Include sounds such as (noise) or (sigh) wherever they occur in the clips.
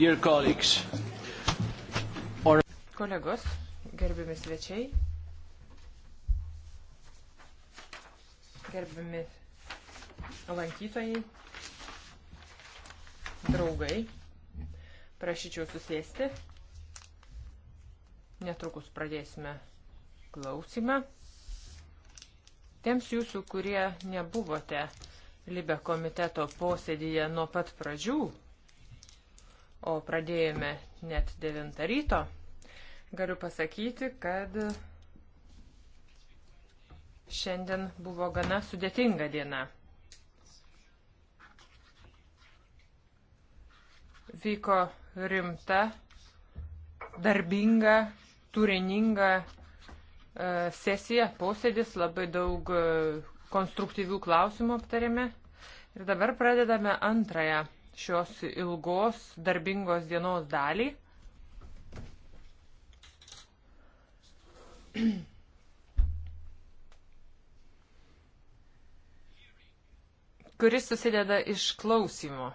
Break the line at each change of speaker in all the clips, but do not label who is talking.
Dear colleagues. Or...
Kolegos, gerbiami svečiai, gerbiami lankytojai, draugai, prašyčiau susėsti. Netrukus pradėsime klausimą. Tiems jūsų, kurie nebuvote Libe komiteto posėdėje nuo pat pradžių, o pradėjome net 9 ryto, galiu pasakyti, kad šiandien buvo gana sudėtinga diena. Vyko rimta, darbinga, turininga e, sesija, posėdis, labai daug e, konstruktyvių klausimų aptarėme. Ir dabar pradedame antrąją šios ilgos darbingos dienos dalį. kuris susideda iš klausimų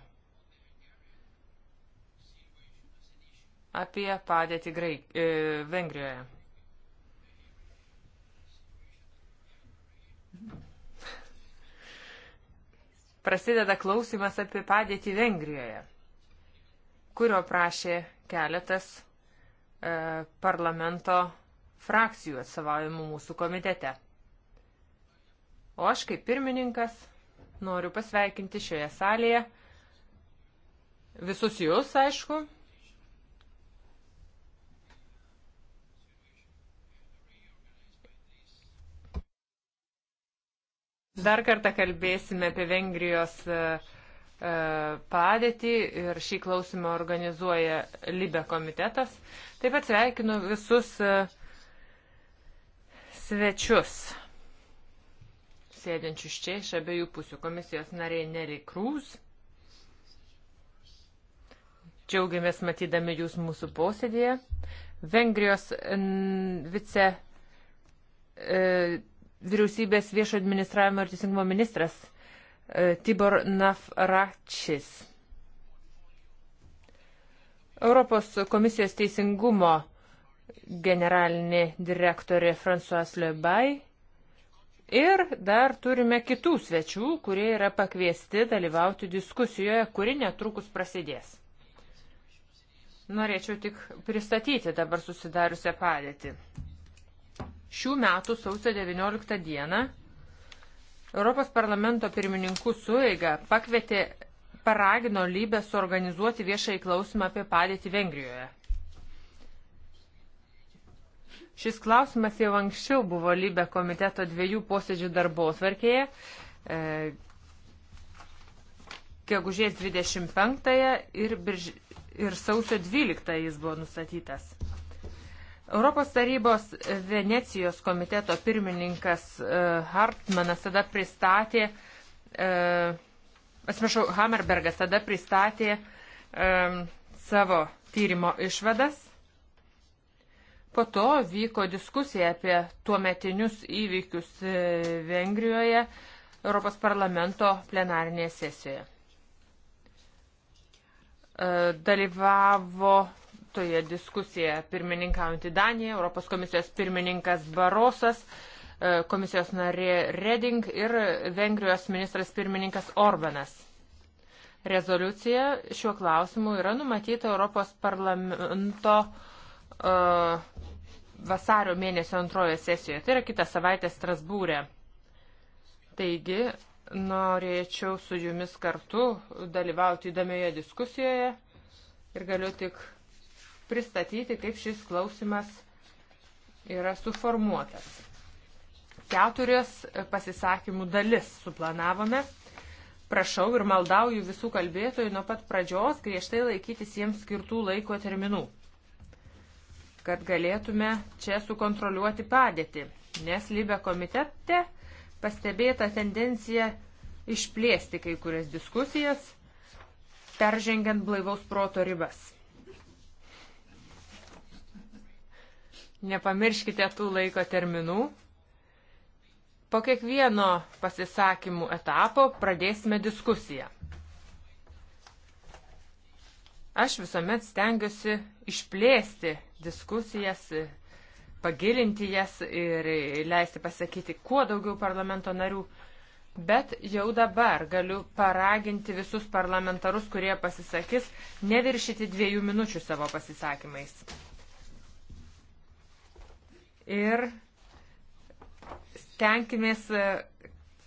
apie padėtį Graik... E, Vengrijoje. prasideda klausimas apie padėtį Vengrijoje, kurio prašė keletas e, parlamento frakcijų atstovaujamų mūsų komitete. O aš kaip pirmininkas noriu pasveikinti šioje salėje visus jūs, aišku, Dar kartą kalbėsime apie Vengrijos e, e, padėtį ir šį klausimą organizuoja Libe komitetas. Taip pat sveikinu visus e, svečius sėdinčius čia iš abiejų pusių komisijos nariai Neri Krūz. Džiaugiamės matydami jūs mūsų posėdėje. Vengrijos vice e, vyriausybės viešo administravimo ir teisingumo ministras e, Tibor Nafračis. Europos komisijos teisingumo generalinė direktorė François Lebai. Ir dar turime kitų svečių, kurie yra pakviesti dalyvauti diskusijoje, kuri netrukus prasidės. Norėčiau tik pristatyti dabar susidariusią padėtį. Šių metų sausio 19 dieną Europos parlamento pirmininkų sueiga pakvietė paragino Lybę suorganizuoti viešai klausimą apie padėtį Vengrijoje. Šis klausimas jau anksčiau buvo Lybė komiteto dviejų posėdžių darbo atvarkėje, e, kegužės 25 ir, birž, ir sausio 12 jis buvo nustatytas. Europos tarybos Venecijos komiteto pirmininkas e, Hartmanas tada pristatė, e, atsiprašau, Hammerbergas tada pristatė e, savo tyrimo išvadas. Po to vyko diskusija apie tuometinius įvykius Vengrijoje Europos parlamento plenarinėje sesijoje dalyvavo toje diskusijoje pirmininkaujantį Daniją, Europos komisijos pirmininkas Barosas, e, komisijos narė Reding ir Vengrijos ministras pirmininkas Orbanas. Rezoliucija šiuo klausimu yra numatyta Europos parlamento uh, vasario mėnesio antrojo sesijoje. Tai yra kitą savaitę Strasbūrė. Taigi, norėčiau su jumis kartu dalyvauti įdomioje diskusijoje ir galiu tik pristatyti, kaip šis klausimas yra suformuotas. Keturias pasisakymų dalis suplanavome. Prašau ir maldauju visų kalbėtojų nuo pat pradžios griežtai laikytis jiems skirtų laiko terminų, kad galėtume čia sukontroliuoti padėtį, nes Libė komitete pastebėta tendencija išplėsti kai kurias diskusijas, peržengiant blaivaus proto ribas. Nepamirškite tų laiko terminų. Po kiekvieno pasisakymų etapo pradėsime diskusiją. Aš visuomet stengiuosi išplėsti diskusijas, pagilinti jas ir leisti pasakyti kuo daugiau parlamento narių. Bet jau dabar galiu paraginti visus parlamentarus, kurie pasisakys, neviršyti dviejų minučių savo pasisakymais ir tenkimės e,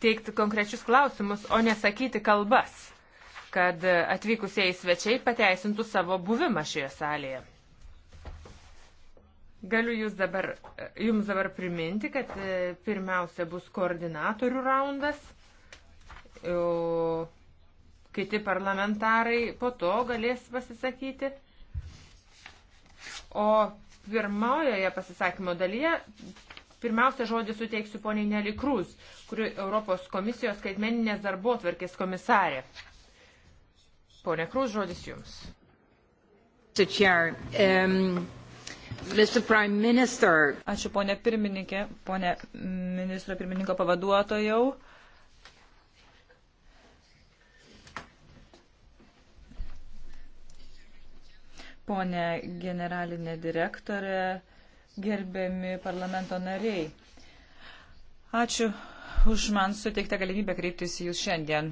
teikti konkrečius klausimus, o nesakyti kalbas, kad e, atvykusieji svečiai pateisintų savo buvimą šioje salėje. Galiu jūs dabar, e, jums dabar priminti, kad pirmiausia bus koordinatorių raundas, kiti parlamentarai po to galės pasisakyti, o pirmojoje pasisakymo dalyje pirmiausia žodį suteiksiu poniai Nelly Krūs, kuri Europos komisijos skaitmeninės darbo tvarkės komisarė. Pone Krūs, žodis jums. Um, Ačiū,
ponė pirmininkė, ponė ministro pirmininko pavaduotojau. ponė generalinė direktorė, gerbiami parlamento nariai. Ačiū už man suteiktą galimybę kreiptis į Jūs šiandien.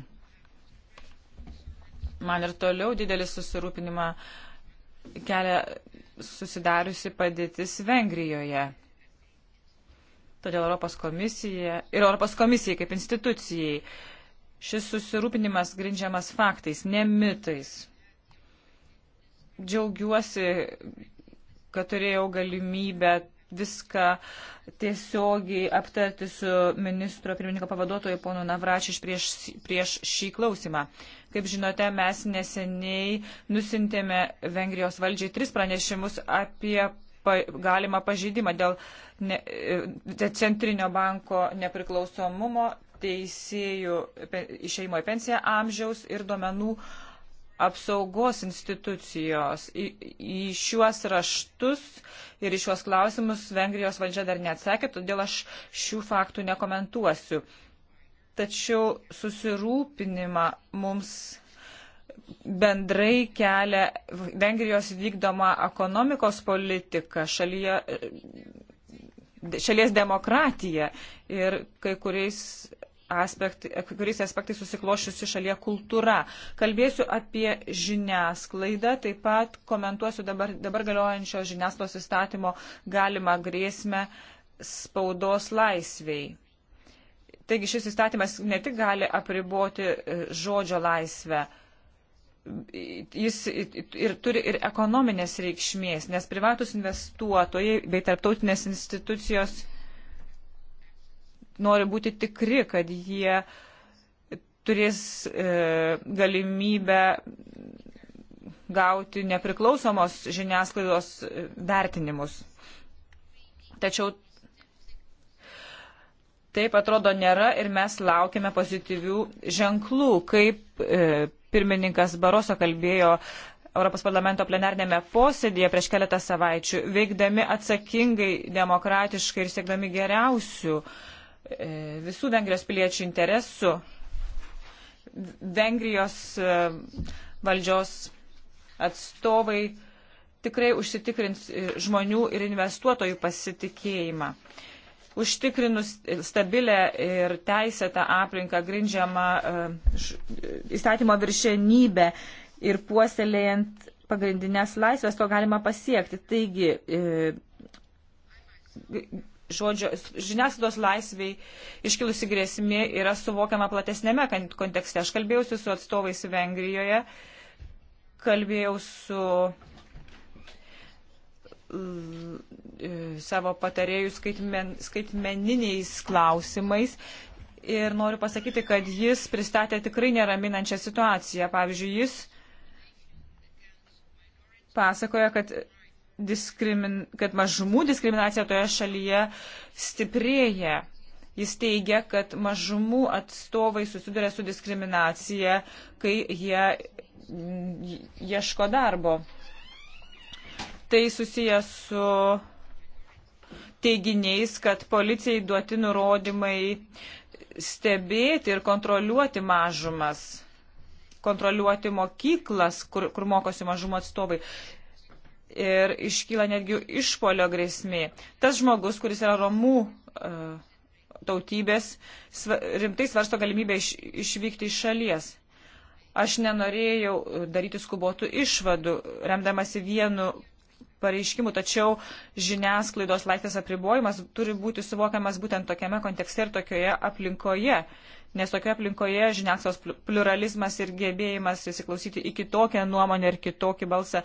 Man ir toliau didelį susirūpinimą kelia susidariusi padėtis Vengrijoje. Todėl Europos komisija ir Europos komisijai kaip institucijai šis susirūpinimas grindžiamas faktais, ne mitais džiaugiuosi, kad turėjau galimybę viską tiesiogiai aptarti su ministro pirmininko pavaduotoju ponu Navračiš prieš, prieš šį klausimą. Kaip žinote, mes neseniai nusintėme Vengrijos valdžiai tris pranešimus apie pa, galimą pažeidimą dėl ne, e, centrinio banko nepriklausomumo, teisėjų išeimo į pensiją amžiaus ir duomenų uh, apsaugos institucijos. Į, į šiuos raštus ir į šiuos klausimus Vengrijos valdžia dar neatsakė, todėl aš šių faktų nekomentuosiu. Tačiau susirūpinimą mums bendrai kelia Vengrijos vykdoma ekonomikos politika šalyje šalies demokratija ir kai kuriais aspektai, kuriais aspektais susiklošiusi šalyje kultūra. Kalbėsiu apie žiniasklaidą, taip pat komentuosiu dabar, dabar galiojančio žiniasklaidos įstatymo galimą grėsmę spaudos laisviai. Taigi šis įstatymas ne tik gali apriboti e, žodžio laisvę, jis ir turi ir ekonominės reikšmės, nes privatus investuotojai bei tarptautinės institucijos nori būti tikri, kad jie turės e, galimybę gauti nepriklausomos žiniasklaidos e, vertinimus. Tačiau taip atrodo nėra ir mes laukiame pozityvių ženklų, kaip e, pirmininkas Baroso kalbėjo Europos parlamento plenarnėme posėdėje prieš keletą savaičių, veikdami atsakingai, demokratiškai ir siekdami geriausių e, E, visų Vengrijos piliečių interesų, Vengrijos e, valdžios atstovai tikrai užsitikrins e, žmonių ir investuotojų pasitikėjimą. Užtikrinus stabilę ir teisėtą aplinką grindžiamą įstatymo viršenybę ir puoselėjant pagrindinės laisvės, to galima pasiekti. Taigi, žodžio, žiniasklaidos laisviai iškilusi grėsmė yra suvokiama platesnėme kontekste. Aš kalbėjausi su atstovais Vengrijoje, kalbėjau su e, savo patarėjų skaitmen, skaitmeniniais klausimais ir noriu pasakyti, kad jis pristatė tikrai neraminančią situaciją. Pavyzdžiui, jis pasakoja, kad diskrimin, kad mažumų diskriminacija toje šalyje stiprėja. Jis teigia, kad mažumų atstovai susiduria su diskriminacija, kai jie ieško darbo. Tai susijęs su teiginiais, kad policijai duoti nurodymai stebėti ir kontroliuoti mažumas kontroliuoti mokyklas, kur, kur mokosi mažumo atstovai ir iškyla netgi išpolio grėsmė. Tas žmogus, kuris yra romų e, tautybės, rimtai svarsto galimybę iš, išvykti iš šalies. Aš nenorėjau daryti skubotų išvadų, remdamasi vienu pareiškimu, tačiau žiniasklaidos laisvės apribojimas turi būti suvokiamas būtent tokiame kontekste ir tokioje aplinkoje nes tokioje aplinkoje žiniasklaidos pluralizmas ir gebėjimas įsiklausyti į kitokią nuomonę ir kitokį balsą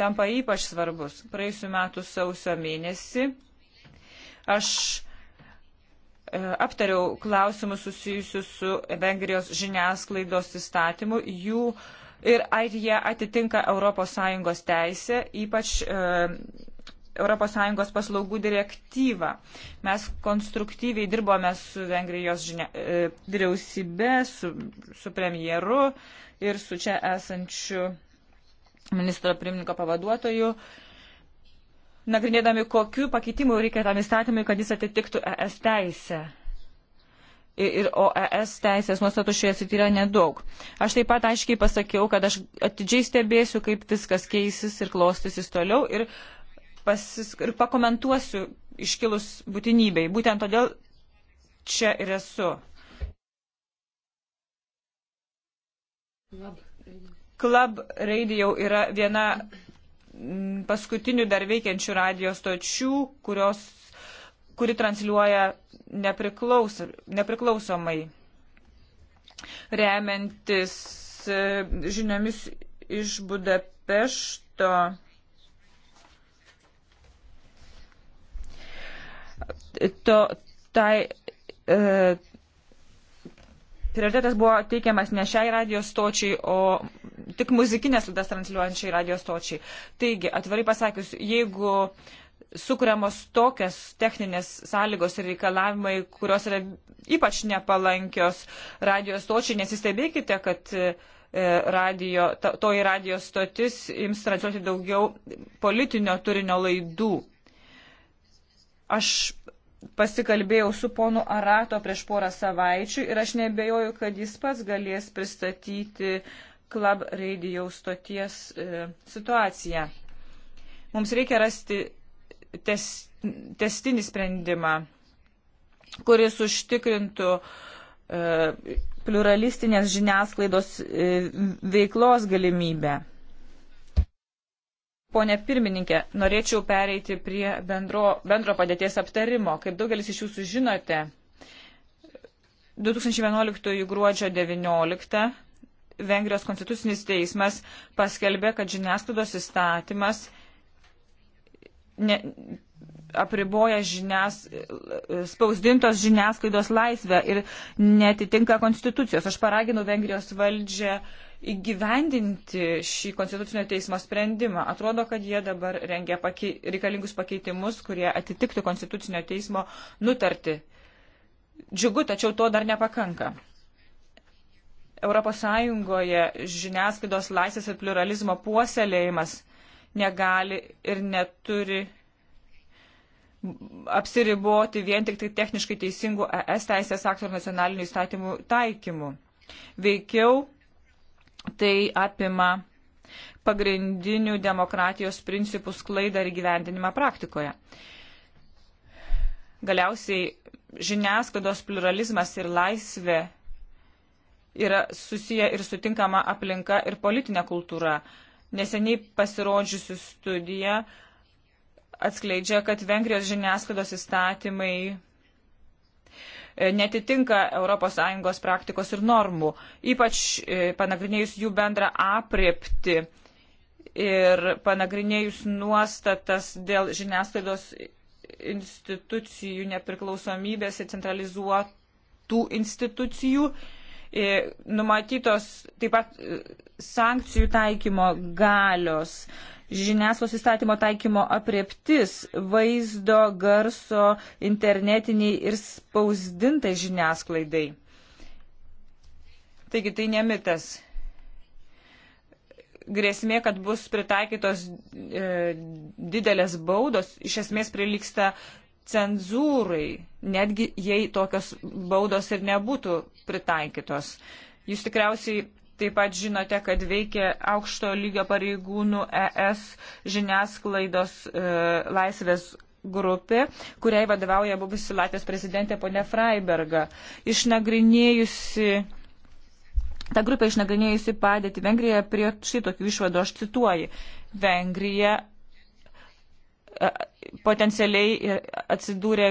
tampa ypač svarbus. Praėjusiu metu sausio mėnesį aš e, aptariau klausimus susijusius su Vengrijos žiniasklaidos įstatymu. Jų ir ar jie atitinka ES teisę, ypač e, ES paslaugų direktyvą. Mes konstruktyviai dirbome su Vengrijos žinia, e, vyriausybe, su, su premjeru ir su čia esančiu ministro pirmininko pavaduotoju, nagrinėdami, kokiu pakeitimu reikia tam įstatymui, kad jis atitiktų ES teisę. Ir, ir, o ES teisės nuostatų šioje srityje nedaug. Aš taip pat aiškiai pasakiau, kad aš atidžiai stebėsiu, kaip viskas keisis ir klostysis toliau ir uh, pasis, ir pakomentuosiu iškilus būtinybei. Būtent todėl čia ir esu. Club Radio yra viena mm, paskutinių dar veikiančių radio stočių, kurios, kuri transliuoja nepriklaus, nepriklausomai remiantis e, žiniomis iš Budapešto to, tai, e, prioritetas buvo teikiamas ne šiai radijos stočiai, o tik muzikinės laidas transliuojančiai radijos stočiai. Taigi, atvarai pasakius, jeigu sukūriamos tokias techninės sąlygos ir reikalavimai, kurios yra ypač nepalankios radijos stočiai, nesistebėkite, kad e, radio, toji radijos stotis ims transliuoti daugiau politinio turinio laidų. Aš pasikalbėjau su ponu Arato prieš porą savaičių ir aš nebejoju, kad jis pats galės pristatyti Club Radio stoties e, situaciją. Mums reikia rasti tes, testinį sprendimą, kuris užtikrintų e, pluralistinės žiniasklaidos e, veiklos galimybę. Pone pirmininkė, norėčiau pereiti prie bendro, bendro padėties aptarimo. Kaip daugelis iš jūsų žinote, 2011 gruodžio 19 Vengrijos konstitucinis teismas paskelbė, kad žiniasklaidos įstatymas ne, apriboja žinias, spausdintos žiniasklaidos laisvę ir netitinka konstitucijos. Aš paraginau Vengrijos valdžią uh, įgyvendinti šį konstitucinio teismo sprendimą. Atrodo, kad jie dabar rengia pakei, reikalingus pakeitimus, kurie atitiktų konstitucinio teismo nutartį. Džiugu, tačiau to dar nepakanka. ES žiniasklaidos laisvės ir pluralizmo puoselėjimas negali ir neturi apsiriboti vien tik tai techniškai teisingų ES teisės aktų ir nacionalinių įstatymų taikymu. Veikiau tai apima pagrindinių demokratijos principų sklaidą ir gyvendinimą praktikoje. Galiausiai žiniasklaidos pluralizmas ir laisvė yra susiję ir sutinkama aplinka ir politinė kultūra. Neseniai pasirodžiusi studija atskleidžia, kad Vengrijos žiniasklaidos įstatymai E, netitinka ES praktikos ir normų, ypač e, panagrinėjus jų bendrą apriepti ir panagrinėjus nuostatas dėl žiniasklaidos institucijų nepriklausomybės ir centralizuotų institucijų. E, numatytos taip pat sankcijų taikymo galios. Uh, žiniasklaidos įstatymo taikymo apreptis vaizdo, garso, internetiniai ir spausdintai žiniasklaidai. Taigi tai nemitas. Grėsmė, kad bus pritaikytos e, didelės baudos, iš esmės priliksta cenzūrai, netgi jei tokios baudos ir nebūtų pritaikytos. Jūs tikriausiai Taip pat žinote, kad veikia aukšto lygio pareigūnų ES žiniasklaidos e, laisvės grupė, kuriai vadovauja buvusi Latvijos prezidentė ponė Freiberga. Išnagrinėjusi, ta grupė išnagrinėjusi padėti Vengrijoje prie šitokių išvadų, aš cituoju, Vengrija e, e, potencialiai e, atsidūrė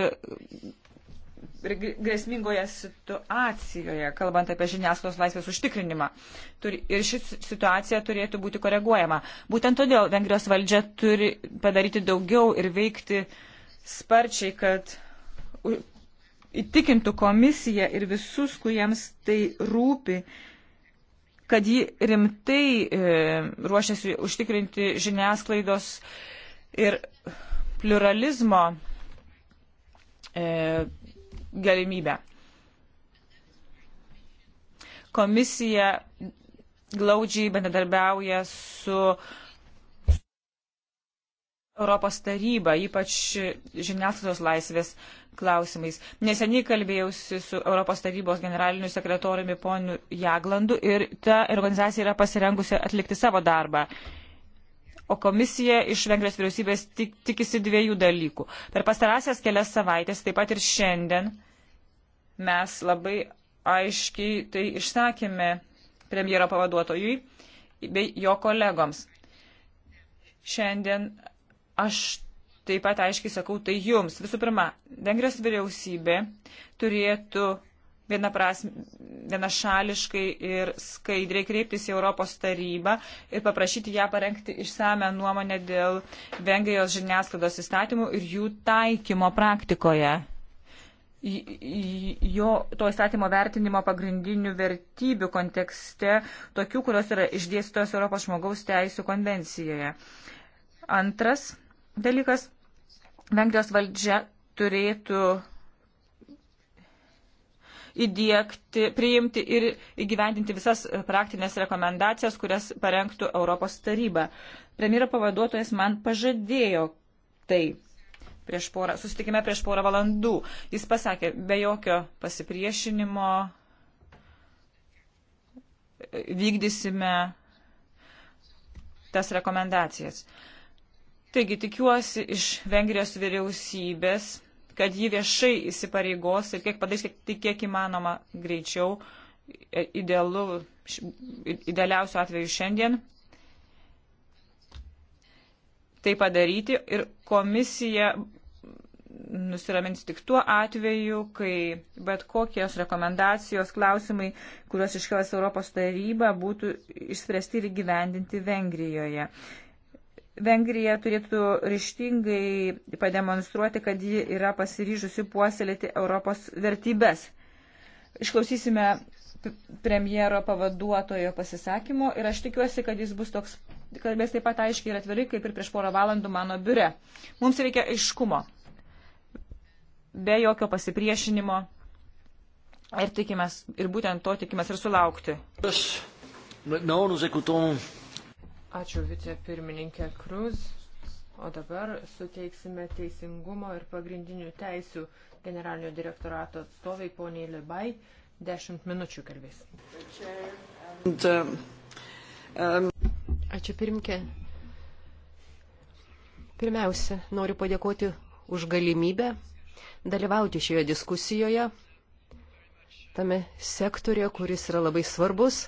grėsmingoje situacijoje, kalbant apie žiniasklaidos laisvės užtikrinimą. Ir ši situacija turėtų būti koreguojama. Būtent todėl Vengrijos valdžia turi padaryti daugiau ir veikti sparčiai, kad įtikintų komisiją ir visus, kuriems tai rūpi, kad ji rimtai e, ruošiasi užtikrinti žiniasklaidos ir pluralizmo e, galimybę. Komisija glaudžiai bendradarbiauja su Europos taryba, ypač žiniasklaidos laisvės klausimais. Neseniai kalbėjausi su Europos tarybos generaliniu sekretoriumi poniu Jaglandu ir ta organizacija yra pasirengusi atlikti savo darbą o komisija iš Vengrijos vyriausybės tik, tikisi dviejų dalykų. Per pastarąsias kelias savaitės, taip pat ir šiandien, mes labai aiškiai tai išsakėme premjero pavaduotojui bei jo kolegoms. Šiandien aš taip pat aiškiai sakau tai jums. Visų pirma, Vengrijos vyriausybė turėtų vienašališkai ir skaidriai kreiptis į Europos tarybą ir paprašyti ją parengti išsame nuomonę dėl Vengrijos žiniasklaidos įstatymų ir jų taikymo praktikoje. Jo to įstatymo vertinimo pagrindinių vertybių kontekste, tokių, kurios yra išdėstytos Europos žmogaus teisų konvencijoje. Antras dalykas, Vengrijos valdžia turėtų įdėkti, priimti ir įgyvendinti visas praktinės rekomendacijas, kurias parengtų Europos taryba. Premjero pavaduotojas man pažadėjo tai. Prieš porą, susitikime prieš porą valandų. Jis pasakė, be jokio pasipriešinimo vykdysime tas rekomendacijas. Taigi tikiuosi iš Vengrijos vyriausybės kad ji viešai įsipareigos ir kiek padarys, kiek, tai kiek įmanoma greičiau, idealu, idealiausiu atveju šiandien, tai padaryti ir komisija nusiramins tik tuo atveju, kai bet kokios rekomendacijos, klausimai, kuriuos iškelas Europos taryba, būtų išspręsti ir gyvendinti Vengrijoje. Vengrija turėtų ryštingai pademonstruoti, kad ji yra pasiryžusi puoselėti Europos vertybės. Išklausysime premjero pavaduotojo pasisakymo ir aš tikiuosi, kad jis bus toks, kalbės taip pat aiškiai ir atvirai, kaip ir prieš porą valandų mano biure. Mums reikia aiškumo, be jokio pasipriešinimo ir tikimės, ir būtent to tikimės ir sulaukti.
Nous,
nous écoutons
Ačiū vicepirmininkė Kruz. O dabar suteiksime teisingumo ir pagrindinių teisių generalinio direktorato atstoviai poniai Libai. Dešimt minučių kalbės.
Um, um, Ačiū pirmkė. Pirmiausia, noriu padėkoti už galimybę dalyvauti šioje diskusijoje, tame sektorėje, kuris yra labai svarbus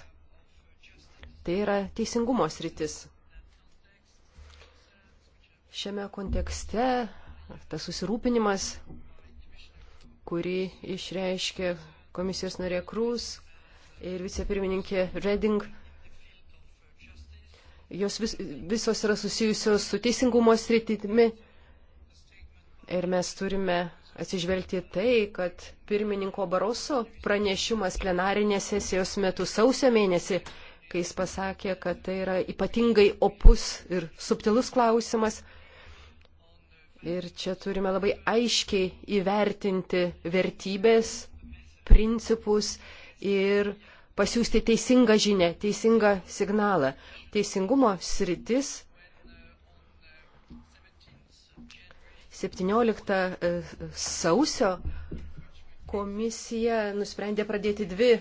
Tai yra teisingumo sritis. Šiame kontekste tas susirūpinimas, kurį išreiškė komisijos narė Krūs ir vicepirmininkė Reding, jos vis, visos yra susijusios su teisingumo sritimi. Ir mes turime atsižvelgti tai, kad pirmininko Baroso pranešimas plenarinės sesijos metu sausio mėnesį kai jis pasakė, kad tai yra ypatingai opus ir subtilus klausimas. Ir čia turime labai aiškiai įvertinti vertybės, principus ir pasiūsti teisingą žinę, teisingą signalą. Teisingumo sritis 17 e, sausio komisija nusprendė pradėti dvi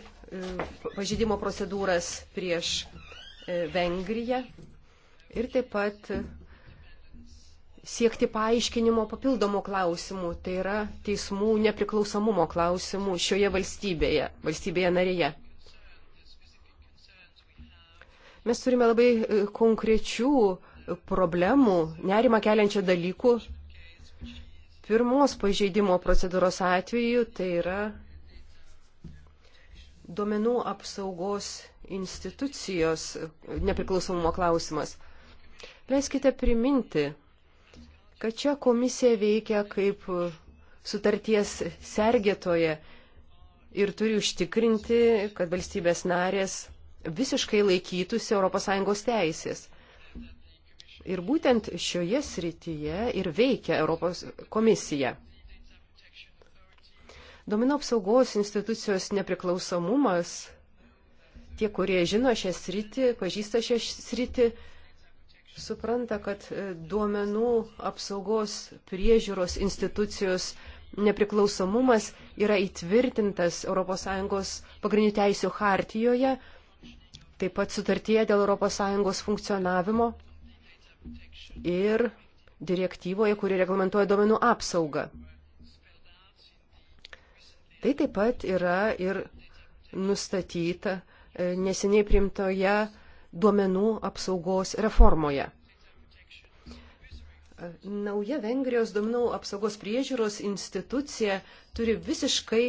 pažydimo procedūras prieš e, Vengriją ir taip pat siekti paaiškinimo papildomų klausimų, tai yra teismų nepriklausomumo klausimų šioje valstybėje, valstybėje narėje. Mes turime labai e, konkrečių problemų, nerima keliančią dalykų. Pirmos pažeidimo procedūros atveju tai yra duomenų apsaugos institucijos nepriklausomumo klausimas. Leiskite priminti, kad čia komisija veikia kaip sutarties sergėtoje ir turi užtikrinti, kad valstybės narės visiškai laikytųsi ES teisės. Ir būtent šioje srityje ir veikia Europos komisija. Domino apsaugos institucijos nepriklausomumas, tie, kurie žino šią sritį, pažįsta šią sritį, supranta, kad e, duomenų apsaugos priežiūros institucijos nepriklausomumas yra įtvirtintas ES pagrindinių teisų hartijoje, taip pat sutartyje dėl ES funkcionavimo ir direktyvoje, kuri reglamentuoja duomenų apsaugą. Tai taip pat yra ir nustatyta e, neseniai primtoje duomenų apsaugos reformoje. E, nauja Vengrijos duomenų apsaugos priežiūros institucija turi visiškai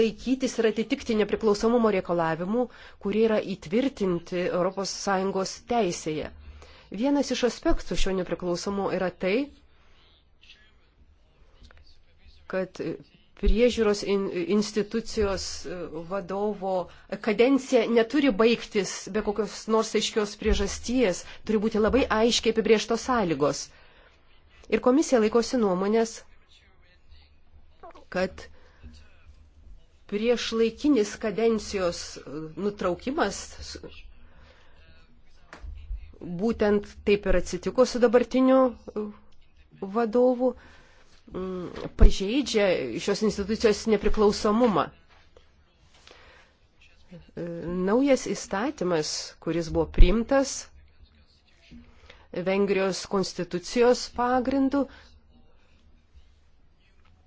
laikytis ir atitikti nepriklausomumo reikalavimų, kurie yra įtvirtinti ES teisėje. Vienas iš aspektų šio nepriklausomo yra tai, kad priežiūros in, institucijos e, vadovo e, kadencija neturi baigtis be kokios nors aiškios priežasties, turi būti labai aiškiai apibrieštos sąlygos. Ir komisija laikosi nuomonės, kad prieš laikinis kadencijos e, nutraukimas būtent taip ir atsitiko su dabartiniu vadovu. Mm, pažeidžia šios institucijos nepriklausomumą. E, naujas įstatymas, kuris buvo priimtas Vengrijos konstitucijos pagrindu,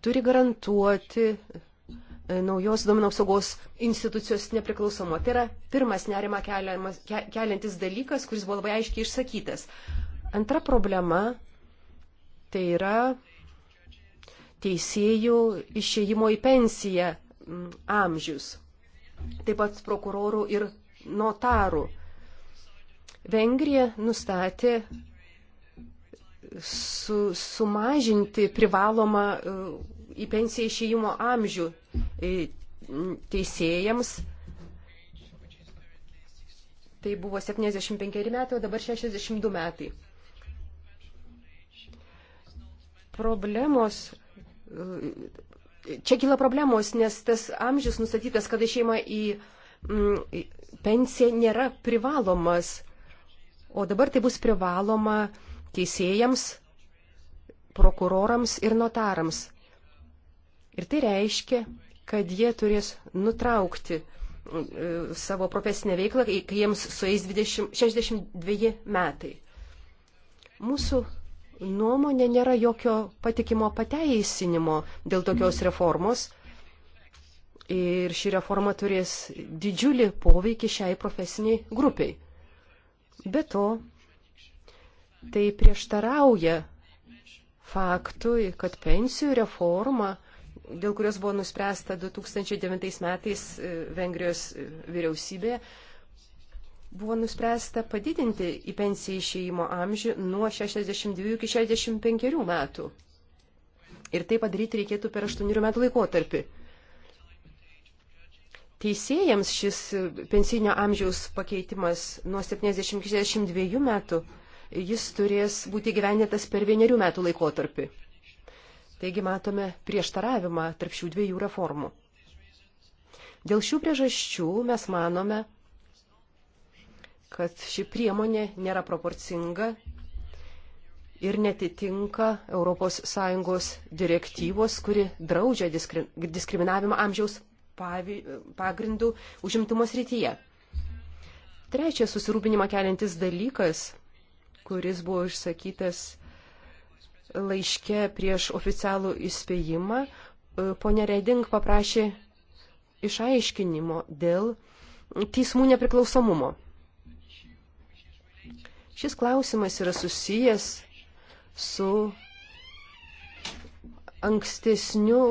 turi garantuoti e, naujos duomenų apsaugos institucijos nepriklausomo. Tai yra pirmas nerima keliamas, ke, keliantis dalykas, kuris buvo labai aiškiai išsakytas. Antra problema tai yra teisėjų išėjimo į pensiją amžius, taip pat prokurorų ir notarų. Vengrija nustatė su, sumažinti privalomą e, į pensiją išėjimo amžių e, teisėjams. Tai buvo 75 metai, o dabar 62 metai. Problemos Čia kyla problemos, nes tas amžius nustatytas, kada šeima į m, mm, pensiją nėra privalomas, o dabar tai bus privaloma teisėjams, prokurorams ir notarams. Ir tai reiškia, kad jie turės nutraukti e, savo profesinę veiklą, kai jiems sueis 20, 62 metai. Mūsų nuomonė nėra jokio patikimo pateisinimo dėl tokios reformos. Ir ši reforma turės didžiulį poveikį šiai profesiniai grupiai. Be to, tai prieštarauja faktui, kad pensijų reforma, dėl kurios buvo nuspręsta 2009 metais e, Vengrijos e, vyriausybėje, buvo nuspręsta padidinti į pensiją išėjimo amžių nuo 62 iki 65 metų. Ir tai padaryti reikėtų per 8 metų laikotarpį. Teisėjams šis pensinio amžiaus pakeitimas nuo 70 iki 62 metų, jis turės būti gyvenėtas per vienerių metų laikotarpį. Taigi matome prieštaravimą tarp šių dviejų reformų. Dėl šių priežasčių mes manome, kad ši priemonė nėra proporcinga ir netitinka ES direktyvos, kuri draudžia diskriminavimą amžiaus pagrindų užimtumo srityje. Trečias susirūpinimą keliantis dalykas, kuris buvo išsakytas laiške prieš oficialų įspėjimą, e, ponė Reding paprašė išaiškinimo dėl teismų nepriklausomumo. Šis klausimas yra susijęs su ankstesniu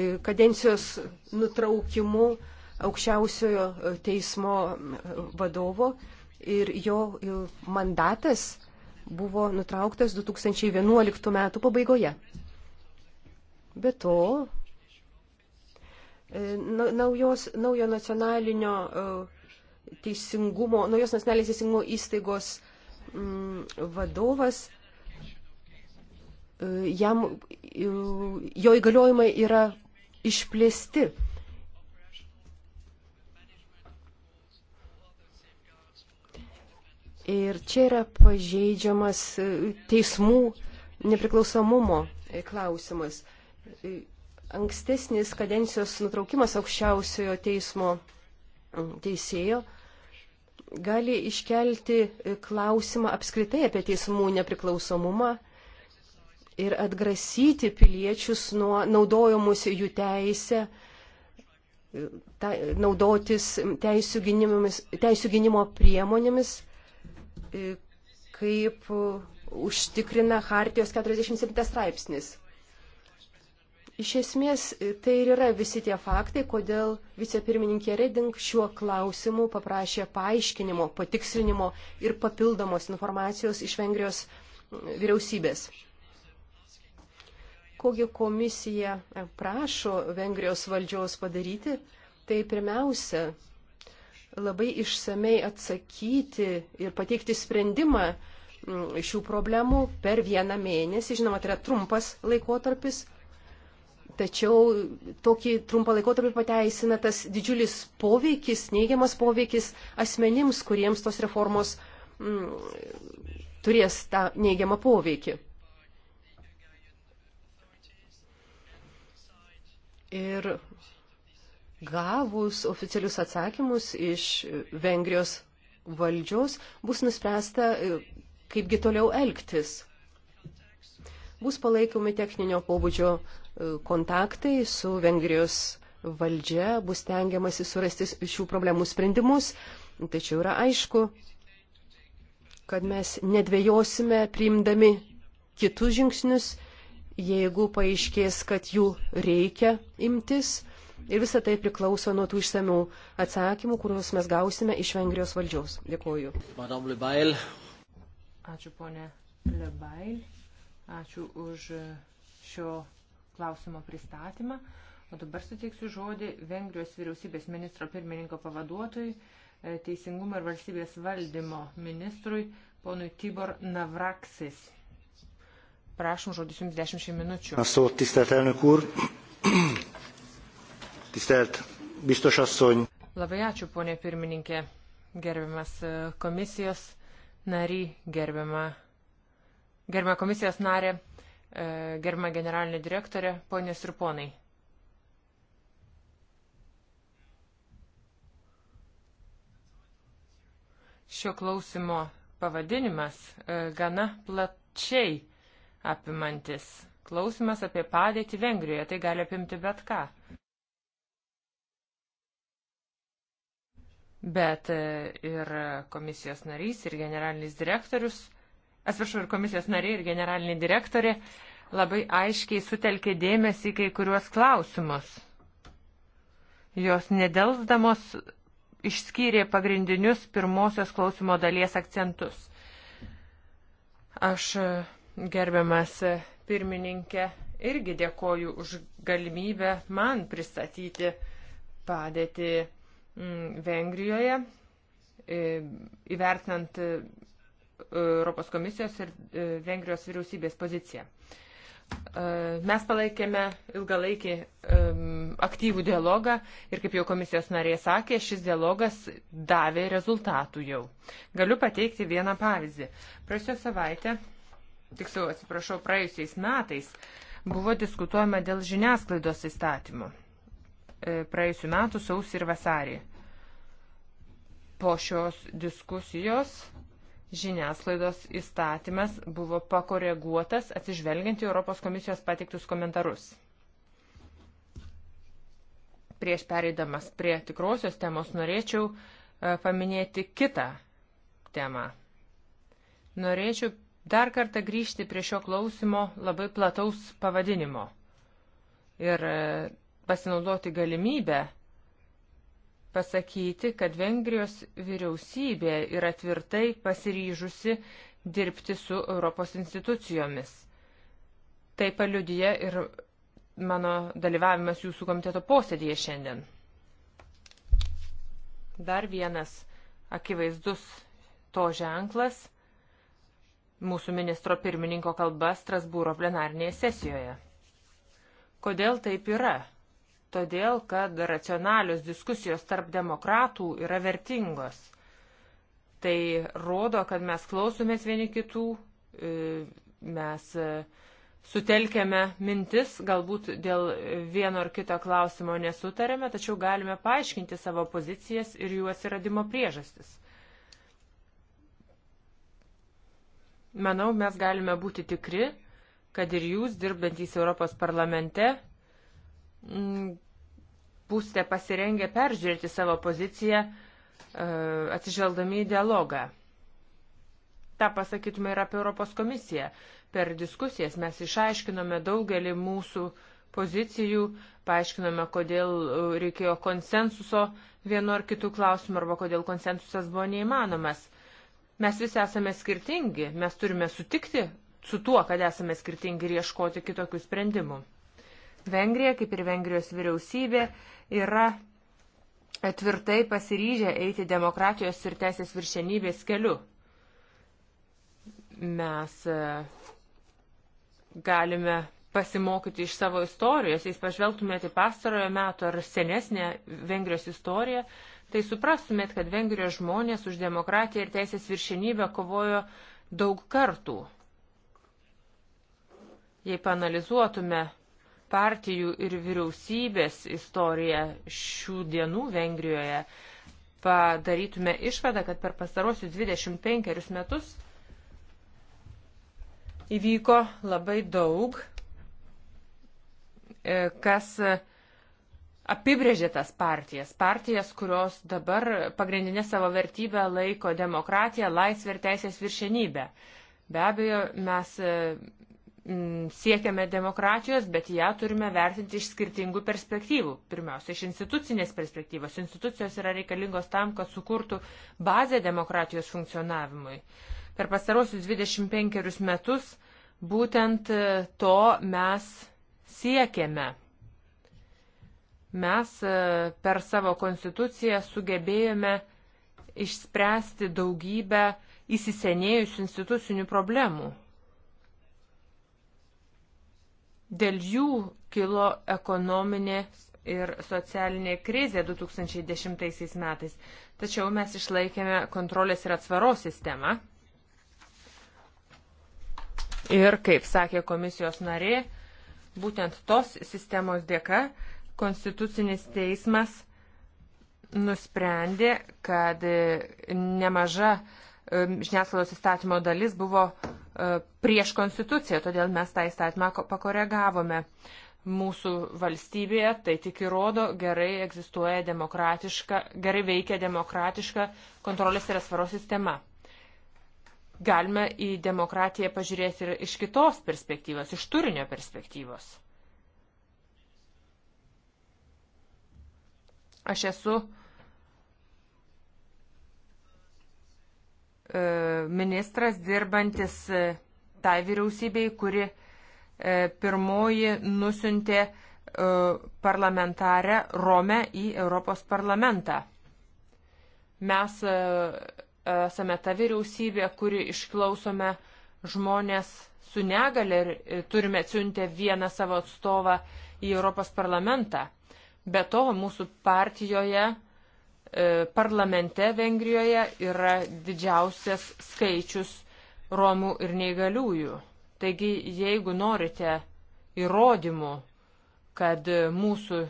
e, kadencijos nutraukimu aukščiausiojo e, teismo e, vadovo ir jo mandatas buvo nutrauktas 2011 metų pabaigoje. Be to, naujos, naujo nacionalinio teisingumo, naujos nacionalinės teisingumo įstaigos m, mm, vadovas, e, jam, e, jo įgaliojimai yra išplėsti. Ir čia yra pažeidžiamas e, teismų nepriklausomumo klausimas. Ankstesnis kadencijos nutraukimas aukščiausiojo teismo mm, teisėjo gali iškelti e, klausimą apskritai apie teismų nepriklausomumą ir atgrasyti piliečius nuo naudojimus jų teisę, e, ta, naudotis teisų, teisų gynimo priemonėmis, e, kaip užtikrina Hartijos 47 straipsnis. Iš esmės, tai ir yra visi tie faktai, kodėl vicepirmininkė Reding šiuo klausimu paprašė paaiškinimo, patikslinimo ir papildomos informacijos iš Vengrijos mm, vyriausybės. Kogi komisija e, prašo Vengrijos valdžios padaryti, tai pirmiausia, labai išsamei atsakyti ir pateikti sprendimą mm, šių problemų per vieną mėnesį. Žinoma, tai yra trumpas laikotarpis Tačiau tokį trumpą laikotarpį pateisina tas didžiulis poveikis, neigiamas poveikis asmenims, kuriems tos reformos mm, turės tą neigiamą poveikį. Ir gavus oficialius atsakymus iš Vengrijos valdžios bus nuspręsta, e, kaipgi toliau elgtis. Bus palaikomi techninio pobūdžio kontaktai su Vengrijos valdžia, bus tengiamasi surasti šių problemų sprendimus. Tačiau yra aišku, kad mes nedvėjosime priimdami kitus žingsnius, jeigu paaiškės, kad jų reikia imtis. Ir visa tai priklauso nuo tų išsamių atsakymų, kuriuos mes gausime iš Vengrijos valdžios. Dėkuoju.
Ačiū ponė Lebail, ačiū už šio klausimo pristatymą. O dabar suteiksiu žodį Vengrijos vyriausybės ministro pirmininko pavaduotojui, e, teisingumo ir valstybės valdymo ministrui, ponui Tibor Navraksis. Prašom, žodis jums 10 minučių.
Szó, tisztelt elnök úr, tisztelt biztos asszony.
Labai ačiū, ponė pirmininkė, gerbiamas e, komisijos nary, gerbiama, gerbiama komisijos narė, E, germa generalinė direktorė, ponės ir ponai. Šio klausimo pavadinimas e, gana plačiai apimantis. Klausimas apie padėtį Vengrijoje, tai gali apimti bet ką. Bet e, ir komisijos narys, ir generalinis direktorius atsiprašau, ir komisijos nariai, ir generalinė direktorė labai aiškiai sutelkė dėmesį kai kuriuos klausimus. Jos nedelsdamos išskyrė pagrindinius pirmosios klausimo dalies akcentus. Aš gerbiamas pirmininkė irgi dėkoju už galimybę man pristatyti padėtį mm, Vengrijoje, e, įvertinant e, Europos komisijos ir e, Vengrijos vyriausybės poziciją. E, mes palaikėme ilgalaikį e, aktyvų dialogą ir, kaip jau komisijos narė sakė, šis dialogas davė rezultatų jau. Galiu pateikti vieną pavyzdį. Praėjusią savaitę, tiksliau atsiprašau, praėjusiais metais buvo diskutuojama dėl žiniasklaidos įstatymų. E, Praėjusiu metu sausį ir vasarį. Po šios diskusijos žiniasklaidos įstatymas buvo pakoreguotas atsižvelgiant į Europos komisijos pateiktus komentarus. Prieš pereidamas prie tikrosios temos norėčiau e, paminėti kitą temą. Norėčiau dar kartą grįžti prie šio klausimo labai plataus pavadinimo ir e, pasinaudoti galimybę pasakyti, kad Vengrijos vyriausybė yra tvirtai pasiryžusi dirbti su Europos institucijomis. Tai paliudyja ir mano dalyvavimas jūsų komiteto posėdėje šiandien. Dar vienas akivaizdus to ženklas - mūsų ministro pirmininko kalba Strasbūro plenarnėje sesijoje. Kodėl taip yra? todėl kad racionalios diskusijos tarp demokratų yra vertingos. Tai rodo, kad mes klausomės vieni kitų, e, mes e, sutelkėme mintis, galbūt dėl vieno ar kito klausimo nesutarėme, tačiau galime paaiškinti savo pozicijas ir jų atsiradimo priežastis. Manau, mes galime būti tikri, kad ir jūs, dirbantys Europos parlamente, būsite pasirengę peržiūrėti savo poziciją e, atsižvelgdami į dialogą. Ta pasakytume ir apie Europos komisiją. Per diskusijas mes išaiškinome daugelį mūsų pozicijų, paaiškinome, kodėl e, reikėjo konsensuso vienu ar kitu klausimu arba kodėl konsensusas buvo neįmanomas. Mes visi esame skirtingi, mes turime sutikti su tuo, kad esame skirtingi ir ieškoti kitokių sprendimų. Vengrija, kaip ir Vengrijos vyriausybė, yra tvirtai pasiryžę eiti demokratijos ir teisės viršenybės keliu. Mes e, galime pasimokyti iš savo istorijos, jei pažvelgtumėte į pastarojo metų ar senesnę Vengrijos istoriją, tai suprastumėt, kad Vengrijos žmonės už demokratiją ir teisės viršenybę kovojo daug kartų. Jei panalizuotume partijų ir vyriausybės istoriją šių dienų Vengrijoje, padarytume išvadą, kad per pastarosius 25 metus įvyko labai daug, e, kas apibrėžė tas partijas. Partijas, kurios dabar pagrindinė savo vertybę laiko demokratiją, laisvę ir teisės viršenybę. Be abejo, mes e, Mm, siekiame demokratijos, bet ją turime vertinti iš skirtingų perspektyvų. Pirmiausia, iš institucinės perspektyvos. Institucijos yra reikalingos tam, kad sukurtų bazę demokratijos funkcionavimui. Per pastarosius 25 metus būtent e, to mes siekiame. Mes e, per savo konstituciją sugebėjome išspręsti daugybę įsisenėjusių institucinių problemų Dėl jų kilo ekonominė ir socialinė krizė 2010 metais. Tačiau mes išlaikėme kontrolės ir atsvaros sistemą. Ir, kaip sakė komisijos narė, būtent tos sistemos dėka Konstitucinis teismas nusprendė, kad nemaža e, žiniasklaidos įstatymo dalis buvo E, prieš konstituciją, todėl mes tą įstatymą pakoregavome. Mūsų valstybėje tai tik įrodo, gerai egzistuoja demokratiška, gerai veikia demokratiška kontrolės ir atsvaros sistema. Galime į demokratiją pažiūrėti ir iš kitos perspektyvos, iš turinio perspektyvos. Aš esu uh, E, ministras dirbantis e, tai vyriausybei, kuri e, pirmoji nusintė parlamentarę Rome į Europos parlamentą. Mes esame ta vyriausybė, kuri išklausome žmonės su negale ir turime atsiuntę vieną savo atstovą į Europos parlamentą. Be to, mūsų partijoje E, parlamente Vengrijoje yra didžiausias skaičius Romų ir neįgaliųjų. Taigi, jeigu norite įrodymų, kad mūsų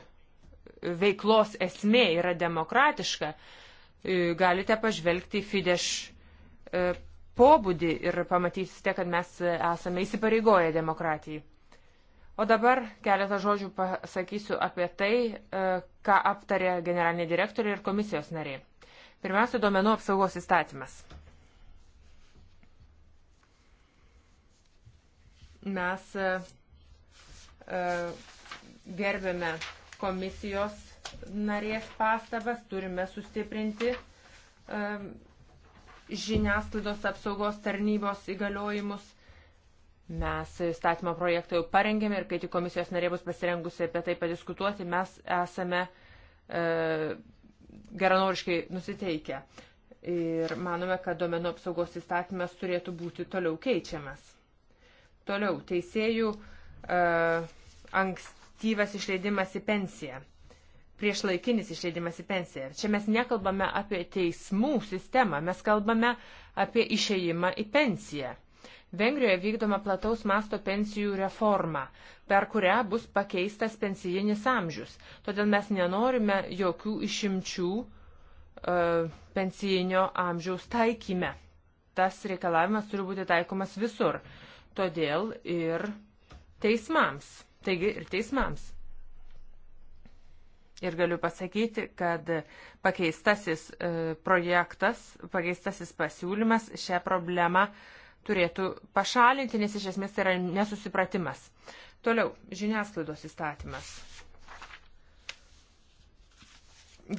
veiklos esmė yra demokratiška, e, galite pažvelgti į Fidesz e, pobūdį ir pamatysite, kad mes esame įsipareigoję demokratijai. O dabar keletą žodžių pasakysiu apie tai, e, ką aptarė generalinė direktorė ir komisijos nariai. Pirmiausia, duomenų apsaugos įstatymas. Mes e, e, gerbėme komisijos narės pastabas, turime sustiprinti žiniasklaidos apsaugos tarnybos įgaliojimus Mes įstatymo projektą jau parengėme ir kai tik komisijos narė bus pasirengusi apie tai padiskutuoti, mes esame e, geranoriškai nusiteikę. Ir manome, kad domenų apsaugos įstatymas turėtų būti toliau keičiamas. Toliau, teisėjų e, ankstyvas išleidimas į pensiją. Priešlaikinis išleidimas į pensiją. Čia mes nekalbame apie teismų sistemą, mes kalbame apie išeimą į pensiją Vengrijoje vykdoma plataus masto pensijų reforma, per kurią bus pakeistas pensijinis amžius. Todėl mes nenorime jokių išimčių e, pensijinio amžiaus taikyme. Tas reikalavimas turi būti taikomas visur. Todėl ir teismams. Taigi ir teismams. Ir galiu pasakyti, kad pakeistasis e, projektas, pakeistasis pasiūlymas šią problemą uh, turėtų pašalinti, nes iš esmės tai yra nesusipratimas. Toliau, žiniasklaidos įstatymas.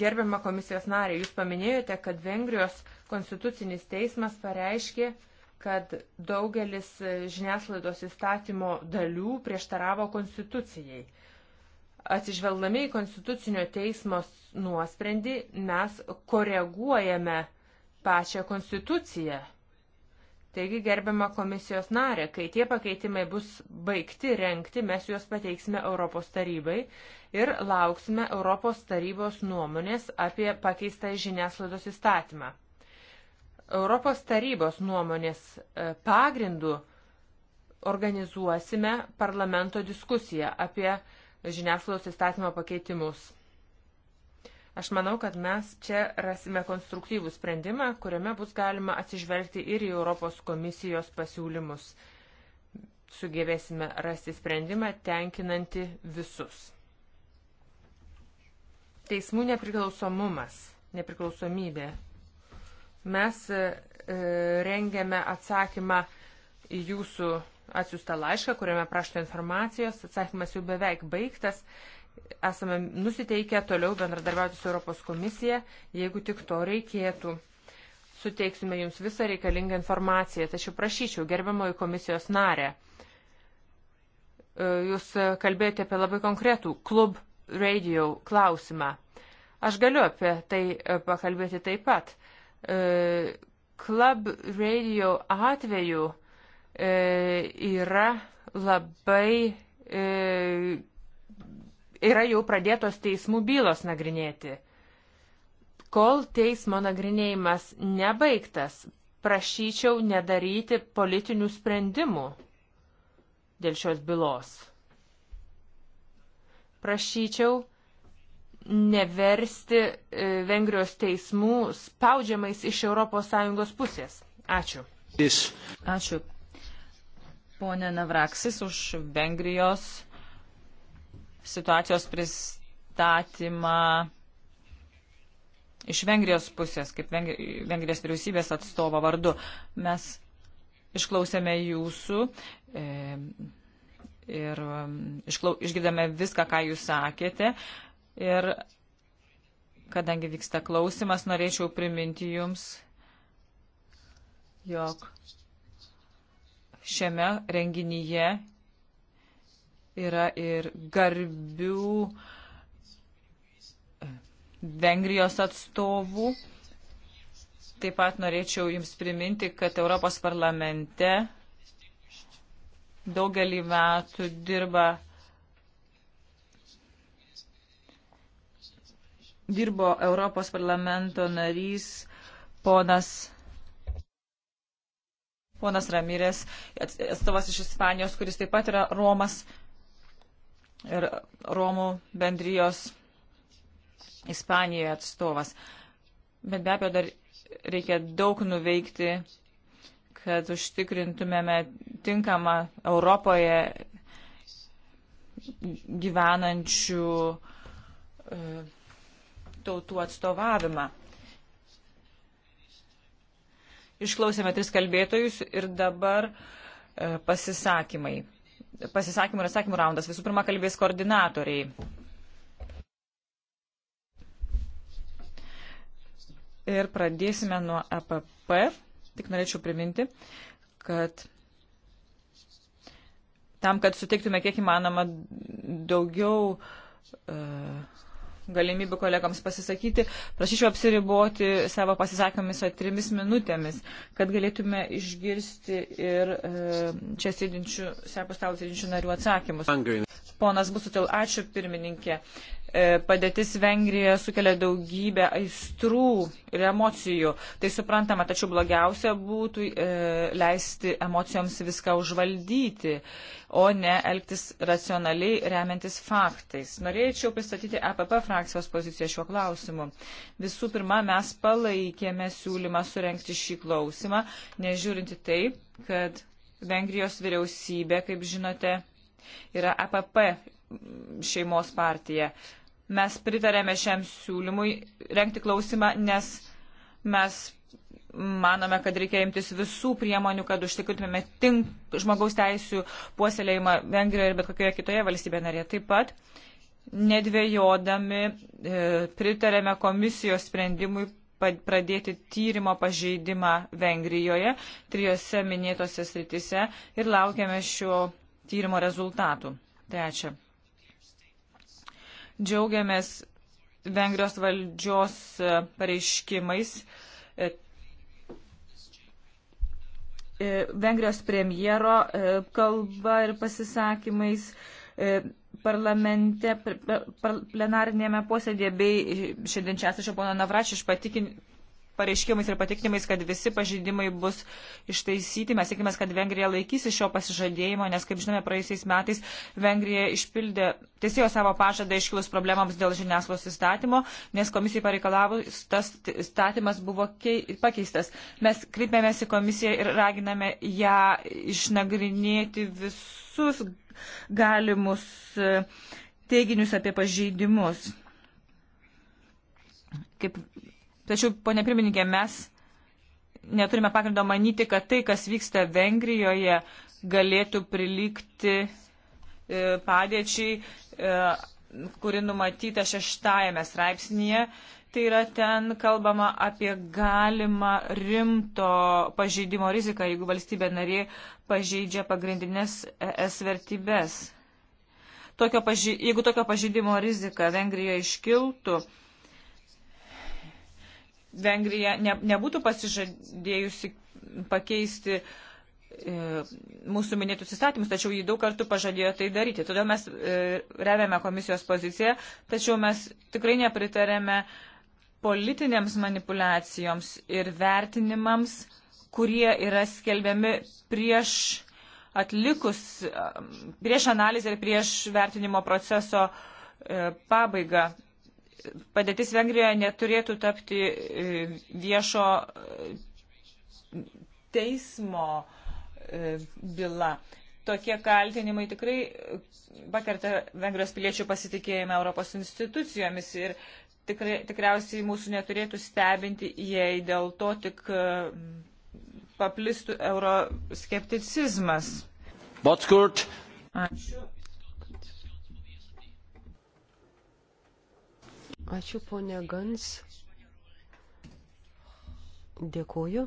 Gerbiama komisijos narė, jūs paminėjote, kad Vengrijos konstitucinis teismas pareiškė, kad daugelis žiniasklaidos įstatymo dalių prieštaravo konstitucijai. Atsižvelgdami į konstitucinio teismo nuosprendį, mes koreguojame pačią konstituciją Taigi, gerbiama komisijos narė, kai tie pakeitimai bus baigti renkti, mes juos pateiksime Europos tarybai ir lauksime Europos tarybos nuomonės apie pakeistą žiniasklaidos įstatymą. Europos tarybos nuomonės e, pagrindų organizuosime parlamento diskusiją apie žiniasklaidos įstatymo pakeitimus. Aš manau, kad mes čia rasime konstruktyvų sprendimą, kuriame bus galima atsižvelgti ir į Europos komisijos pasiūlymus. Sugebėsime rasti sprendimą tenkinanti visus. Teismų nepriklausomumas, nepriklausomybė. Mes e, e, rengiame atsakymą į jūsų atsiųstą laišką, kuriame prašto informacijos. Atsakymas jau beveik baigtas. E, esame nusiteikę toliau bendradarbiauti su Europos komisija, jeigu tik to reikėtų. Suteiksime jums visą reikalingą informaciją, tačiau prašyčiau gerbiamoji komisijos narė. E, jūs kalbėjote apie labai konkretų klub radio klausimą. Aš galiu apie tai e, pakalbėti taip pat. Club e, radio atveju yra labai yra jau pradėtos teismų bylos nagrinėti. Kol teismo nagrinėjimas nebaigtas, prašyčiau nedaryti politinių sprendimų dėl šios bylos. Prašyčiau neversti e, Vengrijos teismų spaudžiamais iš ES pusės. Ačiū. Ačiū. Pone Navraksis už
Vengrijos situacijos pristatymą iš Vengrijos pusės, kaip Vengrijos vyriausybės atstovo vardu. Mes išklausėme jūsų e, ir išklau, išgirdome viską, ką jūs sakėte. Ir kadangi vyksta klausimas, norėčiau priminti jums, jog šiame renginyje yra ir garbių Vengrijos atstovų. Taip pat norėčiau Jums priminti, kad Europos parlamente daugelį metų dirba dirbo Europos parlamento narys ponas, ponas Ramirės, atstovas iš Ispanijos, kuris taip pat yra Romas ir Romų bendrijos Ispanijoje atstovas. Bet be abejo, dar reikia daug nuveikti, kad užtikrintumėme tinkamą Europoje gyvenančių e, tautų atstovavimą. Išklausėme tris kalbėtojus ir dabar e, pasisakymai pasisakymų ir atsakymų raundas. Visų pirma, kalbės koordinatoriai. Ir pradėsime nuo APP. E Tik norėčiau priminti, kad tam, kad suteiktume kiek įmanoma daugiau uh, galimybių kolegams pasisakyti, prašyčiau apsiriboti savo pasisakomis o trimis minutėmis, kad galėtume išgirsti ir e, čia sėdinčių, sekos tau sėdinčių narių atsakymus. Ponas Busutil, ačiū pirmininkė. E, padėtis Vengrijoje sukelia daugybę aistrų ir emocijų. Tai suprantama, tačiau blogiausia būtų e, leisti emocijoms viską užvaldyti, o ne elgtis racionaliai remiantis faktais. Norėčiau pristatyti APP e frakcijos poziciją šiuo klausimu. Visų pirma, mes palaikėme siūlymą surenkti šį klausimą, nežiūrinti taip, kad Vengrijos vyriausybė, kaip žinote, yra APP e šeimos partija. Mes pritarėme šiam siūlymui renkti klausimą, nes mes manome, kad reikia imtis visų priemonių, kad užtikrintumėme tink, žmogaus teisų puoselėjimą Vengrijoje ir bet kokioje kitoje valstybėje narėje. Taip pat nedvėjodami e, pritarėme komisijos sprendimui pradėti tyrimo pažeidimą Vengrijoje, trijose minėtose sritise ir laukiame šio tyrimo rezultatų. Trečia. Džiaugiamės Vengrijos valdžios e, pareiškimais. E, e, Vengrijos premjero kalba ir pasisakymais parlamente, plenarinėme posėdėje bei šiandien čia esančio pono Navračiš patikin, pareiškimais ir patikimais, kad visi pažeidimai bus ištaisyti. Mes tikime, kad Vengrija laikysi šio pasižadėjimo, nes, kaip žinome, praėjusiais metais Vengrija išpildė, tiesėjo savo pažadą iškilus problemams dėl žiniasklaidos įstatymo, nes komisijai pareikalavus tas įstatymas buvo kei, pakeistas. Mes kreipėmės į komisiją ir raginame ją išnagrinėti visus galimus e, teiginius apie pažeidimus. Kaip Tačiau, ponė pirmininkė, mes neturime pagrindo manyti, kad tai, kas vyksta Vengrijoje, galėtų prilygti e, padėčiai, e, kuri numatyta šeštajame straipsnėje. Tai yra ten kalbama apie galimą rimto pažeidimo riziką, jeigu valstybė narė pažeidžia pagrindinės ES vertybės. Tokio paži... Jeigu tokio pažeidimo rizika Vengrijoje iškiltų, Vengrija ne, nebūtų pasižadėjusi pakeisti e, mūsų minėtus įstatymus, tačiau jį daug kartų pažadėjo tai daryti. Todėl mes e, remiame komisijos poziciją, tačiau mes tikrai nepritarėme politinėms manipulacijoms ir vertinimams, kurie yra skelbiami prieš atlikus, prieš analizę ir prieš vertinimo proceso e, pabaigą padėtis Vengrijoje neturėtų tapti e, viešo e, teismo e, byla. Tokie kaltinimai tikrai pakerta Vengrijos piliečių pasitikėjimą Europos institucijomis ir tikrai, tikriausiai mūsų neturėtų stebinti, jei dėl to tik paplistų euroskepticizmas. Botskurt. Ačiū.
Ačiū, ponė Gans. Dėkuoju.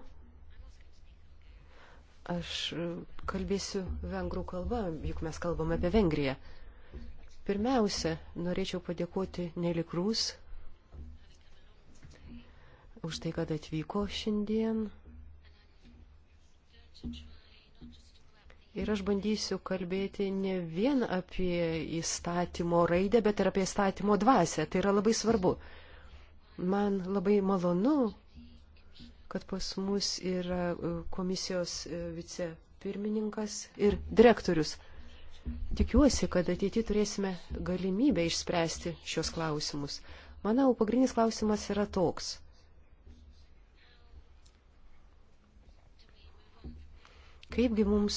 Aš kalbėsiu vengrų kalbą, juk mes kalbame apie Vengriją. Pirmiausia, norėčiau padėkoti Neli Krūs už tai, kad atvyko šiandien. Ačiū. Ir aš bandysiu kalbėti ne vien apie įstatymo raidę, bet ir apie įstatymo dvasę. Tai yra labai svarbu. Man labai malonu, kad pas mus yra e, komisijos e, vicepirmininkas ir direktorius. Tikiuosi, kad ateityje turėsime galimybę išspręsti šios klausimus. Manau, pagrindinis klausimas yra toks. Kaipgi mums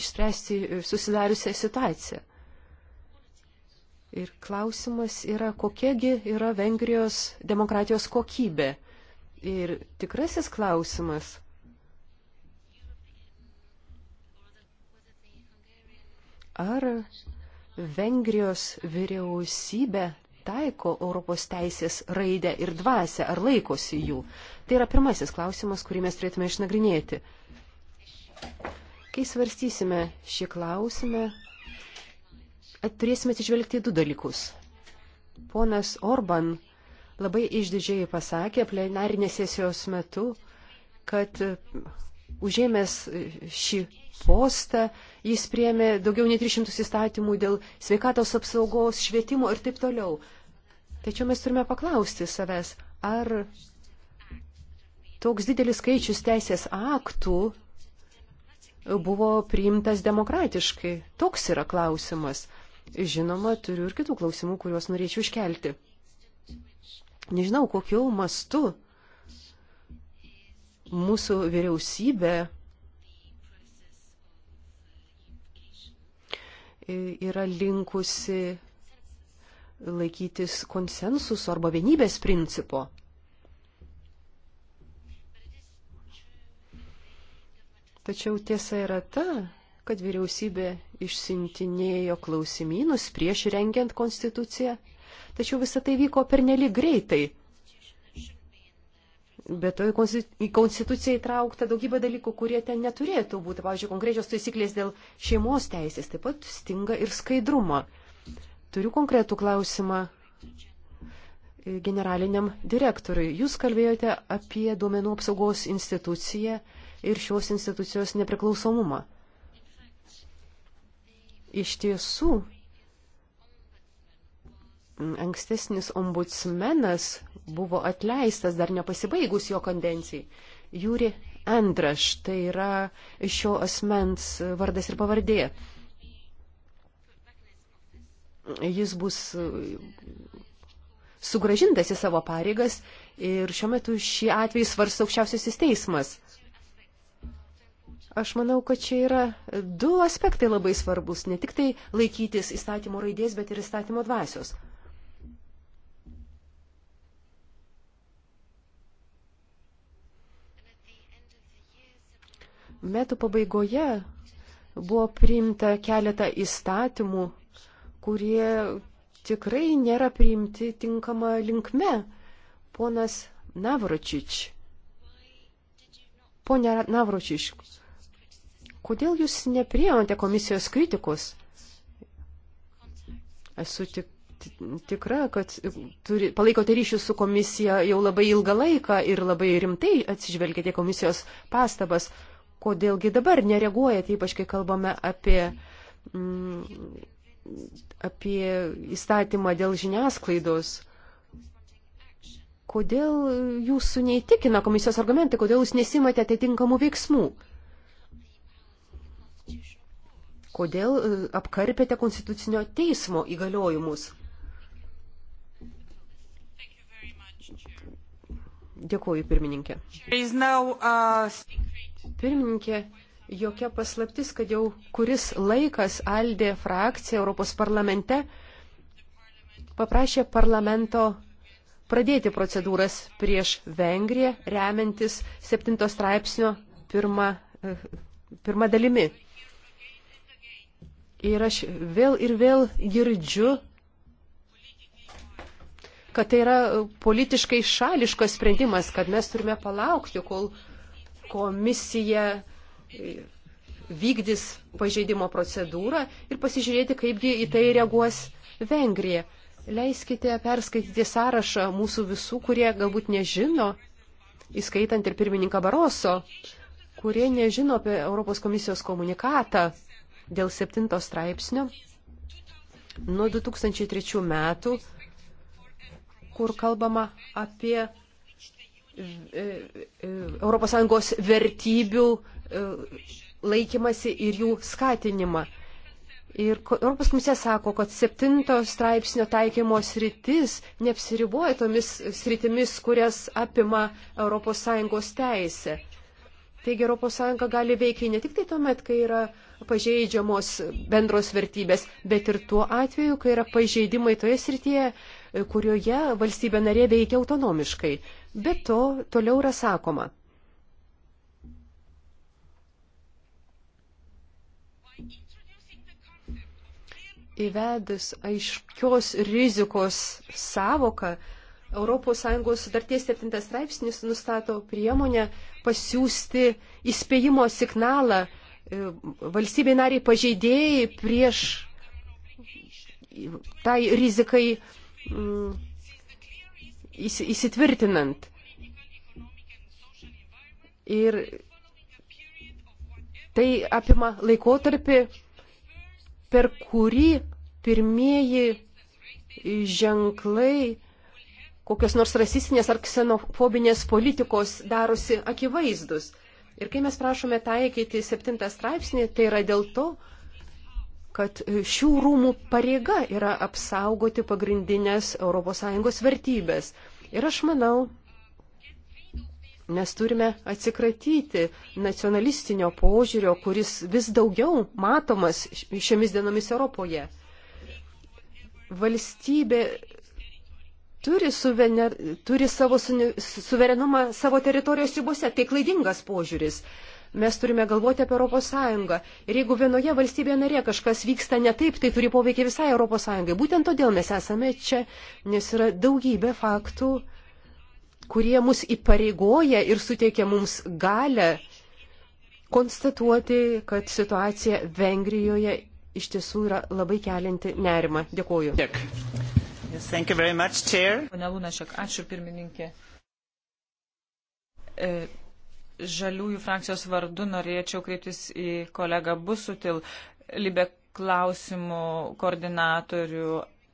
išspręsti susidariusią situaciją? Ir klausimas yra, kokiagi yra Vengrijos demokratijos kokybė. Ir tikrasis klausimas. Ar Vengrijos vyriausybė taiko Europos teisės raidę ir dvasę, ar laikosi jų? Tai yra pirmasis klausimas, kurį mes turėtume išnagrinėti. Kai svarstysime šį klausimą, turėsime atsižvelgti į du dalykus. Ponas Orban labai išdidžiai pasakė plenarinės sesijos metu, kad užėmęs šį postą, jis priemė daugiau nei 300 įstatymų dėl sveikatos apsaugos, švietimo ir taip toliau. Tačiau mes turime paklausti savęs, ar toks didelis skaičius teisės aktų buvo priimtas demokratiškai. Toks yra klausimas. Žinoma, turiu ir kitų klausimų, kuriuos norėčiau iškelti. Nežinau, kokiu mastu mūsų vyriausybė e, yra linkusi laikytis konsensuso arba vienybės principo. Tačiau tiesa yra ta, kad vyriausybė išsintinėjo klausimynus prieš rengiant konstituciją, tačiau visa tai vyko pernelyg greitai. Bet to į konstituciją įtraukta daugybė dalykų, kurie ten neturėtų būti. Pavyzdžiui, konkrečios taisyklės dėl šeimos teisės taip pat stinga ir skaidrumo. Turiu konkretų klausimą e, generaliniam direktoriui. Jūs kalbėjote apie duomenų apsaugos instituciją ir šios institucijos nepriklausomumą. Iš tiesų, ankstesnis ombudsmenas buvo atleistas dar nepasibaigus jo kandencijai. Jūri Andraš, tai yra šio asmens vardas ir pavardė. Jis bus sugražintas į savo pareigas ir šiuo metu šį atvejį svarsto aukščiausiasis teismas. Aš manau, kad čia yra du aspektai labai svarbus. Ne tik tai laikytis įstatymo raidės, bet ir įstatymo dvasios. Metų pabaigoje buvo priimta keletą įstatymų, kurie tikrai nėra priimti tinkama linkme. Ponas Navročič. Pone Navročič, Kodėl jūs nepriemate komisijos kritikus? Esu tik, tikra, kad turi, palaikote ryšių su komisija jau labai ilgą laiką ir labai rimtai atsižvelgėte komisijos pastabas. Kodėlgi dabar nereaguojate, ypač kai kalbame apie, mm, apie įstatymą dėl žiniasklaidos? Kodėl jūsų neįtikina komisijos argumentai, kodėl jūs nesimate atitinkamų veiksmų? Kodėl e, apkarpėte konstitucinio teismo įgaliojimus? Dėkuoju, pirmininkė. Uh, pirmininkė, jokia paslaptis, kad jau kuris laikas Aldė frakcija Europos parlamente paprašė parlamento pradėti procedūras prieš Vengriją, remiantis 7 straipsnio pirmą, e, pirmą dalimi. Ir aš vėl ir vėl girdžiu, kad tai yra politiškai šališkas sprendimas, kad mes turime palaukti, kol komisija vykdys pažeidimo procedūrą ir pasižiūrėti, kaipgi į tai reaguos Vengrija. Leiskite perskaityti sąrašą mūsų visų, kurie galbūt nežino, įskaitant ir pirmininką Baroso, kurie nežino apie Europos komisijos komunikatą dėl septinto straipsnio nuo 2003 metų, kur kalbama apie ES e, vertybių e, laikymasi ir jų skatinimą. Ir Europos komisija sako, kad septinto straipsnio taikymo sritis neapsiriboja tomis sritimis, kurias apima ES teisė. Taigi ES gali veikti ne tik tai tuomet, kai yra pažeidžiamos bendros vertybės, bet ir tuo atveju, kai yra pažeidimai toje srityje, kurioje valstybė narė veikia autonomiškai. Be to, toliau yra sakoma. Įvedus aiškios rizikos savoką, ES sutarties 7 straipsnis nustato priemonę pasiūsti įspėjimo signalą e, valstybei nariai pažeidėjai prieš tai rizikai mm, įsitvirtinant. Ir tai apima laikotarpį, per kurį pirmieji ženklai kokios nors rasistinės ar ksenofobinės politikos darosi akivaizdus. Ir kai mes prašome taikyti septintą straipsnį, tai yra dėl to, kad šių rūmų pareiga yra apsaugoti pagrindinės ES vertybės. Ir aš manau, mes turime atsikratyti nacionalistinio požiūrio, kuris vis daugiau matomas šiomis dienomis Europoje. Valstybė turi, suvener, turi savo suverenumą savo teritorijos ribose. Tai klaidingas požiūris. Mes turime galvoti apie ES. Ir jeigu vienoje valstybėje narė kažkas vyksta ne taip, tai turi poveikį visai ES. Būtent todėl mes esame čia, nes yra daugybė faktų, kurie mus įpareigoja ir suteikia mums galę konstatuoti, kad situacija Vengrijoje iš tiesų yra labai kelinti nerimą. Dėkuoju. Dėk.
Yes, thank you very much, Chair. Pane Lunašek, ačiū pirmininkė. E, žaliųjų frakcijos vardu norėčiau kreiptis į kolegą Busutil, Libe klausimų koordinatorių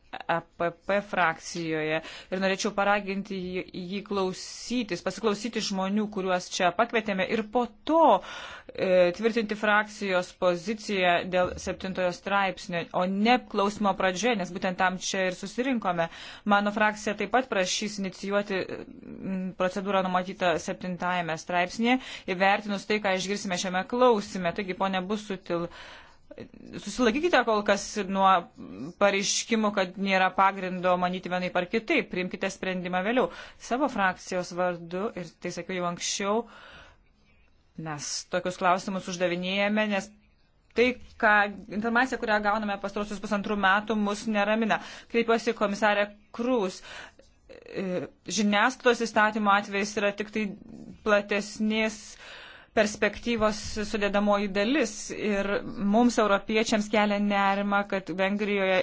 APP frakcijoje ir norėčiau paraginti jį klausytis, pasiklausyti žmonių, kuriuos čia pakvietėme ir po to e, tvirtinti frakcijos poziciją dėl septintojo straipsnio, o ne klausimo pradžioje, nes būtent tam čia ir susirinkome. Mano frakcija taip pat prašys inicijuoti procedūrą numatytą septintajame straipsnėje, įvertinus tai, ką išgirsime šiame klausime. Taigi, ponia Busutil, e, Susilaikykite kol kas nuo pareiškimų, kad nėra pagrindo manyti vienai par kitaip, priimkite sprendimą vėliau. Savo frakcijos vardu, ir tai sakiau jau anksčiau, mes tokius klausimus uždavinėjame, nes tai, ką informacija, kurią gauname pastarosius pusantrų metų, mus neramina. Kreipiuosi komisarė Krūs. E, žiniasklaidos įstatymo atvejais yra tik tai platesnės perspektyvos sudėdamoji dalis ir mums, europiečiams, kelia nerima, kad Vengrijoje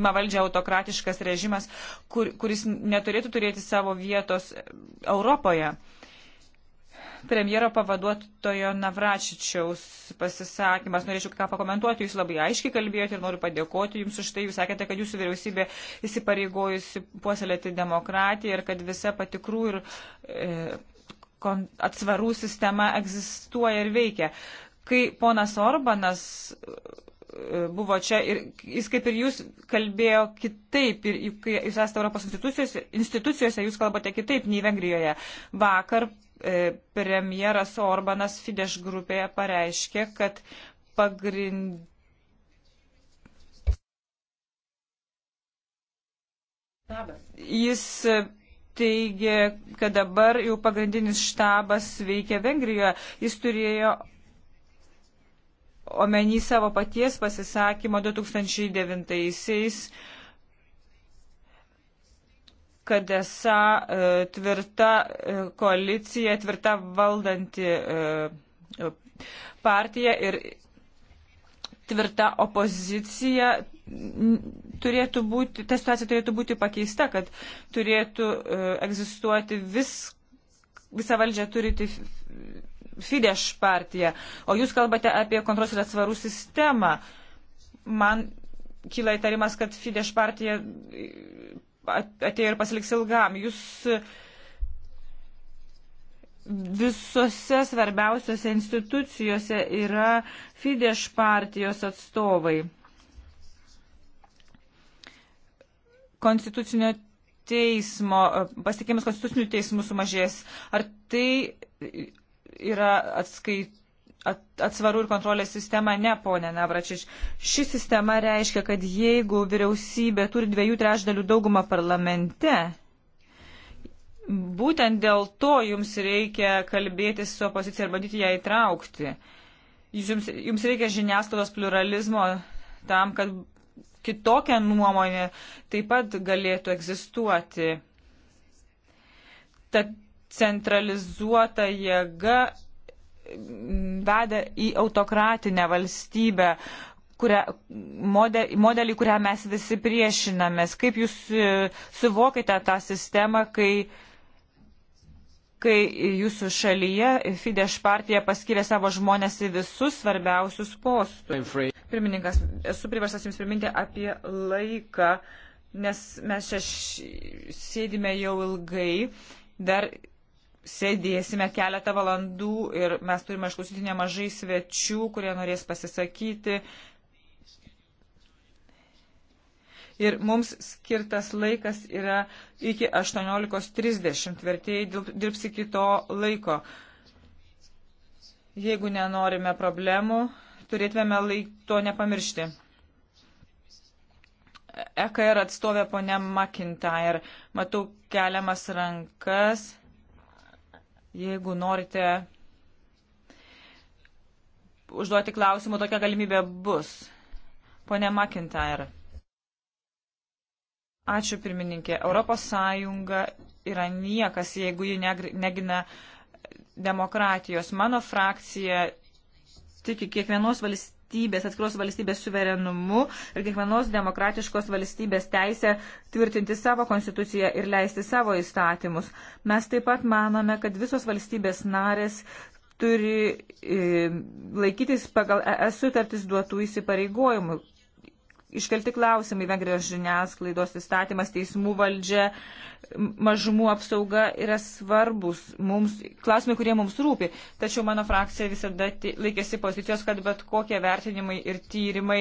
ima valdžia autokratiškas režimas, kur, kuris neturėtų turėti savo vietos Europoje. Premjero pavaduotojo Navračičiaus pasisakymas. Norėčiau ką pakomentuoti, jūs labai aiškiai kalbėjote ir noriu padėkoti jums už tai. Jūs sakėte, kad jūsų vyriausybė įsipareigojusi puoselėti demokratiją ir kad visa patikrų ir e, atsvarų sistema egzistuoja ir veikia. Kai ponas Orbanas e, buvo čia ir jis kaip ir jūs kalbėjo kitaip ir kai jūs esate Europos institucijose, institucijose jūs kalbate kitaip nei Vengrijoje. Vakar e, premjeras Orbanas Fidesz grupėje pareiškė, kad pagrindinė Jis e, teigė, kad dabar jau pagrindinis štabas veikia Vengrijoje. Jis turėjo omeny savo paties pasisakymą 2009-aisiais kad esą e, tvirta e, koalicija, tvirta valdanti e, partija ir tvirta opozicija turėtų būti, ta situacija turėtų būti pakeista, kad turėtų uh, egzistuoti vis, visą valdžią turėti Fidesz partija, o jūs kalbate apie kontros ir atsvarų sistemą. Man kyla įtarimas, kad Fidesz partija e, atėjo ir pasiliks ilgam. Jūs e, visose svarbiausiose institucijose yra Fidesz partijos atstovai. konstitucinio teismo, pasitikėjimas konstitucinių teismų sumažės. Ar tai yra atskait, at, atsvarų ir kontrolės sistema? Ne, ponė Navračiš. Ši sistema reiškia, kad jeigu vyriausybė turi dviejų trešdalių daugumą parlamente, būtent dėl to jums reikia kalbėti su opozicija ir bandyti ją įtraukti. Jums, jums reikia žiniasklaidos pluralizmo tam, kad kitokią nuomonę taip pat galėtų egzistuoti. Ta centralizuota jėga mm, veda į autokratinę valstybę, kurią, modelį, kurią mes visi priešinamės. Kaip jūs e, suvokite tą sistemą, kai uh, kai jūsų šalyje Fidesz partija paskyrė savo žmonės į visus svarbiausius postus. Pirmininkas, esu priversas Jums priminti apie laiką, nes mes čia sėdime jau ilgai, dar sėdėsime keletą valandų ir mes turime išklausyti nemažai svečių, kurie norės pasisakyti. ir mums skirtas laikas yra iki 18.30. Vertėjai dirbs iki to laiko. Jeigu nenorime problemų, turėtume laik to nepamiršti. EKR er atstovė ponė McIntyre. Matau keliamas rankas. Jeigu norite užduoti klausimų, tokia galimybė bus. Pone McIntyre. Ačiū pirmininkė. Europos Sąjunga yra niekas, jeigu ji negina demokratijos. Mano frakcija tiki kiekvienos valstybės, atskiros valstybės suverenumu ir kiekvienos demokratiškos valstybės teisę tvirtinti savo konstituciją ir leisti savo įstatymus. Mes taip pat manome, kad visos valstybės narės turi e, laikytis pagal ES sutartis duotų įsipareigojimų iškelti klausimai - Vengrijos žiniasklaidos įstatymas, teismų valdžia, mažumų apsauga yra svarbus mums, klausimai, kurie mums rūpi. Tačiau mano frakcija visada laikėsi pozicijos, kad bet kokie vertinimai ir tyrimai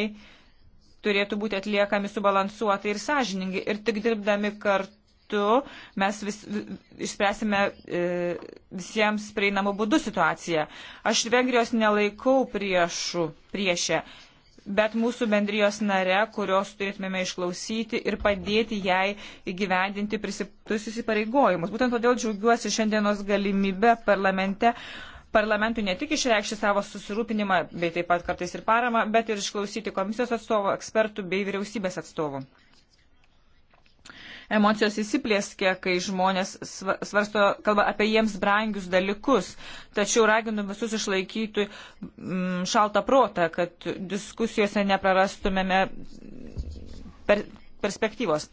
turėtų būti atliekami subalansuotai ir sąžiningai. Ir tik dirbdami kartu mes vis, išspręsime e, visiems prieinamų būdų situaciją. Aš Vengrijos nelaikau priešų, priešę. Prieš bet mūsų bendrijos nare, kurios turėtumėme išklausyti ir padėti jai įgyvendinti prisiptus įsipareigojimus. Būtent todėl džiaugiuosi šiandienos galimybę parlamente. Parlamentui ne tik išreikšti savo susirūpinimą, bei taip pat kartais ir paramą, bet ir išklausyti komisijos atstovų, ekspertų bei vyriausybės atstovų emocijos įsiplėskia, kai žmonės svarsto, kalba apie jiems brangius dalykus. Tačiau raginu visus išlaikyti mm, šaltą protą, kad diskusijose neprarastumėme per, perspektyvos.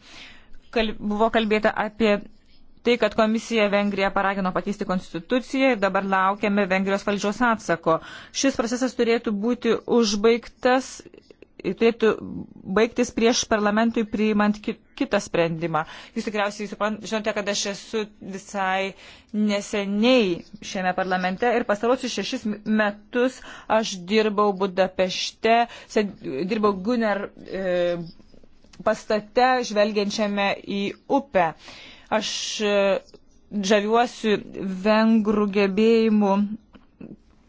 Kal, buvo kalbėta apie tai, kad komisija Vengrija paragino pakeisti konstituciją ir dabar laukiame Vengrijos valdžios atsako. Šis procesas turėtų būti užbaigtas turėtų baigtis prieš parlamentui priimant kitą sprendimą. Jūs tikriausiai supran, žinote, kad aš esu visai neseniai šiame parlamente ir pastarosius šešis metus aš dirbau Budapešte, dirbau Gunner e, pastate žvelgiančiame į upę. Aš e, žaviuosi vengrų gebėjimu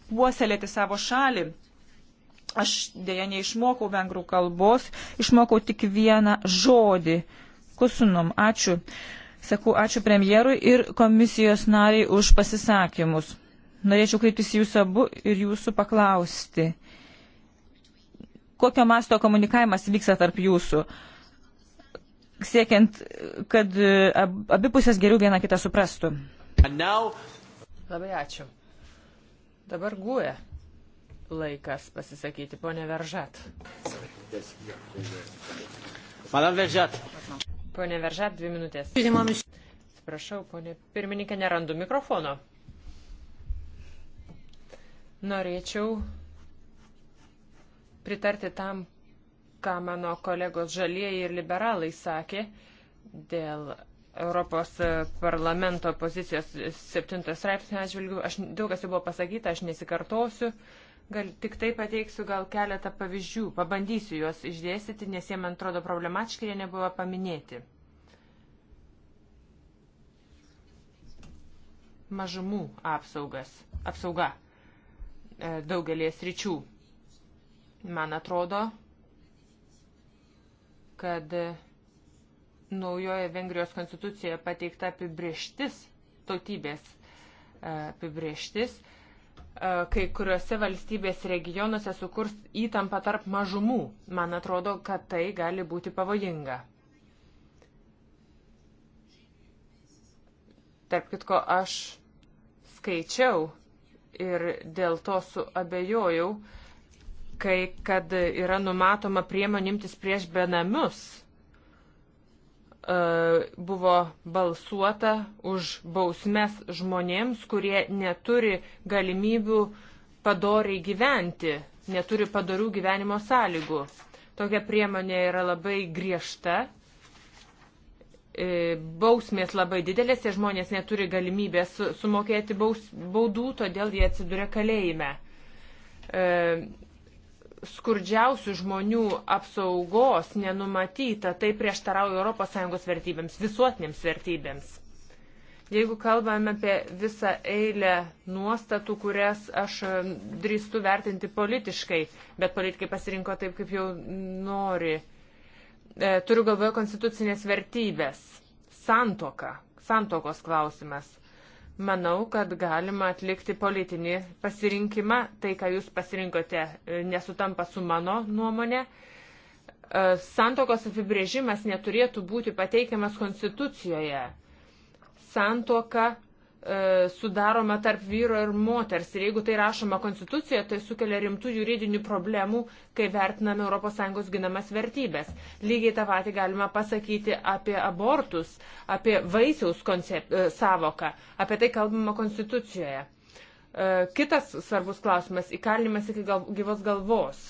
puoselėti savo šalį Aš dėja neišmokau vengrų kalbos, išmokau tik vieną žodį. Kusunum, ačiū. Sakau, ačiū premjerui ir komisijos nariai už pasisakymus. Norėčiau kreiptis jūs abu ir jūsų paklausti. Kokio masto komunikavimas vyksta tarp jūsų, siekiant, kad e, abipusės geriau vieną kitą suprastų?
Now... Labai ačiū. Dabar guoja laikas pasisakyti. Pone Veržat.
Madam Veržat.
Pone Veržat, dvi minutės. Atsiprašau, ponė pirmininkė, nerandu mikrofono. Norėčiau pritarti tam, ką mano kolegos žalieji ir liberalai sakė dėl Europos parlamento pozicijos 7 straipsnio atžvilgių. Aš daug kas jau buvo pasakyta, aš nesikartosiu. Uh, Gal tik tai pateiksiu gal keletą pavyzdžių, pabandysiu juos išdėstyti, nes jie man atrodo problematiškai, jie nebuvo paminėti. Mažumų apsaugas, apsauga e, daugelės ryčių. Man atrodo, kad naujoje Vengrijos konstitucijoje pateikta apibrieštis, tautybės e, apibrieštis, e, E, kai kuriuose valstybės regionuose sukurs įtampą tarp mažumų. Man atrodo, kad tai gali būti pavojinga. Tarp kitko, aš skaičiau ir dėl to suabejojau, kai kad yra numatoma priemonimtis prieš benamius E, buvo balsuota už bausmes žmonėms, kurie neturi galimybių padoriai gyventi, neturi padorių gyvenimo sąlygų. Tokia priemonė yra labai griežta, e, bausmės labai didelės, tie žmonės neturi galimybės sumokėti baus, baudų, todėl jie atsiduria kalėjime. E, skurdžiausių žmonių apsaugos nenumatyta, tai prieštarauja ES vertybėms, visuotinėms vertybėms. Jeigu kalbame apie visą eilę nuostatų, kurias aš drįstu vertinti politiškai, bet politikai pasirinko taip, kaip jau nori, e, turiu galvoje konstitucinės vertybės, santoka, santokos klausimas manau, kad galima atlikti politinį pasirinkimą. Tai, ką jūs pasirinkote, e, nesutampa su mano nuomonė. E, santokos apibrėžimas neturėtų būti pateikiamas Konstitucijoje. Santoka E, sudaroma tarp vyro ir moters. Ir jeigu tai rašoma konstitucijoje, tai sukelia rimtų juridinių problemų, kai vertiname ES ginamas vertybės. Lygiai tą patį galima pasakyti apie abortus, apie vaisiaus koncep... E, savoką, apie tai kalbama konstitucijoje. E, kitas svarbus klausimas - įkalinimas iki gal... gyvos galvos.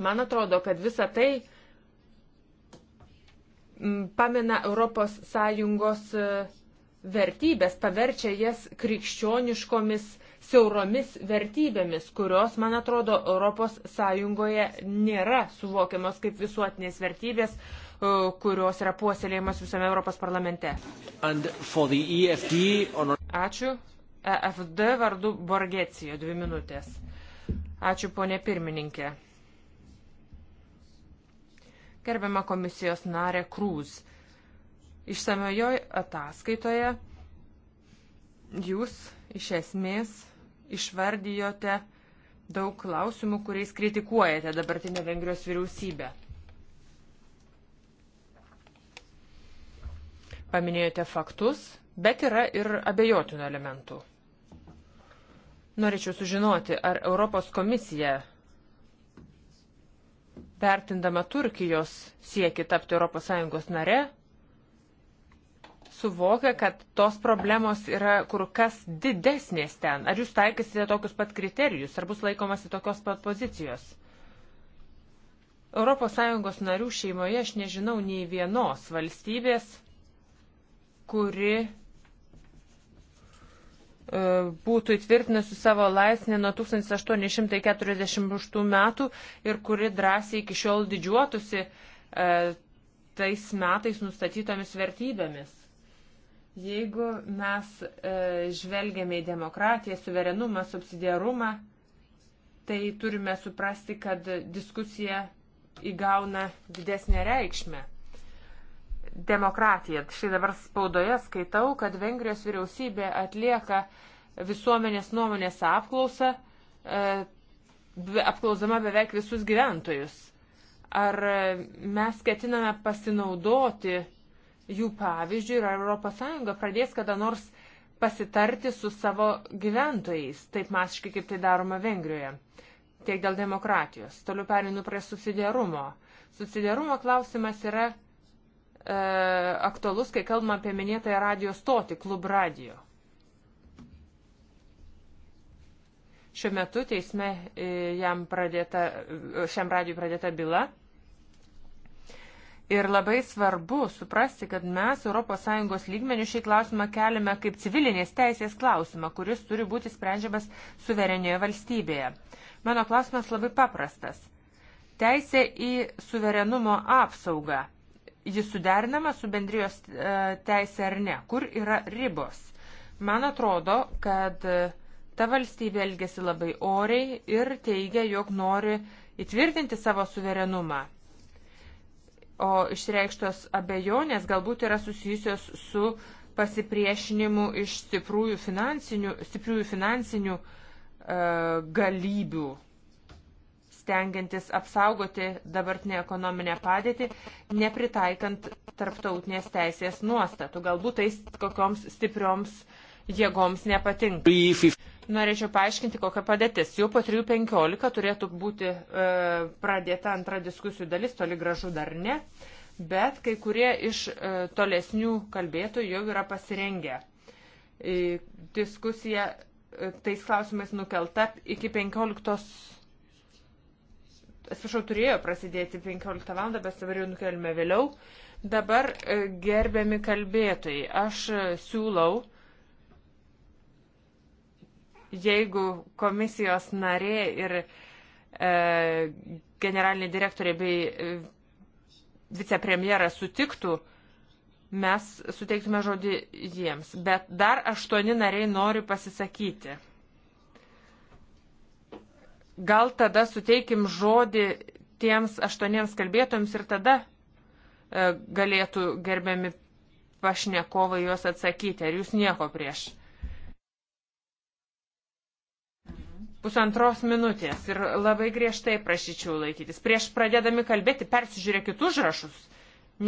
Man atrodo, kad visa tai pamina ES vertybės, paverčia jas krikščioniškomis siauromis vertybėmis, kurios, man atrodo, ES nėra suvokiamos kaip visuotinės vertybės, e, kurios yra puoselėjimas visame Europos parlamente. EFD, e on... Ačiū. EFD vardu Borgecijo, dvi minutės. Ačiū, ponė pirmininkė. Gerbiama komisijos narė Krūz. Išsamiojoj ataskaitoje jūs iš esmės išvardijote daug klausimų, kuriais kritikuojate dabartinę Vengrijos vyriausybę. Paminėjote faktus, bet yra ir abejotinų elementų. Norėčiau sužinoti, ar Europos komisija, vertindama Turkijos sieki tapti ES nare, suvokia, kad tos problemos yra kur kas didesnės ten. Ar jūs taikysite tokius pat kriterijus, ar bus laikomasi tokios pat pozicijos? ES narių šeimoje aš nežinau nei vienos valstybės, kuri e, būtų įtvirtinusi savo laisvę nuo 1848 metų ir kuri drąsiai iki šiol didžiuotųsi e, tais metais nustatytomis vertybėmis. Jeigu mes e, žvelgiame į demokratiją, suverenumą, subsidiarumą, tai turime suprasti, kad diskusija įgauna didesnę reikšmę. Demokratija. Štai dabar spaudoje skaitau, kad Vengrijos vyriausybė atlieka visuomenės nuomonės apklausą, e, apklausama beveik visus gyventojus. Ar e, mes ketiname pasinaudoti jų pavyzdžių ir ES pradės kada nors pasitarti su savo gyventojais, taip masiškai kaip tai daroma Vengrijoje. Tiek dėl demokratijos. Toliau perinu prie subsidiarumo. Subsidiarumo klausimas yra e, aktualus, kai kalbam apie minėtąją radio stotį, klub radio. Šiuo metu teisme e, jam pradėta, e, šiam radijui pradėta byla Ir labai svarbu suprasti, kad mes ES lygmenių šį klausimą keliame kaip civilinės teisės klausimą, kuris turi būti sprendžiamas suverenioje valstybėje. Mano klausimas labai paprastas. Teisė į suverenumo apsaugą. Jis suderinama su bendrijos e, teisė ar ne? Kur yra ribos? Man atrodo, kad e, ta valstybė elgesi labai oriai ir teigia, jog nori įtvirtinti savo suverenumą o išreikštos abejonės galbūt yra susijusios su pasipriešinimu iš stipriųjų finansinių, stipriųjų finansinių e, galybių, stengiantis apsaugoti dabartinę ekonominę padėtį, nepritaikant tarptautinės teisės nuostatų. Galbūt tais kokioms stiprioms jėgoms nepatinka. Norėčiau paaiškinti, kokia padėtis. Jau po 3.15 turėtų būti e, pradėta antra diskusijų dalis, toli gražu dar ne, bet kai kurie iš e, tolesnių kalbėtojų jau yra pasirengę. E, diskusija e, tais klausimais nukelta iki 15. Atsiprašau, turėjo prasidėti 15 val. bet dabar jau nukelime vėliau. Dabar e, gerbiami kalbėtojai, aš e, siūlau jeigu komisijos narė ir e, generaliniai direktoriai bei e, vicepremjeras sutiktų, mes suteiktume žodį jiems. Bet dar aštuoni nariai nori pasisakyti. Gal tada suteikim žodį tiems aštuoniems kalbėtojams ir tada e, galėtų gerbiami pašnekovai juos atsakyti. Ar jūs nieko prieš? pusantros minutės ir labai griežtai prašyčiau laikytis. Prieš pradėdami kalbėti, persižiūrėkit užrašus,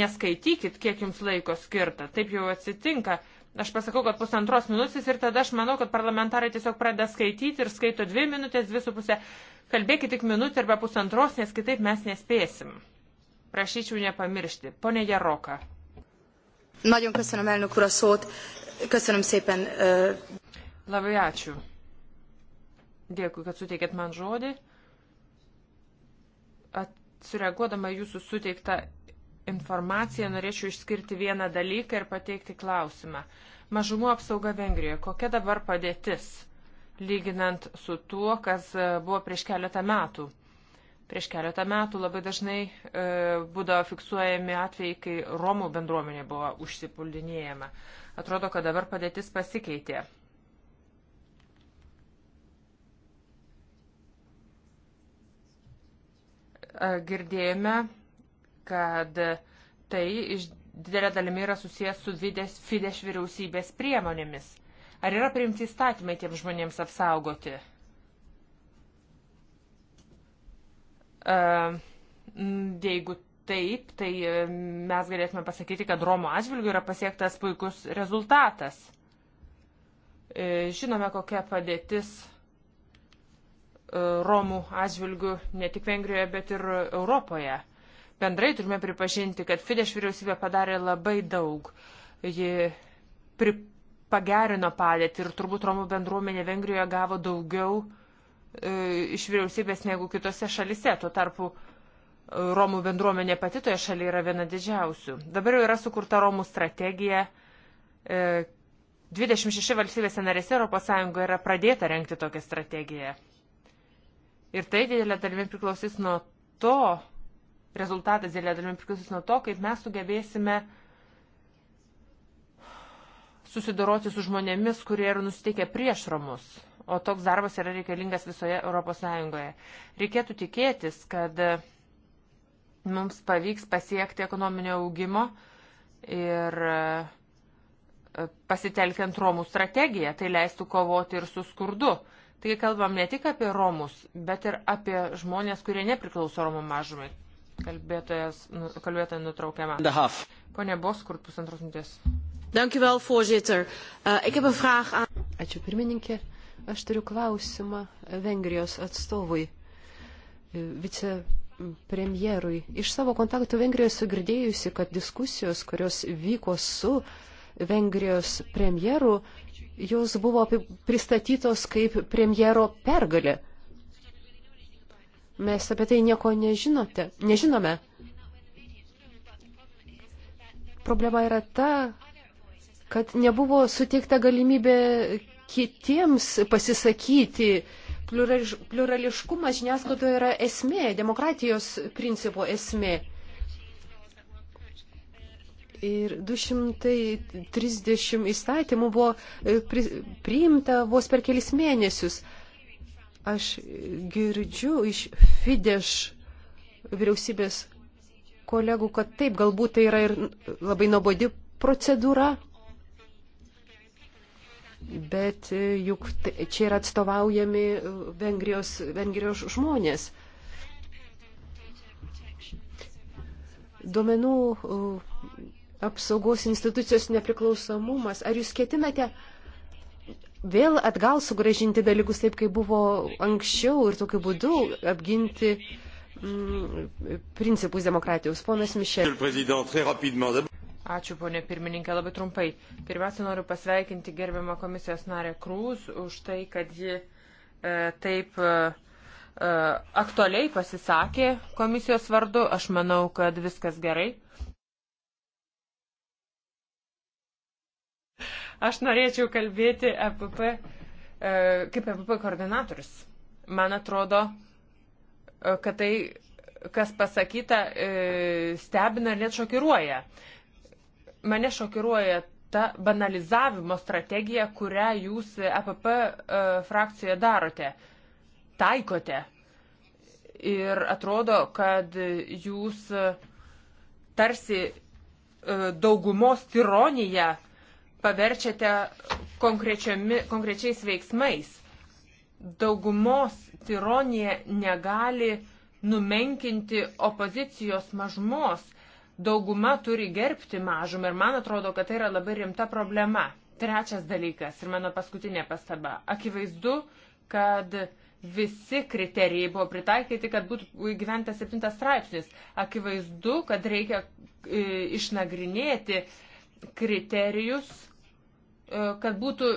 neskaitykit, kiek jums laiko skirta. Taip jau atsitinka. Aš pasakau, kad pusantros minutės ir tada aš manau, kad parlamentarai tiesiog pradeda skaityti ir skaito dvi minutės, dvi su pusė. Kalbėkit tik minutę arba pusantros, nes kitaip mes nespėsim. Prašyčiau nepamiršti. Pone Jaroka. Nagyon köszönöm elnök úr a szót. Köszönöm szépen. Uh... Labai ačiū. Dėkui, kad suteikėt man žodį. Sureaguodama jūsų suteiktą informaciją, norėčiau išskirti vieną dalyką ir pateikti klausimą. Mažumų apsauga Vengrijoje. Kokia dabar padėtis, lyginant su tuo, kas e, buvo prieš keletą metų? Prieš keletą metų labai dažnai e, būdavo fiksuojami atvejai, kai Romų bendruomenė buvo užsipuldinėjama. Atrodo, kad dabar padėtis pasikeitė. E, girdėjome, kad tai iš didelė dalimi yra susijęs su Fidesz vyriausybės priemonėmis. Ar yra priimti įstatymai tiems žmonėms apsaugoti? E, jeigu taip, tai e, mes galėtume pasakyti, kad Romo atžvilgių yra pasiektas puikus rezultatas. Žinome, kokia padėtis E, Romų atžvilgių ne tik Vengrijoje, bet ir Europoje. Bendrai turime pripažinti, kad Fidesz vyriausybė padarė labai daug. Ji pri, pagerino padėtį ir turbūt Romų bendruomenė Vengrijoje gavo daugiau e, iš vyriausybės negu kitose šalise. Tuo tarpu e, Romų bendruomenė pati toje šalyje yra viena didžiausių. Dabar jau yra sukurta Romų strategija. E, 26 valstybėse narėse ES yra pradėta renkti tokią strategiją. Ir tai didelė dalimi priklausys nuo to, rezultatas didelė dalimi priklausys nuo to, kaip mes sugebėsime susidoroti su žmonėmis, kurie yra nusiteikę prieš romus. O toks darbas yra reikalingas visoje ES. Reikėtų tikėtis, kad mums pavyks pasiekti ekonominio augimo ir e, pasitelkiant Romų strategiją, tai leistų kovoti ir su skurdu. Taigi kalbam ne tik apie Romus, bet ir apie žmonės, kurie nepriklauso Romų mažumai. Kalbėtojas, nu, kalbėtoja nutraukiama. Pone Boskurt, pusantros minutės.
Dankjewel, voorzitter.
Uh, ik heb een vraag aan. Ačiū pirmininkė. Aš turiu klausimą Vengrijos atstovui, e, vicepremjerui. Iš savo kontaktų Vengrijoje sugirdėjusi, kad diskusijos, kurios vyko su Vengrijos premjeru, uh, jos buvo pristatytos kaip premjero pergalė. Mes apie tai nieko nežinote, nežinome. Problema yra ta, kad nebuvo suteikta galimybė kitiems pasisakyti. Plurališkumas žiniasklaidoje yra esmė, demokratijos principo esmė. Ir 230 įstatymų buvo e, priimta vos per kelis mėnesius. Aš girdžiu iš Fidesz vyriausybės kolegų, kad taip, galbūt tai yra ir labai nuobodi procedūra, bet e, juk čia yra atstovaujami e, Vengrijos, Vengrijos žmonės. Duomenų apsaugos institucijos nepriklausomumas. Ar jūs ketinate vėl atgal sugražinti dalykus taip, kaip buvo anksčiau ir
tokiu būdu apginti mm, principus demokratijos? Ponas Mišel. Ačiū, ponė pirmininkė, labai trumpai. Pirmiausia, noriu pasveikinti gerbiamą komisijos narę Krūz už tai, kad ji e, taip e, e aktualiai pasisakė komisijos vardu. Aš manau, kad viskas gerai. Aš norėčiau kalbėti EPP, e, kaip EPP koordinatorius. Man atrodo, e, kad tai, kas pasakyta, e, stebina ir net šokiruoja. Mane šokiruoja ta banalizavimo strategija, kurią jūs EPP frakcijoje darote, taikote. Ir atrodo, kad jūs tarsi daugumos tironiją paverčiate konkrečiais veiksmais. Daugumos tironija negali numenkinti opozicijos mažumos. Dauguma turi gerbti mažumą ir man atrodo, kad tai yra labai rimta problema. Trečias dalykas ir mano paskutinė pastaba. Akivaizdu, kad visi kriterijai buvo pritaikyti, kad būtų gyventas septintas straipsnis. Akivaizdu, kad reikia e, išnagrinėti kriterijus E, kad būtų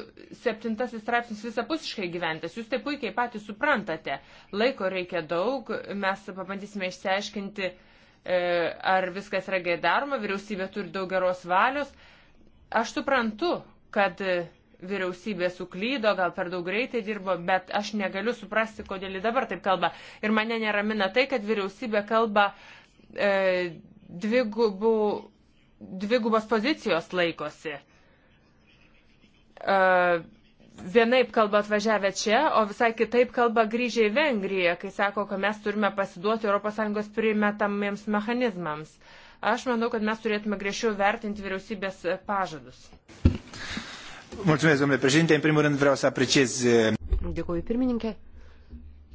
septintasis straipsnis visapusiškai gyventas. Jūs tai puikiai patys suprantate. Laiko reikia daug, mes pabandysime išsiaiškinti, e, ar viskas yra gerai daroma, vyriausybė turi daug geros valios. Aš suprantu, kad vyriausybė suklydo, gal per daug greitai dirbo, bet aš negaliu suprasti, kodėl ji dabar taip kalba. Ir mane neramina tai, kad vyriausybė kalba e, dvigubų, dvigubos pozicijos laikosi uh, vienaip kalba atvažiavę čia, o visai kitaip kalba grįžę į Vengriją, kai sako, kad mes turime pasiduoti ES primetamiems mechanizmams. Aš manau, kad mes turėtume griežčiau vertinti vyriausybės pažadus.
Mulțumesc, domnule președinte. În primul rând vreau să apreciez... Eh,
Dėkuoju, pirmininkė.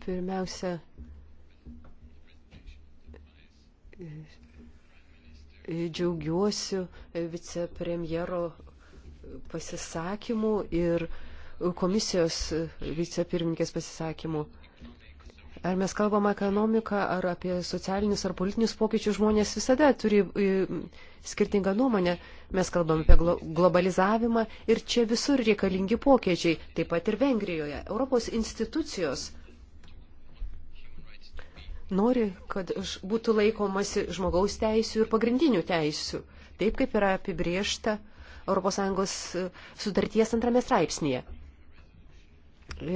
Pirmiausia, eh, džiaugiuosi vicepremjero pasisakymų ir komisijos vicepirmininkės pasisakymų. Ar mes kalbam ekonomiką, ar apie socialinius, ar politinius pokyčius, žmonės visada turi e, skirtingą nuomonę. Mes kalbam apie glo globalizavimą ir čia visur reikalingi pokyčiai, taip pat ir Vengrijoje. Europos institucijos nori, kad būtų laikomasi žmogaus teisų ir pagrindinių teisų, taip kaip yra apibriešta ES e, sutarties antrame straipsnėje.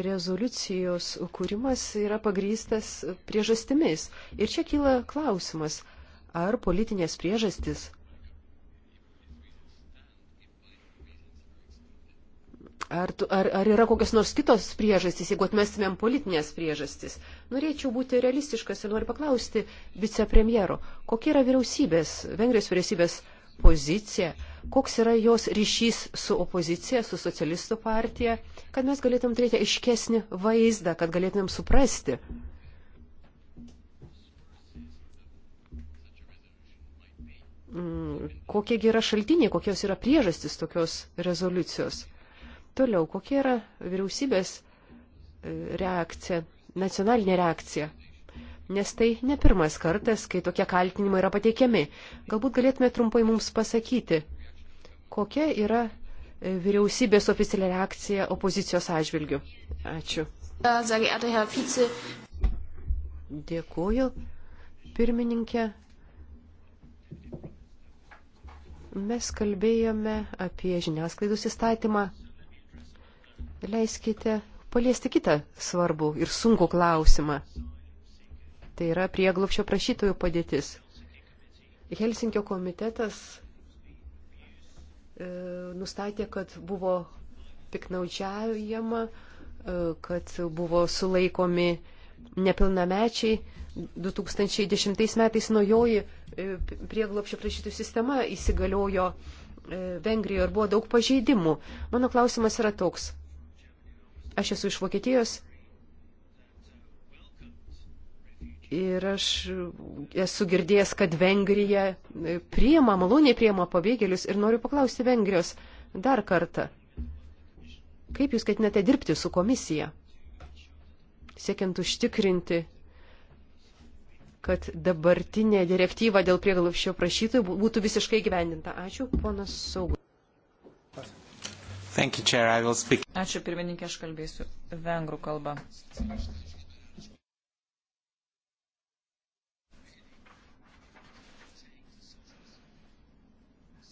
Rezoliucijos kūrimas yra pagrystas priežastimis. Ir čia kyla klausimas, ar politinės priežastis Ar, ar, ar yra kokios nors kitos priežastys, jeigu atmestumėm politinės priežastys? Norėčiau būti realistiškas ir noriu paklausti vicepremjero, kokia yra vyriausybės, Vengrijos vyriausybės pozicija, koks yra jos ryšys su opozicija, su socialistų partija, kad mes galėtum turėti aiškesnį vaizdą, kad galėtumėm suprasti. Mm, Kokiegi yra šaltiniai, kokios yra priežastys tokios rezoliucijos. Toliau, kokia yra vyriausybės e, reakcija, nacionalinė reakcija nes tai ne pirmas kartas, kai tokie kaltinimai yra pateikiami. Galbūt galėtume trumpai mums pasakyti, kokia yra e, vyriausybės oficiali reakcija opozicijos atžvilgių. Ačiū. Dėkuoju, pirmininkė. Mes kalbėjome apie žiniasklaidos įstatymą. Leiskite paliesti kitą svarbų ir sunkų klausimą. Tai yra prieglopšio prašytojų padėtis. Helsinkio komitetas E, nustatė, kad buvo piknaudžiaujama, e, kad buvo sulaikomi nepilnamečiai. 2010 metais naujoji e, prieglopšio prašytų sistema įsigaliojo Vengrijoje ir buvo daug pažeidimų. Mano klausimas yra toks. Aš esu iš Vokietijos Ir aš esu girdėjęs, kad Vengrija priema, maloniai priema pabėgėlius ir noriu paklausti Vengrijos dar kartą. Kaip jūs ketinate dirbti su komisija, siekiant užtikrinti, kad dabartinė direktyva dėl priegalopščio prašytojų būtų visiškai gyvendinta? Ačiū, ponas Saugus.
Ačiū
pirmininkė, aš kalbėsiu vengrų kalbą.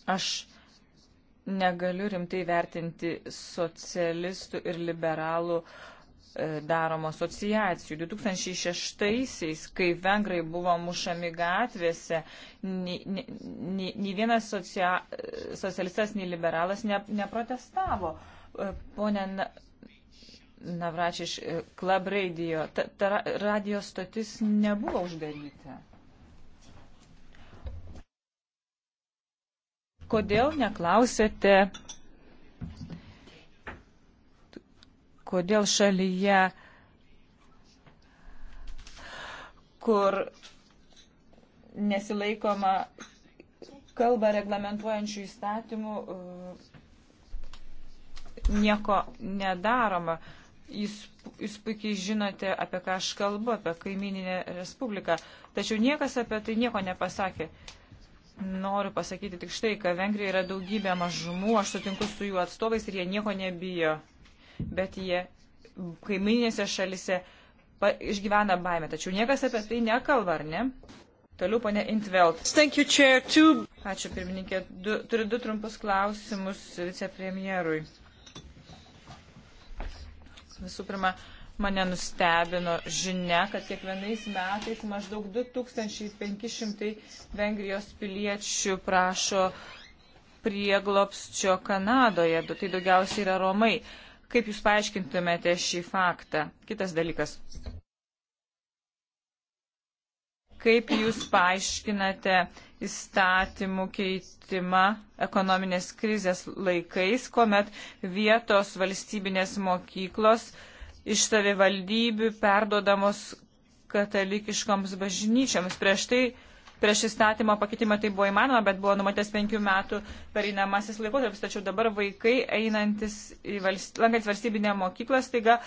Aš negaliu rimtai vertinti socialistų ir liberalų e, daromų asociacijų. 2006-aisiais, kai vengrai buvo mušami gatvėse, nei, nei, nei vienas socia, socialistas, nei liberalas ne, neprotestavo. E, pone Navračiš, e, Klab Radio, ta, ta radijos stotis nebuvo uždaryta. Kodėl neklausėte, kodėl šalyje, kur nesilaikoma kalbą reglamentuojančių įstatymų, uh, nieko nedaroma. Jūs, jūs puikiai žinote, apie ką aš kalbu, apie kaimininę respubliką. Tačiau niekas apie tai nieko nepasakė. Noriu pasakyti tik štai, kad Vengrija yra daugybė mažumų, aš sutinku su jų atstovais ir jie nieko nebijo. Bet jie kaiminėse šalise pa, išgyvena baimę, tačiau niekas apie tai nekalba, ar ne? Toliau ponė Intveld. Ačiū pirmininkė. Du, turiu du trumpus klausimus vicepremjerui. Visų pirma, Mane nustebino žinia, kad kiekvienais metais maždaug 2500 Vengrijos piliečių prašo prieglopsčio Kanadoje, tai daugiausiai yra Romai. Kaip Jūs paaiškintumėte šį faktą? Kitas dalykas. Kaip Jūs paaiškinate įstatymų keitimą ekonominės krizės laikais, kuomet vietos valstybinės mokyklos uh, iš savivaldybių perdodamos katalikiškoms bažnyčiams. Prieš tai prieš įstatymo pakeitimą tai buvo įmanoma, bet buvo numatęs penkių metų pereinamasis laikotarpis, tačiau dabar vaikai einantis į valst... valstybinę mokyklą staiga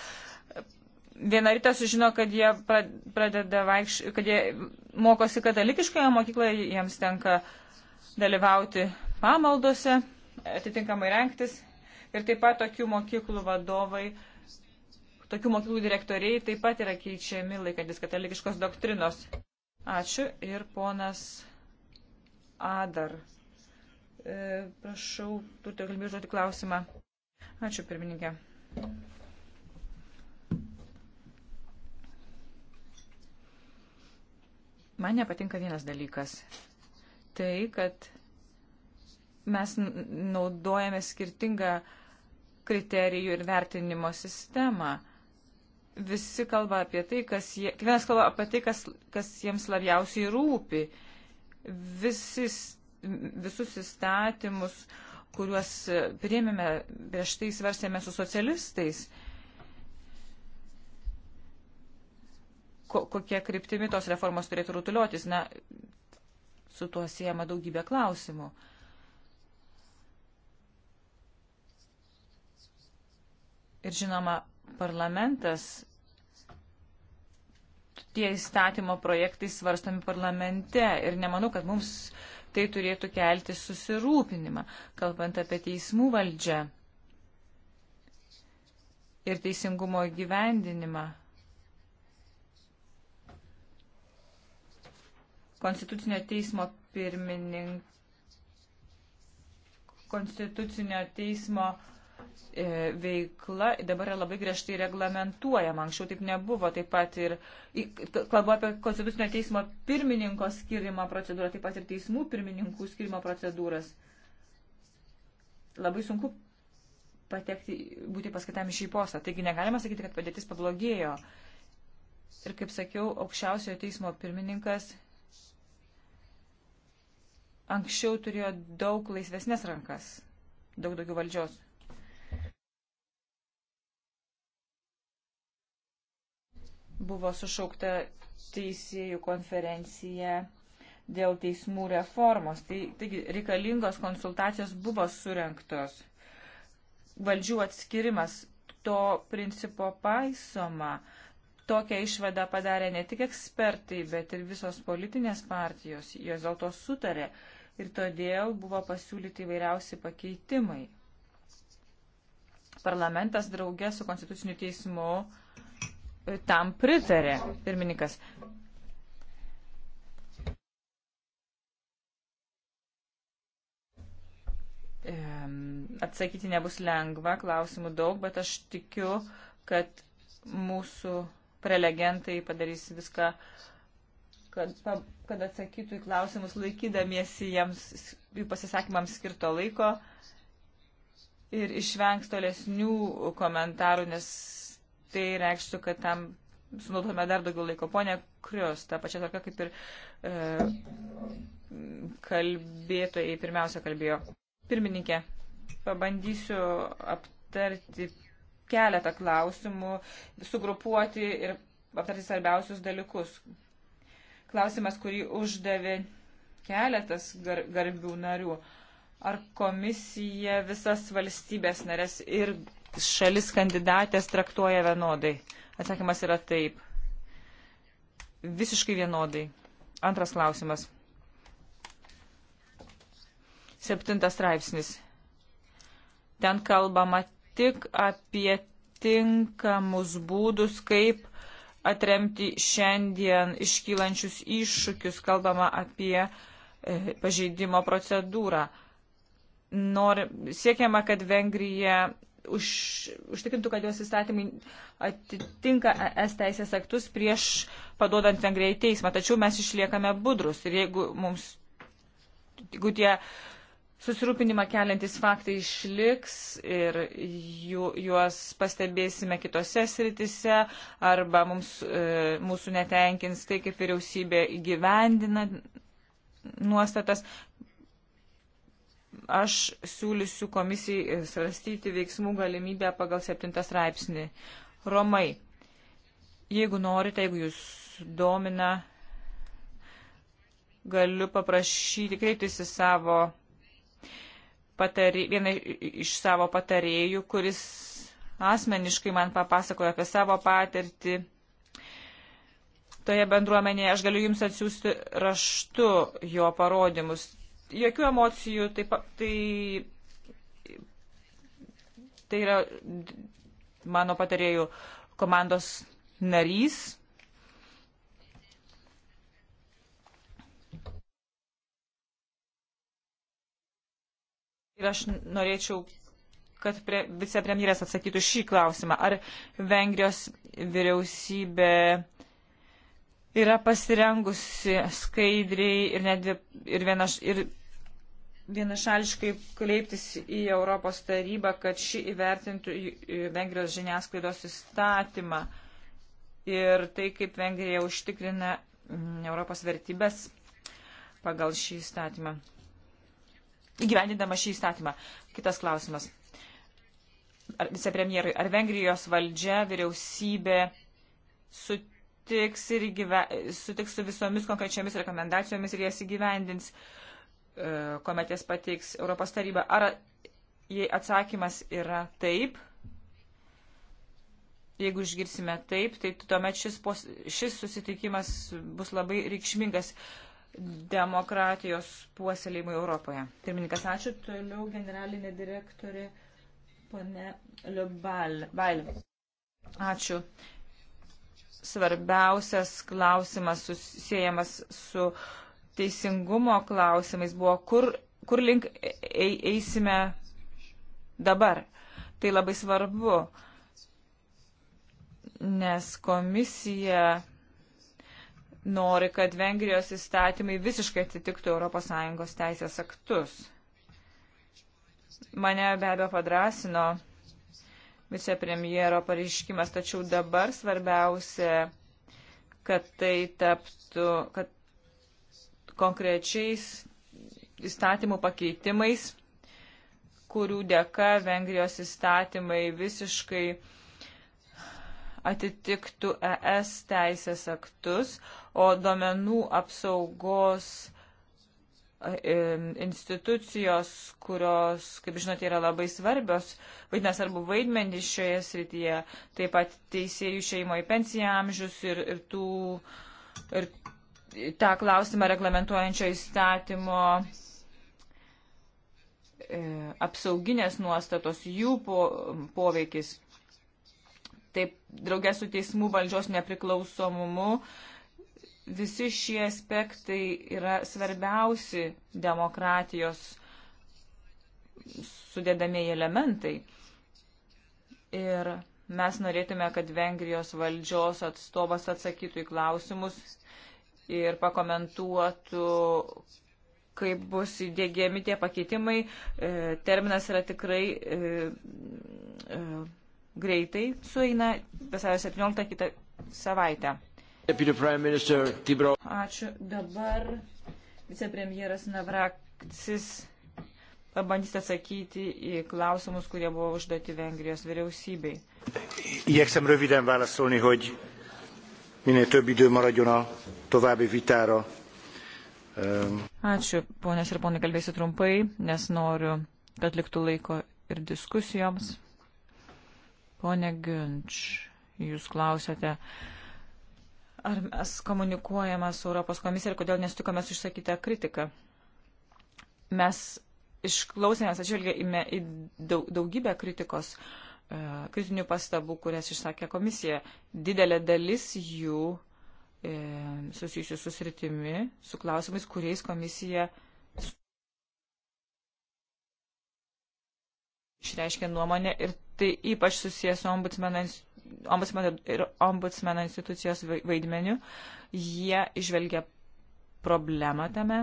vieną rytą sužino, kad jie pradeda vaikš, kad jie mokosi katalikiškoje mokykloje, jiems tenka dalyvauti pamaldose, atitinkamai renktis. Ir taip pat tokių mokyklų vadovai uh, tokių mokyklų direktoriai taip pat yra keičiami laikantis katalikiškos doktrinos. Ačiū ir ponas Adar. E, prašau, turite galimybę užduoti klausimą. Ačiū, pirmininkė. Man nepatinka vienas dalykas. Tai, kad mes naudojame skirtingą kriterijų ir vertinimo sistemą visi kalba apie tai, kas jie, kiekvienas kalba apie tai, kas, kas jiems labiausiai rūpi. Visis, visus įstatymus, kuriuos priėmėme, prieš tai svarstėme su socialistais, ko, kokie kryptimi tos reformos turėtų rutuliotis, na, su tuo siejama daugybė klausimų. Ir žinoma, parlamentas tie įstatymo projektai svarstami parlamente ir nemanau, kad mums tai turėtų kelti susirūpinimą, kalbant apie teismų valdžią ir teisingumo gyvendinimą. Konstitucinio teismo pirmininkas. Konstitucinio teismo uh, E, veikla dabar yra labai griežtai reglamentuojama. Anksčiau taip nebuvo. Taip pat ir, kalbu apie konstitucinio teismo pirmininko skirimo procedūrą, taip pat ir teismų pirmininkų skirimo procedūras. Labai sunku patekti, būti paskatami šį posą. Taigi negalima sakyti, kad padėtis pablogėjo. Ir kaip sakiau, aukščiausiojo teismo pirmininkas anksčiau turėjo daug laisvesnės rankas, daug daugiau valdžios. Buvo sušaukta teisėjų konferencija dėl teismų reformos. Tai, taigi reikalingos konsultacijos buvo surinktos. Valdžių atskirimas to principo paisoma. Tokią išvadą padarė ne tik ekspertai, bet ir visos politinės partijos. Jos dėl to sutarė ir todėl buvo pasiūlyti įvairiausi pakeitimai. Parlamentas draugė su Konstituciniu teismu tam pritarė pirmininkas. Atsakyti nebus lengva, klausimų daug, bet aš tikiu, kad mūsų prelegentai padarys viską, kad, kad atsakytų į klausimus, laikydamiesi jiems jų pasisakymams skirto laiko ir išvengs tolesnių komentarų, nes tai reikštų, kad tam sunaudotume dar daugiau laiko. Pone Krius, ta pačia tokia kaip ir e, kalbėtojai pirmiausia kalbėjo. Pirmininkė, pabandysiu aptarti keletą klausimų, sugrupuoti ir aptarti svarbiausius dalykus. Klausimas, kurį uždavė keletas gar, garbių narių. Ar komisija visas valstybės narės ir šalis kandidatės traktuoja vienodai? Atsakymas yra taip. Visiškai vienodai. Antras klausimas. Septintas straipsnis. Ten kalbama tik apie tinkamus būdus, kaip atremti šiandien iškylančius iššūkius, kalbama apie e, pažeidimo procedūrą. Nor, siekiama, kad Vengrija už, užtikrintų, kad jos įstatymai atitinka es teisės aktus prieš padodant Vengrijai į teismą. Tačiau mes išliekame budrus ir jeigu mums, jeigu tie susirūpinimą keliantis faktai išliks ir ju, juos pastebėsime kitose sritise arba mums, e, mūsų netenkins tai, kaip vyriausybė įgyvendina nuostatas, Aš siūlysiu komisijai e, svarstyti veiksmų galimybę pagal 7 straipsnį. Romai, jeigu norite, jeigu jūs domina, galiu paprašyti kreiptis į savo patarė, vieną iš savo patarėjų, kuris asmeniškai man papasakojo apie savo patirtį. Toje bendruomenėje aš galiu jums atsiųsti raštu jo parodymus jokių emocijų, taip, tai, tai yra mano patarėjų komandos narys. Ir aš norėčiau, kad pre, vicepremjeras atsakytų šį klausimą. Ar Vengrijos vyriausybė yra pasirengusi skaidriai ir, net, ir, viena, ir vienašališkai kreiptis į Europos tarybą, kad ši įvertintų Vengrijos žiniasklaidos įstatymą ir tai, kaip Vengrija užtikrina mm, Europos vertybės pagal šį įstatymą. Įgyvendindama šį įstatymą. Kitas klausimas. Ar, vicepremjerui, ar Vengrijos valdžia, vyriausybė sutiks, ir gyve, sutiks su visomis konkrečiomis rekomendacijomis ir jas įgyvendins? Uh, kuomet jas pateiks Europos taryba. Ar jei atsakymas yra taip, jeigu išgirsime taip, tai tuomet šis, pos, šis susitikimas bus labai reikšmingas demokratijos puoselėjimui Europoje. Pirmininkas, ačiū. Toliau generalinė direktorė pone Liubail. Ačiū. Svarbiausias klausimas susijęs su uh, teisingumo klausimais buvo, kur, kur link e, eisime dabar. Tai labai svarbu, nes komisija nori, kad Vengrijos įstatymai visiškai atitiktų ES teisės aktus. Mane be abejo padrasino vicepremjero pareiškimas, tačiau dabar svarbiausia, kad tai taptų, kad konkrečiais įstatymų pakeitimais, kurių dėka Vengrijos įstatymai visiškai atitiktų ES teisės aktus, o domenų apsaugos e, institucijos, kurios, kaip žinote, yra labai svarbios, vaidina svarbu vaidmenį šioje srityje, taip pat teisėjų šeimo į pensiją amžius ir, ir, tų, ir tą klausimą reglamentuojančio įstatymo e, apsauginės nuostatos, jų po, poveikis. Taip, draugės su teismų valdžios nepriklausomumu, visi šie aspektai yra svarbiausi demokratijos sudėdamieji elementai. Ir mes norėtume, kad Vengrijos valdžios atstovas atsakytų į klausimus ir pakomentuotų, kaip bus įdėgiami tie pakeitimai. E, terminas yra tikrai e, e, greitai sueina vasario 17 kitą savaitę.
Ačiū.
Dabar vicepremjeras Navraktis pabandys atsakyti į klausimus, kurie buvo užduoti Vengrijos vyriausybei.
Igyekszem röviden válaszolni, hogy minél több idő maradjon a további vitára.
Ačiū, ponės ir ponai, kalbėsiu trumpai, nes noriu, kad liktų laiko ir diskusijoms. Pone Günč, jūs klausėte, ar mes komunikuojame su Europos komisija ir kodėl nesutikome su išsakytą kritiką. Mes išklausėmės, atžvelgėme į daugybę kritikos. Uh, E, kritinių pastabų, kurias išsakė komisija. Didelė dalis jų e, susijusių su sritimi, su klausimais, kuriais komisija išreiškė nuomonę ir tai ypač susijęs su ombudsmeno, ombudsmeno ir ombudsmeno institucijos vaidmeniu. Jie išvelgia problemą tame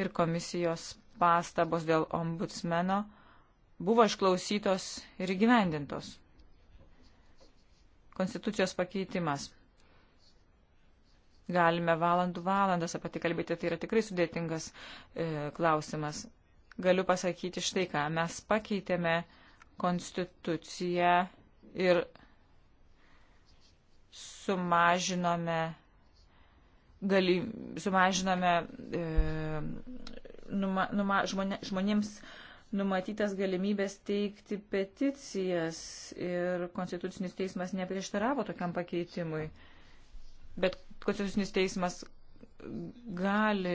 ir komisijos pastabos dėl ombudsmeno buvo išklausytos ir įgyvendintos. Konstitucijos pakeitimas. Galime valandų valandas apie tai kalbėti, tai yra tikrai sudėtingas e, klausimas. Galiu pasakyti štai ką, mes pakeitėme konstituciją ir sumažinome, gali, sumažinome e, numa, numa, žmonė, žmonėms e, numatytas galimybės teikti peticijas ir Konstitucinis teismas neprieštaravo tokiam pakeitimui. Bet Konstitucinis teismas gali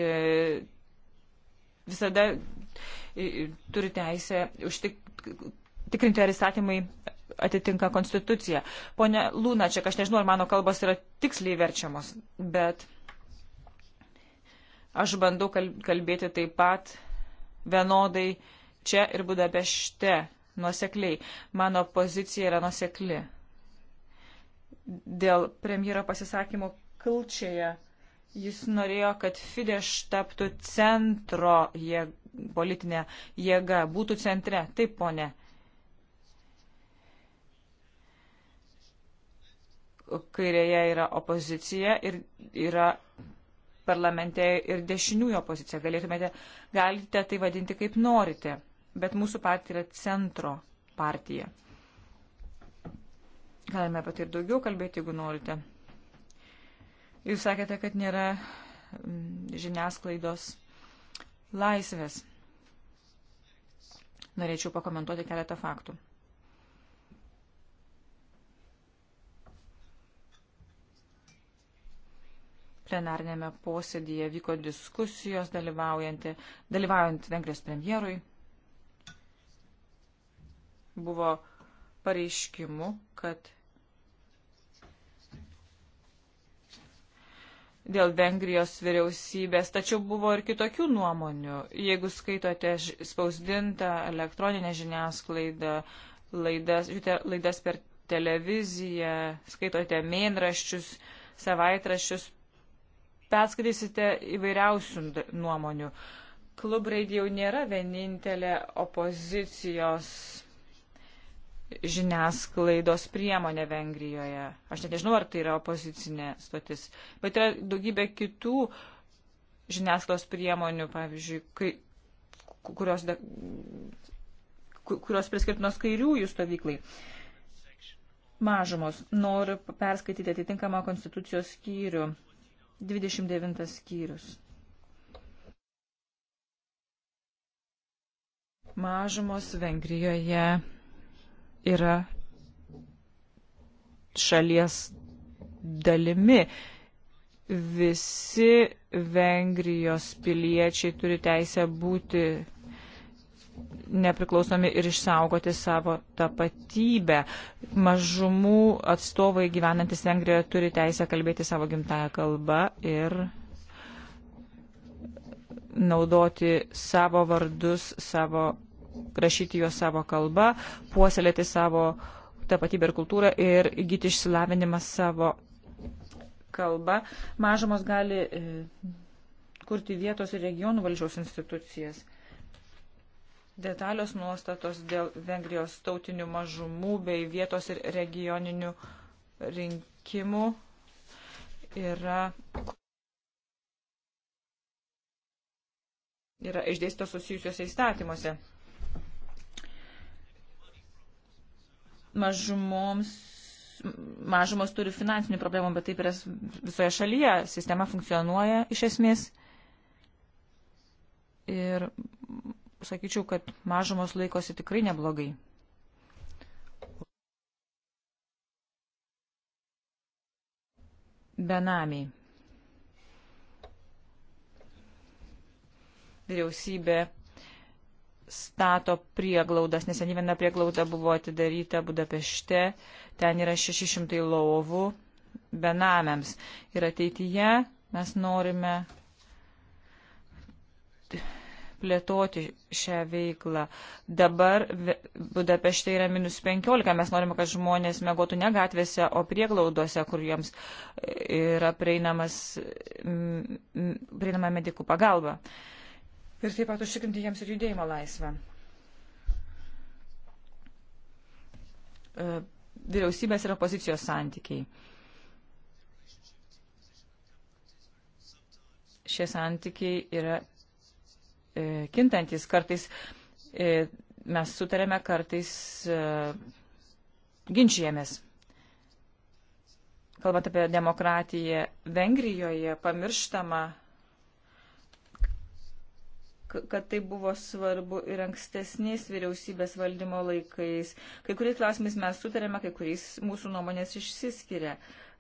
visada turi teisę užtikrinti, ar įstatymai atitinka Konstituciją. Pone Lūna, čia aš nežinau, ar mano kalbos yra tiksliai verčiamos, bet aš bandau kalbėti taip pat vienodai čia ir Budapešte nuosekliai. Mano pozicija yra nuosekli. Dėl premjero pasisakymo Kilčioje jis norėjo, kad Fidesz taptų centro jėg, politinė jėga, būtų centre. Taip, ponė. Kairėje yra opozicija ir yra parlamente ir dešiniųjų opozicija. Galėtumėte, galite tai vadinti kaip norite bet mūsų partija yra centro partija. Galime apie tai ir daugiau kalbėti, jeigu norite. Jūs sakėte, kad nėra mm, žiniasklaidos laisvės. Norėčiau pakomentuoti keletą faktų. Plenarnėme posėdėje vyko diskusijos dalyvaujant Vengrijos premjerui buvo pareiškimų, kad dėl Vengrijos vyriausybės, tačiau buvo ir kitokių nuomonių. Jeigu skaitote spausdintą elektroninę žiniasklaidą, laidas, žiūrite, laidas per televiziją, skaitote mėnraščius, savaitraščius, perskaitysite įvairiausių nuomonių. Klub Radio nėra vienintelė opozicijos žiniasklaidos priemonė Vengrijoje. Aš net nežinau, ar tai yra opozicinė stotis, bet yra daugybė kitų žiniasklaidos priemonių, pavyzdžiui, kai, kurios, de, kurios priskirtinos kairiųjų stovyklai. Mažumos. Noriu perskaityti atitinkamą konstitucijos skyrių. 29 skyrius. Mažumos Vengrijoje yra šalies dalimi. Visi Vengrijos piliečiai turi teisę būti nepriklausomi ir išsaugoti savo tapatybę. Mažumų atstovai gyvenantis Vengrijoje turi teisę kalbėti savo gimtają kalbą ir naudoti savo vardus, savo rašyti juos savo kalbą, puoselėti savo tapatybę ir kultūrą ir įgyti išsilavinimą savo kalbą. Mažumos gali e, kurti vietos ir regionų valdžiaus institucijas. Detalios nuostatos dėl Vengrijos tautinių mažumų bei vietos ir regioninių rinkimų yra, yra išdėstos susijusiuose įstatymuose. mažumoms, mažumos turi finansinių problemų, bet taip yra visoje šalyje. Sistema funkcionuoja iš esmės. Ir sakyčiau, kad mažumos laikosi tikrai neblogai. Benamiai. Vyriausybė stato prieglaudas. Neseniai viena prieglauda buvo atidaryta Budapešte, ten yra 600 lovų benamiams. Ir ateityje mes norime plėtoti šią veiklą. Dabar Budapešte yra minus 15, mes norime, kad žmonės mėgotų ne gatvėse, o prieglaudose, kur jiems yra prieinamas, prieinama medikų pagalba. Uh, ir taip pat užtikrinti jiems ir judėjimo laisvę. E, vyriausybės ir opozicijos santykiai. Šie santykiai yra e, kintantis. Kartais e, mes sutarėme, kartais e, ginčijamės. Kalbant apie demokratiją Vengrijoje, pamirštama kad tai buvo svarbu ir ankstesnės vyriausybės valdymo laikais. Kai kuriais klausimais mes sutarėme, kai kuriais mūsų nuomonės išsiskiria.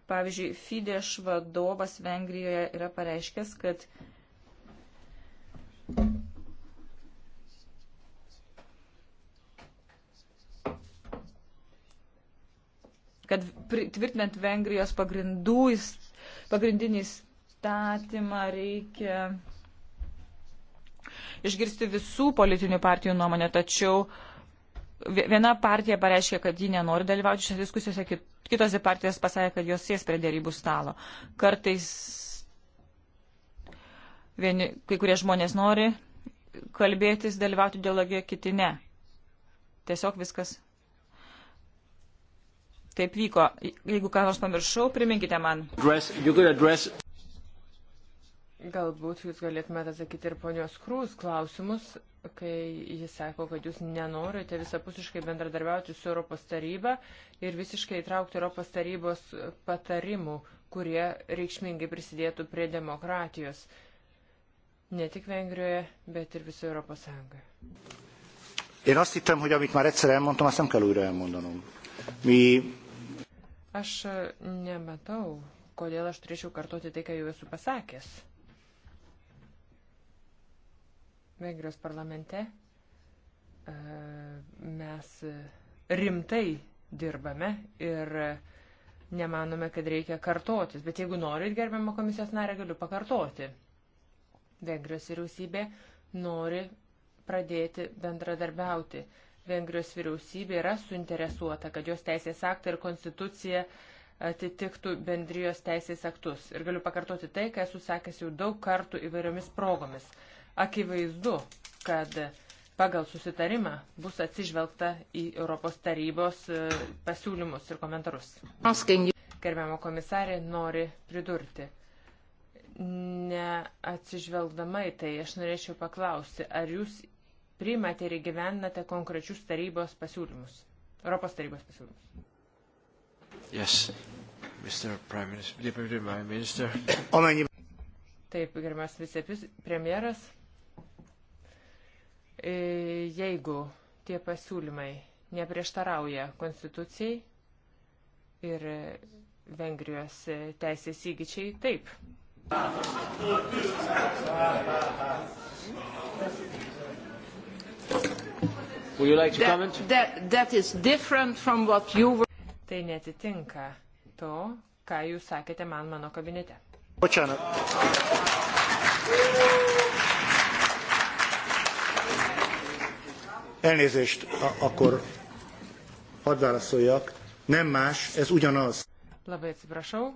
Pavyzdžiui, Fidesz vadovas Vengrijoje yra pareiškęs, kad kad tvirtinant Vengrijos pagrindų, pagrindinį statymą reikia išgirsti visų politinių partijų nuomonę, tačiau viena partija pareiškė, kad ji nenori dalyvauti šiose diskusijose, kitos partijos pasakė, kad jos sės prie dėrybų stalo. Kartais vieni, kai kurie žmonės nori kalbėtis, dalyvauti dialogė, kiti ne. Tiesiog viskas taip vyko. Jeigu ką nors pamiršau, priminkite man.
Dress,
Galbūt jūs galėtumėte atsakyti ir ponios Krūs klausimus, kai jis sako, kad jūs nenorite visapusiškai bendradarbiauti su Europos taryba ir visiškai įtraukti Europos tarybos patarimų, kurie reikšmingai prisidėtų prie demokratijos. Ne tik Vengrijoje, bet ir visoje Europos Sąjungoje.
Én azt hittem, hogy amit már egyszer elmondtam, azt nem kell újra elmondanom. Mi...
Aš nematau, kodėl aš turėčiau kartoti tai, ką jau esu pasakęs. Vengrijos parlamente e, mes rimtai dirbame ir nemanome, kad reikia kartotis. Bet jeigu norit, gerbiamą komisijos narę, galiu pakartoti. Vengrijos vyriausybė nori pradėti bendradarbiauti. Vengrijos vyriausybė yra suinteresuota, kad jos teisės aktai ir konstitucija atitiktų bendrijos teisės aktus. Ir galiu pakartoti tai, ką esu sakęs jau daug kartų įvairiomis progomis. Akivaizdu, kad pagal susitarimą bus atsižvelgta į Europos tarybos e, pasiūlymus ir komentarus. Gerbiamo komisarė nori pridurti. Neatsižvelgdama į tai, aš norėčiau paklausti, ar jūs priimate ir įgyvendinate konkrečius tarybos pasiūlymus, Europos tarybos pasiūlymus?
Yes, Mr. Prime Minister, Deputy Prime Minister.
Taip, gerbiamas vicepis premjeras. E, jeigu tie pasiūlymai
neprieštarauja
konstitucijai ir Vengrijos teisės įgyčiai, taip.
Would you like to that, comment?
That, that is different from what you were... Tai netitinka to, ką jūs sakėte man mano kabinete.
Počana. Elnézést, akkor hadd válaszoljak. Nem más, ez ugyanaz.
Labai atsiprašau.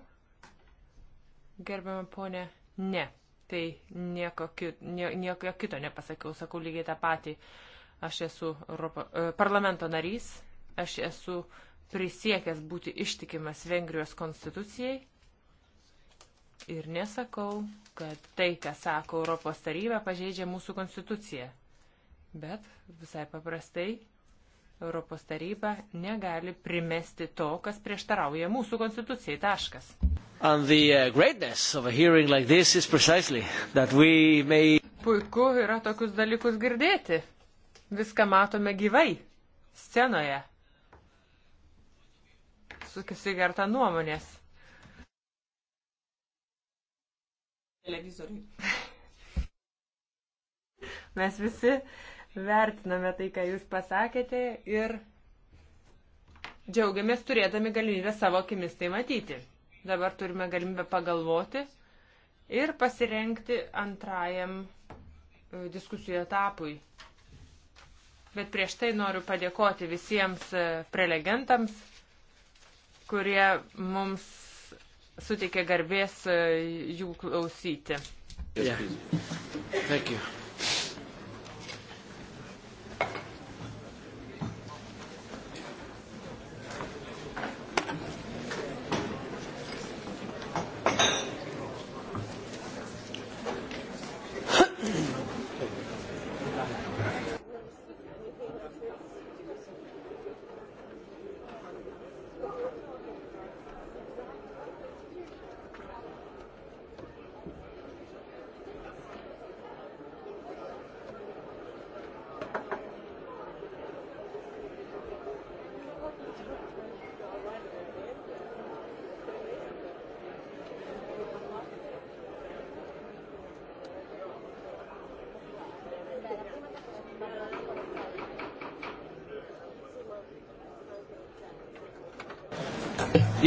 Gerbiamą ponę, ne. Tai nieko, kit, nie, nieko kito nepasakiau, sakau lygiai tą patį. Aš esu Europo, eh, parlamento narys, aš esu prisiekęs būti ištikimas Vengrijos konstitucijai ir nesakau, kad tai, ką sako Europos taryba, pažeidžia mūsų konstituciją. Bet visai paprastai Europos taryba negali primesti to, kas prieštarauja mūsų konstitucijai. Taškas. Uh, like may... Puiku yra tokius dalykus girdėti. Viską matome gyvai, scenoje. Susigerta nuomonės. Televizoriui. Mes visi Vertiname tai, ką jūs pasakėte ir džiaugiamės turėdami galimybę savo akimis tai matyti. Dabar turime galimybę pagalvoti ir pasirenkti antrajam e, diskusijų etapui. Bet prieš tai noriu padėkoti visiems e, prelegentams, kurie mums suteikė garbės e, jų klausyti.
Yeah. Thank you.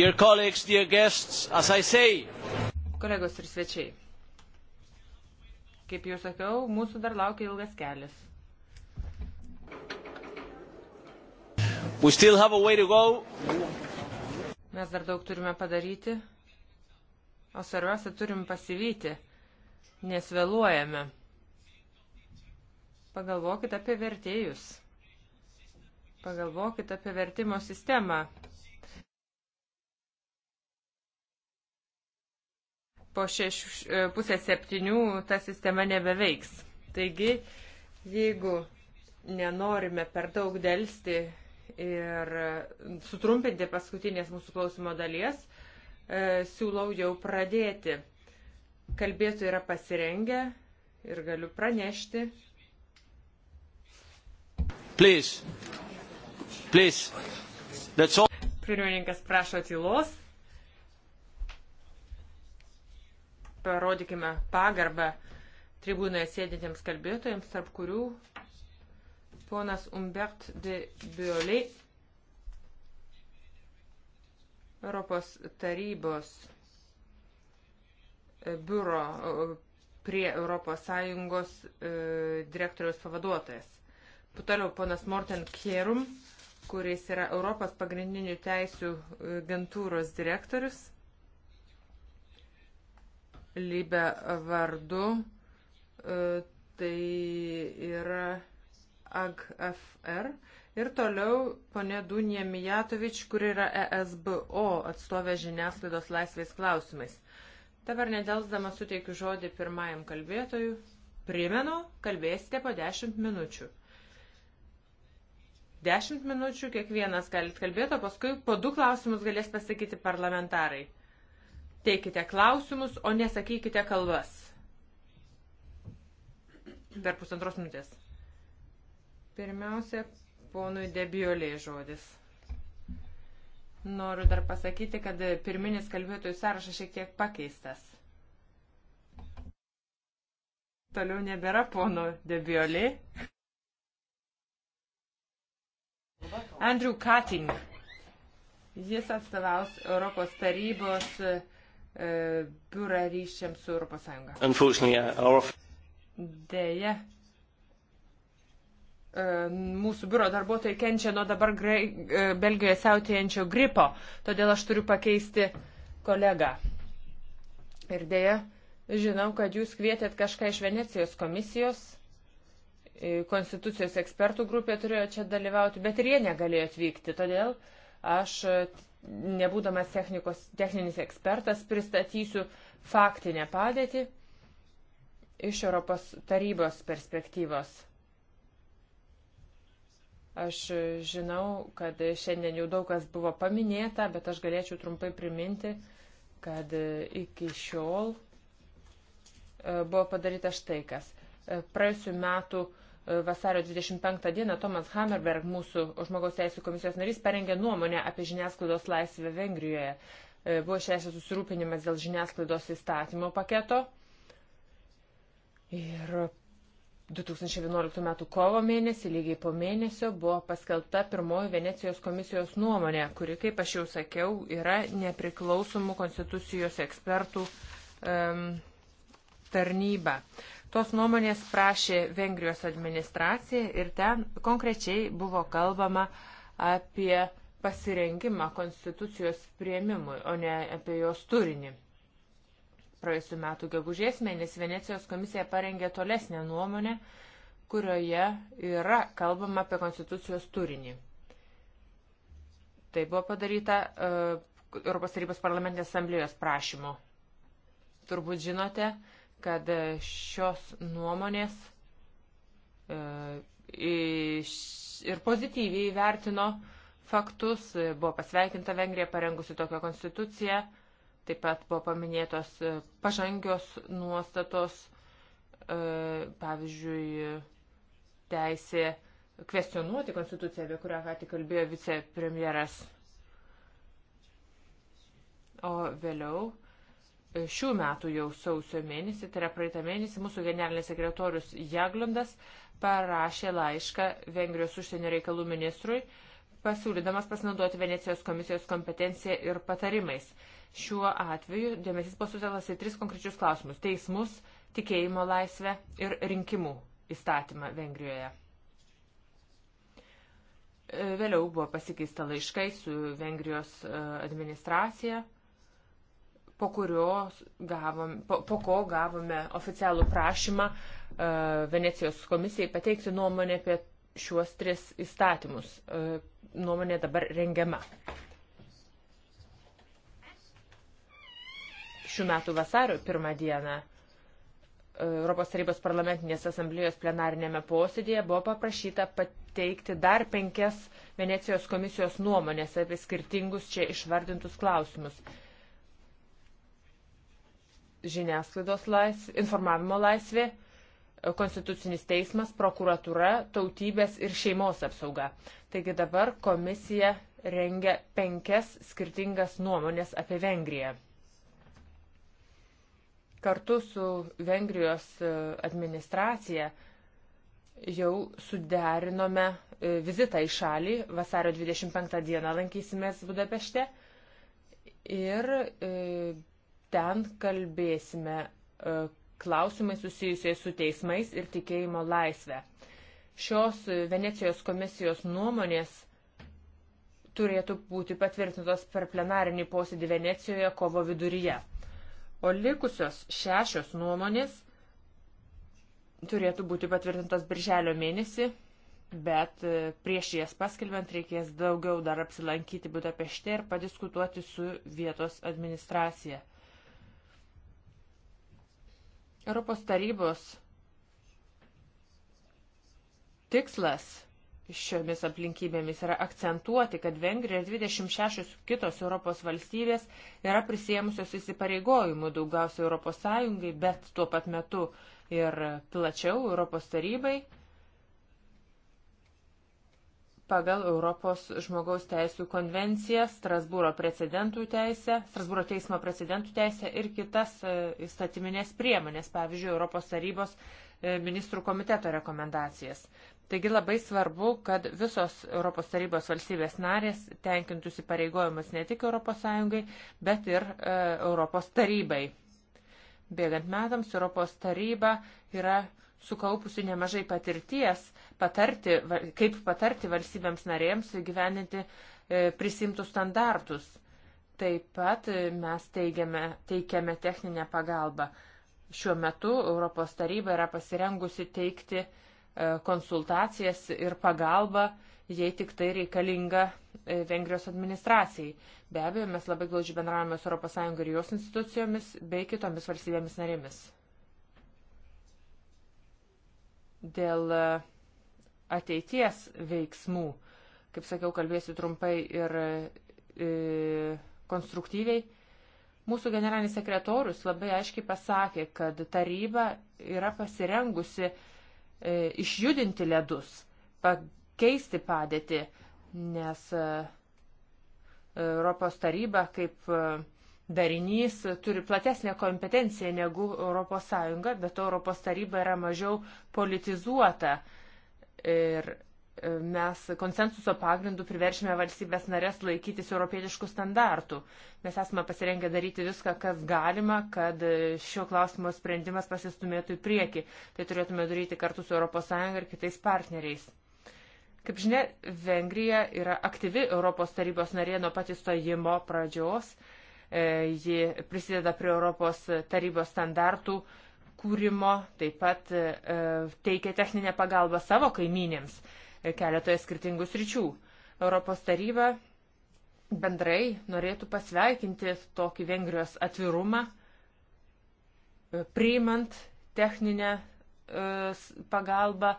Dear colleagues, dear guests, as I say.
Kolegos ir svečiai. Kaip jau sakiau, mūsų dar laukia ilgas kelias.
We still have a way to go.
Mes dar daug turime padaryti, o svarbiausia turim pasivyti, nes vėluojame. Pagalvokit apie vertėjus. Pagalvokit apie vertimo sistemą. po šeš, e, pusės septynių ta sistema nebeveiks. Taigi, jeigu nenorime per daug dėlsti ir sutrumpinti paskutinės mūsų klausimo dalies, e, siūlau jau pradėti. Kalbėtų yra pasirengę ir galiu pranešti.
Please. Please.
Pirmininkas prašo tylos. parodykime pagarbą tribūnoje sėdintiems kalbėtojams, tarp kurių ponas Umbert de Biolei, Europos tarybos biuro prie Europos Sąjungos e, direktoriaus pavaduotojas. Toliau ponas Morten Kierum, kuris yra Europos pagrindinių teisių e, agentūros direktorius. Libe vardu. E, tai yra AGFR. Ir toliau ponė Dunija Mijatovič, kuri yra ESBO atstovė žiniasklaidos laisvės klausimais. Dabar nedelsdama suteikiu žodį pirmajam kalbėtojui. Primenu, kalbėsite po 10 minučių. 10 minučių kiekvienas galit kalbėti, o paskui po du klausimus galės pasakyti parlamentarai. Teikite klausimus, o nesakykite kalbas. Per pusantros minutės. Pirmiausia, ponui Debiolė žodis. Noriu dar pasakyti, kad pirminis kalbėtojų sąrašas šiek tiek pakeistas. Toliau nebėra pono Debiolė. Andrew Cutting. Jis atstovaus Europos tarybos E, biurą ryšiams su
ES.
Deja, e, mūsų biuro darbuotojai kenčia nuo dabar grai, e, Belgijoje siautėjančio gripo, todėl aš turiu pakeisti kolegą. Ir dėja, žinau, kad jūs kvietėt kažką iš Venecijos komisijos, konstitucijos ekspertų grupė turėjo čia dalyvauti, bet ir jie negalėjo atvykti, todėl aš nebūdamas technikos, techninis ekspertas, pristatysiu faktinę padėtį iš Europos tarybos perspektyvos. Aš žinau, kad šiandien jau daug kas buvo paminėta, bet aš galėčiau trumpai priminti, kad iki šiol e, buvo padaryta štai kas. E, praėjusiu metu uh, E, vasario 25 dieną Tomas Hammerberg, mūsų žmogaus teisų komisijos narys, parengė nuomonę apie žiniasklaidos laisvę Vengrijoje. E, buvo išreikštas susirūpinimas dėl žiniasklaidos įstatymo paketo. Ir 2011 m. kovo mėnesį, lygiai po mėnesio, buvo paskelbta pirmoji Venecijos komisijos nuomonė, kuri, kaip aš jau sakiau, yra nepriklausomų konstitucijos ekspertų um, tarnyba. Tos nuomonės prašė Vengrijos administracija ir ten konkrečiai buvo kalbama apie pasirengimą konstitucijos prieimimui, o ne apie jos turinį. Praėjusiu metu gegužės mėnesį Venecijos komisija parengė tolesnę nuomonę, kurioje yra kalbama apie konstitucijos turinį. Tai buvo padaryta uh, Europos tarybos parlamentės asamblėjos prašymu. Turbūt žinote, uh, kad šios nuomonės e, ir pozityviai vertino faktus, buvo pasveikinta Vengrija parengusi tokią konstituciją, taip pat buvo paminėtos e, pažangios nuostatos, e, pavyzdžiui, teisė kvestionuoti konstituciją, apie kurią ką tik kalbėjo vicepremjeras. O vėliau šių metų jau sausio mėnesį, tai yra praeitą mėnesį, mūsų generalinis sekretorius Jaglandas parašė laišką Vengrijos užsienio reikalų ministrui, pasiūlydamas pasinaudoti Venecijos komisijos kompetenciją ir patarimais. Šiuo atveju dėmesys buvo sutelas į tris konkrečius klausimus - teismus, tikėjimo laisvę ir rinkimų įstatymą Vengrijoje. E, vėliau buvo pasikeista laiškai su Vengrijos e, administracija po, gavom, po, po ko gavome oficialų prašymą uh, Venecijos komisijai pateikti nuomonę apie šiuos tris įstatymus. Uh, nuomonė dabar rengiama. Šių metų vasario pirmą dieną e, Europos tarybos parlamentinės asamblėjos plenarinėme posėdėje buvo paprašyta pateikti dar penkias Venecijos komisijos nuomonės apie skirtingus čia išvardintus klausimus žiniasklaidos laisvė, informavimo laisvė, konstitucinis teismas, prokuratūra, tautybės ir šeimos apsauga. Taigi dabar komisija rengia penkias skirtingas nuomonės apie Vengriją. Kartu su Vengrijos e, administracija jau suderinome e, vizitą į šalį. Vasario 25 dieną lankysimės Budapešte ir e, Ten kalbėsime e, klausimai susijusiai su teismais ir tikėjimo laisvę. Šios Venecijos komisijos nuomonės turėtų būti patvirtintos per plenarinį posėdį Venecijoje kovo viduryje. O likusios šešios nuomonės turėtų būti patvirtintos birželio mėnesį, bet e, prieš jas paskelbent reikės daugiau dar apsilankyti Budapešte ir padiskutuoti su vietos administracija. Europos tarybos tikslas šiomis aplinkybėmis yra akcentuoti, kad Vengrija ir 26 kitos Europos valstybės yra prisėmusios įsipareigojimų daugiausia Europos Sąjungai, bet tuo pat metu ir plačiau Europos tarybai pagal Europos žmogaus teisų konvenciją, Strasbūro, teisę, Strasbūro teismo precedentų teisę ir kitas e, įstatyminės priemonės, pavyzdžiui, Europos tarybos e, ministrų komiteto rekomendacijas. Taigi labai svarbu, kad visos Europos tarybos valstybės narės tenkintųsi pareigojimus ne tik ES, bet ir e, Europos tarybai. Bėgant metams Europos taryba yra sukaupusi nemažai patirties, patarti, kaip patarti valstybėms narėms įgyveninti e, prisimtų standartus. Taip pat e, mes teigiame, teikiame techninę pagalbą. Šiuo metu Europos taryba yra pasirengusi teikti e, konsultacijas ir pagalbą, jei tik tai reikalinga Vengrijos administracijai. Be abejo, mes labai glaudžiai bendravome su ES ir jos institucijomis bei kitomis valstybėmis narėmis. Dėl uh, ateities veiksmų. Kaip sakiau, kalbėsiu trumpai ir e, konstruktyviai. Mūsų generalinis sekretorius labai aiškiai pasakė, kad taryba yra pasirengusi e, išjudinti ledus, pakeisti padėtį, nes e, Europos taryba kaip e, darinys turi platesnę kompetenciją negu ES, bet ES taryba yra mažiau politizuota. E, Ir e, mes konsensuso pagrindų priveršime valstybės narės laikytis europietiškų standartų. Mes esame pasirengę daryti viską, kas galima, kad e, šio klausimo sprendimas pasistumėtų į priekį. Tai turėtume daryti kartu su ES ir kitais partneriais. Kaip žinia, Vengrija yra aktyvi Europos tarybos narė nuo pat įstojimo pradžios. E, ji prisideda prie Europos tarybos standartų kūrimo, taip pat e, teikia techninę pagalbą savo kaimynėms e, keletoje skirtingų sričių. Europos taryba bendrai norėtų pasveikinti tokį Vengrijos atvirumą, e, priimant techninę pagalbą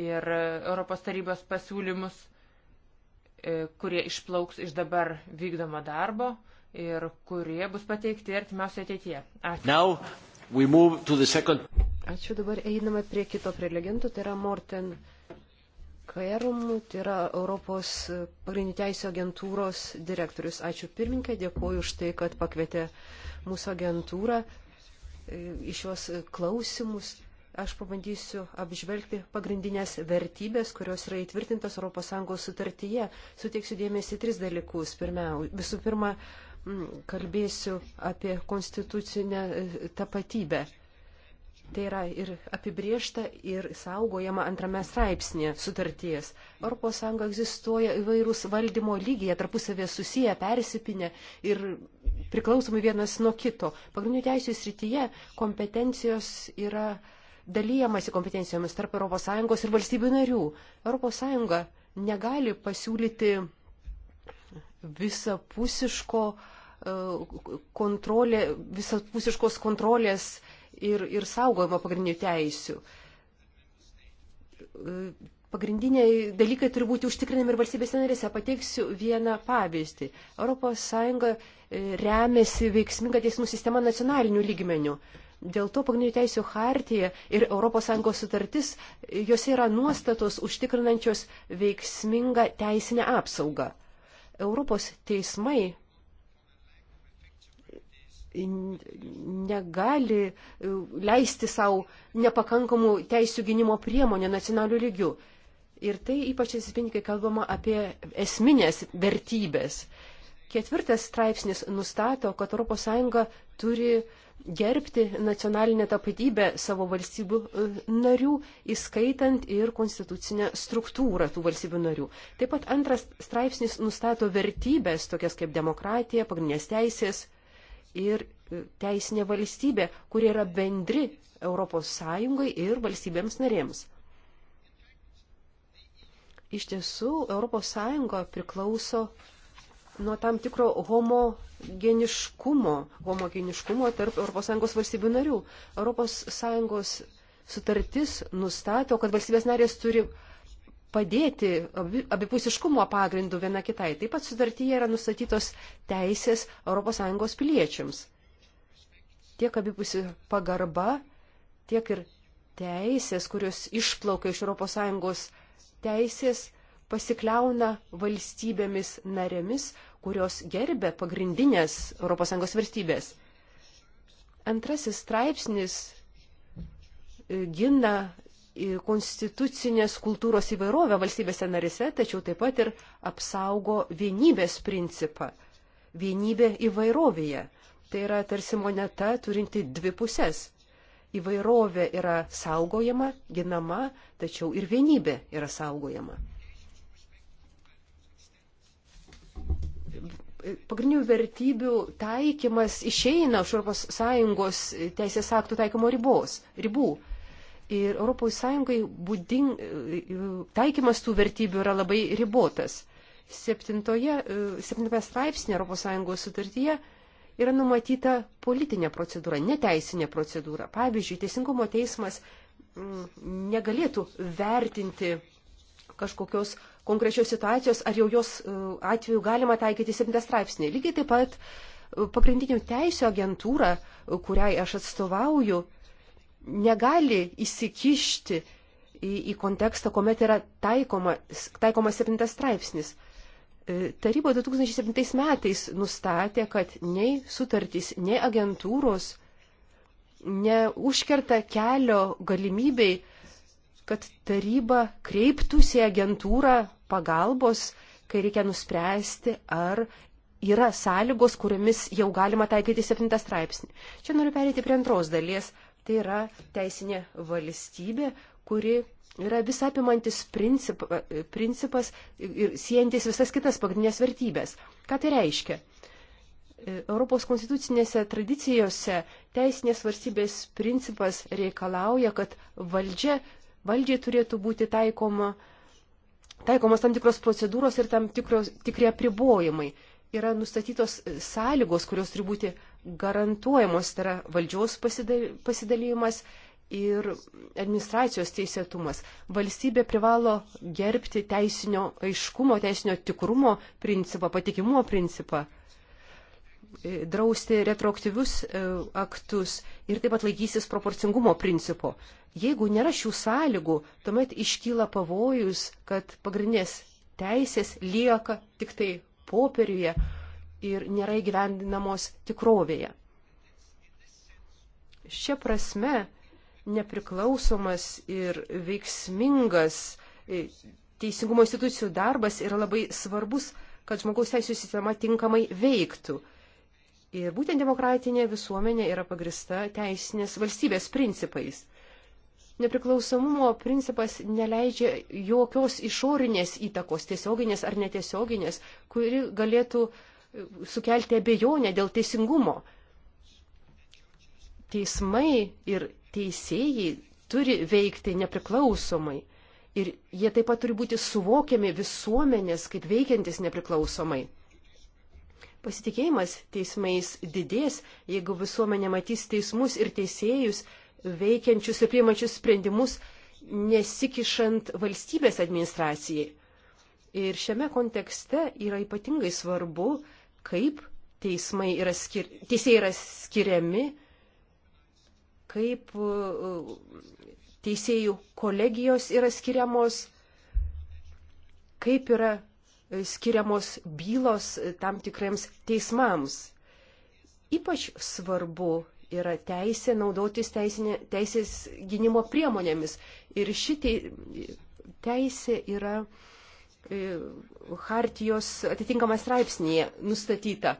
ir Europos tarybos pasiūlymus, kurie išplauks iš dabar vykdomo darbo ir kurie bus pateikti artimiausioje ateityje.
Ačiū. Now, Second...
Ačiū dabar einame prie kito prelegento, tai yra
Morten Kaerum, tai yra Europos pagrindinių teisų agentūros direktorius. Ačiū pirmininkai, dėkuoju už tai, kad pakvietė mūsų agentūrą e, į šios klausimus aš pabandysiu apžvelgti pagrindinės vertybės, kurios yra įtvirtintas ES sutartyje. Suteiksiu dėmesį tris dalykus. Pirmiau, visų pirma, Mm, kalbėsiu apie konstitucinę e, tapatybę. Tai yra ir apibriešta, ir saugojama antrame straipsnėje sutarties. ES egzistuoja įvairūs valdymo lygiai, tarpusavė susiję, persipinę ir priklausomi vienas nuo kito. Pagrindinių teisų srityje kompetencijos yra dalyjamasi kompetencijomis tarp ES ir valstybių narių. ES negali pasiūlyti visapusiško e, kontrolė, visapusiškos kontrolės ir, ir saugojimo pagrindinių teisių. E, pagrindiniai dalykai turi būti užtikrinami ir valstybės narėse. Pateiksiu vieną pavyzdį. ES e, remiasi veiksminga teismų sistema nacionaliniu lygmeniu. Dėl to pagrindinių teisų hartija ir ES sutartis, jose yra nuostatos užtikrinančios veiksmingą teisinę apsaugą. Europos teismai negali e, leisti savo nepakankamų teisų gynimo priemonę nacionalių lygių. Ir tai ypač atsispindi, kai kalbama apie esminės vertybės. Ketvirtas straipsnis nustato, kad ES turi gerbti nacionalinę tapatybę savo valstybių e, narių, įskaitant ir konstitucinę struktūrą tų valstybių narių. Taip pat antras straipsnis nustato vertybės, tokias kaip demokratija, pagrindinės teisės ir e, teisinė valstybė, kurie yra bendri ES ir valstybėms narėms. Iš tiesų, ES priklauso nuo tam tikro homogeniškumo, homogeniškumo tarp ES valstybių narių. ES sutartis nustato, kad valstybės narės turi padėti abipusiškumo pagrindų viena kitai. Taip pat sutartyje yra nustatytos teisės ES piliečiams. Tiek abipusi pagarba, tiek ir teisės, kurios išplaukia iš ES teisės, pasikliauna valstybėmis narėmis, kurios gerbė pagrindinės ES vertybės. Antrasis straipsnis e, gina e, konstitucinės kultūros įvairovę valstybėse narise, tačiau taip pat ir apsaugo vienybės principą. Vienybė įvairovėje. Tai yra tarsi moneta turinti dvi pusės. Įvairovė yra saugojama, ginama, tačiau ir vienybė yra saugojama. pagrindinių vertybių taikymas išeina iš ES teisės aktų taikymo ribos, ribų. Ir ES būding, taikymas tų vertybių yra labai ribotas. Septintoje, e, septintame straipsnė ES sutartyje yra numatyta politinė procedūra, neteisinė procedūra. Pavyzdžiui, Teisingumo teismas mm, negalėtų vertinti kažkokios konkrečios situacijos, ar jau jos e, atveju galima taikyti 7 straipsnį. Lygiai taip pat e, pagrindinių teisų agentūra, e, kuriai aš atstovauju, negali įsikišti į, į kontekstą, kuomet yra taikoma, taikoma 7 straipsnis. Taryba 2007 metais nustatė, kad nei sutartys, nei agentūros neužkerta kelio galimybei kad taryba kreiptųsi agentūrą pagalbos, kai reikia nuspręsti, ar yra sąlygos, kuriamis jau galima taikyti septintą straipsnį. Čia noriu perėti prie antros dalies. Tai yra teisinė valstybė, kuri yra visapimantis princip, principas ir siejantis visas kitas pagrindinės vertybės. Ką tai reiškia? Europos konstitucinėse tradicijose teisinės valstybės principas reikalauja, kad valdžia valdžiai turėtų būti taikoma, taikomos tam tikros procedūros ir tam tikros, tikri apribojimai. Yra nustatytos sąlygos, kurios turi būti garantuojamos, tai yra valdžios pasidalymas ir administracijos teisėtumas. Valstybė privalo gerbti teisinio aiškumo, teisinio tikrumo principą, patikimumo principą e, drausti retroaktyvius e, aktus ir taip pat laikysis proporcingumo principo. Jeigu nėra šių sąlygų, tuomet iškyla pavojus, kad pagrindinės teisės lieka tik tai popieriuje ir nėra įgyvendinamos tikrovėje. Šia prasme, nepriklausomas ir veiksmingas e, teisingumo institucijų darbas yra labai svarbus, kad žmogaus teisų sistema tinkamai veiktų. Ir būtent demokratinė visuomenė yra pagrista teisinės valstybės principais nepriklausomumo principas neleidžia jokios išorinės įtakos, tiesioginės ar netiesioginės, kuri galėtų e, sukelti abejonę dėl teisingumo. Teismai ir teisėjai turi veikti nepriklausomai ir jie taip pat turi būti suvokiami visuomenės kaip veikiantis nepriklausomai. Pasitikėjimas teismais didės, jeigu visuomenė matys teismus ir teisėjus veikiančius ir priimančius sprendimus, nesikišant valstybės administracijai. Ir šiame kontekste yra ypatingai svarbu, kaip teismai yra, skir... teisėjai yra skiriami, kaip uh, teisėjų kolegijos yra skiriamos, kaip yra uh, skiriamos bylos uh, tam tikriems teismams. Ypač svarbu yra teisė naudotis teisinė, teisės gynimo priemonėmis. Ir šitie teisė yra e, Hartijos atitinkama straipsnėje nustatyta.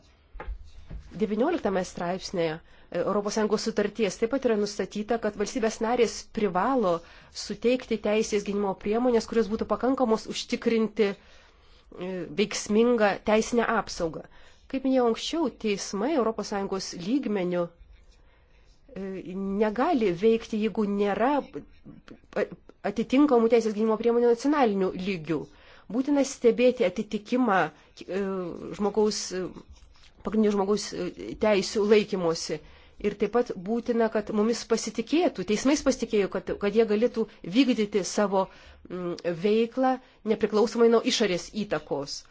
19 straipsnėje ES sutarties taip pat yra nustatyta, kad valstybės narės privalo suteikti teisės gynimo priemonės, kurios būtų pakankamos užtikrinti e, veiksmingą teisinę apsaugą. Kaip minėjau anksčiau, teismai ES lygmenių E, negali veikti, jeigu nėra atitinkamų teisės gynimo priemonių nacionalinių lygių. Būtina stebėti atitikimą e, žmogaus, pagrindinių žmogaus e, teisų laikymosi. Ir taip pat būtina, kad mumis pasitikėtų, teismais pasitikėjų, kad, kad jie galėtų vykdyti savo m, veiklą nepriklausomai nuo išorės įtakos.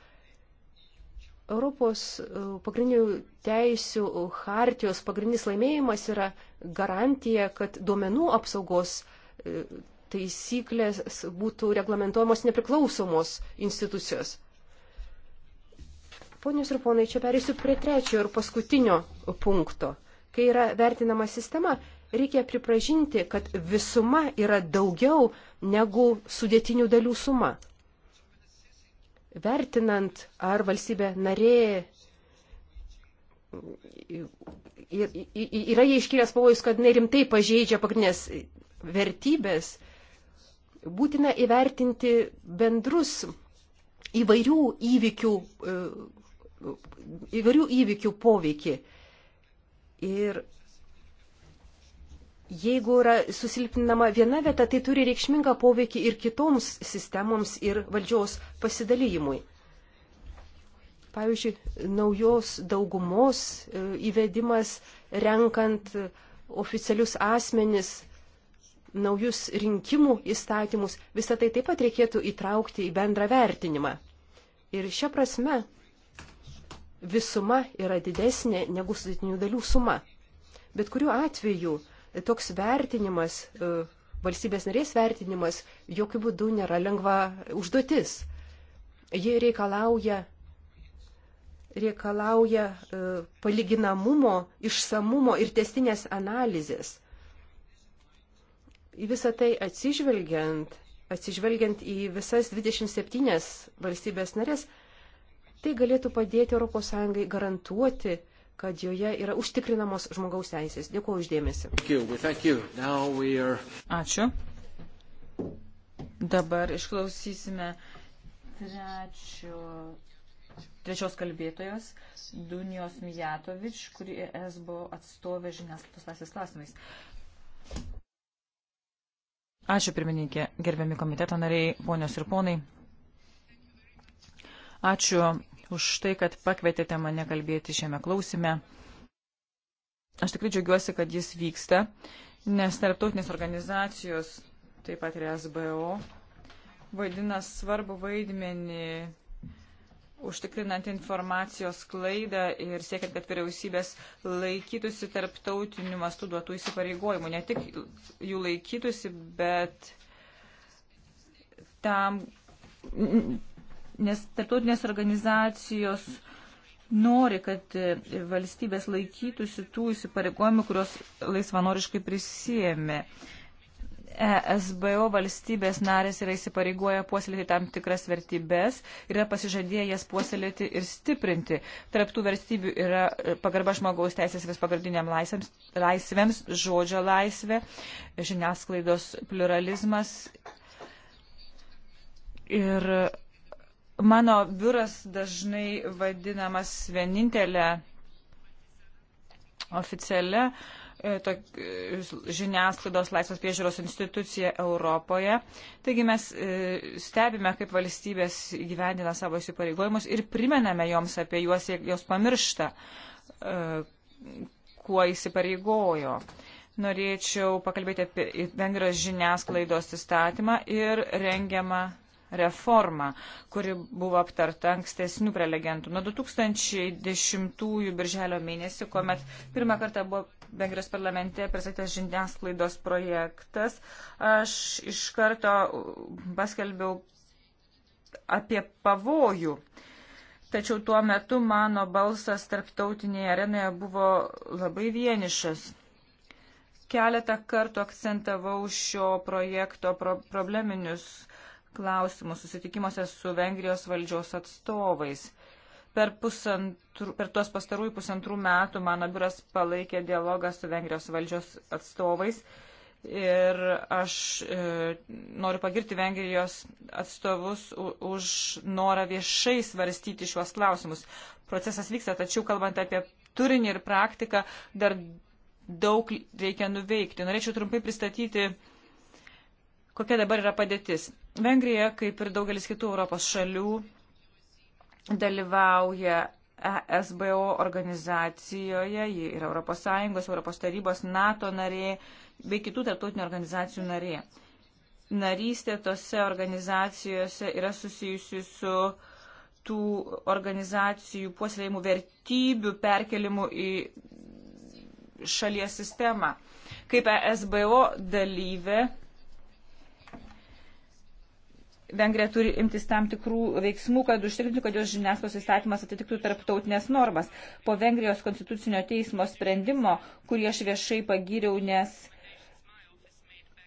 Europos e, pagrindinių teisių hartijos pagrindinis laimėjimas yra garantija, kad duomenų apsaugos e, taisyklės būtų reglamentuojamos nepriklausomos institucijos. Ponios ir ponai, čia perėsiu prie trečiojo ir paskutinio punkto. Kai yra vertinama sistema, reikia pripažinti, kad visuma yra daugiau negu sudėtinių dalių suma vertinant, ar valstybė narė yra jie iškilęs pavojus, kad nerimtai pažeidžia pagrindinės vertybės, būtina įvertinti bendrus įvairių įvykių, e, įvairių įvykių poveikį. Ir Jeigu yra susilpninama viena vieta, tai turi reikšmingą poveikį ir kitoms sistemoms ir valdžios pasidalyjimui. Pavyzdžiui, naujos daugumos e, įvedimas renkant oficialius asmenis, naujus rinkimų įstatymus, visą tai taip pat reikėtų įtraukti į bendrą vertinimą. Ir šia prasme visuma yra didesnė negu sudėtinių dalių suma. Bet kuriuo atveju toks vertinimas, e, valstybės narės vertinimas, jokių būdų nėra lengva užduotis. Jie reikalauja, reikalauja e, palyginamumo, išsamumo ir testinės analizės. Į visą tai atsižvelgiant, atsižvelgiant į visas 27 valstybės narės, tai galėtų padėti ES garantuoti kad joje yra užtikrinamos žmogaus teisės. Dėkuoju uždėmesi.
Ačiū. Dabar išklausysime trečio, trečios kalbėtojos Dunijos Mijatovič, kuri ES buvo atstovė žiniasklaidos laisvės klausimais. Ačiū pirmininkė, gerbiami komiteto nariai, ponios ir ponai. Ačiū už tai, kad pakvietėte mane kalbėti šiame klausime. Aš tikrai džiaugiuosi, kad jis vyksta, nes tarptautinės organizacijos, taip pat ir SBO, vaidina svarbu vaidmenį užtikrinant informacijos klaidą ir siekiant, kad vyriausybės laikytųsi tarptautiniu mastu duotų įsipareigojimų. Ne tik jų laikytųsi, bet tam nes tarptautinės organizacijos nori, kad e, valstybės laikytųsi tų įsipareigojimų, kurios laisvanoriškai prisėmė. ESBO valstybės narės yra įsipareigoję puoselėti tam tikras vertybės, yra pasižadėję jas puoselėti ir stiprinti. Tarptų vertybių yra e, pagarba žmogaus teisės vis pagrindiniam laisvėms, laisvėms žodžio laisvė, žiniasklaidos pluralizmas ir Mano biuras dažnai vadinamas vienintelė oficialia e, tok, e, žiniasklaidos laisvos priežiūros institucija Europoje. Taigi mes e, stebime, kaip valstybės gyvendina savo įsipareigojimus ir primename joms apie juos, jeigu jos pamiršta, kuo įsipareigojo. Norėčiau pakalbėti apie Vengrijos žiniasklaidos įstatymą ir rengiamą reformą, kuri buvo aptarta ankstesnių prelegentų. Nuo 2010 birželio mėnesį, kuomet pirmą kartą buvo Vengrijos parlamente pristatytas žiniasklaidos projektas, aš iš karto paskelbiau apie pavojų. Tačiau tuo metu mano balsas tarptautinėje arenoje buvo labai vienišas keletą kartų akcentavau šio projekto pro probleminius klausimų susitikimuose su Vengrijos valdžios atstovais. Per, pusantru, per tuos pastarųjų pusantrų metų mano biuras palaikė dialogą su Vengrijos valdžios atstovais ir aš e, noriu pagirti Vengrijos atstovus u, už norą viešai svarstyti šiuos klausimus. Procesas vyksta, tačiau kalbant apie turinį ir praktiką, dar daug reikia nuveikti. Norėčiau trumpai pristatyti, kokia dabar yra padėtis. Vengrija, kaip ir daugelis kitų Europos šalių, dalyvauja ESBO organizacijoje, ji yra Europos Sąjungos, Europos tarybos, NATO narė bei kitų tarptautinių organizacijų narė. Narystė tose organizacijose yra susijusi su tų organizacijų puoselėjimų vertybių perkelimų į šalies sistemą. Kaip ESBO dalyvė Vengrija turi imtis tam tikrų veiksmų, kad užtikrintų, kad jos žiniasklaidos įstatymas atitiktų tarptautinės normas. Po Vengrijos konstitucinio teismo sprendimo, kurį aš viešai pagyriau, nes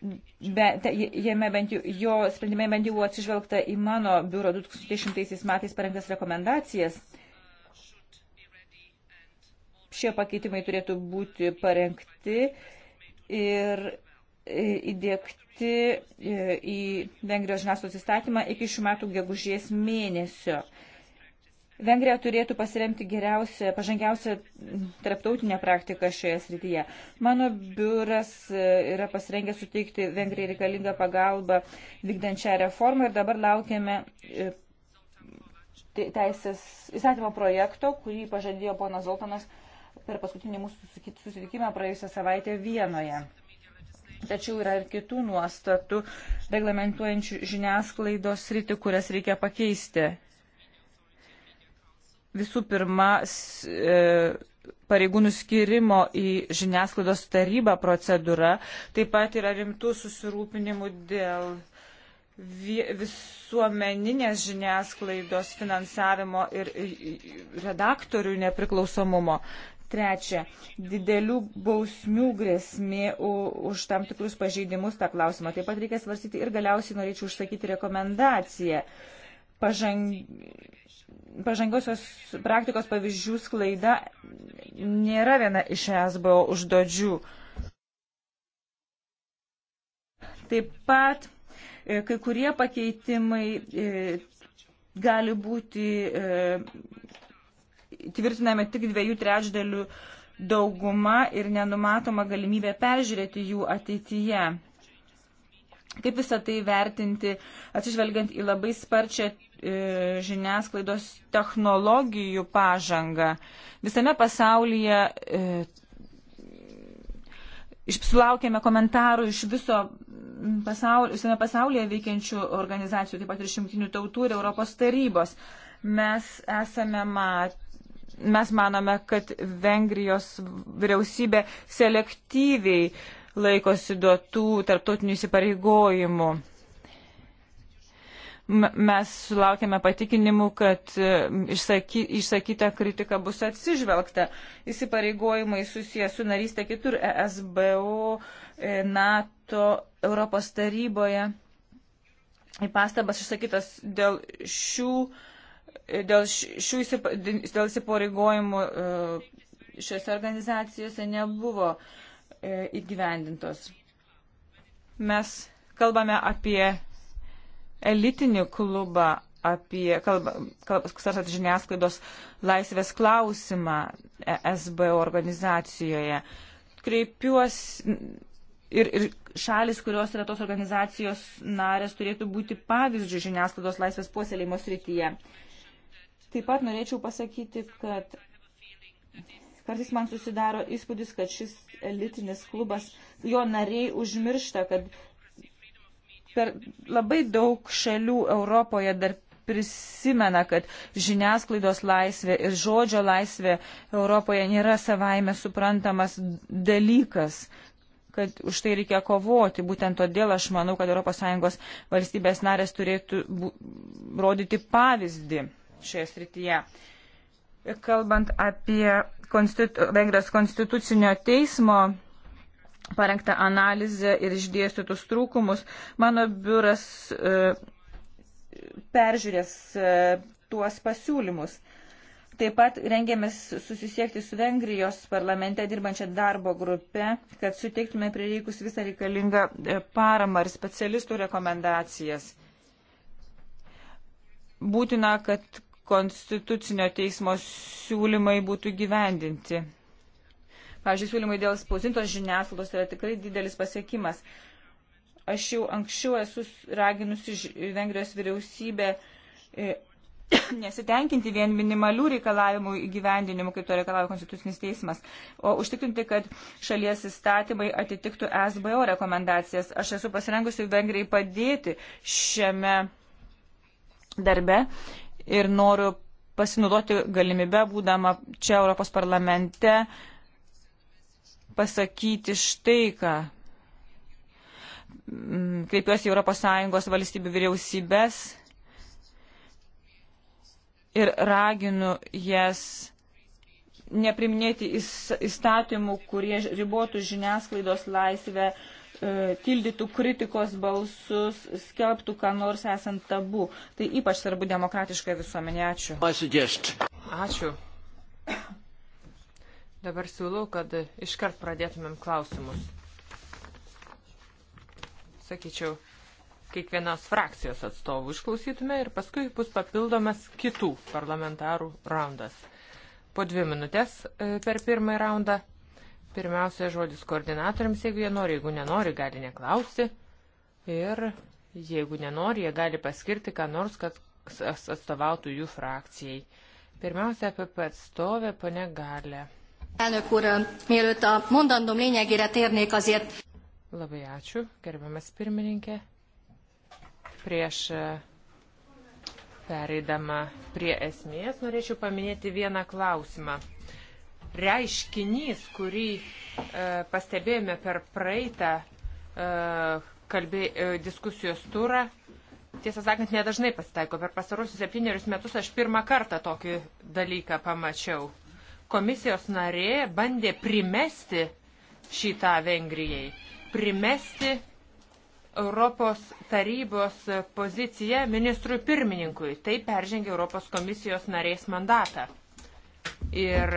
be, te, jame bent jau, jo sprendime bent jau atsižvelgta į mano biuro 2010 metais parengtas rekomendacijas. Šie pakeitimai turėtų būti parengti ir E, įdėkti e, į Vengrijos žiniasklaidos įstatymą iki šių metų gegužės mėnesio. Vengrija turėtų pasiremti geriausią, pažangiausią tarptautinę praktiką šioje srityje. Mano biuras e, yra pasirengęs suteikti Vengrijai reikalingą pagalbą vykdančią reformą ir dabar laukiame teisės įstatymo projekto, kurį pažadėjo ponas Zoltanas per paskutinį mūsų susitikimą praėjusią savaitę Vienoje. Tačiau yra ir kitų nuostatų reglamentuojančių žiniasklaidos rytį, kurias reikia pakeisti. Visų pirma, e, pareigūnų skirimo į žiniasklaidos tarybą procedūra taip pat yra rimtų susirūpinimų dėl visuomeninės žiniasklaidos finansavimo ir redaktorių nepriklausomumo. Trečia, didelių bausmių grėsmė už tam tikrus pažeidimus tą klausimą. Taip pat reikia svarstyti ir galiausiai norėčiau užsakyti rekomendaciją. Pažang... Pažangiosios praktikos pavyzdžių sklaida nėra viena iš ESBO užduodžių. Taip pat e, kai kurie pakeitimai e, gali būti e, tvirtiname tik dviejų trečdalių dauguma ir nenumatoma galimybė peržiūrėti jų ateityje. Kaip visą tai vertinti, atsižvelgiant į labai sparčią e, žiniasklaidos technologijų pažangą. Visame pasaulyje e, sulaukėme komentarų iš viso pasaulio, visame pasaulyje veikiančių organizacijų, taip pat ir iš jungtinių tautų ir Europos tarybos. Mes esame matę mes manome, kad Vengrijos vyriausybė selektyviai laikosi duotų tarptautinių įsipareigojimų. Mes sulaukėme patikinimų, kad e, išsaky, išsakyta kritika bus atsižvelgta. Įsipareigojimai susijęs su narystė kitur ESBO, e, NATO, Europos taryboje. Į pastabas išsakytas dėl šių uh, dėl šių dėl įsipareigojimų e, šiose organizacijose nebuvo e, įgyvendintos. Mes kalbame apie elitinį klubą, apie kalba, kalba, žiniasklaidos laisvės klausimą e SBO organizacijoje. Kreipiuosi ir, ir šalis, kurios yra tos organizacijos narės, turėtų būti pavyzdžių žiniasklaidos laisvės puoselėjimo srityje. Uh, Taip pat norėčiau pasakyti, kad kartais man susidaro įspūdis, kad šis elitinis klubas, jo nariai užmiršta, kad per labai daug šalių Europoje dar prisimena, kad žiniasklaidos laisvė ir žodžio laisvė Europoje nėra savaime suprantamas dalykas kad už tai reikia kovoti. Būtent todėl aš manau, kad ES valstybės narės turėtų rodyti pavyzdį šioje srityje. Kalbant apie konstitu, Vengrijos konstitucinio teismo parengtą analizę ir išdėstytus trūkumus, mano biuras e, peržiūrės e, tuos pasiūlymus. Taip pat rengėmės susisiekti su Vengrijos parlamente dirbančia darbo grupe, kad suteiktume prireikus visą reikalingą e, paramą ir specialistų rekomendacijas. Būtina, kad konstitucinio teismo siūlymai būtų gyvendinti. Pavyzdžiui, siūlymai dėl spausintos žiniasklaidos yra tikrai didelis pasiekimas. Aš jau anksčiau esu raginusi Vengrijos vyriausybę e, (clears throat) nesitenkinti vien minimalių reikalavimų įgyvendinimu, kaip to reikalavo Konstitucinis teismas, o užtikrinti, kad šalies įstatymai atitiktų SBO rekomendacijas. Aš esu pasirengusi Vengrijai padėti šiame darbe ir noriu pasinaudoti galimybę, būdama čia Europos parlamente, pasakyti štai ką. Mm, kreipiuosi ES valstybių vyriausybės ir raginu jas nepriminėti įstatymų, kurie ribotų žiniasklaidos laisvę, uh, E, tildytų kritikos balsus, skelbtų, ką nors esant tabu. Tai ypač svarbu demokratiškai visuomenė. Ačiū. Ačiū.
Dabar siūlau, kad iškart pradėtumėm klausimus. Sakyčiau, kiekvienos frakcijos atstovų išklausytume ir paskui bus papildomas kitų parlamentarų raundas. Po dvi minutės e, per pirmąjį raundą Pirmiausia, žodis koordinatoriams, jeigu jie nori, jeigu nenori, gali neklausti. Ir jeigu nenori, jie gali paskirti, ką nors, kad atstovautų jų frakcijai. Pirmiausia, apie pats stovę pane galę.
Elnök úr, mielőtt a mondandóm lényegére térnék azért.
Labai ačiū, gerbiamas pirmininkė. Prieš pereidama prie esmės norėčiau paminėti vieną klausimą reiškinys, kurį e, pastebėjome per praeitą e, kalbė, e, diskusijos turą, tiesą sakant, nedažnai pasitaiko. Per pastarosius septynerius metus aš pirmą kartą tokį dalyką pamačiau. Komisijos narė bandė primesti šitą Vengrijai, primesti Europos tarybos poziciją ministrui pirmininkui. Tai peržengia Europos komisijos narės mandatą. Ir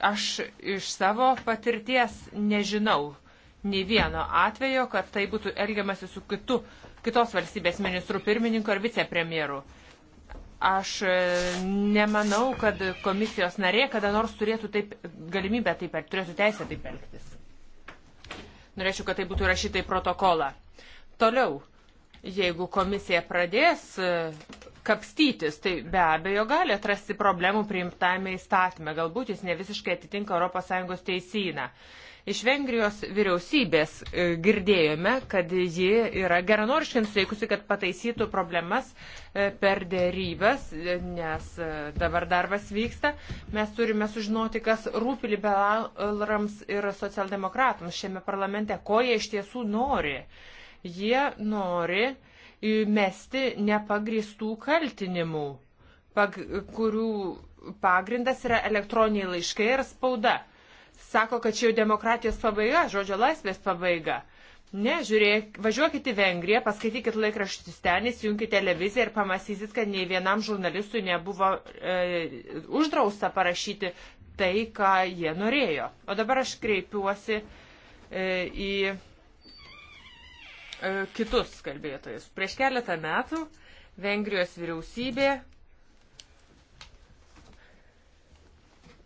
Aš iš savo patirties nežinau nei vieno atvejo, kad tai būtų elgiamasi su kitu, kitos valstybės ministrų pirmininku ar vicepremjeru. Aš e, nemanau, kad komisijos narė kada nors turėtų taip, galimybę taip, turėtų teisę taip elgtis. Norėčiau, kad tai būtų rašyta į protokolą. Toliau, jeigu komisija pradės e, kapstytis, tai be abejo gali atrasti problemų priimtame įstatyme. Galbūt jis ne visiškai atitinka ES teisyną. Iš Vengrijos vyriausybės e, girdėjome, kad ji yra geranoriškai nusteikusi, kad pataisytų problemas e, per dėrybas, e, nes dabar darbas vyksta. Mes turime sužinoti, kas rūpi liberalams ir socialdemokratams šiame parlamente, ko jie iš tiesų nori. Jie nori mesti nepagristų kaltinimų, pag, kurių pagrindas yra elektroniniai laiškai ir spauda. Sako, kad čia jau demokratijos pabaiga, žodžio laisvės pabaiga. Ne, žiūrėk, važiuokit į Vengriją, paskaitykit laikraštis ten, įsijunkit televiziją ir pamastysit, kad nei vienam žurnalistui nebuvo e, uždrausta parašyti tai, ką jie norėjo. O dabar aš kreipiuosi e, į E, kitus kalbėtojus. Prieš keletą metų Vengrijos vyriausybė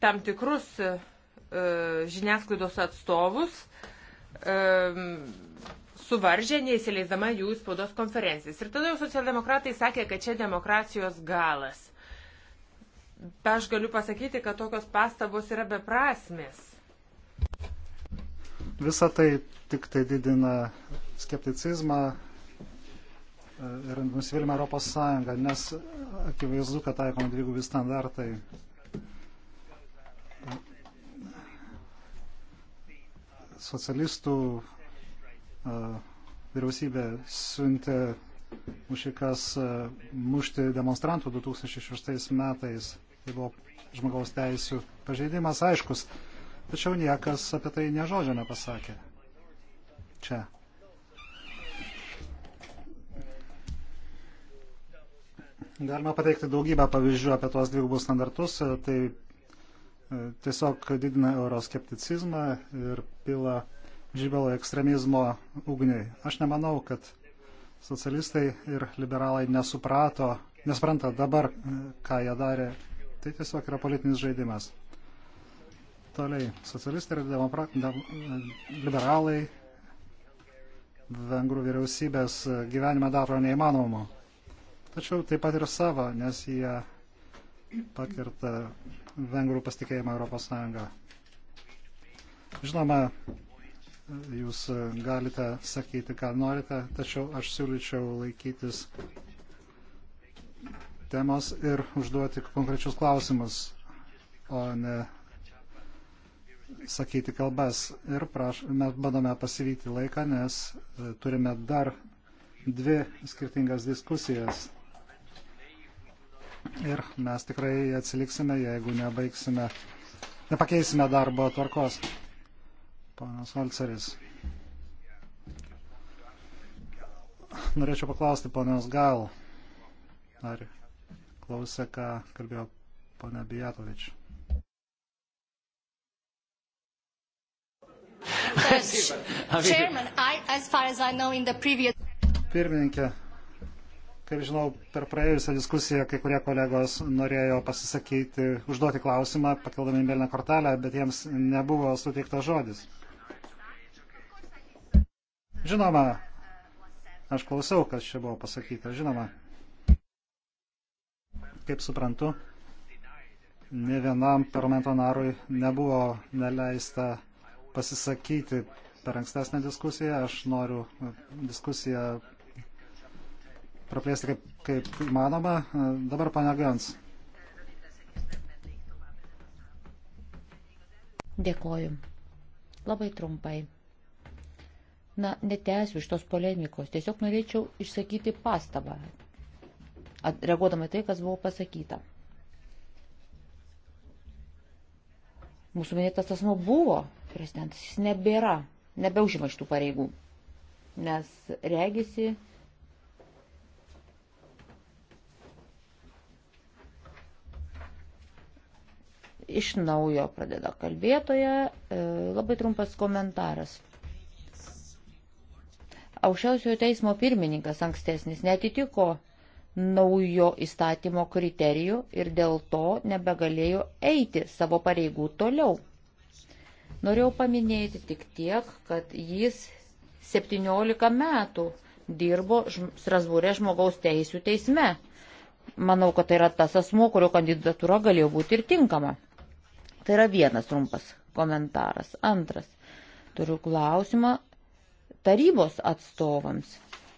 tam tikrus e, žiniasklaidos atstovus e, suvaržė, neįsileisdama jų spaudos konferencijas. Ir tada jau socialdemokratai sakė, kad čia demokratijos galas. Aš galiu pasakyti, kad tokios pastabos yra beprasmės.
Visą tai tik tai didina skepticizmą e, ir nusivylimą Europos Sąjungą, nes akivaizdu, kad taikomi dvigubi standartai. Socialistų e, vyriausybė siuntė mušikas e, mušti demonstrantų 2006 metais. Tai buvo žmogaus teisų pažeidimas aiškus, tačiau niekas apie tai nežodžio nepasakė. Čia. Galima pateikti daugybę pavyzdžių apie tuos dvigubus standartus. E, tai e, tiesiog didina euroskepticizmą ir pila žibelo ekstremizmo ugniai. Aš nemanau, kad socialistai ir liberalai nesuprato, nespranta dabar, e, ką jie darė. Tai tiesiog yra politinis žaidimas. Toliai, socialistai ir demokra... liberalai vengrų vyriausybės gyvenime daro neįmanomu tačiau taip pat ir savo, nes jie pakirta vengrų pasitikėjimą Europos Sąjungą. Žinoma, jūs galite sakyti, ką norite, tačiau aš siūlyčiau laikytis temos ir užduoti konkrečius klausimus, o ne sakyti kalbas. Ir praš, mes bandome pasivyti laiką, nes turime dar dvi skirtingas diskusijas ir mes tikrai atsiliksime, jeigu nebaigsime, nepakeisime darbo tvarkos. Ponas Holceris. Norėčiau paklausti ponios Gal, ar klausė, ką kalbėjo ponia Bijatovič. Pirmininkė, Kaip žinau, per praėjusią diskusiją kai kurie kolegos norėjo pasisakyti, užduoti klausimą, pakeldami mėlyną kortelę, bet jiems nebuvo suteiktas žodis. Žinoma, aš klausiau, kas čia buvo pasakyta. Žinoma, kaip suprantu, ne vienam parlamento narui nebuvo neleista pasisakyti per ankstesnę diskusiją. Aš noriu diskusiją praplėsti kaip, kaip manoma. Dabar pana Gans.
Dėkoju. Labai trumpai. Na, netęsiu šitos polemikos. Tiesiog norėčiau išsakyti pastabą, reaguodama tai, kas buvo pasakyta. Mūsų minėtas asmo buvo prezidentas, jis nebėra, nebeužima šitų pareigų, nes regisi Iš naujo pradeda kalbėtoja. E, labai trumpas komentaras. Aukščiausiojo teismo pirmininkas ankstesnis netitiko naujo įstatymo kriterijų ir dėl to nebegalėjo eiti savo pareigų toliau. Norėjau paminėti tik tiek, kad jis 17 metų dirbo Strasbūrė žmogaus teisų teisme. Manau, kad tai yra tas asmo, kurio kandidatūra galėjo būti ir tinkama. Tai yra vienas trumpas komentaras. Antras. Turiu klausimą tarybos atstovams.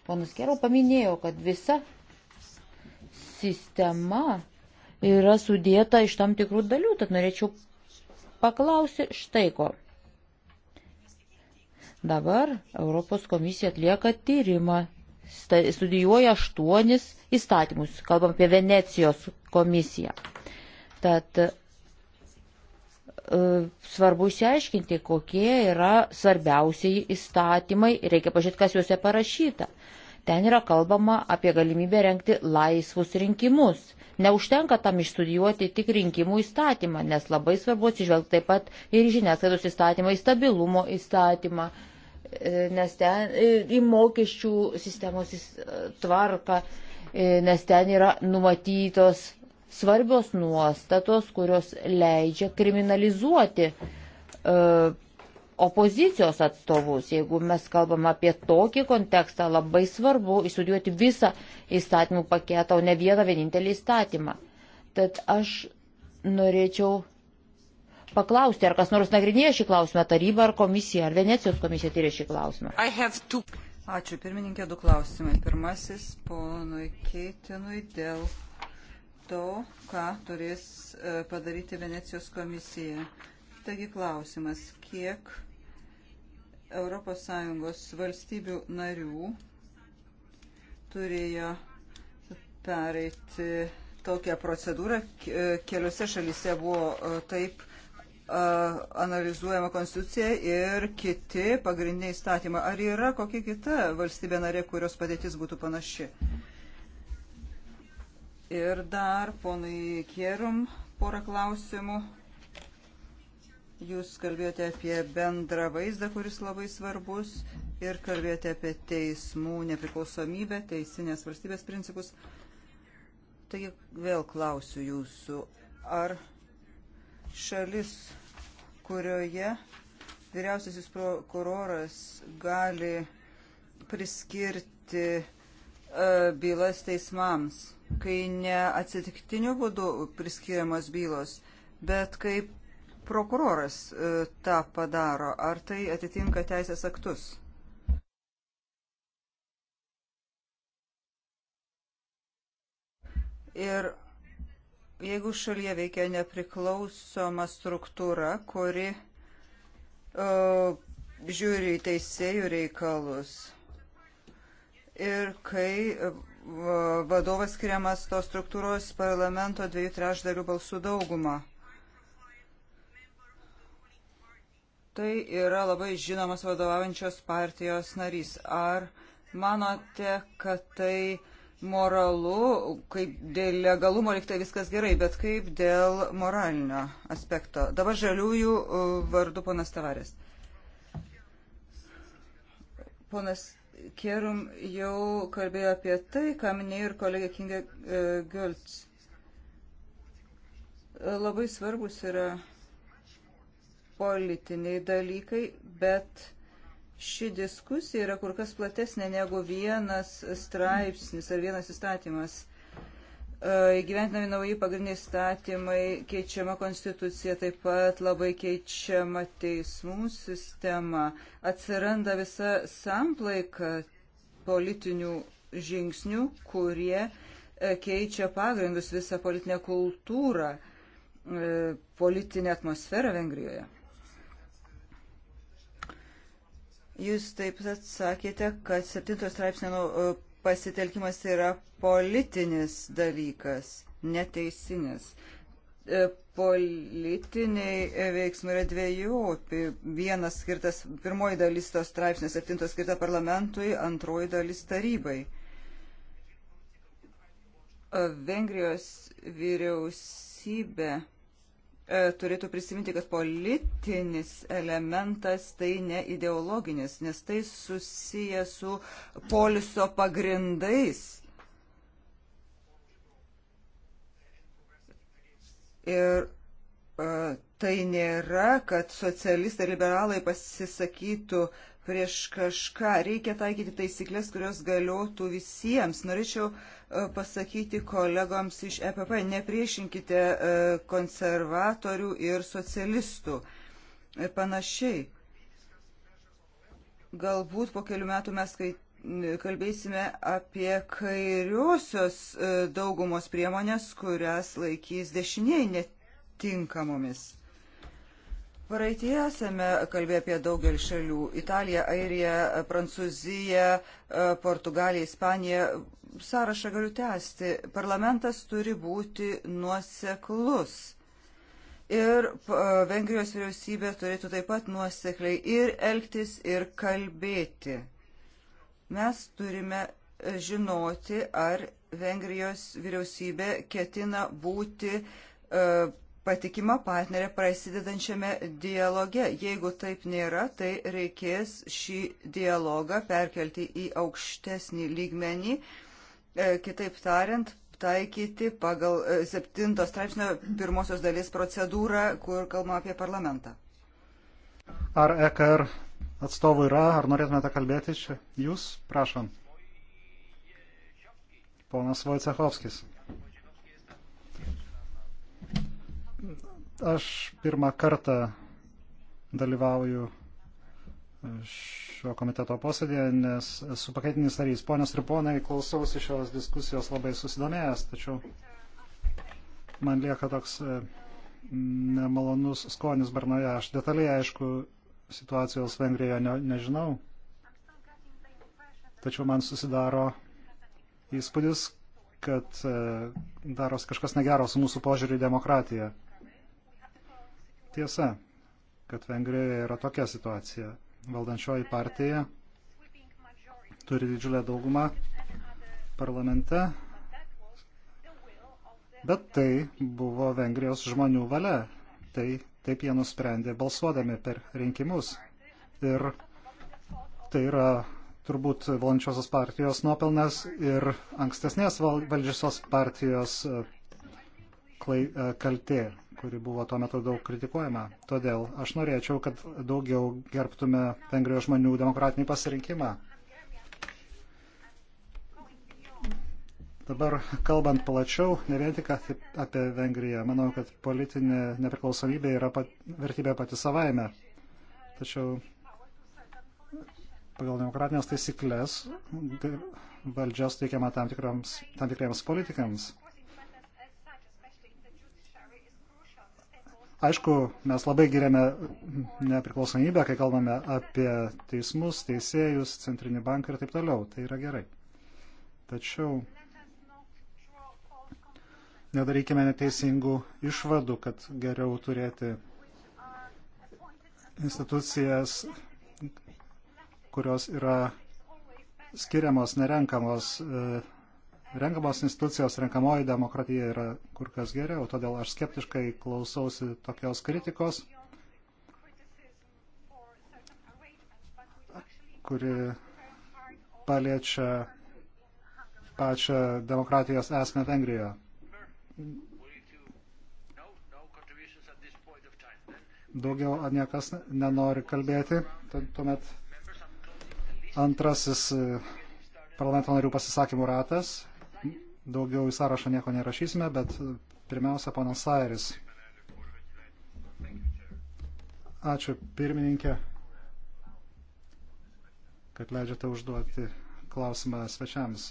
Ponas Kero paminėjo, kad visa sistema yra sudėta iš tam tikrų dalių, tad norėčiau paklausti štai ko. Dabar Europos komisija atlieka tyrimą, studijuoja aštuonis įstatymus, kalbam apie Venecijos komisiją. Tad E, svarbu išsiaiškinti, kokie yra svarbiausiai įstatymai, reikia pažiūrėti, kas juose parašyta. Ten yra kalbama apie galimybę renkti laisvus rinkimus. Neužtenka tam išstudijuoti tik rinkimų įstatymą, nes labai svarbu atsižvelgti taip pat ir žiniasklaidos įstatymą, į stabilumo įstatymą, e, nes ten e, į mokesčių sistemos tvarką, nes ten yra numatytos svarbios nuostatos, kurios leidžia kriminalizuoti uh, opozicijos atstovus. Jeigu mes kalbam apie tokį kontekstą, labai svarbu įstudijuoti visą įstatymų paketą, o ne vieną vienintelį įstatymą. Tad aš norėčiau paklausti, ar kas nors nagrinėjo šį klausimą, taryba ar komisija, ar Venecijos komisija tyrė šį klausimą.
Ačiū, pirmininkė, du klausimai. Pirmasis, ponui Keitinui, dėl to, ką turės e, padaryti Venecijos komisija. Taigi klausimas, kiek ES valstybių narių turėjo pereiti tokią procedūrą. E, keliose šalyse buvo e, taip analizuojama konstitucija ir kiti pagrindiniai statymai. Ar yra kokia kita valstybė narė, kurios padėtis būtų panaši? Ir dar ponui Kierum porą klausimų. Jūs kalbėjote apie bendrą vaizdą, kuris labai svarbus, ir kalbėjote apie teismų nepriklausomybę, teisinės valstybės principus. Taigi vėl klausiu jūsų, ar šalis, kurioje vyriausiasis prokuroras gali priskirti E, bylas teismams, kai ne atsitiktiniu būdu priskiriamos bylos, bet kai prokuroras e, tą padaro, ar tai atitinka teisės aktus? Ir jeigu šalyje veikia nepriklausoma struktūra, kuri uh, žiūri į teisėjų reikalus, ir kai e, vadovas skiriamas tos struktūros parlamento dviejų trešdalių balsų daugumą. Tai yra labai žinomas vadovaujančios partijos narys. Ar manote, kad tai moralu, kaip dėl legalumo liktai viskas gerai, bet kaip dėl moralinio aspekto? Dabar žaliųjų e, vardu ponas Tavarės. Ponas Kerum jau kalbėjo apie tai, ką minėjo ir kolegė Kinga e, Göltz. Labai svarbus yra politiniai dalykai, bet ši diskusija yra kur kas platesnė negu vienas straipsnis ar vienas įstatymas. E, įgyventinami nauji pagrindiniai statymai, keičiama konstitucija, taip pat labai keičiama teismų sistema, atsiranda visa samplaika politinių žingsnių, kurie e, keičia pagrindus visą politinę kultūrą, e, politinę atmosferą Vengrijoje. Jūs taip pat sakėte, kad 7 straipsnio pasitelkimas yra politinis dalykas, neteisinis. E, politiniai e, veiksmai yra dviejų. Vienas skirtas, pirmoji dalis tos straipsnės, septintos skirta parlamentui, antroji dalis tarybai. E, Vengrijos vyriausybė E, turėtų prisiminti, kad politinis elementas tai ne ideologinis, nes tai susiję su poliso pagrindais. Ir e, tai nėra, kad socialistai ir liberalai pasisakytų prieš kažką. Reikia taikyti taisyklės, kurios galiotų visiems. Norėčiau uh, E, pasakyti kolegoms iš EPP, nepriešinkite e, konservatorių ir socialistų ir e, panašiai. Galbūt po kelių metų mes kalbėsime apie kairiosios daugumos priemonės, kurias laikys dešiniai netinkamomis. Praeitie esame kalbėję apie daugelį šalių - Italiją, Airiją, Prancūziją, Portugaliją, Ispaniją, sąrašą galiu tęsti. Parlamentas turi būti nuoseklus. Ir e, Vengrijos vyriausybė turėtų taip pat nuosekliai ir elgtis, ir kalbėti. Mes turime e, žinoti, ar Vengrijos vyriausybė ketina būti e, patikima partnerė prasidedančiame dialoge. Jeigu taip nėra, tai reikės šį dialogą perkelti į aukštesnį lygmenį E, kitaip tariant, taikyti pagal 7 e, straipsnio pirmosios dalies procedūrą, kur kalbama apie parlamentą.
Ar EKR atstovų yra, ar norėtumėte kalbėti čia? Jūs, prašom. Ponas Vojcehovskis. Aš pirmą kartą dalyvauju šio komiteto posėdėje, nes esu pakaitinis narys. Ponios ir ponai, klausausi šios diskusijos labai susidomėjęs, tačiau man lieka toks e, nemalonus skonis Barnoje. Aš detaliai, aišku, situacijos Vengrijoje ne, nežinau, tačiau man susidaro įspūdis, kad e, daros kažkas negero su mūsų požiūriu į demokratiją. Tiesa, kad Vengrijoje yra tokia situacija valdančioji partija turi didžiulę daugumą parlamente, bet tai buvo Vengrijos žmonių valia. Tai taip jie nusprendė balsuodami per rinkimus. Ir tai yra turbūt valdančiosios partijos nuopelnas ir ankstesnės valdžiosios partijos e, e, kaltė kuri buvo tuo metu daug kritikuojama. Todėl aš norėčiau, kad daugiau gerbtume Vengrijos žmonių demokratinį pasirinkimą. Dabar kalbant plačiau, ne vien tik apie Vengriją, manau, kad politinė nepriklausomybė yra pat, vertybė pati savaime. Tačiau pagal demokratinės taisyklės valdžios teikiama tam, tikrams, tam tikriems politikams. Aišku, mes labai giriame nepriklausomybę, kai kalbame apie teismus, teisėjus, centrinį banką ir taip toliau. Tai yra gerai. Tačiau nedarykime neteisingų išvadų, kad geriau turėti institucijas, kurios yra skiriamos, nerenkamos e, renkamos institucijos, renkamoji demokratija yra kur kas geriau, todėl aš skeptiškai klausausi tokios kritikos, kuri paliečia pačią demokratijos esmę Vengrijoje. Daugiau niekas nenori kalbėti. Tuomet antrasis e, parlamento narių pasisakymų ratas daugiau į sąrašą nieko nerašysime, bet pirmiausia, panas Sairis. Ačiū pirmininkė, kad leidžiate užduoti klausimą svečiams.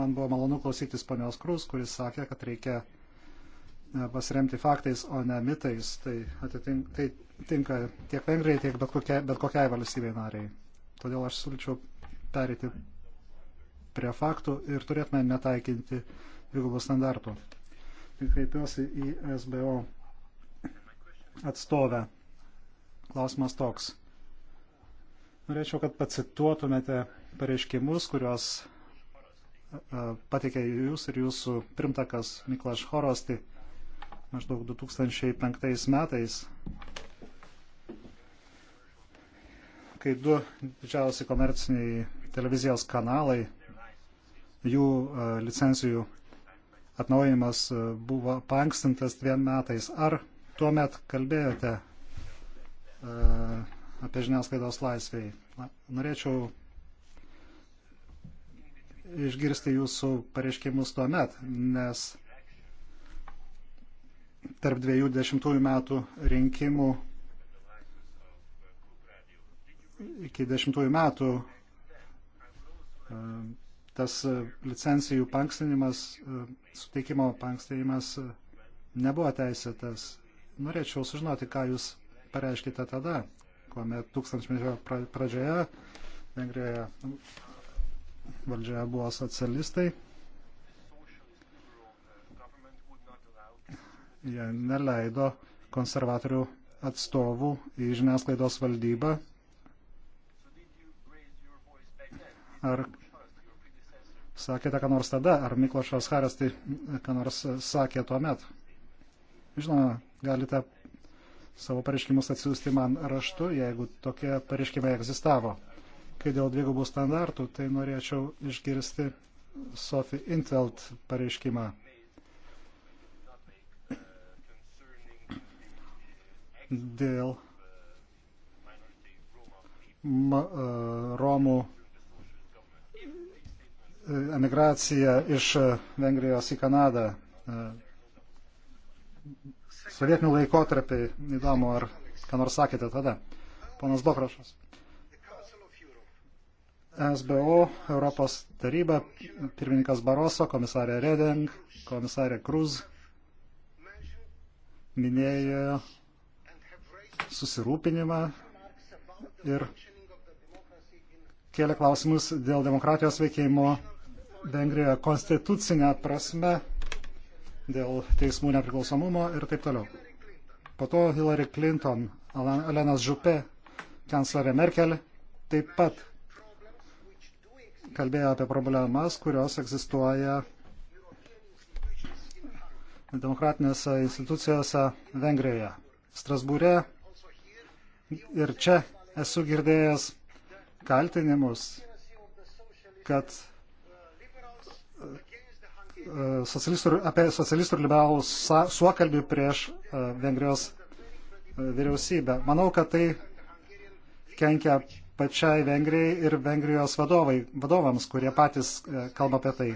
Man buvo malonu klausytis panios Krus, kuris sakė, kad reikia e, pasiremti faktais, o ne mitais. Tai, atitink, tai tinka tiek Vengrijai, tiek bet, kokia, bet kokiai valstybei nariai. Todėl aš sulčiau perėti prie faktų ir turėtume netaikinti dvigubų standartų. Ir tai kreipiuosi į SBO atstovę. Klausimas toks. Norėčiau, kad pacituotumėte pareiškimus, kuriuos e, pateikė jūs ir jūsų primtakas Miklaš Horosti maždaug 2005 metais, kai du didžiausi komerciniai televizijos kanalai jų e, licencijų atnaujimas e, buvo pankstintas dviem metais. Ar tuo met kalbėjote e, apie žiniasklaidos laisvėjai? Norėčiau išgirsti jūsų pareiškimus tuo met, nes tarp dviejų dešimtųjų metų rinkimų iki dešimtųjų metų tas e, licencijų pankstinimas, e, suteikimo pankstinimas e, nebuvo teisėtas. Norėčiau sužinoti, ką jūs pareiškite tada, kuomet tūkstančio pradžioje Vengrijoje valdžioje buvo socialistai. Jie neleido konservatorių atstovų į žiniasklaidos valdybą. Ar sakėte, ką nors tada, ar Miklošas Haras tai ką nors e, sakė tuo metu. Žinoma, galite savo pareiškimus atsiųsti man raštu, jeigu tokie pareiškimai egzistavo. Kai dėl dvigubų standartų, tai norėčiau išgirsti Sophie Intveld pareiškimą. Dėl ma, uh, Romų emigracija iš e, Vengrijos į Kanadą. E, Sovietinių laikotarpį įdomu, ar ką nors sakėte tada. Ponas Bokrašas. SBO, Europos taryba, pirmininkas Baroso, komisarė Redeng, komisarė Kruz minėjo susirūpinimą ir kėlė klausimus dėl demokratijos veikimo Vengrija konstitucinę prasme dėl teismų nepriklausomumo ir taip toliau. Po to Hillary Clinton, Alenas Župė, kanclerė Merkel taip pat kalbėjo apie problemas, kurios egzistuoja demokratinėse institucijose Vengrijoje. Strasbūre ir čia esu girdėjęs kaltinimus, kad E, socialistų, apie socialistų ir liberalų suokalbį prieš e, Vengrijos e, vyriausybę. Manau, kad tai kenkia pačiai Vengrijai ir Vengrijos vadovai, vadovams, kurie patys kalba apie tai.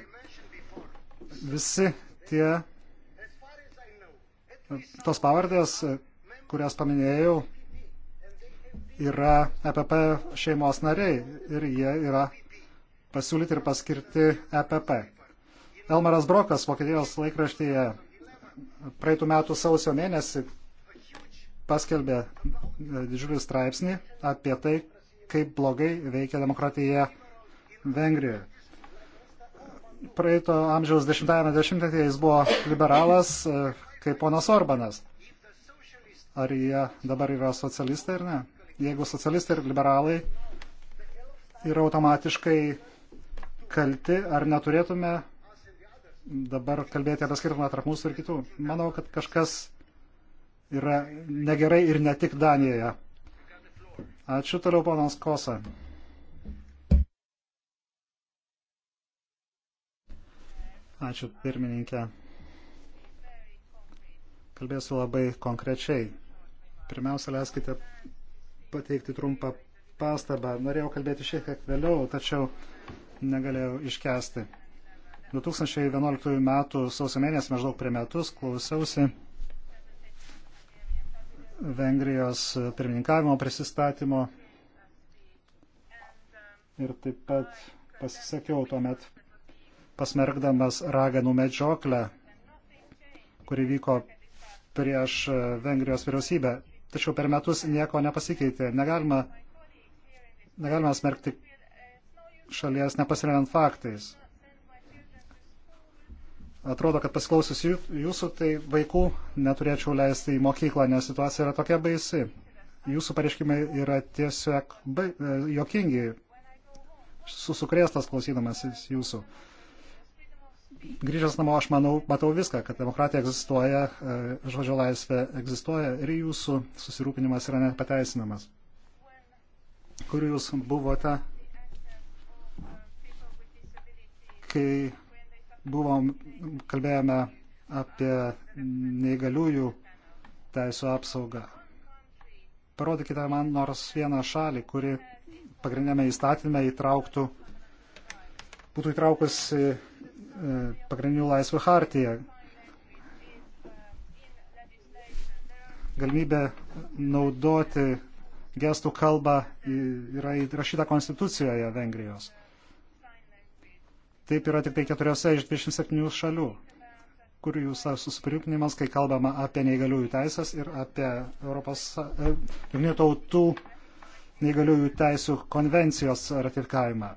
Visi tie tos pavardės, kurias paminėjau, yra EPP šeimos nariai ir jie yra pasiūlyti ir paskirti EPP. Elmaras Brokas Vokietijos laikraštyje praeitų metų sausio mėnesį paskelbė e, didžiulį straipsnį apie tai, kaip blogai veikia demokratija Vengrijoje. Praeito amžiaus 10-20-ąją jis buvo liberalas e, kaip ponas Orbanas. Ar jie dabar yra socialistai ar ne? Jeigu socialistai ir liberalai yra automatiškai kalti, ar neturėtume dabar kalbėti apie skirtumą tarp mūsų ir kitų. Manau, kad kažkas yra negerai ir ne tik Danijoje. Ačiū toliau, ponas Kosa. Ačiū, pirmininkė. Kalbėsiu labai konkrečiai. Pirmiausia, leiskite pateikti trumpą pastabą. Norėjau kalbėti šiek tiek vėliau, tačiau negalėjau iškesti. 2011 m. sausio mėnesį maždaug prie metus klausiausi Vengrijos pirmininkavimo prisistatymo ir taip pat pasisakiau tuomet pasmergdamas raganų medžioklę, kuri vyko prieš Vengrijos vyriausybę. Tačiau per metus nieko nepasikeitė. Negalima, negalima smerkti šalies nepasiremiant faktais. Atrodo, kad pasiklausus jūsų, tai vaikų neturėčiau leisti į mokyklą, nes situacija yra tokia baisi. Jūsų pareiškimai yra tiesiog ba... E, jokingi. Susukrėstas klausydamasis jūsų. Grįžęs namo, aš manau, matau viską, kad demokratija egzistuoja, e, žodžio laisvė egzistuoja ir jūsų susirūpinimas yra nepateisinamas. Kur jūs buvote, kai buvom, kalbėjome apie neįgaliųjų teisų apsaugą. Parodykite man nors vieną šalį, kuri pagrindinėme įstatymė įtrauktų, būtų įtraukusi e, pagrindinių laisvių hartiją. Galimybė naudoti gestų kalbą yra įrašyta konstitucijoje Vengrijos. Taip yra tik tai keturiose iš 27 šalių, kur jūs susipirūpinimas, kai kalbama apie neįgaliųjų teisės ir apie Europos jungtinių tautų neįgaliųjų teisų konvencijos ratifikavimą.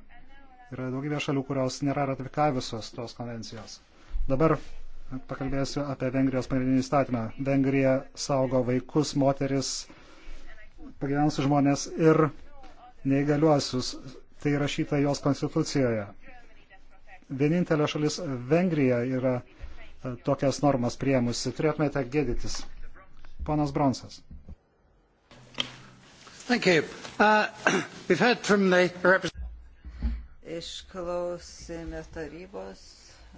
Yra daugybė šalių, kurios nėra ratifikavusios tos konvencijos. Dabar pakalbėsiu apie Vengrijos pagrindinį įstatymą. Vengrija saugo vaikus, moteris, pagyvenusius žmonės ir neįgaliuosius. Tai rašyta jos konstitucijoje vienintelė šalis Vengrija yra e, tokias normas priemusi. Turėtumėte gėdytis. Ponas Bronsas. Uh, (clears throat) the...
Išklausėme tarybos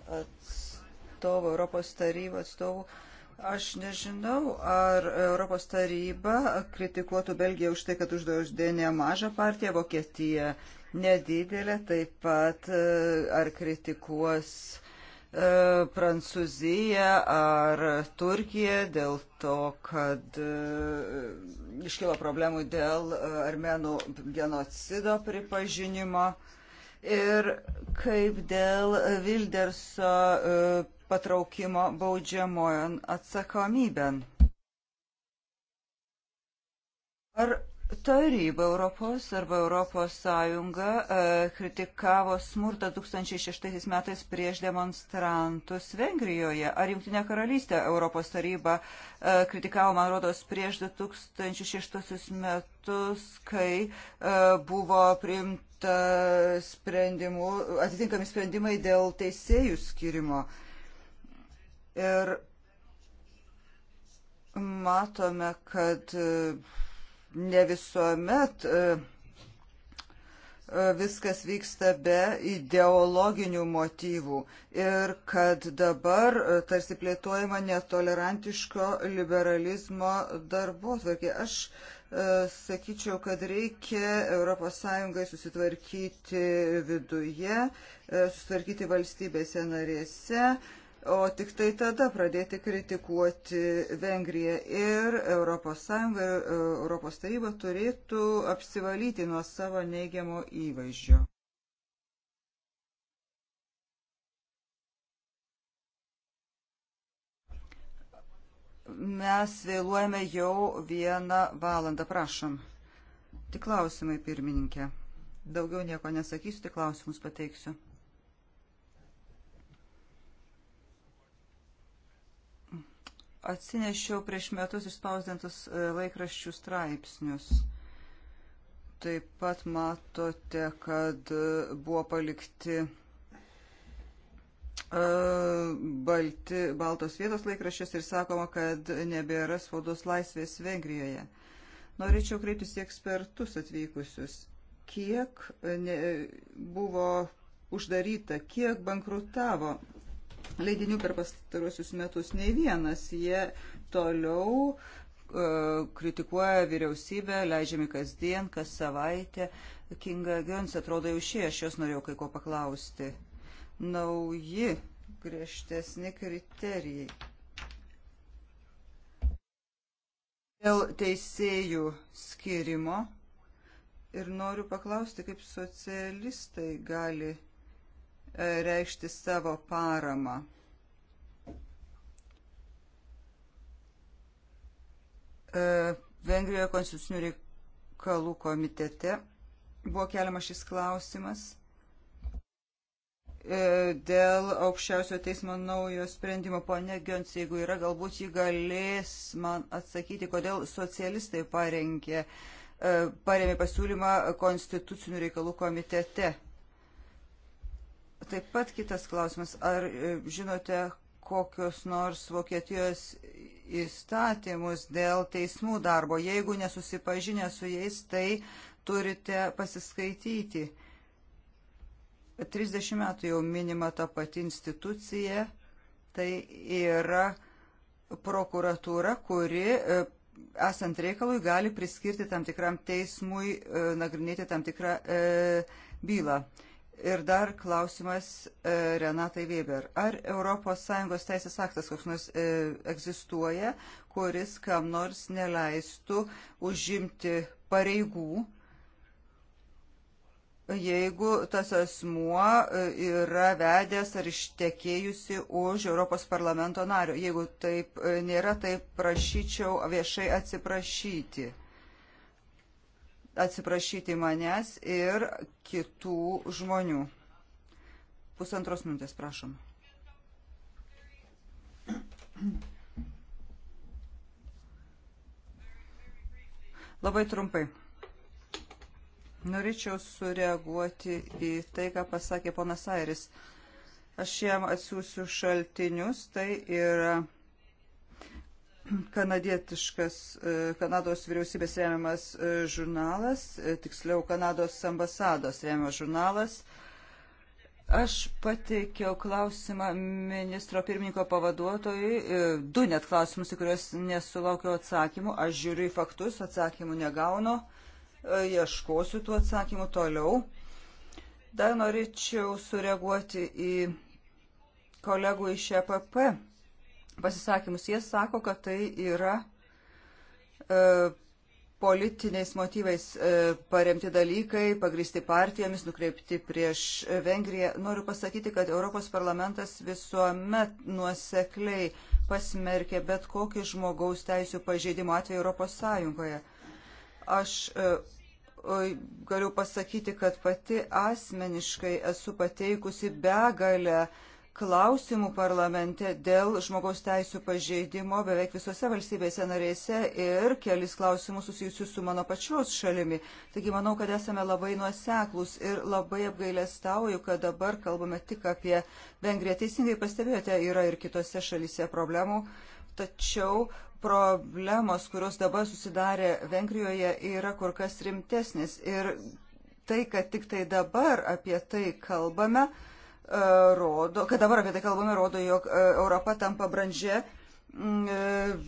atstovų, Europos tarybų atstovų. Uh, Aš nežinau, ar Europos taryba kritikuotų Belgiją už tai, kad uždraudė nemažą partiją, Vokietiją nedidelę, taip pat e, ar kritikuos e, Prancūzija ar Turkija dėl to, kad e, iškilo problemų dėl armenų genocido pripažinimo ir kaip dėl Vilderso patraukimo baudžiamojon atsakomybėn. Ar taryba Europos arba Europos Sąjunga e, kritikavo smurtą 2006 metais prieš demonstrantus Vengrijoje? Ar Junktinė karalystė Europos taryba e, kritikavo, man rodos, prieš 2006 metus, kai e, buvo priimta sprendimu, atitinkami sprendimai dėl teisėjų skirimo? E, Ir matome, kad e, ne visuomet e, e, viskas vyksta be ideologinių motyvų ir kad dabar tarsi plėtojama netolerantiško liberalizmo darbo tvarkė. Aš e, sakyčiau, kad reikia ES susitvarkyti viduje, e, susitvarkyti valstybėse narėse, o tik tai tada pradėti kritikuoti Vengriją. Ir ES ir ES taryba turėtų apsivalyti nuo savo neigiamo įvaizdžio. Mes vėluojame jau vieną valandą, prašom. Tik klausimai, pirmininkė. Daugiau nieko nesakysiu, tik klausimus pateiksiu. atsinešiau prieš metus išspausdintus e, laikraščių straipsnius. Taip pat matote, kad e, buvo palikti e, balti, baltos vietos laikraščius ir sakoma, kad nebėra spaudos laisvės Vengrijoje. Norėčiau kreiptis į ekspertus atvykusius. Kiek ne, buvo uždaryta, kiek bankrutavo leidinių per pastaruosius metus, nei vienas. Jie toliau e, kritikuoja vyriausybę, leidžiami kasdien, kas savaitę. Kinga Gens atrodo jau šie, aš jos norėjau kai ko paklausti. Nauji griežtesni kriterijai. Dėl teisėjų skirimo ir noriu paklausti, kaip socialistai gali reikšti savo paramą. E, Vengrijoje konstitucinių reikalų komitete buvo keliamas šis klausimas e, dėl aukščiausio teismo naujo sprendimo. Pone Gions, jeigu yra, galbūt jį galės man atsakyti, kodėl socialistai parengė, e, paremė pasiūlymą konstitucinių reikalų komitete. Taip pat kitas klausimas. Ar e, žinote kokios nors Vokietijos įstatymus dėl teismų darbo? Jeigu nesusipažinę su jais, tai turite pasiskaityti. 30 metų jau minima ta pati institucija. Tai yra prokuratūra, kuri e, esant reikalui gali priskirti tam tikram teismui e, nagrinėti tam tikrą e, bylą. Ir dar klausimas e, Renatai Weber. Ar ES teisės aktas koks nors e, egzistuoja, kuris kam nors neleistų užimti pareigų, jeigu tas asmuo e, yra vedęs ar ištekėjusi už Europos parlamento nario? Jeigu taip e, nėra, tai prašyčiau viešai atsiprašyti atsiprašyti manęs ir kitų žmonių. Pusantros minutės, prašom. Labai trumpai. Norėčiau sureaguoti į tai, ką pasakė ponas Airis. Aš jam atsiųsiu šaltinius, tai yra kanadietiškas e, Kanados vyriausybės remiamas e, žurnalas, e, tiksliau Kanados ambasados remiamas žurnalas. Aš pateikiau klausimą ministro pirmininko pavaduotojui, du net klausimus, į kuriuos nesulaukiau atsakymų. Aš žiūriu į faktus, atsakymų negaunu, ieškosiu tų atsakymų toliau. Dar norėčiau sureaguoti į kolegų iš EPP pasisakymus. Jie sako, kad tai yra e, politiniais motyvais e, paremti dalykai, pagristi partijomis, nukreipti prieš Vengriją. Noriu pasakyti, kad Europos parlamentas visuomet nuosekliai pasmerkė bet kokį žmogaus teisų pažeidimo atveju Europos Sąjungoje. Aš e, galiu pasakyti, kad pati asmeniškai esu pateikusi begalę e, klausimų parlamente dėl žmogaus teisų pažeidimo beveik visose valstybėse narėse ir kelis klausimus susijusius su mano pačios šalimi. Taigi manau, kad esame labai nuoseklus ir labai apgailestauju, kad dabar kalbame tik apie Vengriją. Teisingai pastebėjote, yra ir kitose šalise problemų, tačiau problemos, kurios dabar susidarė Vengrijoje, yra kur kas rimtesnės. Ir tai, kad tik tai dabar apie tai kalbame, E, rodo, kad dabar apie tai kalbame, rodo, jog e, Europa tampa brandžia e,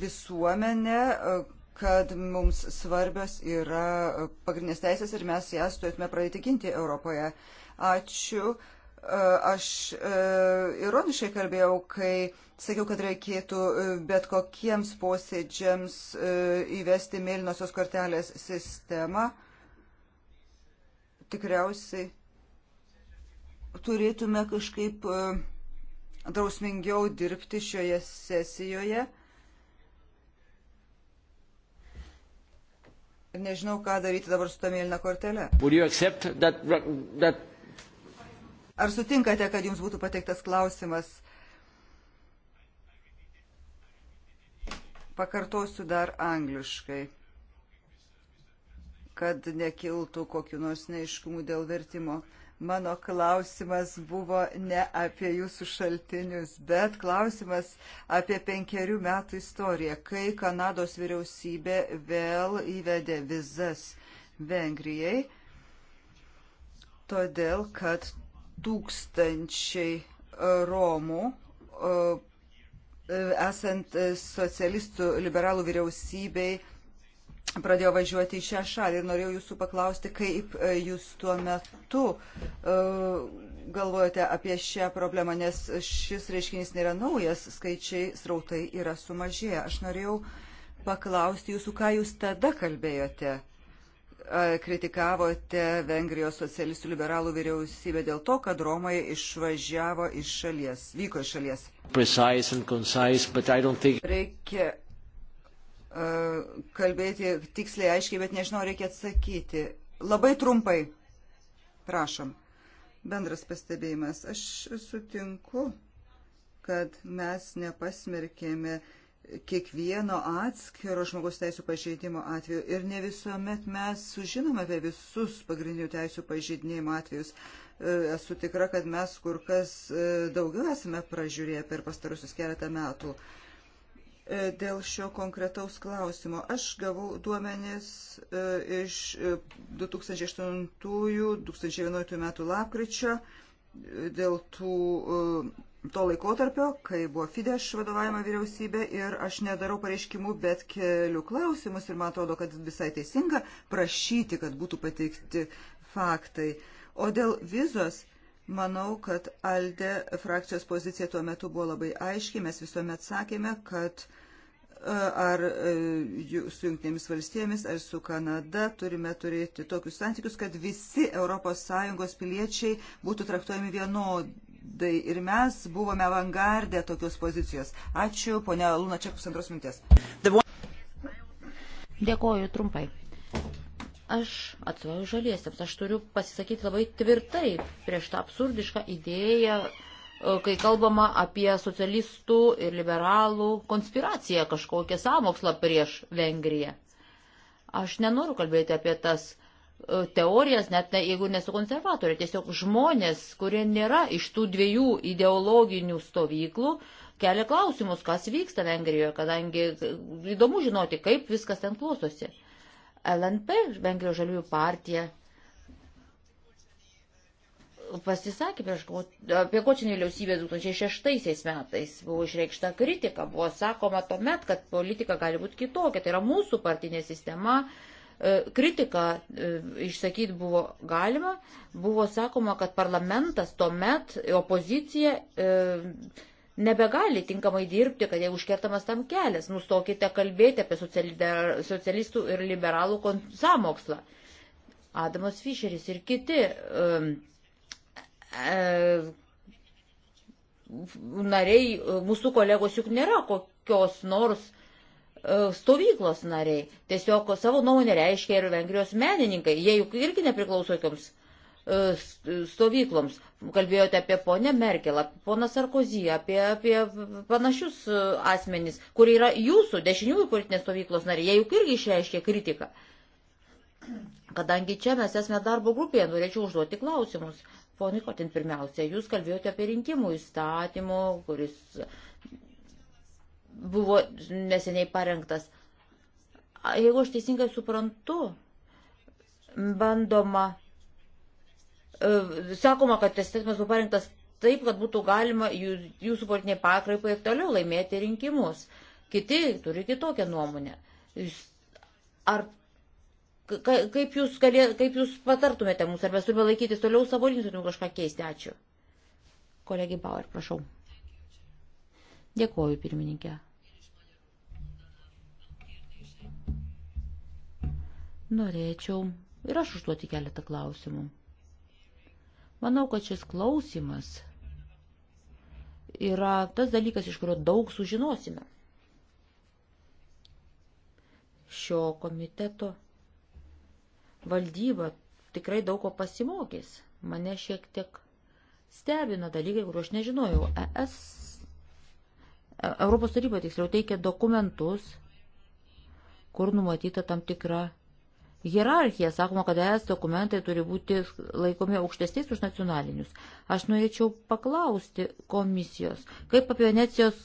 visuomenė, kad mums svarbios yra pagrindinės teisės ir mes jas turėtume pradėti ginti Europoje. Ačiū. Aš ironiškai kalbėjau, kai sakiau, kad reikėtų bet kokiems posėdžiams įvesti mėlynosios kortelės sistemą. Tikriausiai turėtume kažkaip e, drausmingiau dirbti šioje sesijoje. Ir nežinau, ką daryti dabar su tą mėlyną kortelę.
That, that...
Ar sutinkate, kad jums būtų pateiktas klausimas? Pakartosiu dar angliškai, kad nekiltų kokiu nors neiškumu dėl vertimo. Uh, Mano klausimas buvo ne apie jūsų šaltinius, bet klausimas apie penkerių metų istoriją, kai Kanados vyriausybė vėl įvedė vizas Vengrijai, todėl kad tūkstančiai e, Romų e, e, esant socialistų liberalų vyriausybei pradėjo važiuoti į šią šalį ir norėjau jūsų paklausti, kaip e, jūs tuo metu e, galvojate apie šią problemą, nes šis reiškinys nėra naujas, skaičiai srautai yra sumažėję. Aš norėjau paklausti jūsų, ką jūs tada kalbėjote. E, kritikavote Vengrijos socialistų liberalų vyriausybę dėl to, kad Romai išvažiavo iš šalies, vyko iš šalies.
Precise and concise, but I don't think...
Reikia E, kalbėti tiksliai, aiškiai, bet nežinau, reikia atsakyti. Labai trumpai, prašom, bendras pastebėjimas. Aš sutinku, kad mes nepasmerkėme kiekvieno atskiro žmogaus teisų pažeidimo atveju ir ne visuomet mes sužinome apie visus pagrindinių teisų pažeidinėjimo atvejus. E, esu tikra, kad mes kur kas e, daugiau esame pražiūrėję per pastarusius keletą metų. E, dėl šio konkretaus klausimo. Aš gavau duomenis e, iš 2008-2011 e, metų lapkričio dėl tų, to laikotarpio, kai buvo Fidesz vadovavimo vyriausybė ir aš nedarau pareiškimų, bet keliu klausimus ir man atrodo, kad visai teisinga prašyti, kad būtų pateikti faktai. O dėl vizos Manau, kad Alde frakcijos pozicija tuo metu buvo labai aiški. Mes visuomet sakėme, kad e, ar e, su Junktinėmis valstybėmis, ar su Kanada turime turėti tokius santykius, kad visi ES piliečiai būtų traktuojami vienodai. Ir mes buvome avangardė tokios pozicijos. Ačiū, ponia Luna, čia pusantros minutės.
Dėkoju trumpai. Aš atsvoju žaliesiams, aš turiu pasisakyti labai tvirtai prieš tą absurdišką idėją, e, kai kalbama apie socialistų ir liberalų konspiraciją kažkokią sąmokslą prieš Vengriją. Aš nenoriu kalbėti apie tas e, teorijas, net ne, jeigu nesu konservatorė, tiesiog žmonės, kurie nėra iš tų dviejų ideologinių stovyklų, kelia klausimus, kas vyksta Vengrijoje, kadangi e, įdomu žinoti, kaip viskas ten klostosi. LNP, Vengrijos žaliųjų partija, pasisakė prieš apie kočinį vyriausybę 2006 metais. Buvo išreikšta kritika, buvo sakoma tuomet, kad politika gali būti kitokia, tai yra mūsų partinė sistema. E, kritika e, išsakyti buvo galima, buvo sakoma, kad parlamentas tuomet opozicija. E, nebegali tinkamai dirbti, kad jie užkertamas tam kelias. Nustokite kalbėti apie socialistų ir liberalų samokslą. Adamas Fischeris ir kiti um, e, nariai, mūsų kolegos juk nėra kokios nors e, stovyklos nariai. Tiesiog savo nuomonę reiškia ir vengrijos menininkai. Jie juk irgi nepriklauso jokioms E, stovykloms. Kalbėjote apie ponę Merkelą, poną Sarkozy, apie, apie panašius e, asmenys, kurie yra jūsų dešiniųjų politinės stovyklos nariai. Jie juk irgi išreiškė kritiką. Kadangi čia mes esame darbo grupėje, norėčiau užduoti klausimus. Pone Kotin, pirmiausia, jūs kalbėjote apie rinkimų įstatymų, kuris buvo neseniai parengtas. Jeigu aš teisingai suprantu, bandoma E, sakoma, kad tas įstatymas buvo parinktas taip, kad būtų galima jūsų politiniai pakraipai ir toliau laimėti rinkimus. Kiti turi kitokią nuomonę. Ar kaip jūs, galė, kaip jūs patartumėte mums, ar mes turime laikytis toliau savo linijų, turime kažką keisti? Ačiū. Kolegi Bauer, prašau. Dėkuoju, pirmininkė. Norėčiau ir aš užduoti keletą klausimų. Manau, kad šis klausimas yra tas dalykas, iš kurio daug sužinosime. Šio komiteto valdyba tikrai daug ko pasimokys. Mane šiek tiek stebina dalykai, kuriuo aš nežinojau. ES, Europos taryba tiksliau teikia dokumentus, kur numatyta tam tikra hierarchiją. Sakoma, kad ES dokumentai turi būti laikomi aukštesniais už nacionalinius. Aš norėčiau paklausti komisijos, kaip apie Venecijos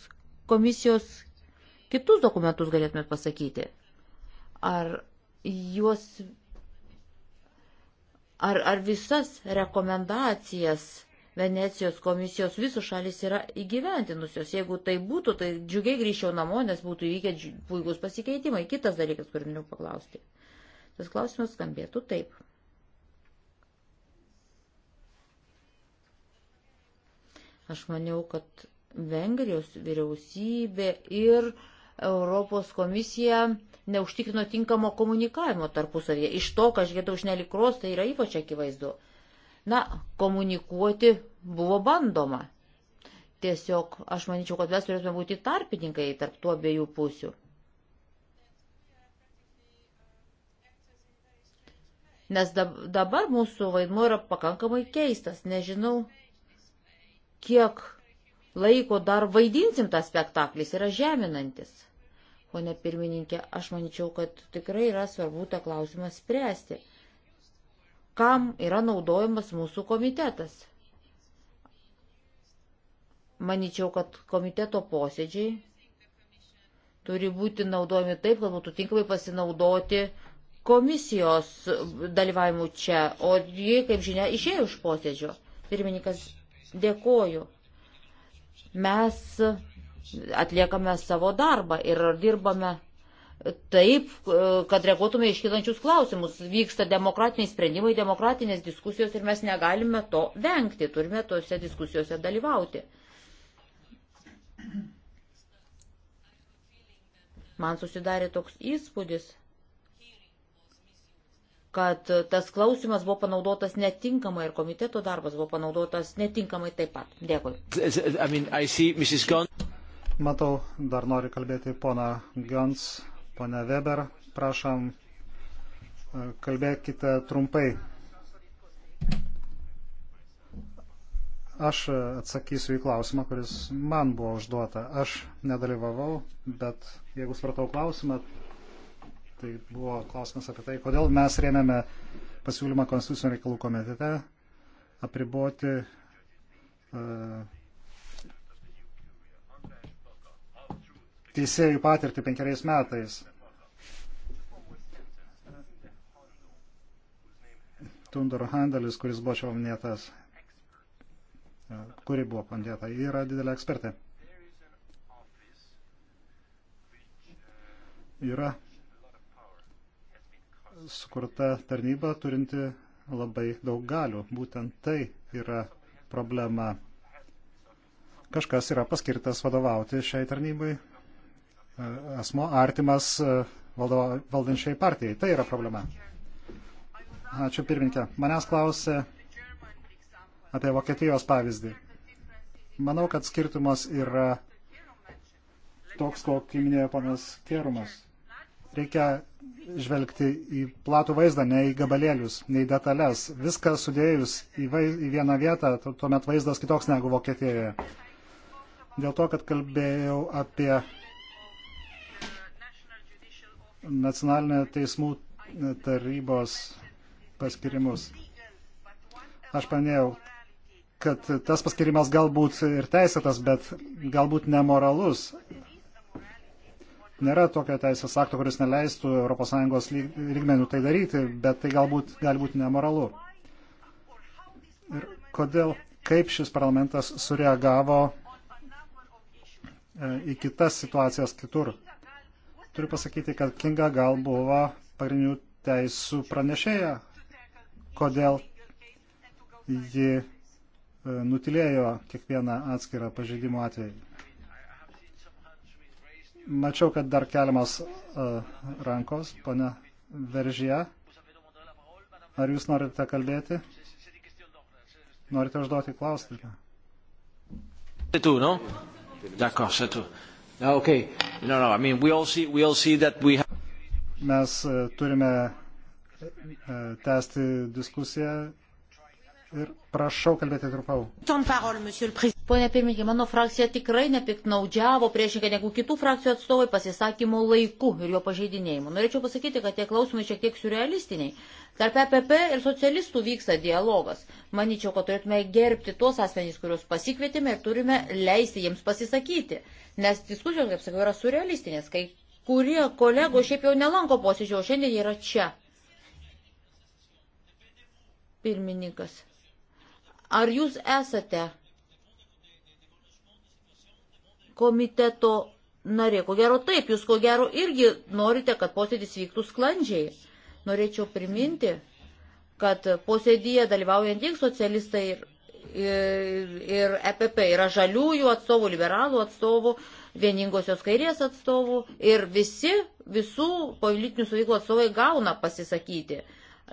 komisijos kitus dokumentus galėtumėt pasakyti. Ar juos. Ar, ar visas rekomendacijas Venecijos komisijos visos šalis yra įgyventinusios. Jeigu tai būtų, tai džiugiai grįžčiau namo, nes būtų įvykę puikus pasikeitimai. Kitas dalykas, kurį noriu paklausti. Uh, Tas klausimas skambėtų taip. Aš maniau, kad Vengrijos vyriausybė ir Europos komisija neužtikrino tinkamo komunikavimo tarpusavėje. Iš to, ką aš gėdau iš nelikros, tai yra ypač akivaizdu. Na, komunikuoti buvo bandoma. Tiesiog aš manyčiau, kad mes turėtume būti tarpininkai tarp tų abiejų pusių. Nes dabar mūsų vaidmuo yra pakankamai keistas. Nežinau, kiek laiko dar vaidinsim tą spektaklį. Jis yra žeminantis. Pone pirmininkė, aš manyčiau, kad tikrai yra svarbu tą klausimą spręsti. Kam yra naudojamas mūsų komitetas? Manyčiau, kad komiteto posėdžiai turi būti naudojami taip, kad būtų tinkamai pasinaudoti komisijos dalyvavimu čia, o ji, kaip žinia, išėjo iš posėdžio. Pirmininkas, dėkoju. Mes atliekame savo darbą ir dirbame taip, kad reaguotume iškilančius klausimus. Vyksta demokratiniai sprendimai, demokratinės diskusijos ir mes negalime to vengti, turime tose diskusijose dalyvauti. Man susidarė toks įspūdis, kad tas klausimas buvo panaudotas netinkamai ir komiteto darbas buvo panaudotas netinkamai taip pat. Dėkui.
I
mean,
Matau, dar nori kalbėti pona Gans, pona Weber. Prašom, e, kalbėkite trumpai. Aš e, atsakysiu į klausimą, kuris man buvo užduota. Aš nedalyvavau, bet jeigu svartau klausimą, tai buvo klausimas apie tai, kodėl mes rėmėme pasiūlymą Konstitucinio reikalų komitete apriboti uh, teisėjų patirtį penkeriais metais. Tundor Handelis, kuris buvo čia paminėtas, e, kuri buvo paminėta, yra didelė ekspertė. Yra sukurta tarnyba turinti labai daug galių. Būtent tai yra problema. Kažkas yra paskirtas vadovauti šiai tarnybai. Asmo artimas e, valdančiai partijai. Tai yra problema. Ačiū pirminkė. Manęs klausė apie Vokietijos pavyzdį. Manau, kad skirtumas yra toks, kokį minėjo panas Kerumas. Reikia žvelgti į platų vaizdą, ne į gabalėlius, ne į detalės. Viską sudėjus į, vai, į vieną vietą, tuomet vaizdas kitoks negu Vokietijoje. Dėl to, kad kalbėjau apie nacionalinę teismų tarybos paskirimus. Aš panėjau, kad tas paskirimas galbūt ir teisėtas, bet galbūt nemoralus. Nėra tokio teisės akto, kuris neleistų ES lygmenių tai daryti, bet tai galbūt gali būti nemoralu. Ir kodėl, kaip šis parlamentas sureagavo e, į kitas situacijas kitur. Turiu pasakyti, kad Kinga gal buvo pagrindinių teisų pranešėja, kodėl ji e, nutilėjo kiekvieną atskirą pažeidimo atvejį. Mačiau, kad dar keliamas uh, e, rankos, pana Veržyje. Ar jūs norite kalbėti? Norite užduoti klausimą?
C'est tout, non? D'accord, c'est tout. No, ah, okay. No, no, I mean, we all see, we all see that we have...
Mes uh, turime uh, tęsti diskusiją Ir prašau kalbėti trumpiau.
Pone pirmininkė, mano frakcija tikrai nepiknaudžiavo priešingai negu kitų frakcijų atstovai pasisakymo laiku ir jo pažeidinėjimu. Norėčiau pasakyti, kad tie klausimai šiek tiek surrealistiniai. Tarp EPP ir socialistų vyksta dialogas. Maničiau, kad turėtume gerbti tuos asmenys, kuriuos pasikvietėme ir turime leisti jiems pasisakyti. Nes diskusijos, kaip sakiau, yra surrealistinės, kai kurie kolego šiaip jau nelanko posėdžio, o šiandien yra čia. Pirmininkas Ar jūs esate komiteto narė? Ko gero taip, jūs ko gero irgi norite, kad posėdis vyktų sklandžiai. Norėčiau priminti, kad posėdyje dalyvaujant tiek socialistai ir, ir, ir EPP yra žaliųjų atstovų, liberalų atstovų, vieningosios kairės atstovų ir visi visų politinių stovyklų atstovai gauna pasisakyti.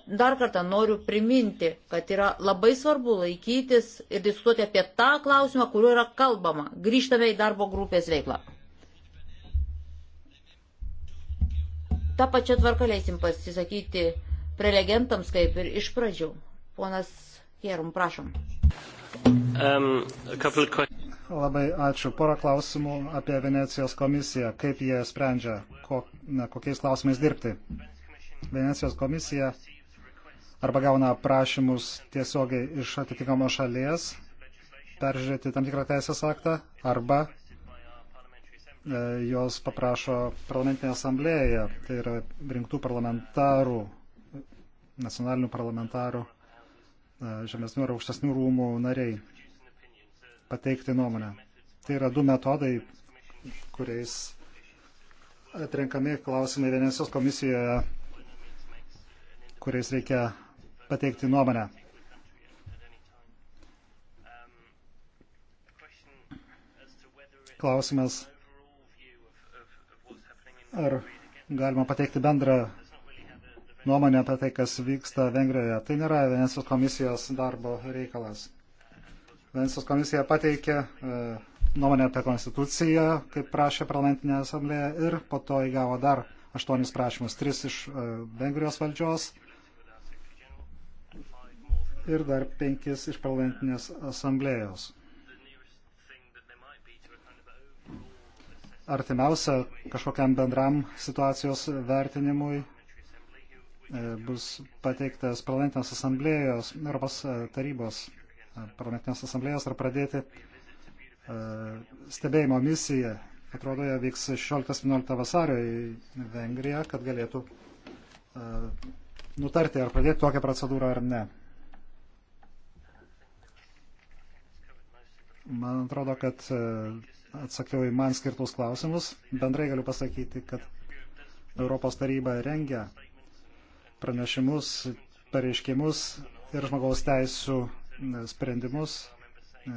Dar kartą noriu priminti, kad yra labai svarbu laikytis ir diskutuoti apie tą klausimą, kuriuo yra kalbama. Grįžtame į darbo grupės veiklą. Ta pačia tvarka leisim pasisakyti prelegentams kaip ir iš pradžių. Ponas Jerum, prašom.
Um, Labai ačiū. Porą klausimų apie Venecijos komisiją. Kaip jie sprendžia, ko, na, kokiais klausimais dirbti. Venecijos komisija arba gauna prašymus tiesiogiai iš atitinkamos šalies peržiūrėti tam tikrą teisės aktą arba e, jos paprašo parlamentinė asamblėja, tai yra rinktų parlamentarų, nacionalinių parlamentarų, e, žemesnių ar aukštesnių rūmų nariai pateikti nuomonę. Tai yra du metodai, kuriais atrenkami klausimai Venecijos komisijoje, kuriais reikia pateikti nuomonę. Klausimas, ar galima pateikti bendrą nuomonę apie tai, kas vyksta Vengrijoje. Tai nėra Venecijos komisijos darbo reikalas. Venecijos komisija pateikė e, nuomonę apie konstituciją, kaip prašė parlamentinė asamblėje ir po to įgavo dar aštuonis prašymus, tris iš e, Vengrijos valdžios ir dar penkis iš parlamentinės asamblėjos. Artimiausia kažkokiam bendram situacijos vertinimui e, bus pateiktas parlamentinės asamblėjos, Europos e, tarybos e, parlamentinės asamblėjos ir pradėti stebėjimo misiją. Atrodo, jie vyks 16-11 vasario į Vengriją, kad galėtų nutarti, ar pradėti tokią procedūrą ar ne. Man atrodo, kad e, atsakiau į man skirtus klausimus. Bendrai galiu pasakyti, kad Europos taryba rengia pranešimus, pareiškimus ir žmogaus teisų e, sprendimus e,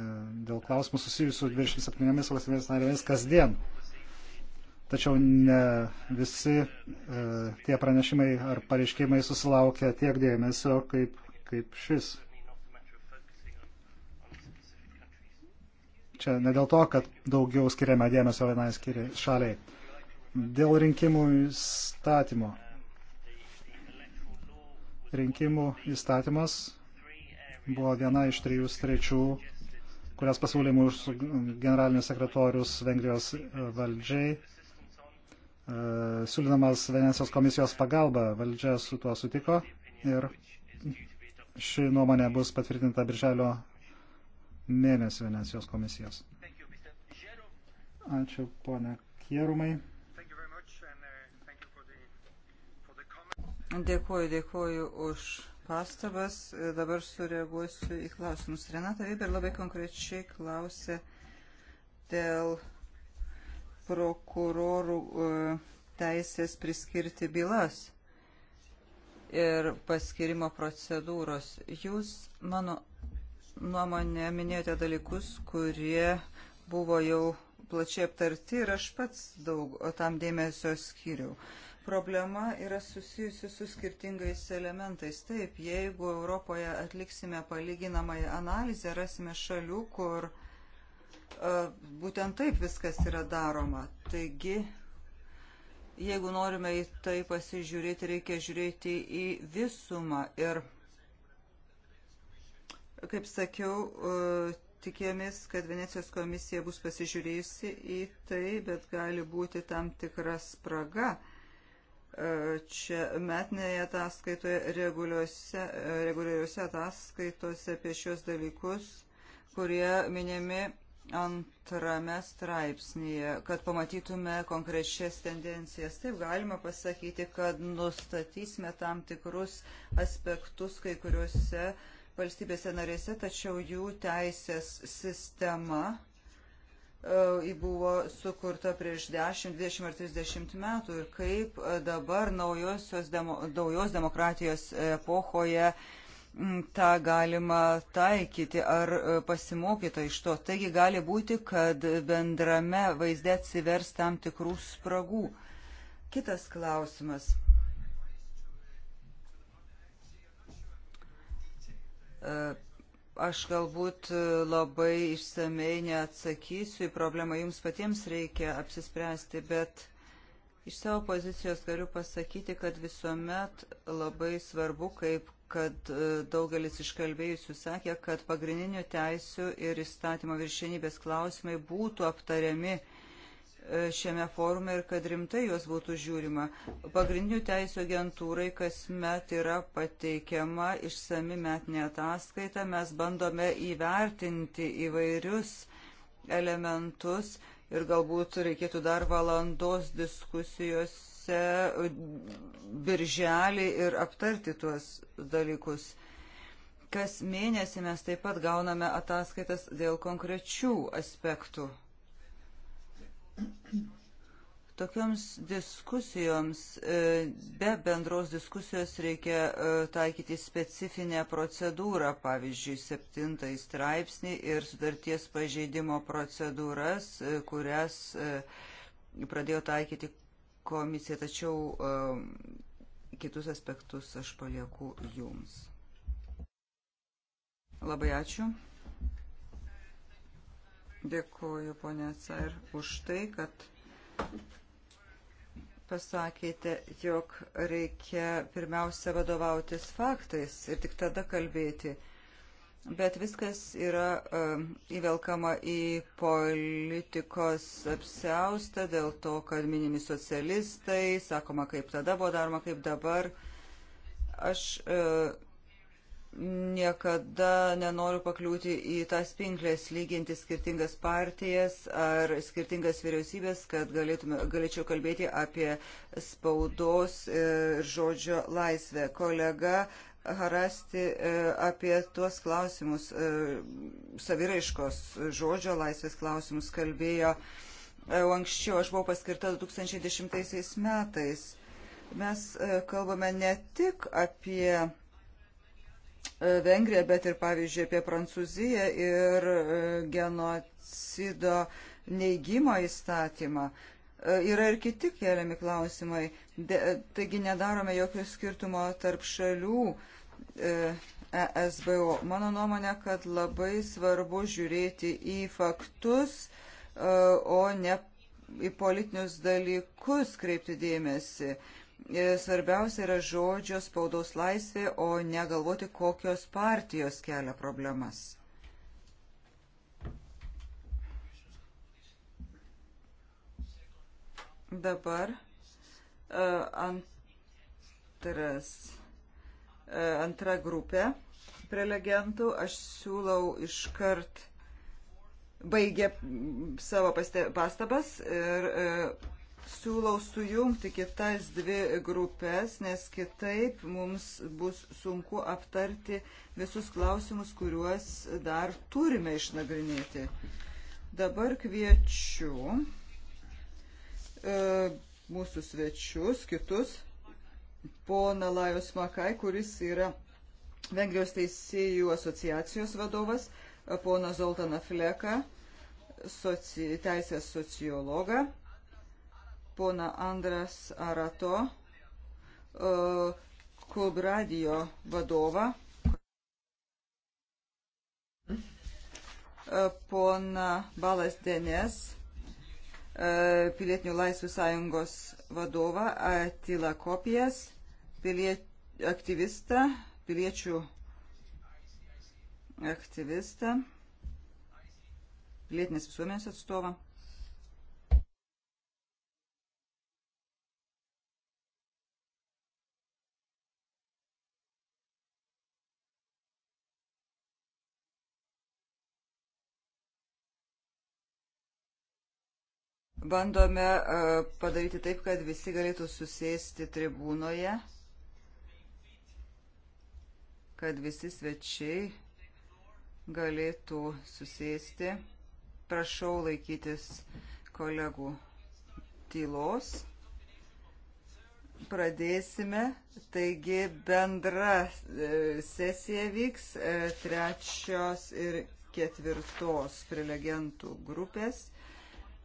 dėl klausimų susijusių 27 valstybės narėmis kasdien. Tačiau ne visi e, tie pranešimai ar pareiškimai susilaukia tiek dėmesio kaip, kaip šis. Čia ne dėl to, kad daugiau skiriame dėmesio vienai skiriai, šaliai. Dėl rinkimų įstatymo. Rinkimų įstatymas buvo viena iš trijų strečių, kurias pasiūlė mūsų generalinis sekretorius Vengrijos e, valdžiai e, siūlydamas Venecijos komisijos pagalbą, valdžia su tuo sutiko ir ši nuomonė bus patvirtinta birželio mėnesį Venecijos komisijos. Ačiū, ponia Kierumai.
Uh, dėkuoju, dėkuoju už pastabas. Dabar sureaguosiu į klausimus. Renata Viber labai konkrečiai klausė dėl prokurorų e, teisės priskirti bylas ir paskirimo procedūros. Jūs mano nuomonę minėjote dalykus, kurie buvo jau plačiai aptarti ir aš pats daug tam dėmesio skiriau. Problema yra susijusi su skirtingais elementais. Taip, jeigu Europoje atliksime palyginamąją analizę, rasime šalių, kur uh, būtent taip viskas yra daroma. Taigi, jeigu norime į tai pasižiūrėti, reikia žiūrėti į visumą ir uh, Kaip sakiau, e, tikėjomės, kad Venecijos komisija bus pasižiūrėjusi į tai, bet gali būti tam tikra spraga. E, čia metinėje ataskaitoje, e, reguliariuose ataskaitose apie šios dalykus, kurie minimi antrame straipsnėje, kad pamatytume konkrečias tendencijas. Taip galima pasakyti, kad nustatysime tam tikrus aspektus kai kuriuose uh, valstybėse narėse, tačiau jų teisės sistema e, buvo sukurta prieš 10, 20 ar 30 metų ir kaip e, dabar naujosios demo, naujos demokratijos epochoje tą galima taikyti ar e, pasimokyta iš to. Taigi gali būti, kad bendrame vaizde atsivers tam tikrų spragų. Kitas klausimas – Aš galbūt e, labai išsamei neatsakysiu į problemą, jums patiems reikia apsispręsti, bet iš savo pozicijos galiu pasakyti, kad visuomet labai svarbu, kaip kad e, daugelis iškalbėjusių sakė, kad pagrindinių teisių ir įstatymo viršenybės klausimai būtų aptariami uh, E, šiame forume ir kad rimtai juos būtų žiūrima. Pagrindinių teisų agentūrai kasmet yra pateikiama išsami metinė ataskaita. Mes bandome įvertinti įvairius elementus ir galbūt reikėtų dar valandos diskusijose birželį ir aptarti tuos dalykus. Kas mėnesį mes taip pat gauname ataskaitas dėl konkrečių aspektų Tokioms diskusijoms e, be bendros diskusijos reikia e, taikyti specifinę procedūrą, pavyzdžiui, septintąjį straipsnį ir sutarties pažeidimo procedūras, e, kurias pradėjo taikyti komisija, tačiau kitus aspektus aš palieku jums. Labai ačiū. Dėkuoju, ponė Cair, už tai, kad pasakėte, jog reikia pirmiausia vadovautis faktais ir tik tada kalbėti. Bet viskas yra um, įvelkama į politikos apsiaustą dėl to, kad minimi socialistai, sakoma, kaip tada buvo daroma, kaip dabar. Aš uh, niekada nenoriu pakliūti į tas pinklės lyginti skirtingas partijas ar skirtingas vyriausybės, kad galėtume, galėčiau kalbėti apie spaudos ir žodžio laisvę. Kolega Harasti e, apie tuos klausimus, e, saviraiškos žodžio laisvės klausimus kalbėjo e, anksčiau. Aš buvau paskirta 2010 metais. Mes kalbame ne tik apie E, Vengriją, bet ir pavyzdžiui apie Prancūziją ir e, genocido neigimo įstatymą. E, yra ir kiti keliami klausimai. De, taigi nedarome jokio skirtumo tarp šalių e, ESBO. Mano nuomonė, kad labai svarbu žiūrėti į faktus, e, o ne į politinius dalykus kreipti dėmesį. E, E, svarbiausia yra žodžio spaudos laisvė, o ne galvoti, kokios partijos kelia problemas. Dabar e, antras, e, antra grupė prelegentų. Aš siūlau iškart baigę savo pastabas ir siūlau sujungti kitas dvi grupės, nes kitaip mums bus sunku aptarti visus klausimus, kuriuos dar turime išnagrinėti. Dabar kviečiu e, mūsų svečius, kitus, poną Lajos Makai, kuris yra Vengrijos teisėjų asociacijos vadovas, poną Zoltaną Fleką, soci, teisės sociologą pona Andras Arato, e, Kulbradijo vadovą, e, pona Balas Denės, e, Pilietinių laisvių sąjungos vadovą, Atila Kopijas, piliet, aktyvistą, piliečių aktyvistą, pilietinės visuomenės atstovą. bandome e, padaryti taip, kad visi galėtų susėsti tribūnoje, kad visi svečiai galėtų susėsti. Prašau laikytis kolegų tylos. Pradėsime. Taigi bendra e, sesija vyks e, trečios ir ketvirtos prelegentų grupės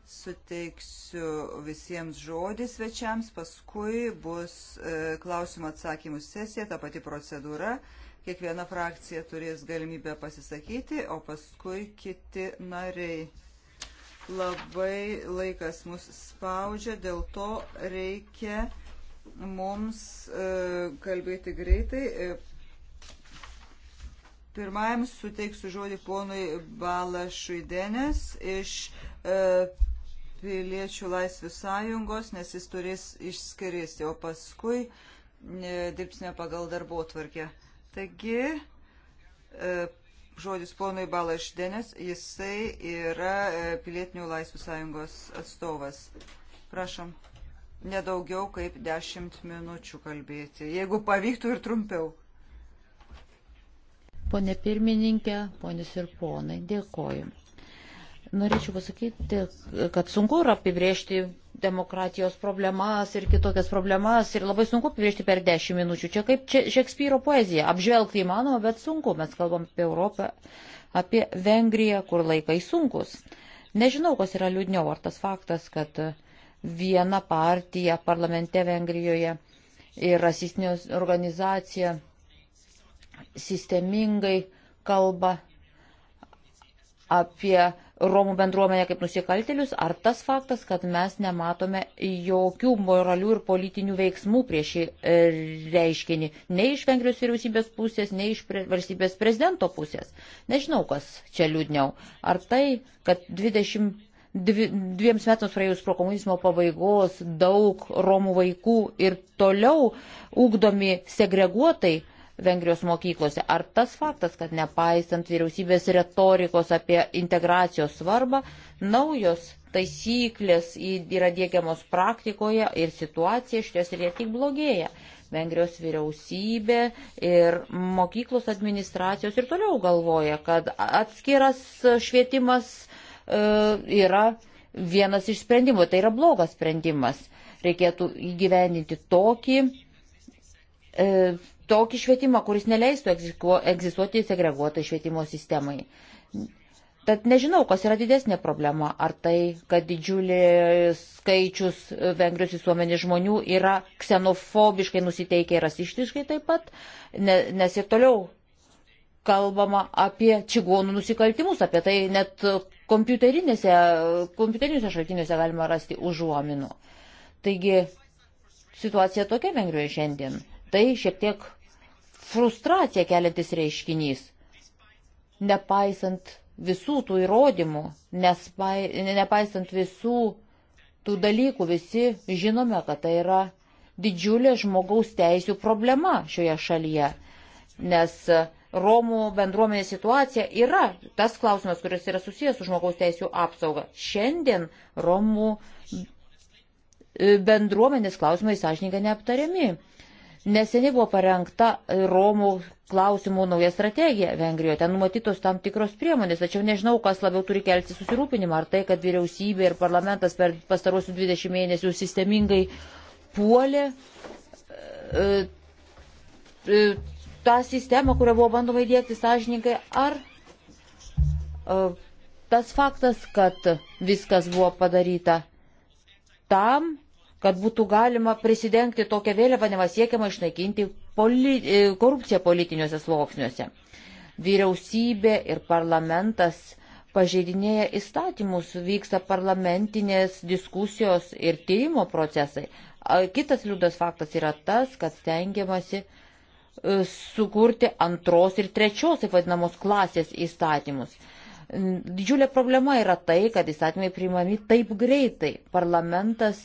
suteiksiu visiems žodį svečiams, paskui bus e, klausimų atsakymų sesija, ta pati procedūra. Kiekviena frakcija turės galimybę pasisakyti, o paskui kiti nariai. Labai laikas mus spaudžia, dėl to reikia mums e, kalbėti greitai. E, pirmajam suteiksiu žodį ponui Balašui Denės iš piliečių laisvių sąjungos, nes jis turės išskiristi, o paskui e, dirbsime pagal darbo tvarkę. Taigi, e, žodis ponui Balašdenės, jisai yra e, pilietinių laisvių sąjungos atstovas. Prašom, nedaugiau kaip dešimt minučių kalbėti, jeigu pavyktų ir trumpiau.
Pone pirmininkė, ponius ir ponai, dėkoju. Norėčiau pasakyti, kad sunku yra apibriežti demokratijos problemas ir kitokias problemas ir labai sunku apibriežti per dešimt minučių. Čia kaip Šekspyro poezija. Apžvelgti įmanoma, bet sunku. Mes kalbam apie Europą, apie Vengriją, kur laikai sunkus. Nežinau, kas yra liūdniau, ar tas faktas, kad viena partija parlamente Vengrijoje ir rasistinė organizacija sistemingai kalba apie Romų bendruomenę kaip nusikaltelius, ar tas faktas, kad mes nematome jokių moralių ir politinių veiksmų prieš šį e, reiškinį, nei iš Vengrijos vyriausybės pusės, nei iš pre, valstybės prezidento pusės. Nežinau, kas čia liūdniau. Ar tai, kad 20 dvi, dviems metams praėjus pro komunizmo pabaigos daug romų vaikų ir toliau ugdomi segreguotai, Vengrijos mokyklose. Ar tas faktas, kad nepaisant vyriausybės retorikos apie integracijos svarbą, naujos taisyklės yra dėgiamos praktikoje ir situacija iš ties ir jie tik blogėja. Vengrijos vyriausybė ir mokyklos administracijos ir toliau galvoja, kad atskiras švietimas e, yra vienas iš sprendimų, tai yra blogas sprendimas. Reikėtų įgyveninti tokį e, tokį švietimą, kuris neleistų egzistuoti segreguotai švietimo sistemai. Tad nežinau, kas yra didesnė problema. Ar tai, kad didžiulis skaičius Vengrijos visuomenės žmonių yra ksenofobiškai nusiteikę ir rasistiškai taip pat, ne, nes ir toliau kalbama apie čigonų nusikaltimus, apie tai net kompiuteriniuose šaltiniuose galima rasti užuominų. Taigi situacija tokia Vengrijoje šiandien. Tai šiek tiek frustraciją keliantis reiškinys, nepaisant visų tų įrodymų, nespai, nepaisant visų tų dalykų, visi žinome, kad tai yra didžiulė žmogaus teisų problema šioje šalyje, nes Romų bendruomenės situacija yra tas klausimas, kuris yra susijęs su žmogaus teisų apsauga. Šiandien Romų bendruomenės klausimai sąžininkai neaptariami. Neseniai buvo parengta Romų klausimų nauja strategija Vengrijoje, ten numatytos tam tikros priemonės, tačiau nežinau, kas labiau turi kelti susirūpinimą, ar tai, kad vyriausybė ir parlamentas per pastarosius 20 mėnesių sistemingai puolė e, e, tą sistemą, kurią buvo bandoma įdėkti sąžininkai, ar e, tas faktas, kad viskas buvo padaryta tam, kad būtų galima prisidengti tokią vėliavą, nevasiekiama išnaikinti poli e, korupciją politiniuose sluoksniuose. Vyriausybė ir parlamentas pažeidinėja įstatymus, vyksta parlamentinės diskusijos ir tyrimo procesai. Kitas liūdas faktas yra tas, kad stengiamasi e, sukurti antros ir trečios, taip vadinamos, klasės įstatymus. Didžiulė problema yra tai, kad įstatymai priimami taip greitai. Parlamentas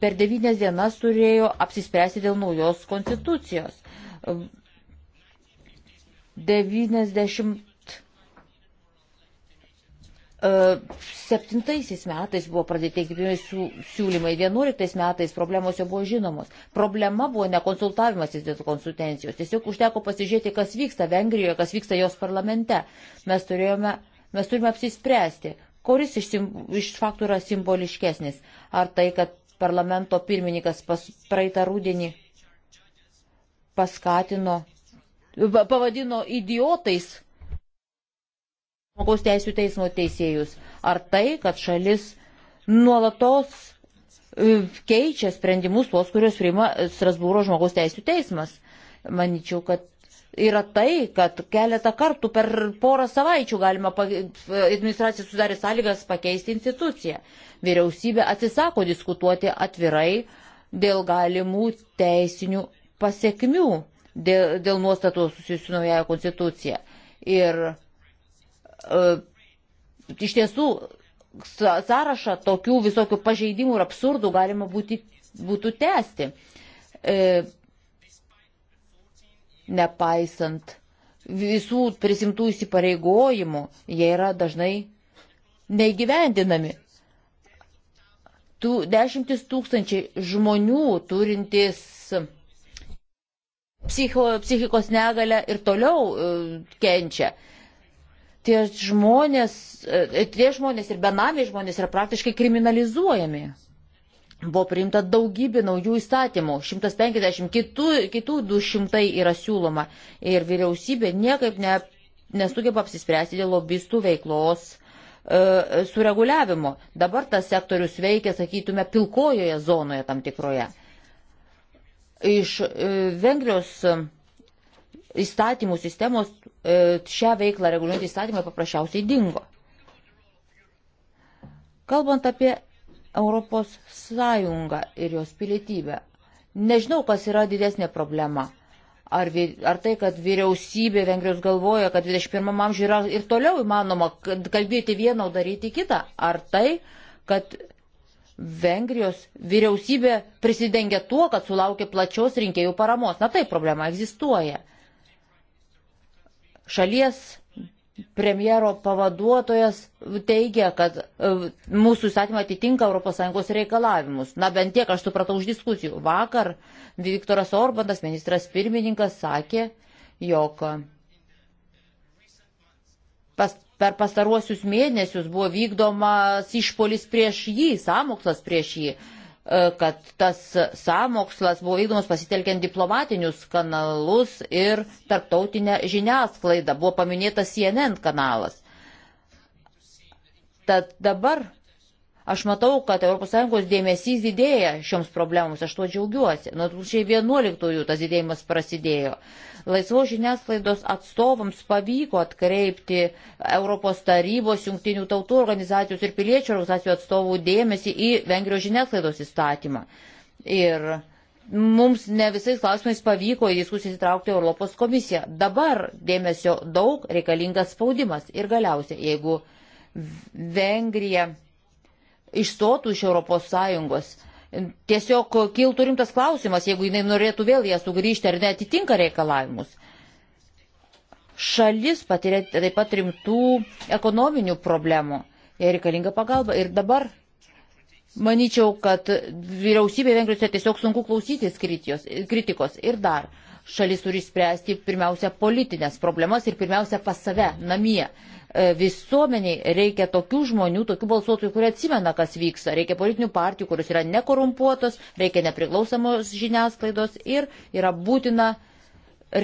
per devynės dienas turėjo apsispręsti dėl naujos konstitucijos. 90 e, Septintaisiais metais buvo pradėti kiekvienai siūlymai, vienuoliktais metais problemos jau buvo žinomos. Problema buvo ne konsultavimasis dėl konsultencijos, tiesiog užteko pasižiūrėti, kas vyksta Vengrijoje, kas vyksta jos parlamente. Mes, turėjome, mes turime apsispręsti, kuris iš, sim, iš faktų yra simboliškesnis. Ar tai, kad parlamento pirmininkas pas, praeitą rūdienį paskatino, pavadino idiotais žmogaus teisų teismo teisėjus. Ar tai, kad šalis nuolatos e, keičia sprendimus tuos, kuriuos priima Strasbūro žmogaus teisų teismas? Maničiau, kad yra tai, kad keletą kartų per porą savaičių galima administracija sudarė sąlygas pakeisti instituciją. Vyriausybė atsisako diskutuoti atvirai dėl galimų teisinių pasiekmių dėl, dėl nuostatų susijusių naująją konstituciją. Ir e, iš tiesų sąrašą tokių visokių pažeidimų ir absurdų galima būti, būtų tęsti. E, nepaisant visų prisimtų įsipareigojimų, jie yra dažnai neįgyvendinami. Tų dešimtis tūkstančiai žmonių turintys psicho, psichikos negalę ir toliau e, kenčia. Tie žmonės, e, tie žmonės ir benamiai žmonės yra praktiškai kriminalizuojami. Buvo priimta daugybė naujų įstatymų, 150 kitų, kitų 200 yra siūloma ir vyriausybė niekaip ne, nesugeba apsispręsti dėl lobistų veiklos e, sureguliavimo. Dabar tas sektorius veikia, sakytume, pilkojoje zonoje tam tikroje. Iš e, Vengrijos įstatymų sistemos e, šią veiklą reguliuojantys įstatymai paprasčiausiai dingo. Kalbant apie Europos Sąjungą ir jos pilietybę. Nežinau, kas yra didesnė problema. Ar, ar tai, kad vyriausybė Vengrijos galvoja, kad 21 amžiuje yra ir toliau įmanoma kalbėti vieną, o daryti kitą. Ar tai, kad Vengrijos vyriausybė prisidengia tuo, kad sulaukia plačios rinkėjų paramos. Na taip, problema egzistuoja. Šalies premjero pavaduotojas teigia, kad e, mūsų įstatymą atitinka ES reikalavimus. Na bent tiek aš supratau už diskusijų. Vakar Viktoras Orbanas, ministras pirmininkas, sakė, jog pas, per pastaruosius mėnesius buvo vykdomas išpolis prieš jį, samokslas prieš jį. E, kad tas sąmokslas buvo vykdomas pasitelkiant diplomatinius kanalus ir tarptautinę žiniasklaidą. Buvo paminėtas CNN kanalas. Tad dabar aš matau, kad ES dėmesys didėja šioms problemams, aš tuo džiaugiuosi. Nuo 2011 tas didėjimas prasidėjo. Laisvos žiniasklaidos atstovams pavyko atkreipti Europos tarybos, jungtinių tautų organizacijos ir piliečių organizacijų atstovų dėmesį į Vengrijos žiniasklaidos įstatymą. Ir mums ne visais klausimais pavyko į diskusiją įtraukti Europos komisiją. Dabar dėmesio daug, reikalingas spaudimas. Ir galiausiai, jeigu Vengrija išstotų iš Europos Sąjungos, tiesiog kiltų rimtas klausimas, jeigu jinai norėtų vėl ją sugrįžti ar neatitinka reikalavimus. Šalis patiria taip pat rimtų ekonominių problemų. Jai reikalinga pagalba. Ir dabar manyčiau, kad vyriausybė Vengrijose tiesiog sunku klausytis kritikos. Ir dar šalis turi spręsti pirmiausia politinės problemas ir pirmiausia pas save namie. E, visuomeniai reikia tokių žmonių, tokių balsuotojų, kurie atsimena, kas vyksta. Reikia politinių partijų, kurios yra nekorumpuotos, reikia nepriklausomos žiniasklaidos ir yra būtina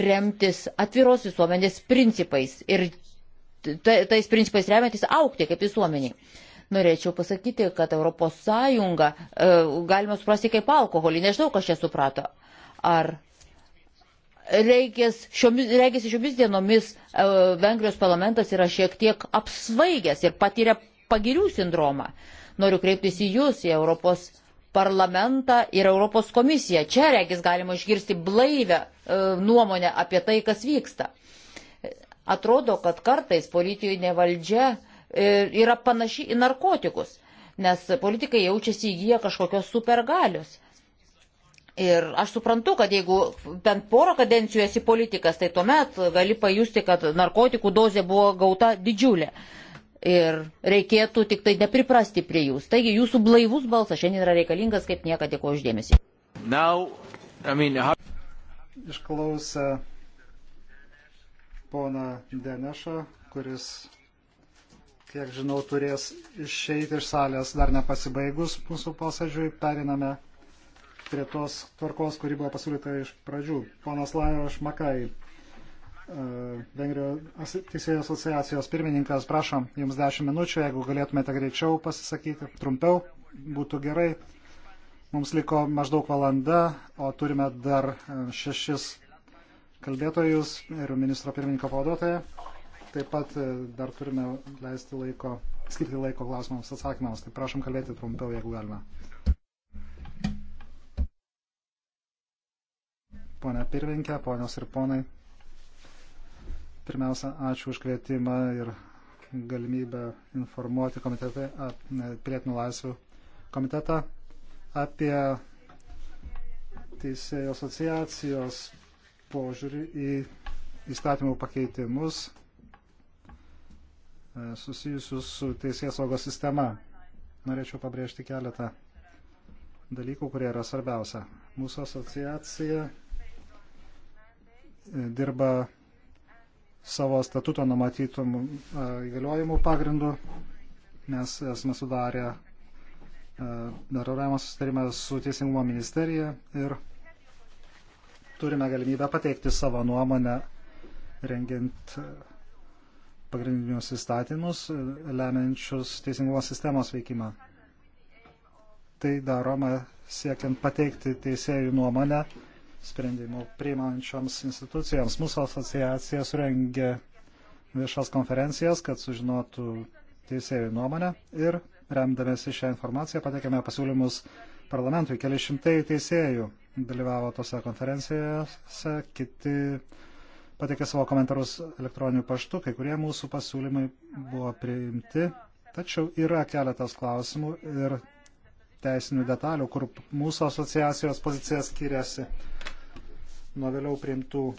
remtis atviros visuomenės principais ir tais principais remiantis aukti kaip visuomeniai. Norėčiau pasakyti, kad ES e, galima suprasti kaip alkoholį. Nežinau, kas čia suprato. Ar reikės šiomis, reikės šiomis dienomis e, Vengrijos parlamentas yra šiek tiek apsvaigęs ir patyrė pagirių sindromą. Noriu kreiptis į Jūs, į Europos parlamentą ir Europos komisiją. Čia reikės galima išgirsti blaivę e, nuomonę apie tai, kas vyksta. Atrodo, kad kartais politinė valdžia e, yra panaši į narkotikus, nes politikai jaučiasi įgyję kažkokios supergalios Ir aš suprantu, kad jeigu bent porą kadencijų esi politikas, tai tuomet gali pajusti, kad narkotikų dozė buvo gauta didžiulė. Ir reikėtų tik tai nepriprasti prie jūs. Taigi jūsų blaivus balsas šiandien yra reikalingas, kaip niekada dėkuoju uždėmesi.
Now, I mean, how... Išklausę poną Denešą, kuris, kiek žinau, turės išeiti iš salės dar nepasibaigus mūsų posėdžiui, periname prie tos tvarkos, kuri buvo pasiūlyta iš pradžių. Ponas Lajos Makai, e, Vengrijos teisėjų asociacijos pirmininkas, prašom, jums 10 minučių, jeigu galėtumėte greičiau pasisakyti, trumpiau, būtų gerai. Mums liko maždaug valanda, o turime dar e, šešis kalbėtojus ir ministro pirmininko pavaduotoją. Taip pat e, dar turime leisti laiko, skirti laiko klausimams atsakymams. Tai prašom kalbėti trumpiau, jeigu galima. Pone pirmininkė, ponios ir ponai, pirmiausia, ačiū už kvietimą ir galimybę informuoti komitete, pilietinių laisvių komitetą apie teisėjų asociacijos požiūrį į įstatymų pakeitimus e, susijusius su teisės saugos sistema. Norėčiau pabrėžti keletą dalykų, kurie yra svarbiausia. Mūsų asociacija dirba savo statuto numatytum įgaliojimų pagrindu. Mes esame sudarę bendradarbiavimo susitarimą su Teisingumo ministerija ir turime galimybę pateikti savo nuomonę rengiant pagrindinius įstatymus, lemiančius teisingumo sistemos veikimą. Tai daroma siekiant pateikti teisėjų nuomonę sprendimų priimančioms institucijoms. Mūsų asociacija surengė viešas konferencijas, kad sužinotų teisėjų nuomonę ir remdamėsi šią informaciją patekėme pasiūlymus parlamentui. Keli šimtai teisėjų dalyvavo tose konferencijose, kiti patekė savo komentarus elektroniniu paštu, kai kurie mūsų pasiūlymai buvo priimti, tačiau yra keletas klausimų ir teisinių detalių, kur mūsų asociacijos pozicija skiriasi nuo vėliau priimtų e,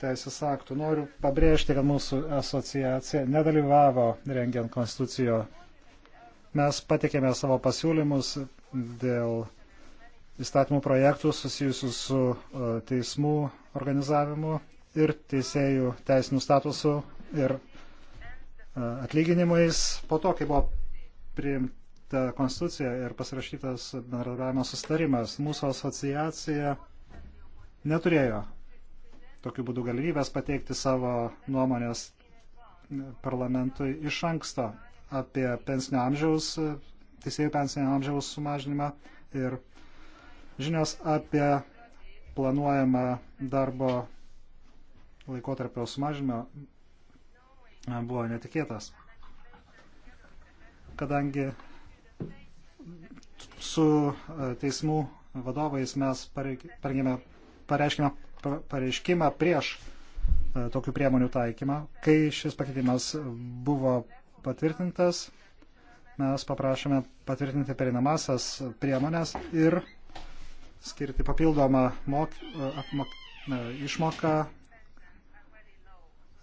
teisės aktų. Noriu pabrėžti, kad mūsų asociacija nedalyvavo rengiant konstitucijo. Mes patikėme savo pasiūlymus dėl įstatymų projektų susijusių su e, teismų organizavimu ir teisėjų teisinių statusų ir e, atlyginimais. Po to, kai buvo priimta parengta konstitucija ir pasirašytas bendradarbiavimo sustarimas. Mūsų asociacija neturėjo tokiu būdu galimybės pateikti savo nuomonės parlamentui iš anksto apie pensinio amžiaus, teisėjų pensinio amžiaus sumažinimą ir žinios apie planuojamą darbo laikotarpio sumažinimą buvo netikėtas. Kadangi su e, teismų vadovais mes pareikime, pareiškime pareiškimą prieš e, tokių priemonių taikymą. Kai šis pakeitimas buvo patvirtintas, mes paprašėme patvirtinti perinamasias priemonės ir skirti papildomą mok, e, apmok, išmoką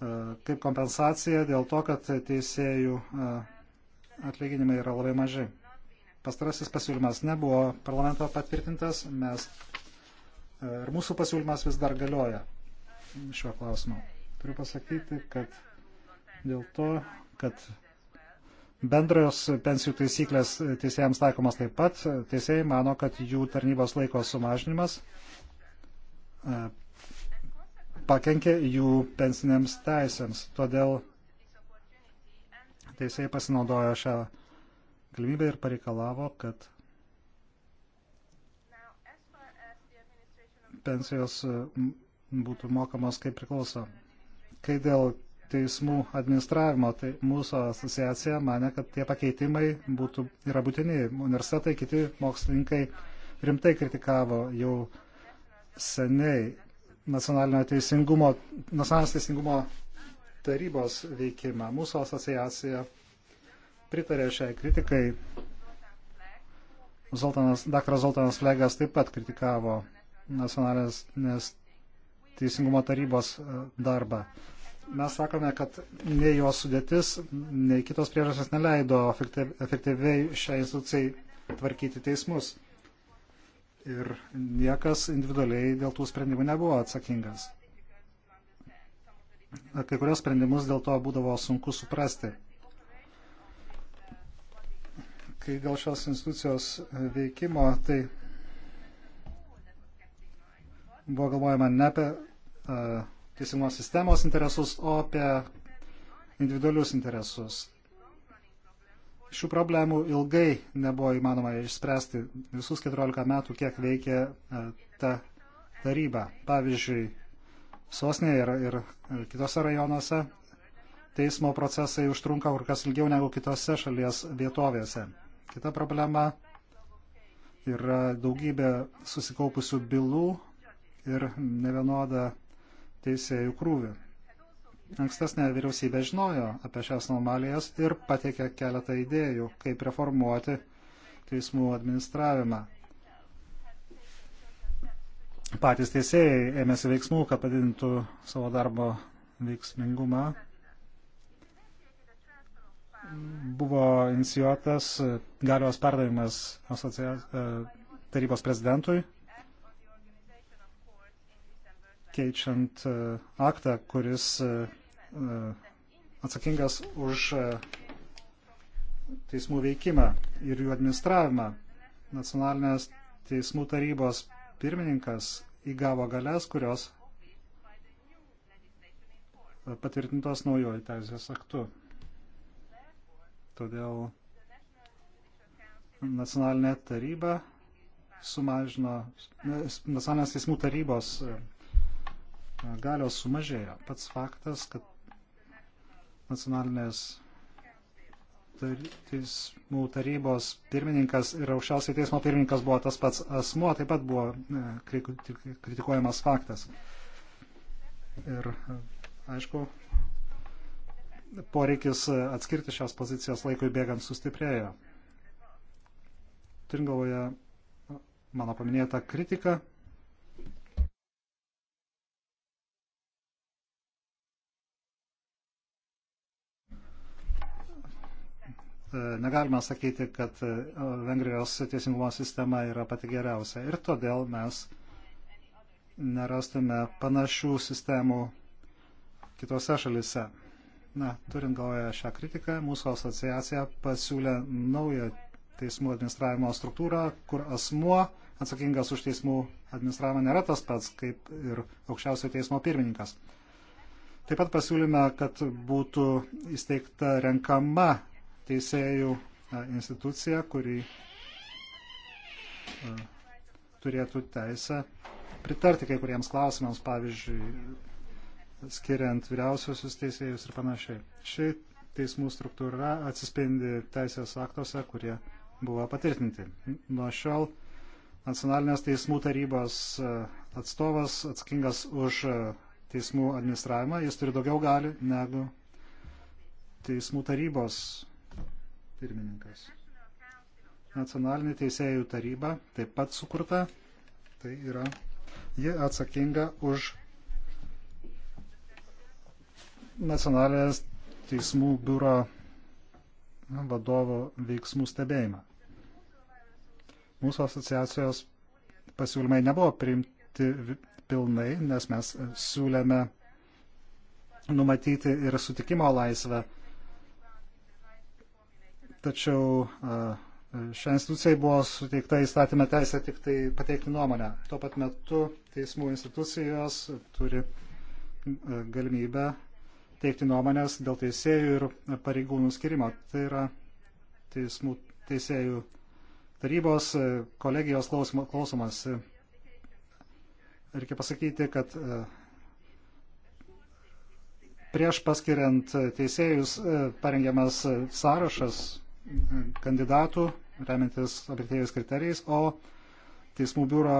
kaip kompensacija dėl to, kad teisėjų atlyginimai yra labai maži. Pastarasis pasiūlymas nebuvo parlamento patvirtintas, mes e, ir mūsų pasiūlymas vis dar galioja šiuo klausimu. Turiu pasakyti, kad dėl to, kad bendros pensijų taisyklės teisėjams taikomas taip pat, teisėjai mano, kad jų tarnybos laiko sumažinimas e, pakenkė jų pensinėms teisėms. Todėl teisėjai pasinaudojo šią galimybę ir pareikalavo, kad pensijos e, būtų mokamos kaip priklauso. Kai dėl teismų administravimo, tai mūsų asociacija mane, kad tie pakeitimai būtų, yra būtini. Universitetai, kiti mokslininkai rimtai kritikavo jau seniai nacionalinio teisingumo, nacionalinio teisingumo tarybos veikimą. Mūsų asociacija pritarė šiai kritikai. Zoltanas, dr. Zoltanas Flegas taip pat kritikavo nacionalinės teisingumo tarybos e, darbą. Mes sakome, kad nei jos sudėtis, nei kitos priežasės neleido efektyviai šiai institucijai tvarkyti teismus. Ir niekas individualiai dėl tų sprendimų nebuvo atsakingas. Kai kurios sprendimus dėl to būdavo sunku suprasti kai dėl šios institucijos e, veikimo, tai buvo galvojama ne apie uh, e, teisingumo sistemos interesus, o apie individualius interesus. Šių problemų ilgai nebuvo įmanoma išspręsti visus 14 metų, kiek veikė uh, ta taryba. Pavyzdžiui, sosnėje ir, ir kitose rajonuose teismo procesai užtrunka kur kas ilgiau negu kitose šalies vietovėse. Kita problema yra daugybė susikaupusių bylų ir nevienoda teisėjų krūvi. Ankstesnė vyriausybė žinojo apie šias anomalijas ir pateikė keletą idėjų, kaip reformuoti teismų administravimą. Patys teisėjai ėmėsi veiksmų, kad padidintų savo darbo veiksmingumą buvo inicijuotas galios perdavimas asocia... E, tarybos prezidentui, keičiant e, aktą, kuris e, atsakingas už teismų veikimą ir jų administravimą. Nacionalinės teismų tarybos pirmininkas įgavo galės, kurios patvirtintos naujoji teisės aktu. Todėl nacionalinė taryba sumažino, nacionalinės teismų tarybos e, galios sumažėjo. Pats faktas, kad nacionalinės teismų tarybos pirmininkas ir aukščiausiai teismo pirmininkas buvo tas pats asmuo, taip pat buvo e, kritikuojamas faktas. Ir e, aišku, poreikis atskirti šias pozicijas laikui bėgant sustiprėjo. Turint galvoje mano paminėtą kritiką. E, negalima sakyti, kad e, Vengrijos teisingumo sistema yra pati geriausia ir todėl mes nerastume panašių sistemų kitose šalise. Na, turint galvoje šią kritiką, mūsų asociacija pasiūlė naują teismų administravimo struktūrą, kur asmuo atsakingas už teismų administravimą nėra tas pats kaip ir aukščiausio teismo pirmininkas. Taip pat pasiūlyme, kad būtų įsteigta renkama teisėjų institucija, kuri turėtų teisę pritarti kai kuriems klausimams, pavyzdžiui, skiriant vyriausiosius teisėjus ir panašiai. Ši teismų struktūra atsispindi teisės aktuose, kurie buvo patvirtinti. Nuo šiol nacionalinės teismų tarybos e, atstovas atsakingas už e, teismų administravimą, jis turi daugiau gali negu teismų tarybos pirmininkas. Nacionalinė teisėjų taryba taip pat sukurta, tai yra, ji atsakinga už nacionalinės teismų biuro vadovo veiksmų stebėjimą. Mūsų asociacijos pasiūlymai nebuvo priimti pilnai, nes mes siūlėme numatyti ir sutikimo laisvę. Tačiau šią instituciją buvo suteikta įstatymę teisę tik tai pateikti nuomonę. Tuo pat metu teismų institucijos turi galimybę teikti nuomonės dėl teisėjų ir pareigūnų skirimo. Tai yra teismų teisėjų tarybos e, kolegijos klausimas. Reikia pasakyti, kad e, prieš paskiriant teisėjus e, parengiamas sąrašas kandidatų, remiantis objektyviais kriterijais, o teismų biuro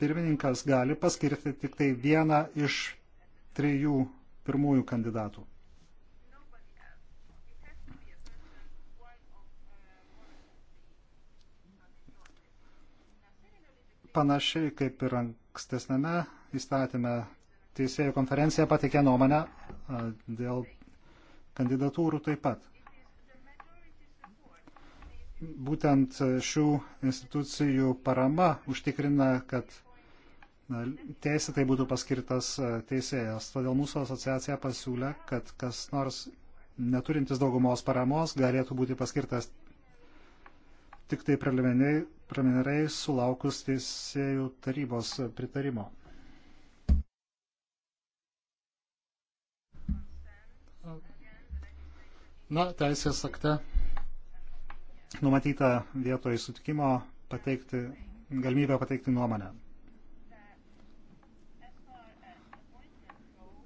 pirmininkas gali paskirti tik tai vieną iš trijų pirmųjų kandidatų. Panašiai kaip ir ankstesnėme įstatymė teisėjų konferencija patikė nuomonę dėl kandidatūrų taip pat. Būtent šių institucijų parama užtikrina, kad teisėtai būtų paskirtas e, teisėjas. Todėl mūsų asociacija pasiūlė, kad kas nors neturintis daugumos paramos galėtų būti paskirtas tik tai preliminariai sulaukus teisėjų tarybos pritarimo. Na, teisės akte numatyta vietoj sutikimo pateikti, galimybę pateikti nuomonę.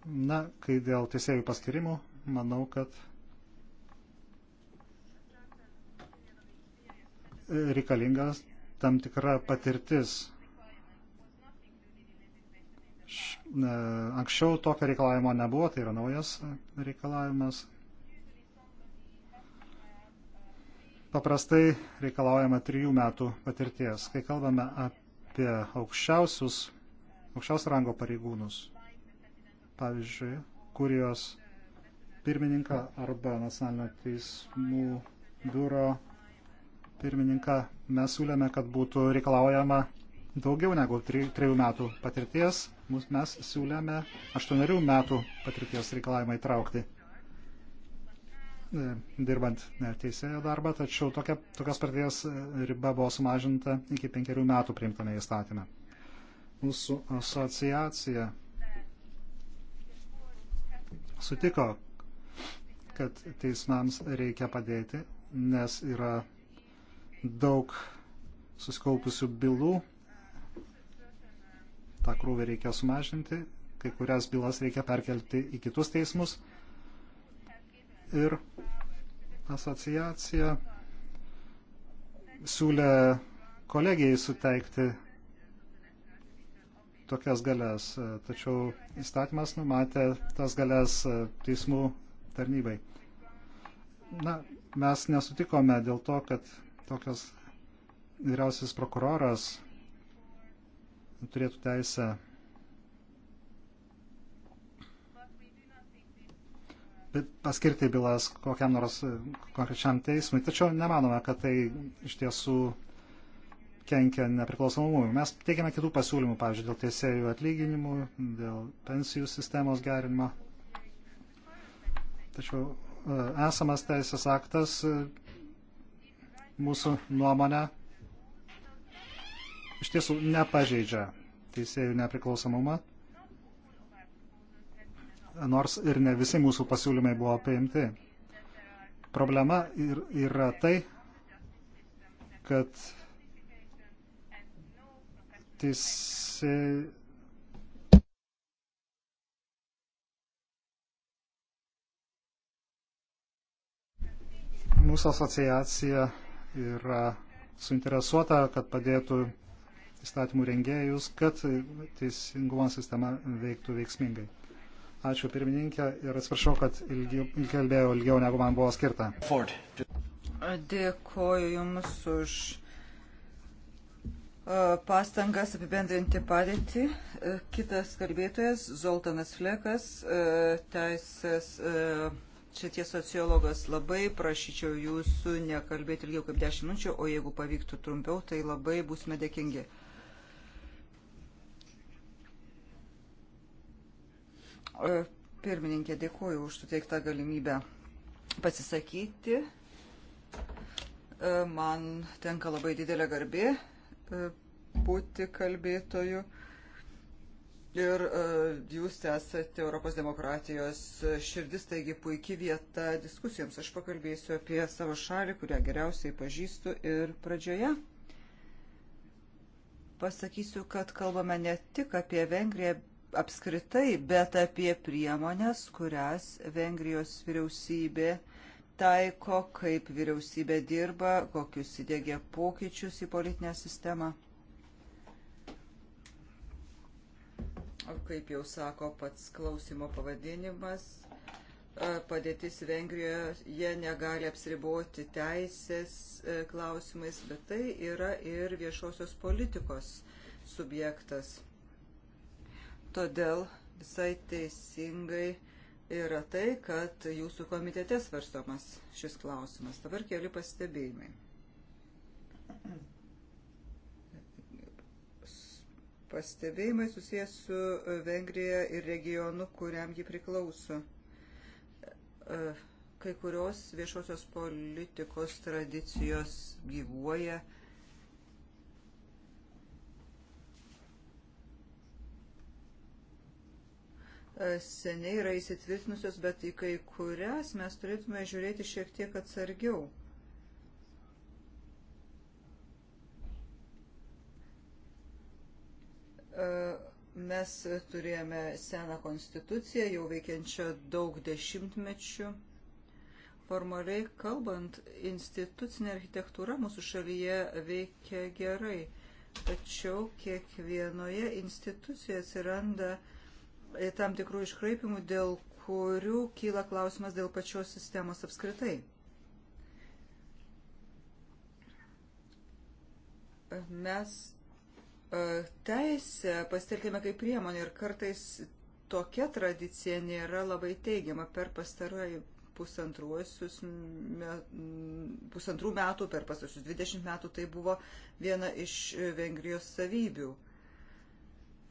Na, kai dėl teisėjų paskirimų, manau, kad reikalingas tam tikra patirtis. E, anksčiau tokio reikalavimo nebuvo, tai yra naujas reikalavimas. Paprastai reikalaujama trijų metų patirties. Kai kalbame apie aukščiausius, aukščiausio rango pareigūnus, pavyzdžiui, kurijos pirmininką arba nacionalinio teismų biuro pirmininką, mes siūlėme, kad būtų reikalaujama daugiau negu 3 metų patirties. Mes siūlėme 8 metų patirties reikalavimą įtraukti e, dirbant e, teisėjo darbą, tačiau tokia, tokios patirties e, riba buvo sumažinta iki penkerių metų priimtame įstatymę. Mūsų asociacija sutiko, kad teismams reikia padėti, nes yra daug susikaupusių bylų, tą krūvį reikia sumažinti, kai kurias bylas reikia perkelti į kitus teismus. Ir asociacija siūlė kolegijai suteikti tokias galės, e, tačiau įstatymas numatė tas galės e, teismų tarnybai. Na, mes nesutikome dėl to, kad tokios vyriausias prokuroras turėtų teisę paskirti bylas kokiam nors e, konkrečiam teismui. Tačiau nemanome, kad tai iš tiesų kenkia nepriklausomumui. Mes teikiame kitų pasiūlymų, pavyzdžiui, dėl teisėjų atlyginimų, dėl pensijų sistemos gerinimo. Tačiau e, esamas teisės aktas e, mūsų nuomonę iš tiesų nepažeidžia teisėjų nepriklausomumą, nors ir ne visi mūsų pasiūlymai buvo paimti. Problema ir, yra tai, kad teisė. E, mūsų asociacija yra suinteresuota, kad padėtų įstatymų rengėjus, kad teisingumo sistema veiktų veiksmingai. Ačiū pirmininkė ir atsiprašau, kad ilgi, kalbėjau ilgiau negu man buvo skirta. Ford.
Dėkoju Jums už pastangas apibendrinti padėtį. Kitas kalbėtojas, Zoltanas Flekas, teisės šitie sociologas, labai prašyčiau jūsų nekalbėti ilgiau kaip 10 minučių, o jeigu pavyktų trumpiau, tai labai būsime dėkingi. Pirmininkė, dėkuoju už suteiktą galimybę pasisakyti. Man tenka labai didelė garbė E, būti kalbėtoju. Ir e, jūs esate Europos demokratijos širdis, taigi puikia vieta diskusijoms. Aš pakalbėsiu apie savo šalį, kurią geriausiai pažįstu ir pradžioje. Pasakysiu, kad kalbame ne tik apie Vengriją, apskritai, bet apie priemonės, kurias Vengrijos vyriausybė taiko, kaip vyriausybė dirba, kokius įdėgė pokyčius į politinę sistemą. O kaip jau sako pats klausimo pavadinimas, e, padėtis Vengrijoje negali apsiriboti teisės e, klausimais, bet tai yra ir viešosios politikos subjektas. Todėl visai teisingai yra tai, kad jūsų komitete svarstomas šis klausimas. Dabar keli pastebėjimai. Pastebėjimai susijęs su Vengrija ir regionu, kuriam ji priklauso. E, kai kurios viešosios politikos tradicijos gyvuoja E, seniai yra įsitvirtinusios, bet į kai kurias mes turėtume žiūrėti šiek tiek atsargiau. E, mes turėjome seną konstituciją, jau veikiančią daug dešimtmečių. Formaliai kalbant, institucinė architektūra mūsų šalyje veikia gerai, tačiau kiekvienoje institucijoje atsiranda uh, tam tikrų iškraipimų, dėl kurių kyla klausimas dėl pačios sistemos apskritai. Mes e, teisę pasitelkėme kaip priemonę ir kartais tokia tradicija nėra labai teigiama per pastarąjį pusantruosius, pusantrų metų, per pasarusius 20 metų tai buvo viena iš Vengrijos savybių.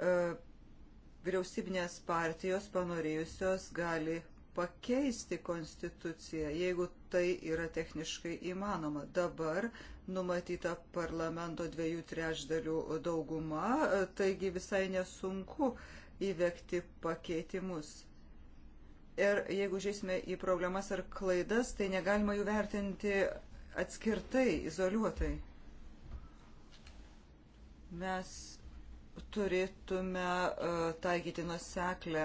E, vyriausybinės partijos panorėjusios gali pakeisti konstituciją, jeigu tai yra techniškai įmanoma. Dabar numatyta parlamento dviejų trečdalių dauguma, taigi visai nesunku įvekti pakeitimus. Ir jeigu žiūrėsime į problemas ar klaidas, tai negalima jų vertinti atskirtai, izoliuotai. Mes turėtume e, taikyti nuseklę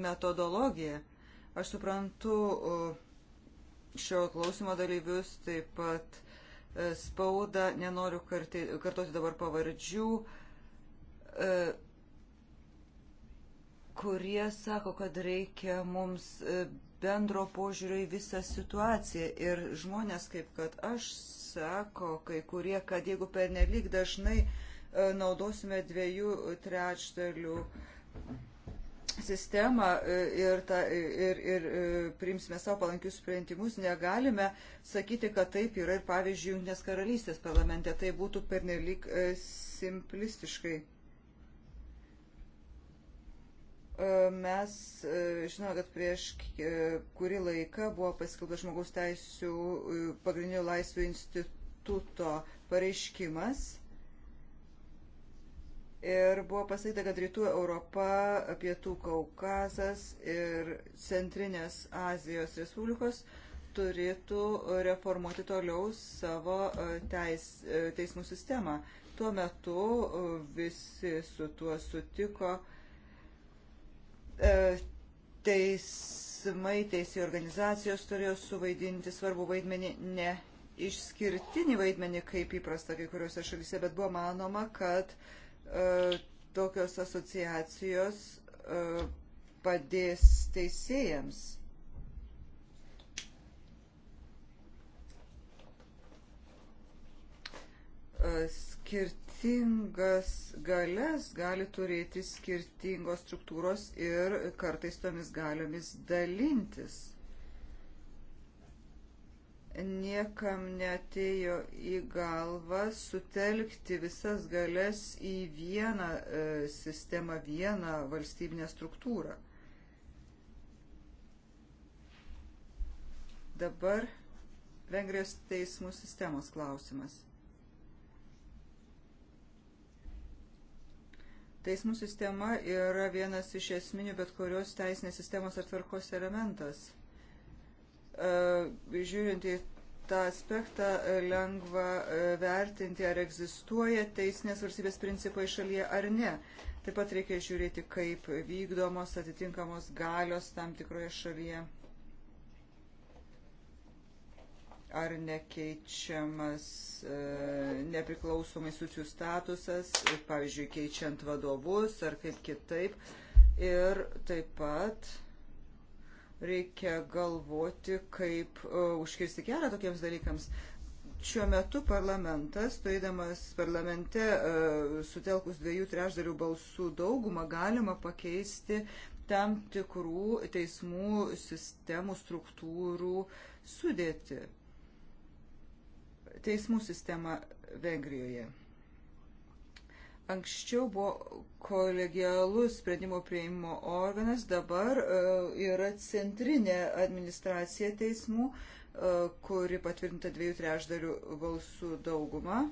metodologiją. Aš suprantu e, šio klausimo dalyvius, taip pat e, spaudą, nenoriu karti, kartoti dabar pavardžių, kurie sako, kad reikia mums bendro požiūrio į visą situaciją. Ir žmonės, kaip kad aš, sako kai kurie, kad jeigu pernelyg dažnai uh, E, naudosime dviejų trečdalių sistemą e, ir, ta, ir, ir e, priimsime savo palankius sprendimus, negalime sakyti, kad taip yra ir pavyzdžiui Junktinės karalystės parlamente. Tai būtų pernelyg simplistiškai. Mes žinome, kad prieš kurį laiką buvo paskelbta žmogaus teisų pagrindinių laisvių instituto pareiškimas Ir buvo pasakyta, kad rytų Europa, pietų Kaukazas ir centrinės Azijos Respublikos turėtų reformuoti toliau savo e, teis, e, teismų sistemą. Tuo metu e, visi su tuo sutiko. Teismai, teisėjų organizacijos turėjo suvaidinti svarbu vaidmenį, ne išskirtinį vaidmenį, kaip įprasta kai kuriuose šalyse, bet buvo manoma, kad uh, E, tokios asociacijos e, padės teisėjams. E, skirtingas galės gali turėti skirtingos struktūros ir kartais tomis galiomis dalintis niekam netėjo į galvą sutelkti visas galės į vieną e, sistemą, vieną valstybinę struktūrą. Dabar Vengrijos teismų sistemos klausimas. Teismų sistema yra vienas iš esminių bet kurios teisinės sistemos ar tvarkos elementas – E, žiūrint į tą aspektą e, lengva e, vertinti, ar egzistuoja teisinės valstybės principai šalyje ar ne. Taip pat reikia žiūrėti, kaip vykdomos atitinkamos galios tam tikroje šalyje. Ar nekeičiamas e, nepriklausomai sucijų statusas, pavyzdžiui, keičiant vadovus ar kaip kitaip. Ir taip pat Reikia galvoti, kaip e, užkirsti kelią tokiems dalykams. Šiuo metu parlamentas, stoidamas parlamente, e, sutelkus dviejų trešdalių balsų daugumą, galima pakeisti tam tikrų teismų sistemų struktūrų sudėti. Teismų sistema Vengrijoje. Anksčiau buvo kolegialus sprendimo prieimimo organas, dabar e, yra centrinė administracija teismų, e, kuri patvirtinta dviejų trešdalių balsų daugumą. E,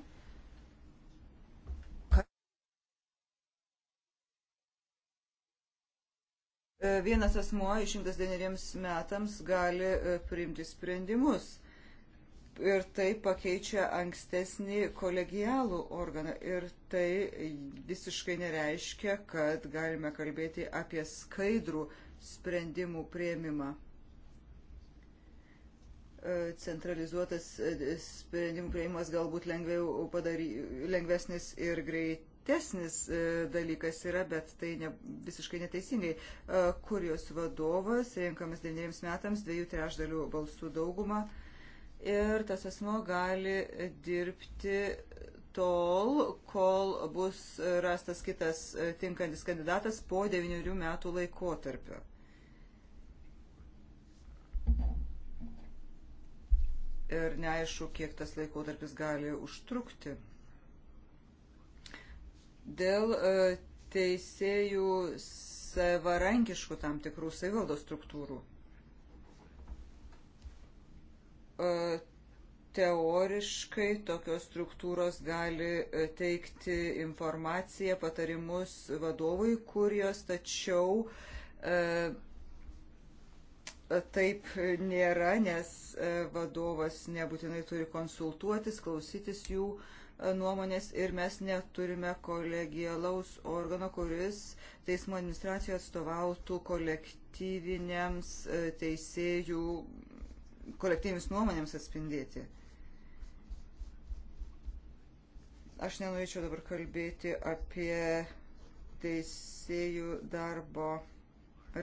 vienas asmuo išimtas deneriems metams gali priimti sprendimus ir tai pakeičia ankstesnį kolegialų organą. Ir tai visiškai nereiškia, kad galime kalbėti apie skaidrų sprendimų prieimimą. E, centralizuotas e, sprendimų prieimas galbūt lengviau padary, lengvesnis ir greitesnis e, dalykas yra, bet tai ne, visiškai neteisingai. Kurijos vadovas renkamas devyniems metams dviejų trešdalių balsų daugumą ir tas asmo gali dirbti tol, kol bus rastas kitas e, tinkantis kandidatas po devyniurių metų laikotarpio. Ir neaišku, kiek tas laikotarpis gali užtrukti. Dėl e, teisėjų savarankiškų tam tikrų savivaldos struktūrų. E, teoriškai tokios struktūros gali e, teikti informaciją, patarimus vadovui, kurios tačiau e, e, taip nėra, nes vadovas nebūtinai turi konsultuotis, klausytis jų nuomonės ir mes neturime kolegialaus organo, kuris teismo administracijoje atstovautų kolektyviniams teisėjų kolektyvinis nuomonėms atspindėti. Aš nenorėčiau dabar kalbėti apie teisėjų darbo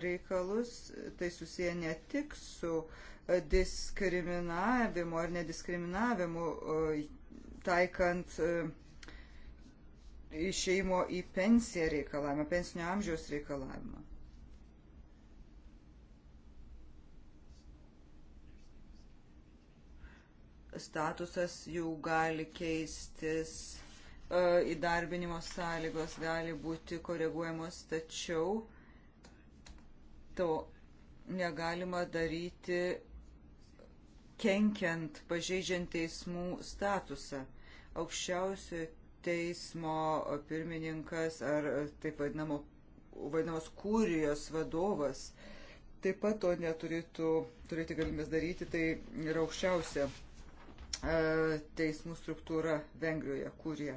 reikalus. Tai susiję ne tik su diskriminavimu ar nediskriminavimu taikant e, išeimo į pensiją reikalavimą, pensinio amžiaus reikalavimą. statusas jų gali keistis, e, įdarbinimo sąlygos gali būti koreguojamos, tačiau to negalima daryti kenkiant, pažeidžiant teismų statusą. Aukščiausio teismo pirmininkas ar taip vadinamo, vadinamos kūrijos vadovas taip pat to neturėtų turėti galimės daryti, tai yra aukščiausia E, teismų struktūra Vengrijoje, kurie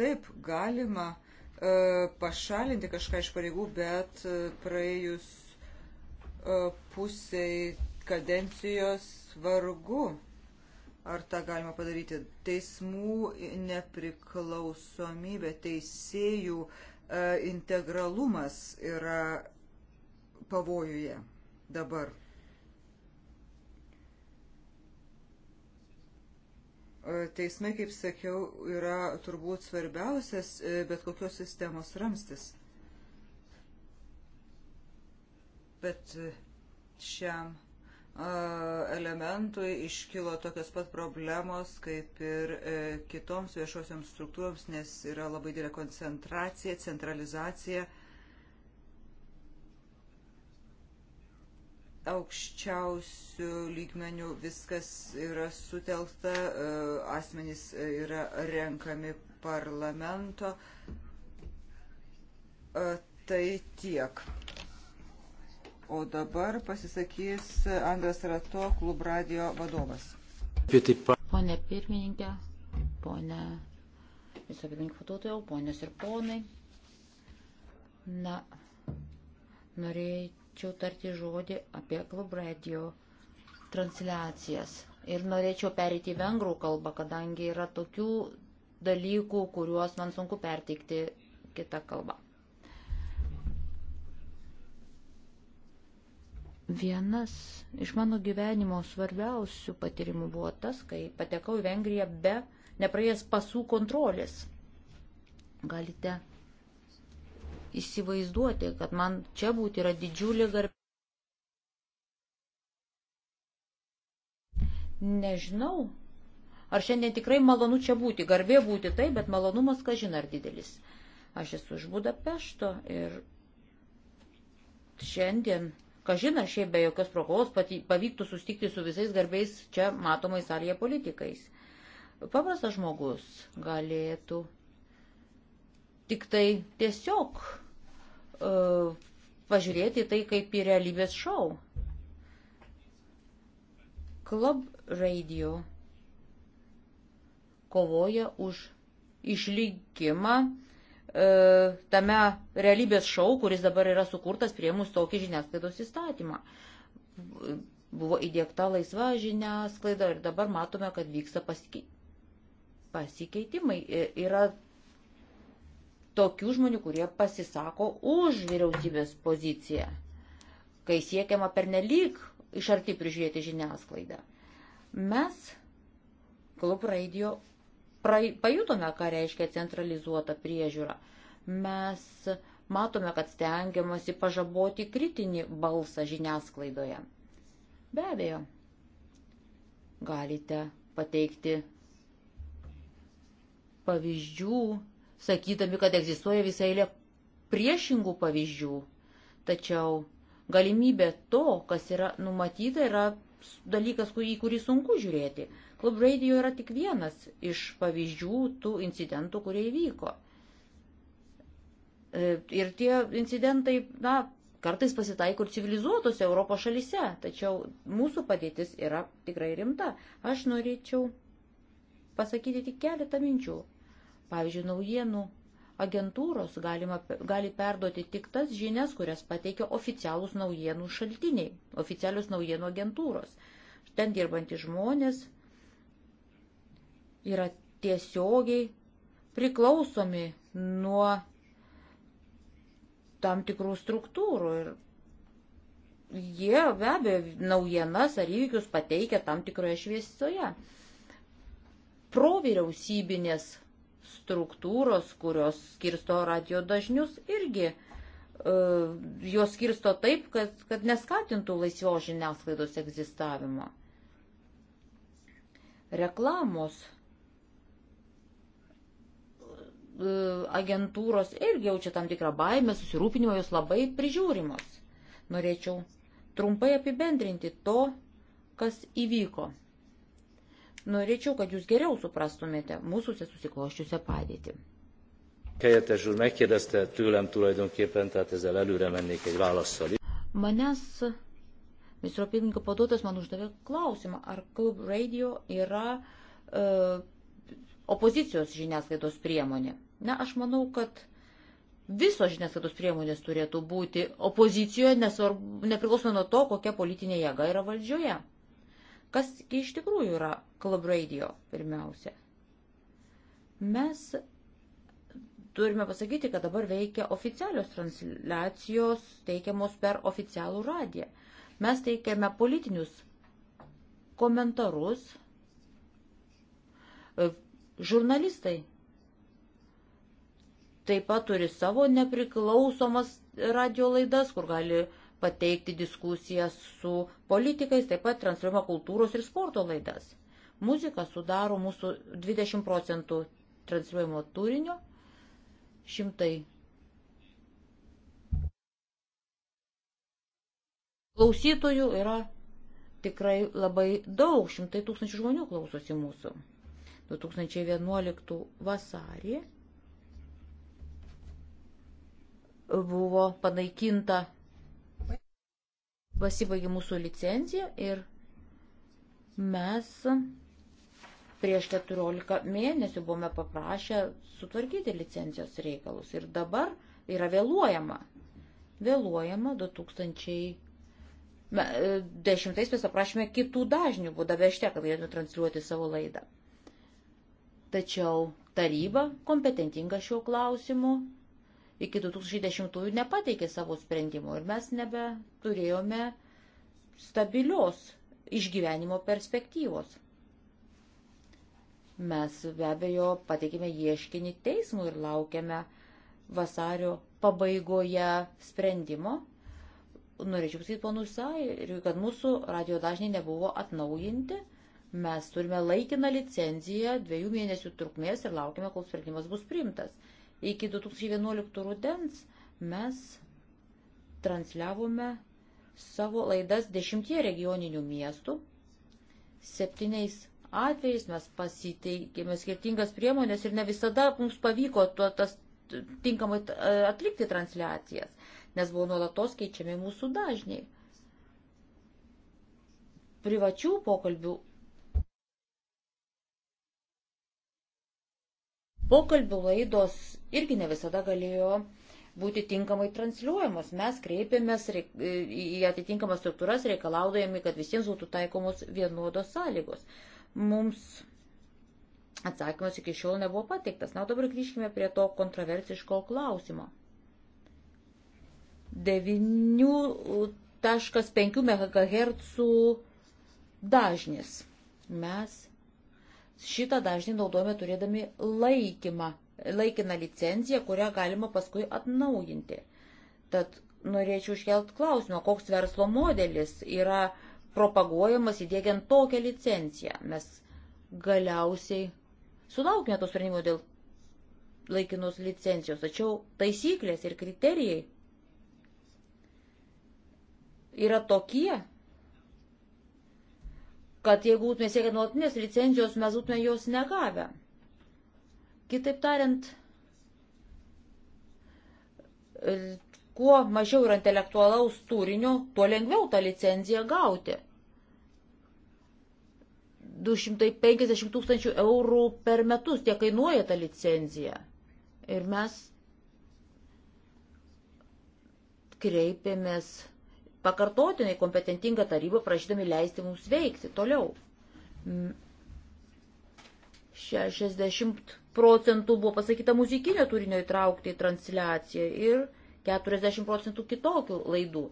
taip galima e, pašalinti kažką iš pareigų, bet e, praėjus pusiai kadencijos vargu. Ar tą galima padaryti? Teismų nepriklausomybė, teisėjų integralumas yra pavojuje dabar. Teismai, kaip sakiau, yra turbūt svarbiausias e, bet kokios sistemos ramstis. Bet e, šiam elementui iškilo tokios pat problemos kaip ir e, kitoms viešosioms struktūroms, nes yra labai didelė koncentracija, centralizacija aukščiausių lygmenių viskas yra sutelkta, e, asmenys yra renkami parlamento. E, tai tiek. O dabar pasisakys Andras Rato, klub radio vadovas.
Pone pirmininkė, pone viso pirmininkų patotojau, ponios ir ponai. Na, norėjau norėčiau tarti žodį apie Klub Radio transliacijas. Ir norėčiau perėti į vengrų kalbą, kadangi yra tokių dalykų, kuriuos man sunku perteikti kitą kalbą. Vienas iš mano gyvenimo svarbiausių patyrimų buvo tas, kai patekau į Vengriją be nepraėjęs pasų kontrolės. Galite įsivaizduoti, kad man čia būti yra didžiulė garbė. Nežinau, ar šiandien tikrai malonu čia būti, garbė būti tai, bet malonumas, ką žinai, ar didelis. Aš esu iš Budapešto ir šiandien, ką žinai, šiaip be jokios progos pavyktų sustikti su visais garbiais čia matomai salėje politikais. Paprastas žmogus galėtų tik tai tiesiog E, pažiūrėti tai kaip į realybės šou. Club Radio kovoja už išlikimą e, tame realybės šou, kuris dabar yra sukurtas prie mūsų tokį žiniasklaidos įstatymą. Buvo įdėkta laisva žiniasklaida ir dabar matome, kad vyksta pasikeitimai. Pasikeitimai yra tokių žmonių, kurie pasisako už vyriausybės poziciją, kai siekiama pernelyg iš arti prižiūrėti žiniasklaidą. Mes klub radio prai, pajutome, ką reiškia centralizuota priežiūra. Mes matome, kad stengiamasi pažaboti kritinį balsą žiniasklaidoje. Be abejo, galite pateikti pavyzdžių sakydami, kad egzistuoja visai lė priešingų pavyzdžių. Tačiau galimybė to, kas yra numatyta, yra dalykas, į kurį sunku žiūrėti. Klub radio yra tik vienas iš pavyzdžių tų incidentų, kurie įvyko. E, ir tie incidentai, na, kartais pasitaiko ir civilizuotose Europos šalise, tačiau mūsų padėtis yra tikrai rimta. Aš norėčiau pasakyti tik keletą minčių. Pavyzdžiui, naujienų agentūros galima, gali perduoti tik tas žinias, kurias pateikia oficialūs naujienų šaltiniai, oficialius naujienų agentūros. Ten dirbantys žmonės yra tiesiogiai priklausomi nuo tam tikrų struktūrų ir jie be abejo naujienas ar įvykius pateikia tam tikroje šviesoje. Pro vyriausybinės struktūros, kurios skirsto radio dažnius, irgi uh, juos skirsto taip, kad, kad neskatintų laisvos žiniasklaidos egzistavimo. Reklamos uh, agentūros irgi jaučia tam tikrą baimę, susirūpinimo jos labai prižiūrimos. Norėčiau trumpai apibendrinti to, kas įvyko. Norėčiau, kad jūs geriau suprastumėte mūsų susikloščiusią padėtį.
Helyettes úr megkérdezte tőlem tulajdonképpen, tehát ezzel előre mennék egy válaszsal.
Manęs, ministro pirmininko paduotas, man uždavė klausimą, ar Club Radio yra uh, opozicijos žiniasklaidos priemonė. Na, aš manau, kad visos žiniasklaidos priemonės turėtų būti opozicijoje, nesvarbu, nepriklausomai nuo to, kokia politinė jėga yra valdžioje. Kas iš tikrųjų yra Club Radio pirmiausia? Mes turime pasakyti, kad dabar veikia oficialios transliacijos teikiamos per oficialų radiją. Mes teikiame politinius komentarus. E, žurnalistai taip pat turi savo nepriklausomas radio laidas, kur gali uh, pateikti diskusiją su politikais, taip pat transliuojama kultūros ir sporto laidas. Muzika sudaro mūsų 20 procentų transliuojamo turinio, šimtai klausytojų yra tikrai labai daug, šimtai tūkstančių žmonių klausosi mūsų. 2011 vasarį buvo panaikinta pasibaigė mūsų licencija ir mes prieš 14 mėnesių buvome paprašę sutvarkyti licencijos reikalus ir dabar yra vėluojama. Vėluojama 2010 e, mes aprašėme kitų dažnių, būdavę štek, kad galėtume transliuoti savo laidą. Tačiau taryba kompetentinga šiuo klausimu iki 2010-ųjų nepateikė savo sprendimų ir mes nebeturėjome stabilios išgyvenimo perspektyvos. Mes be abejo pateikėme ieškinį teismų ir laukiame vasario pabaigoje sprendimo. Norėčiau pasakyti ponui Sairiui, kad mūsų radio dažniai nebuvo atnaujinti. Mes turime laikiną licenciją dviejų mėnesių trukmės ir laukime, kol sprendimas bus priimtas iki 2011 rudens mes transliavome savo laidas dešimtie regioninių miestų. Septyniais atvejais mes pasiteikėme skirtingas priemonės ir ne visada mums pavyko tuo, tas tinkamai e, atlikti transliacijas, nes buvo nuolatos keičiami mūsų dažniai. Privačių pokalbių Pokalbių laidos irgi ne visada galėjo būti tinkamai transliuojamos. Mes kreipėmės į atitinkamas struktūras reikalaudami, kad visiems būtų taikomos vienodos sąlygos. Mums atsakymas iki šiol nebuvo pateiktas. Na, dabar grįžkime prie to kontroversiško klausimo. 9.5 MHz dažnis. Mes Šitą dažnį naudojame turėdami laikymą, laikiną licenciją, kurią galima paskui atnaujinti. Tad norėčiau iškelt klausimą, koks verslo modelis yra propaguojamas įdėgiant tokią licenciją. Mes galiausiai sulaukime to sprendimo dėl laikinos licencijos, tačiau taisyklės ir kriterijai yra tokie, kad jeigu būtume siekę nuolatinės licencijos, mes būtume jos negavę. Kitaip tariant, e, kuo mažiau yra intelektualaus turinio, tuo lengviau tą licenciją gauti. 250 tūkstančių eurų per metus tiek kainuoja ta licencija. Ir mes kreipėmės pakartotinai kompetentingą tarybą prašydami leisti mums veikti toliau. 60 procentų buvo pasakyta muzikinio turinio įtraukti į transliaciją ir 40 procentų kitokių laidų.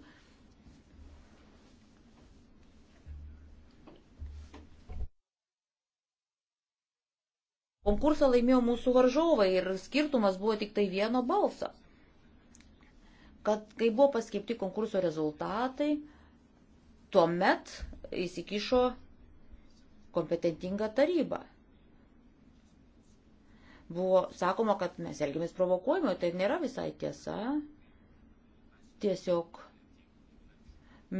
Konkursą laimėjo mūsų varžovai ir skirtumas buvo tik tai vieno balsas kad kai buvo paskelbti konkurso rezultatai, tuomet įsikišo kompetentinga taryba. Buvo sakoma, kad mes elgiamės provokuojami, tai nėra visai tiesa. Tiesiog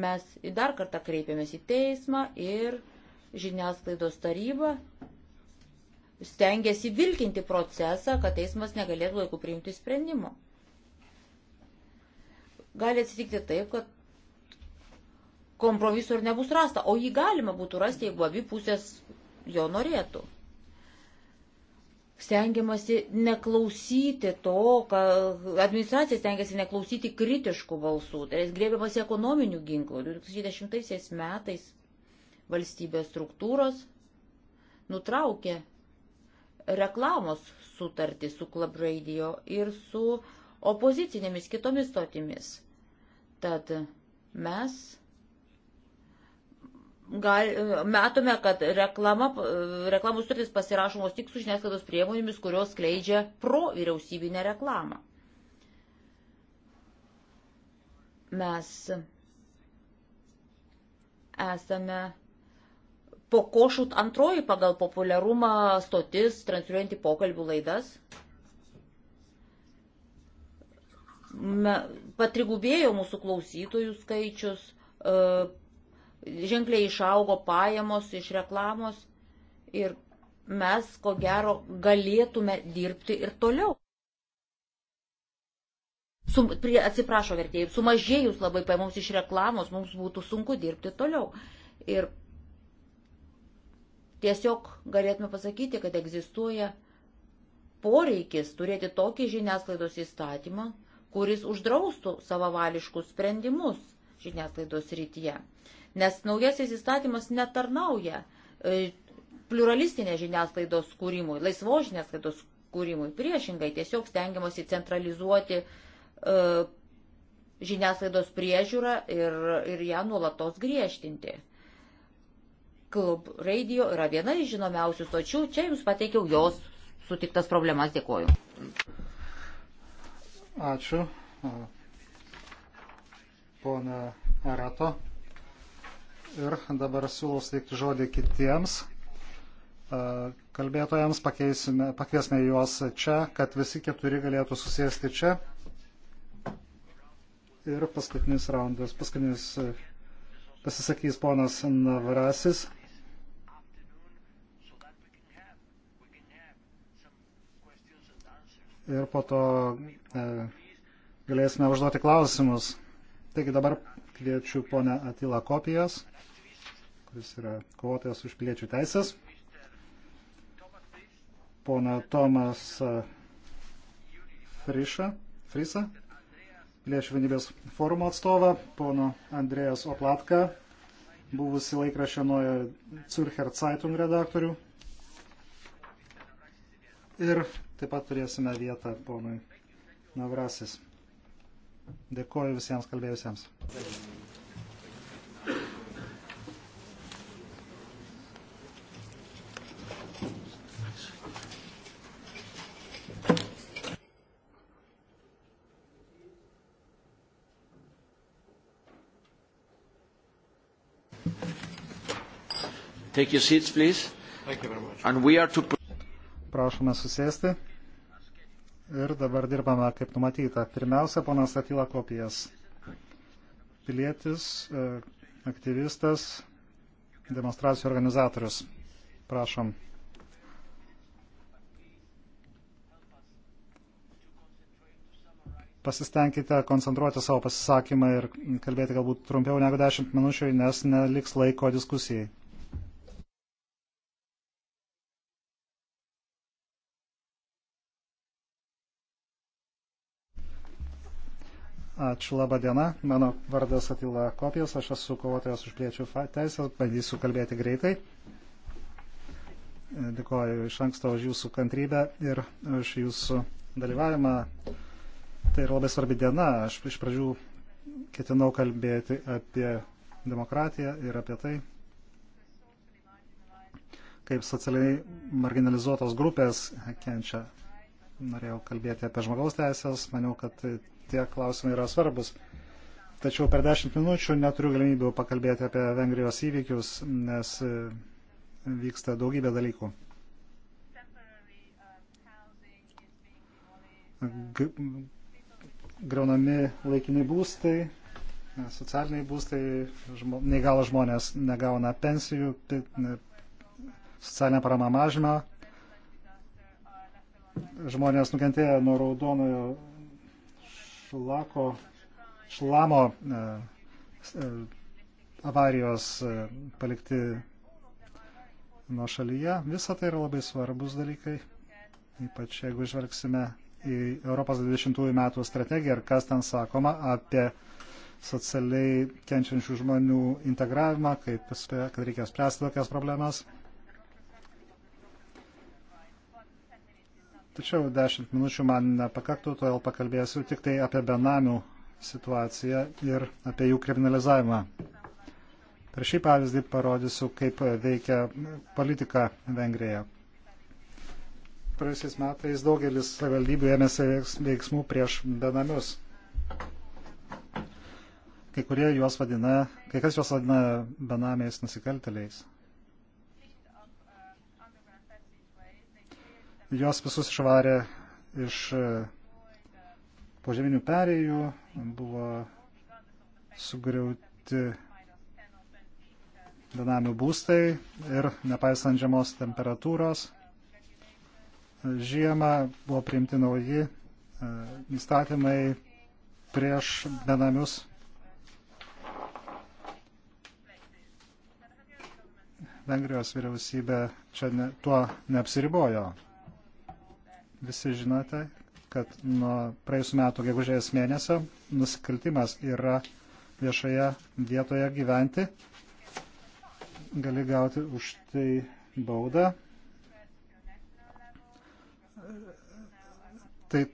mes dar kartą kreipėmės į teismą ir žiniasklaidos taryba stengiasi vilkinti procesą, kad teismas negalėtų laiku priimti sprendimo gali atsitikti taip, kad kompromiso ir nebus rasta, o jį galima būtų rasti, jeigu abi pusės jo norėtų. Stengiamasi neklausyti to, kad administracija stengiasi neklausyti kritiškų balsų, tai grėbiamasi ekonominių ginklų. 2010 metais valstybės struktūros nutraukė reklamos sutartį su Club Radio ir su opozicinėmis kitomis stotimis. Tad mes gal, matome, kad reklama, reklamų sutartys pasirašomos tik su žiniasklaidos priemonėmis, kurios skleidžia pro vyriausybinę reklamą. Mes esame po košut antroji pagal populiarumą stotis, transliuojanti pokalbių laidas patrigubėjo mūsų klausytojų skaičius, e, ženkliai išaugo pajamos iš reklamos ir mes, ko gero, galėtume dirbti ir toliau. Sum, prie, atsiprašo vertėjai, sumažėjus labai paimoms iš reklamos, mums būtų sunku dirbti toliau. Ir tiesiog galėtume pasakyti, kad egzistuoja poreikis turėti tokį žiniasklaidos įstatymą, kuris uždraustų savavališkus sprendimus žiniasklaidos rytyje. Nes naujasis įstatymas netarnauja e, pluralistinės žiniasklaidos kūrimui, laisvos žiniasklaidos kūrimui. Priešingai tiesiog stengiamasi centralizuoti uh, žiniasklaidos priežiūrą ir, ir ją nuolatos griežtinti. Klub Radio yra viena iš žinomiausių stočių. Čia jums pateikiau jos sutiktas problemas. Dėkuoju.
Ačiū. Pona Arato. Ir dabar siūlau suteikti žodį kitiems. Kalbėtojams pakviesime juos čia, kad visi keturi galėtų susėsti čia. Ir paskutinis raundas, paskutinis pasisakys ponas Navrasis. Ir po to E, galėsime užduoti klausimus. Taigi dabar kviečiu ponę Atilą Kopijas, kuris yra kovotojas už piliečių teisės. Pona Tomas Friša, Frisa, piliečių vienybės forumo atstovą, pono Andrėjas Oplatka, buvusi laikraščio nuojo Zürcher Zeitung redaktorių. Ir taip pat turėsime vietą ponui Navrasis. Dėkuoju visiems kalbėjusiems.
Take your seats, please. Thank you very much. And we are to...
Prašome susėsti ir dabar dirbame kaip numatyta. Pirmiausia, ponas Atila Kopijas. Pilietis, e, aktyvistas, demonstracijų organizatorius. Prašom. Pasistengkite koncentruoti savo pasisakymą ir kalbėti galbūt trumpiau negu 10 minučių, nes neliks laiko diskusijai. Ačiū, laba diena. Mano vardas Atila Kopijas, aš esu kovotojas už pliečių teisės, bandysiu kalbėti greitai. Dėkoju iš anksto už jūsų kantrybę ir už jūsų dalyvavimą. Tai yra labai svarbi diena. Aš iš pradžių ketinau kalbėti apie demokratiją ir apie tai, kaip socialiai marginalizuotos grupės kenčia. Norėjau kalbėti apie žmogaus teisės, maniau, kad tie klausimai yra svarbus. Tačiau per dešimt minučių neturiu galimybių pakalbėti apie Vengrijos įvykius, nes e, vyksta daugybė dalykų. Graunami laikini būstai, e, socialiniai būstai, žmo, neįgalo žmonės negauna pensijų, e, socialinė parama mažina, žmonės nukentėjo nuo raudonojo šlako, šlamo e, e, avarijos e, palikti nuo šalyje. Visa tai yra labai svarbus dalykai, ypač jeigu žvelgsime į Europos 20 metų strategiją ir kas ten sakoma apie socialiai kenčiančių žmonių integravimą, kaip, kad reikia spręsti tokias problemas. Tačiau 10 minučių man nepakaktų, todėl pakalbėsiu tik tai apie benamių situaciją ir apie jų kriminalizavimą. Per šį pavyzdį parodysiu, kaip veikia politika Vengrijoje. Praėjusiais metais daugelis savivaldybių ėmėsi veiksmų prieš benamius. Kai kurie juos vadina, kai kas juos vadina benamiais nusikalteliais. Jos visus išvarė iš e, požeminių perėjų, buvo sugriauti dinamių būstai ir nepaisant žemos temperatūros, žiemą buvo priimti nauji e, įstatymai prieš benamius Vengrijos vyriausybė čia ne, tuo neapsiribojo visi žinote, kad nuo praėjusiu metu gegužės mėnesio nusikaltimas yra viešoje vietoje gyventi. Gali gauti už tai baudą. Tai e,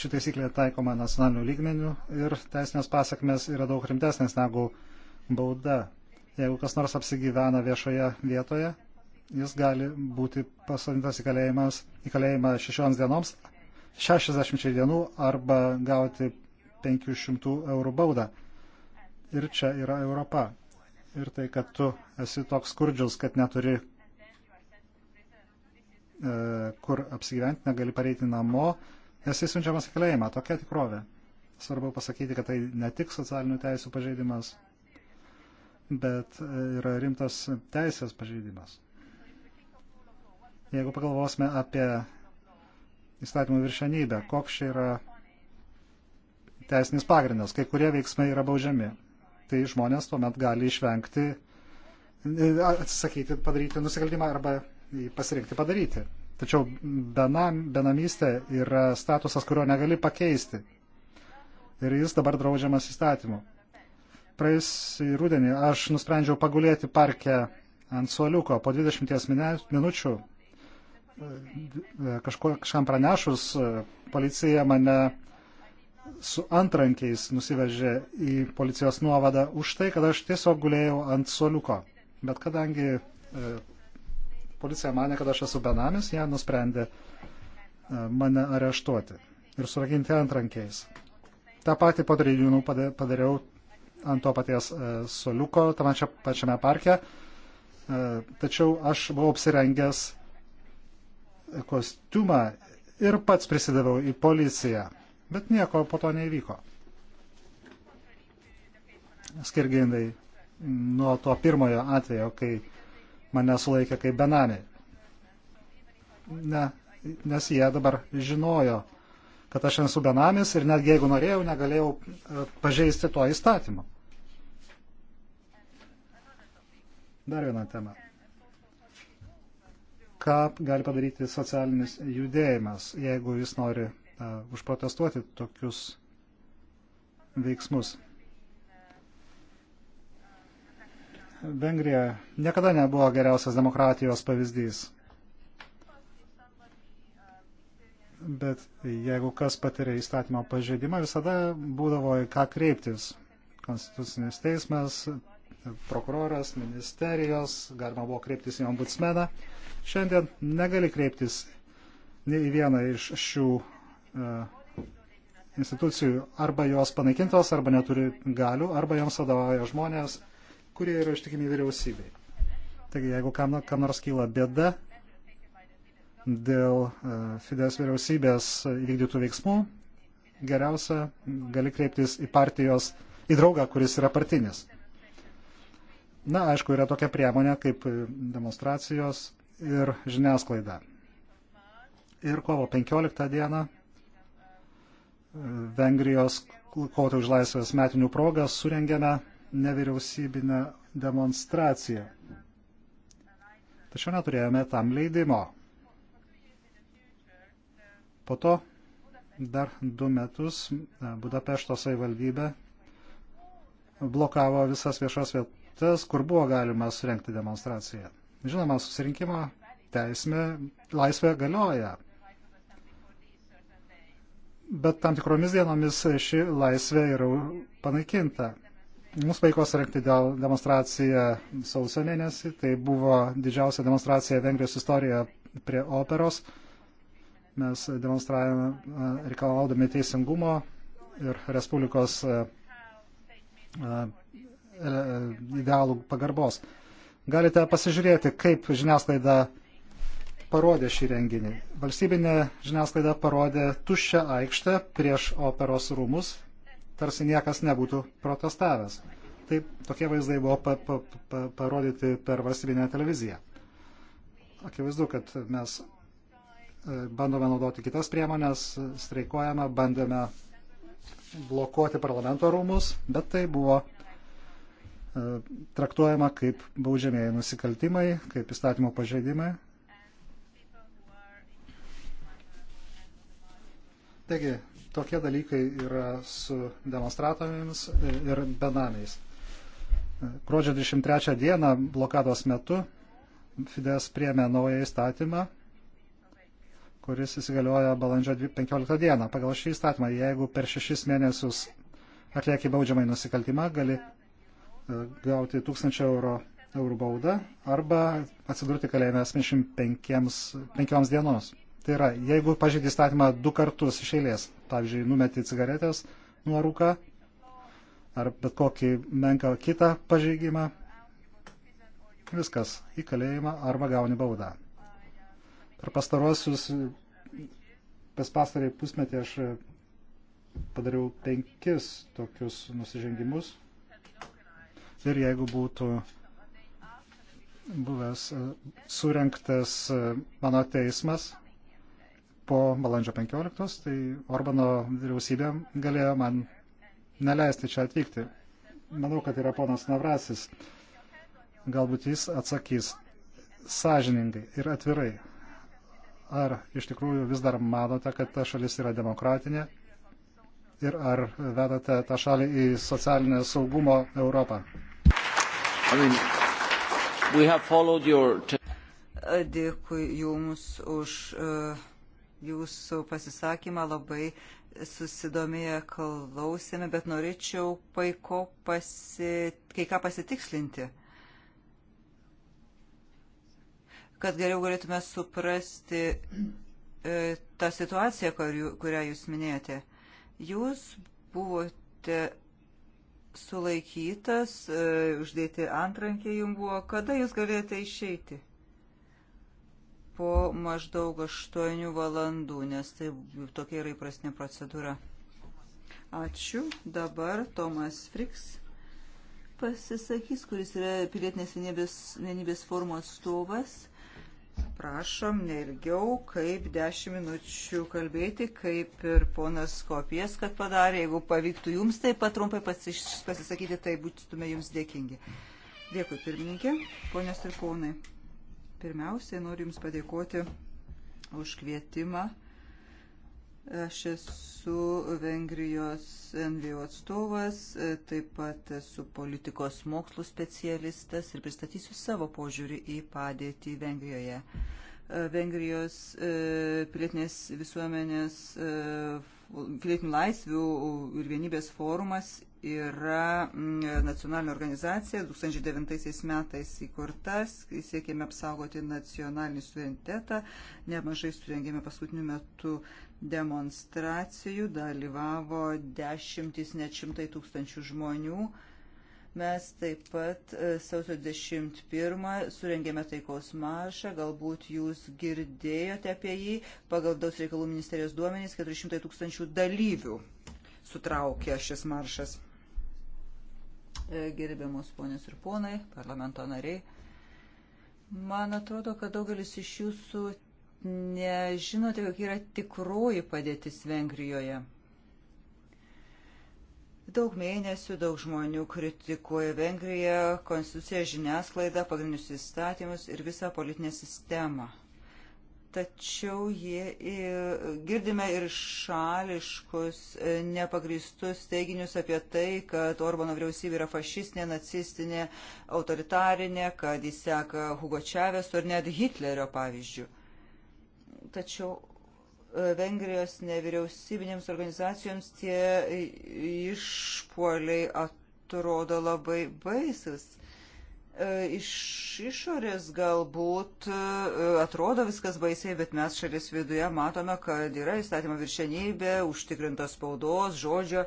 ši taisyklė taikoma nacionalinių lygmenių ir teisinės pasakmes yra daug rimtesnės negu bauda. Jeigu kas nors apsigyvena viešoje vietoje, jis gali būti pasodintas į, kalėjimas, į kalėjimą šešioms dienoms, 60 dienų arba gauti 500 eurų baudą. Ir čia yra Europa. Ir tai, kad tu esi toks skurdžius, kad neturi e, kur apsigyventi, negali pareiti namo, esi siunčiamas į kalėjimą. Tokia tikrovė. Svarbu pasakyti, kad tai ne tik socialinių teisų pažeidimas, bet e, yra rimtas teisės pažeidimas. Jeigu pagalvosime apie įstatymų viršenybę, koks čia yra teisinis pagrindas, kai kurie veiksmai yra baudžiami, tai žmonės tuomet gali išvengti, e, atsisakyti padaryti nusikaltimą arba jį pasirinkti padaryti. Tačiau benam, benamystė yra statusas, kurio negali pakeisti. Ir jis dabar draudžiamas įstatymu. Praėjusį rudenį aš nusprendžiau pagulėti parke ant suoliuko po 20 minučių E, kažko, kažkam pranešus, e, policija mane su antrankiais nusivežė į policijos nuovadą už tai, kad aš tiesiog guėjau ant soliuko. Bet kadangi e, policija mane, kad aš esu benamis, jie nusprendė e, mane areštuoti ir surakinti antrankiais. Ta pati po trijų dienų padariau ant to paties e, soliuko, tame pačiame parke, e, tačiau aš buvau apsirengęs kostiumą ir pats prisidaviau į policiją, bet nieko po to nevyko. Skirgingai nuo to pirmojo atvejo, kai mane sulaikė kaip benamiai. Ne, nes jie dabar žinojo, kad aš esu benamis ir netgi jeigu norėjau, negalėjau e, pažeisti to įstatymo. Dar viena tema ką gali padaryti socialinis judėjimas, jeigu jis nori uh, užprotestuoti tokius veiksmus. Vengrija niekada nebuvo geriausias demokratijos pavyzdys. Bet jeigu kas patiria įstatymo pažeidimą, visada būdavo į ką kreiptis. Konstitucinis teismas, prokuroras, ministerijos, galima buvo kreiptis į ombudsmeną. Uh, Šiandien negali kreiptis nei į vieną iš šių uh, institucijų. Arba jos panaikintos, arba neturi galių, arba joms vadovauja žmonės, kurie yra ištikimi vyriausybei. Taigi, jeigu kam, kam nors kyla bėda dėl uh, e, Fides vyriausybės įvykdytų veiksmų, geriausia gali kreiptis į partijos, į draugą, kuris yra partinis. Na, aišku, yra tokia priemonė kaip demonstracijos, ir žiniasklaida. Ir kovo 15 dieną e, Vengrijos kovotojų už laisvės metinių progą surengėme nevyriausybinę demonstraciją. Tačiau neturėjome tam leidimo. Po to dar du metus e, Budapešto savivaldybė blokavo visas viešas vietas, kur buvo galima surenkti demonstraciją. Žinoma, susirinkimo teisme laisvė galioja. Bet tam tikromis dienomis ši laisvė yra panaikinta. Mūsų paiko surinkti demonstraciją sausio mėnesį. Tai buvo didžiausia demonstracija Vengrijos istorijoje prie operos. Mes demonstravome reikalaudami teisingumo ir Respublikos e, idealų pagarbos. Galite pasižiūrėti, kaip žiniasklaida parodė šį renginį. Valstybinė žiniasklaida parodė tuščią aikštę prieš operos rūmus, tarsi niekas nebūtų protestavęs. Taip tokie vaizdai buvo pa, pa, pa, parodyti per valstybinę televiziją. Akivaizdu, kad mes e, bandome naudoti kitas priemonės, streikuojame, bandėme blokuoti parlamento rūmus, bet tai buvo E, traktuojama kaip baudžiamieji nusikaltimai, kaip įstatymo pažeidimai. Taigi, tokie dalykai yra su demonstratoriamis ir benamiais. Gruodžio 23 dieną blokados metu Fides priemė naują įstatymą, kuris įsigalioja balandžio 15 dieną. Pagal šį įstatymą, jeigu per šešis mėnesius atlieki baudžiamai nusikaltimą, gali E, gauti 1000 euro, eurų baudą arba atsidurti kalėjime 75 dienos. Tai yra, jeigu pažeidė įstatymą du kartus iš eilės, pavyzdžiui, numeti cigaretės nuorūką ar bet kokį menką kitą pažeidimą, viskas į kalėjimą arba gauni baudą. Per pastaruosius, pas pastarąjį pusmetį aš padariau penkis tokius nusižengimus ir jeigu būtų buvęs e, surenktas e, mano teismas po balandžio 15, tai Orbano vyriausybė galėjo man neleisti čia atvykti. Manau, kad yra ponas Navrasis. Galbūt jis atsakys sąžiningai ir atvirai. Ar iš tikrųjų vis dar manote, kad ta šalis yra demokratinė ir ar vedate tą šalį į socialinę saugumo Europą?
I mean, we have followed your... Dėkui Jums už uh, Jūsų pasisakymą labai susidomėję klausėme, bet norėčiau paiko pasi, kai ką pasitikslinti, kad geriau galėtume suprasti e, tą situaciją, kurią jūs minėjote. Jūs buvote sulaikytas, e, uždėti antrankiai jums buvo. Kada jūs galėjote išeiti? Po maždaug 8 valandų, nes tai tokia yra įprastinė procedūra. Ačiū. Dabar Tomas Friks pasisakys, kuris yra pilietinės vienybės, vienybės formos atstovas prašom neilgiau kaip 10 minučių kalbėti, kaip ir ponas Kopijas, kad padarė. Jeigu pavyktų jums taip pat trumpai pasisakyti, tai būtume jums dėkingi. Dėkui, pirmininkė, ponios ir ponai. Pirmiausiai noriu jums padėkoti už kvietimą Aš esu Vengrijos NVO atstovas, taip pat esu politikos mokslų specialistas ir pristatysiu savo požiūrį į padėtį Vengrijoje. Vengrijos e, pilietinės visuomenės e, pilietinių laisvių ir vienybės forumas yra nacionalinė organizacija, 2009 metais įkurtas, siekėme apsaugoti nacionalinį suverenitetą, nemažai surengėme paskutiniu metu demonstracijų dalyvavo dešimtys, net šimtai tūkstančių žmonių. Mes taip pat e, sausio 21 surengėme taikos maršą, galbūt jūs girdėjote apie jį, pagal daus reikalų ministerijos duomenys 400 tūkstančių dalyvių sutraukė šis maršas. E, gerbiamos ponės ir ponai, parlamento nariai, man atrodo, kad daugelis iš jūsų nežinote, kokia yra tikroji padėtis Vengrijoje. Daug mėnesių, daug žmonių kritikuoja Vengriją, konstituciją, žiniasklaidą, pagrindinius įstatymus ir visą politinę sistemą. Tačiau jie girdime ir šališkus, e, nepagristus teiginius apie tai, kad Orbano vyriausybė yra fašistinė, nacistinė, autoritarinė, kad jis seka Hugo Čaveso ir net Hitlerio pavyzdžių tačiau e, Vengrijos nevyriausybinėms organizacijoms tie išpuoliai atrodo labai baisus. E, iš išorės galbūt e, atrodo viskas baisiai, bet mes šalies viduje matome, kad yra įstatymo viršenybė, užtikrintos spaudos, žodžio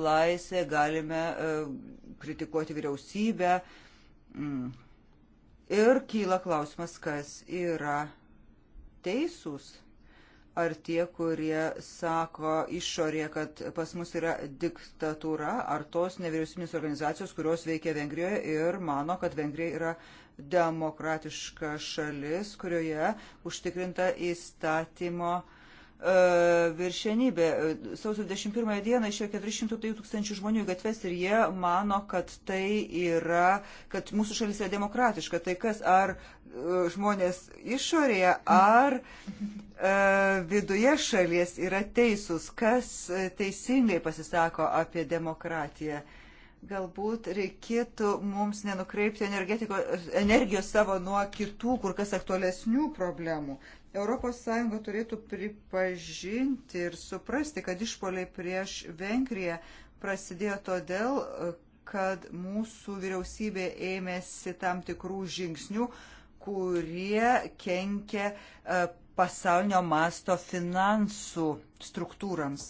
laisvė, galime kritikuoti vyriausybę. Mm. Ir kyla klausimas, kas yra teisūs? Ar tie, kurie sako išorėje, kad pas mus yra diktatūra, ar tos nevyriausybinės organizacijos, kurios veikia Vengrijoje ir mano, kad Vengrija yra demokratiška šalis, kurioje užtikrinta įstatymo uh, E, viršenybė. Sausio 21 dieną išėjo 400 tūkstančių žmonių į gatves ir jie mano, kad tai yra, kad mūsų šalis yra demokratiška. Tai kas, ar e, žmonės išorėje, ar e, viduje šalies yra teisūs, kas teisingai pasisako apie demokratiją. Galbūt reikėtų mums nenukreipti energijos savo nuo kitų, kur kas aktualesnių problemų. ES turėtų pripažinti ir suprasti, kad išpoliai prieš Vengriją prasidėjo todėl, kad mūsų vyriausybė ėmėsi tam tikrų žingsnių, kurie kenkia e, pasaulinio masto finansų struktūrams.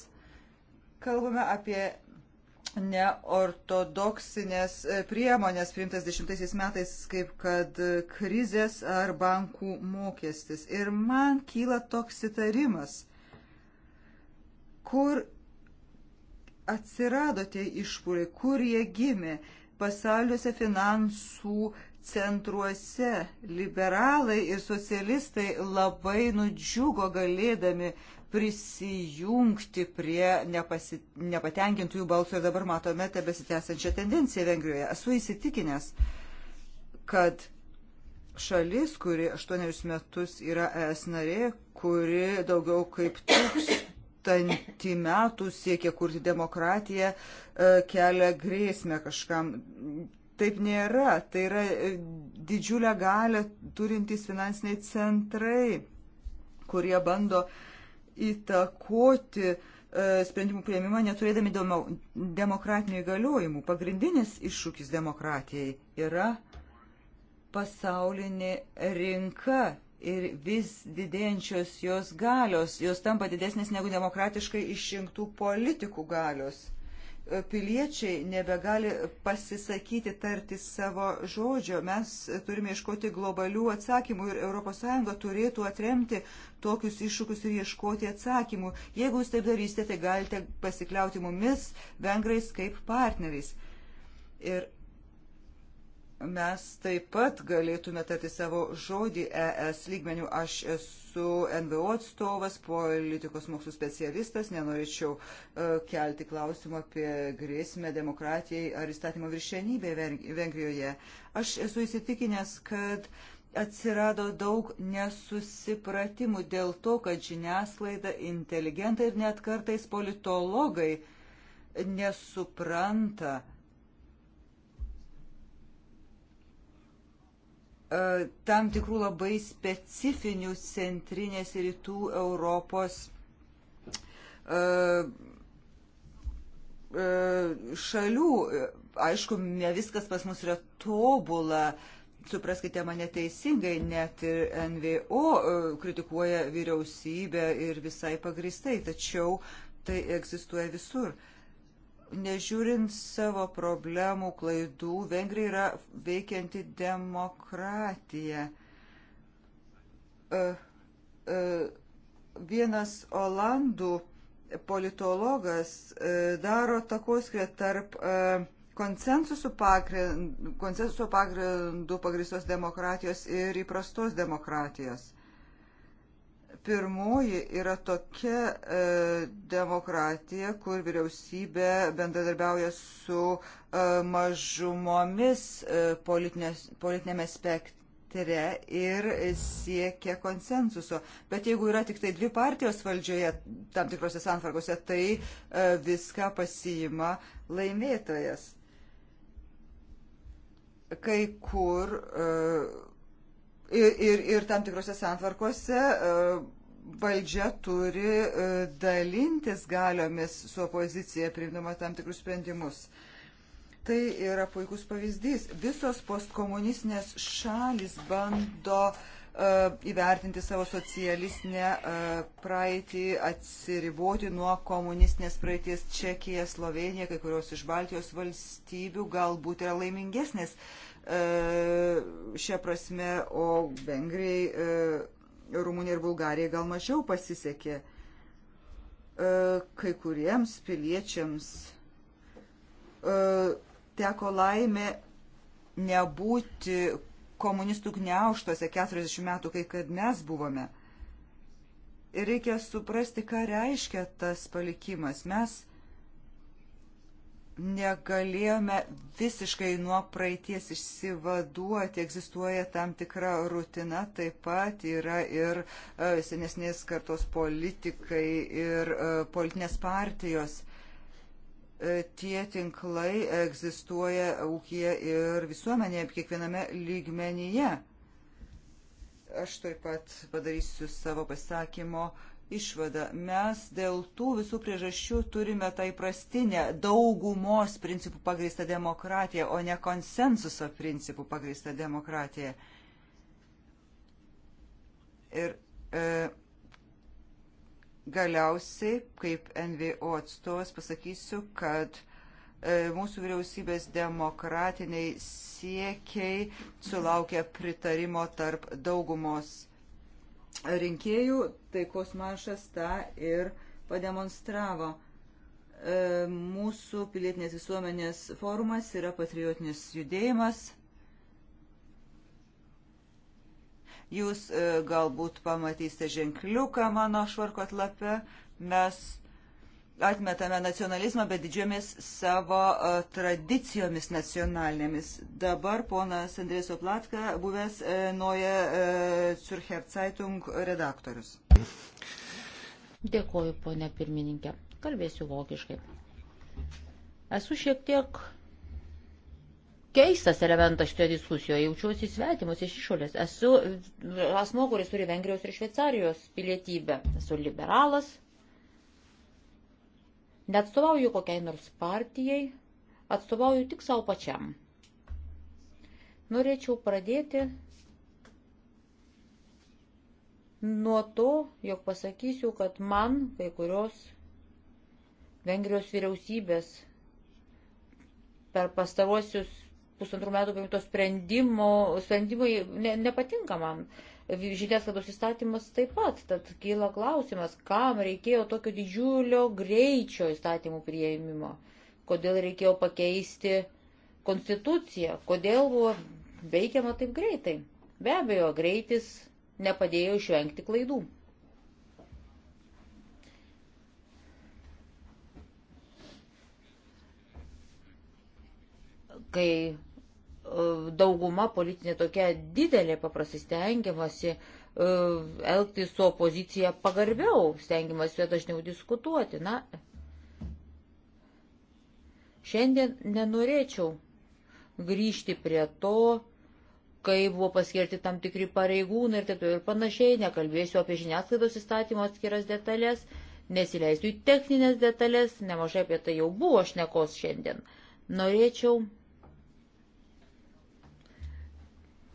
Kalbame apie neortodoksinės e, priemonės priimtas dešimtaisiais metais, kaip kad krizės ar bankų mokestis. Ir man kyla toks įtarimas, kur atsirado tie išpūliai, kur jie gimė pasauliuose finansų centruose liberalai ir socialistai labai nudžiugo galėdami prisijungti prie nepasi, nepatenkintųjų balsų ir dabar matome tebesitęsančią tendenciją Vengrijoje. Esu įsitikinęs, kad šalis, kuri aštuonerius metus yra ES narė, kuri daugiau kaip tūkstantį metų siekia kurti demokratiją, e, kelia grėsmę kažkam. Taip nėra. Tai yra e, didžiulę galę turintys finansiniai centrai, kurie bando uh, įtakoti e, sprendimų prieimimą neturėdami demokratinių įgaliojimų. Pagrindinis iššūkis demokratijai yra pasaulinė rinka ir vis didėjančios jos galios, jos tampa didesnės negu demokratiškai išrinktų politikų galios piliečiai nebegali pasisakyti, tarti savo žodžio. Mes turime iškoti globalių atsakymų ir ES turėtų atremti tokius iššūkius ir ieškoti atsakymų. Jeigu jūs taip darysite, tai galite pasikliauti mumis, vengrais, kaip partneriais. Ir mes taip pat galėtume tarti savo žodį ES lygmenių. Aš esu NVO atstovas, politikos mokslų specialistas, nenorėčiau e, kelti klausimą apie grėsmę demokratijai ar įstatymo viršenybę Vengrijoje. Aš esu įsitikinęs, kad atsirado daug nesusipratimų dėl to, kad žiniasklaida, inteligentai ir net kartais politologai nesupranta, E, tam tikrų labai specifinių centrinės ir rytų Europos e, e, šalių. Aišku, ne viskas pas mus yra tobula. Supraskite mane teisingai, net ir NVO kritikuoja vyriausybę ir visai pagristai, tačiau tai egzistuoja visur nežiūrint savo problemų, klaidų, Vengrija yra veikianti demokratija. Eh, eh, vienas olandų politologas eh, daro takoskirę tarp konsensuso pagrindų, konsensuso pagrindų pagristos demokratijos ir įprastos demokratijos. Pirmoji yra tokia e, demokratija, kur vyriausybė bendradarbiauja su e, mažumomis e, politinėme spektre ir siekia konsensuso. Bet jeigu yra tik tai dvi partijos valdžioje tam tikrose sanfarkose, tai e, viską pasiima laimėtojas. Kai kur. E, ir, ir, ir tam tikrose santvarkose e, valdžia turi e, dalintis galiomis su opozicija, priimdama tam tikrus sprendimus. Tai yra puikus pavyzdys. Visos postkomunistinės šalis bando e, įvertinti savo socialistinę praeitį, atsiriboti nuo komunistinės praeities Čekija, Slovenija, kai kurios iš Baltijos valstybių galbūt yra laimingesnės E, šią prasme, o Vengrijai, e, Rumunijai ir Bulgarijai gal mažiau pasisekė. E, kai kuriems piliečiams teko laimė nebūti komunistų gniauštose 40 metų, kai kad mes buvome. Ir reikia suprasti, ką reiškia tas palikimas. Mes negalėjome visiškai nuo praeities išsivaduoti, egzistuoja tam tikra rutina, taip pat yra ir e, senesnės kartos politikai ir e, politinės partijos. E, tie tinklai egzistuoja ūkija ir visuomenėje, kiekviename lygmenyje. Aš taip pat padarysiu savo pasakymo uh, išvada. Mes dėl tų visų priežasčių turime tai prastinę daugumos principų pagrįstą demokratiją, o ne konsensuso principų pagrįstą demokratiją. Ir e, galiausiai, kaip NVO atstovas, pasakysiu, kad e, mūsų vyriausybės demokratiniai siekiai sulaukia pritarimo tarp daugumos rinkėjų, taikos maršas tą ir pademonstravo. E, mūsų pilietinės visuomenės forumas yra patriotinis judėjimas. Jūs e, galbūt pamatysite ženkliuką mano švarko atlape. Mes atmetame nacionalizmą, bet didžiomės savo e, tradicijomis nacionalinėmis. Dabar ponas Andrės Oplatka, buvęs e, Noja e, Zurherzeitung redaktorius.
Dėkoju, ponė pirmininkė. Kalbėsiu vokiškai. Esu šiek tiek keistas elementas šitoje diskusijoje, jaučiuosi svetimus iš išorės. Esu asmo, kuris turi Vengrijos ir Šveicarijos pilietybę. Esu liberalas, Neatstovauju kokiai nors partijai, atstovauju tik savo pačiam. Norėčiau pradėti nuo to, jog pasakysiu, kad man kai kurios Vengrijos vyriausybės per pastaruosius pusantrų metų priimto sprendimo, sprendimai ne, nepatinka man žiniasklaidos įstatymas taip pat. Tad kyla klausimas, kam reikėjo tokio didžiulio greičio įstatymų prieimimo, kodėl reikėjo pakeisti konstituciją, kodėl buvo veikiama taip greitai. Be abejo, greitis nepadėjo išvengti klaidų. Kai dauguma politinė tokia didelė paprastai stengiamasi e, elgti su opozicija pagarbiau, stengiamasi su ja dažniau diskutuoti. Na, šiandien nenorėčiau grįžti prie to, kai buvo paskirti tam tikri pareigūnai ir taip toliau ir panašiai, nekalbėsiu apie žiniasklaidos įstatymo atskiras detalės, nesileisiu į techninės detalės, nemažai apie tai jau buvo šnekos šiandien. Norėčiau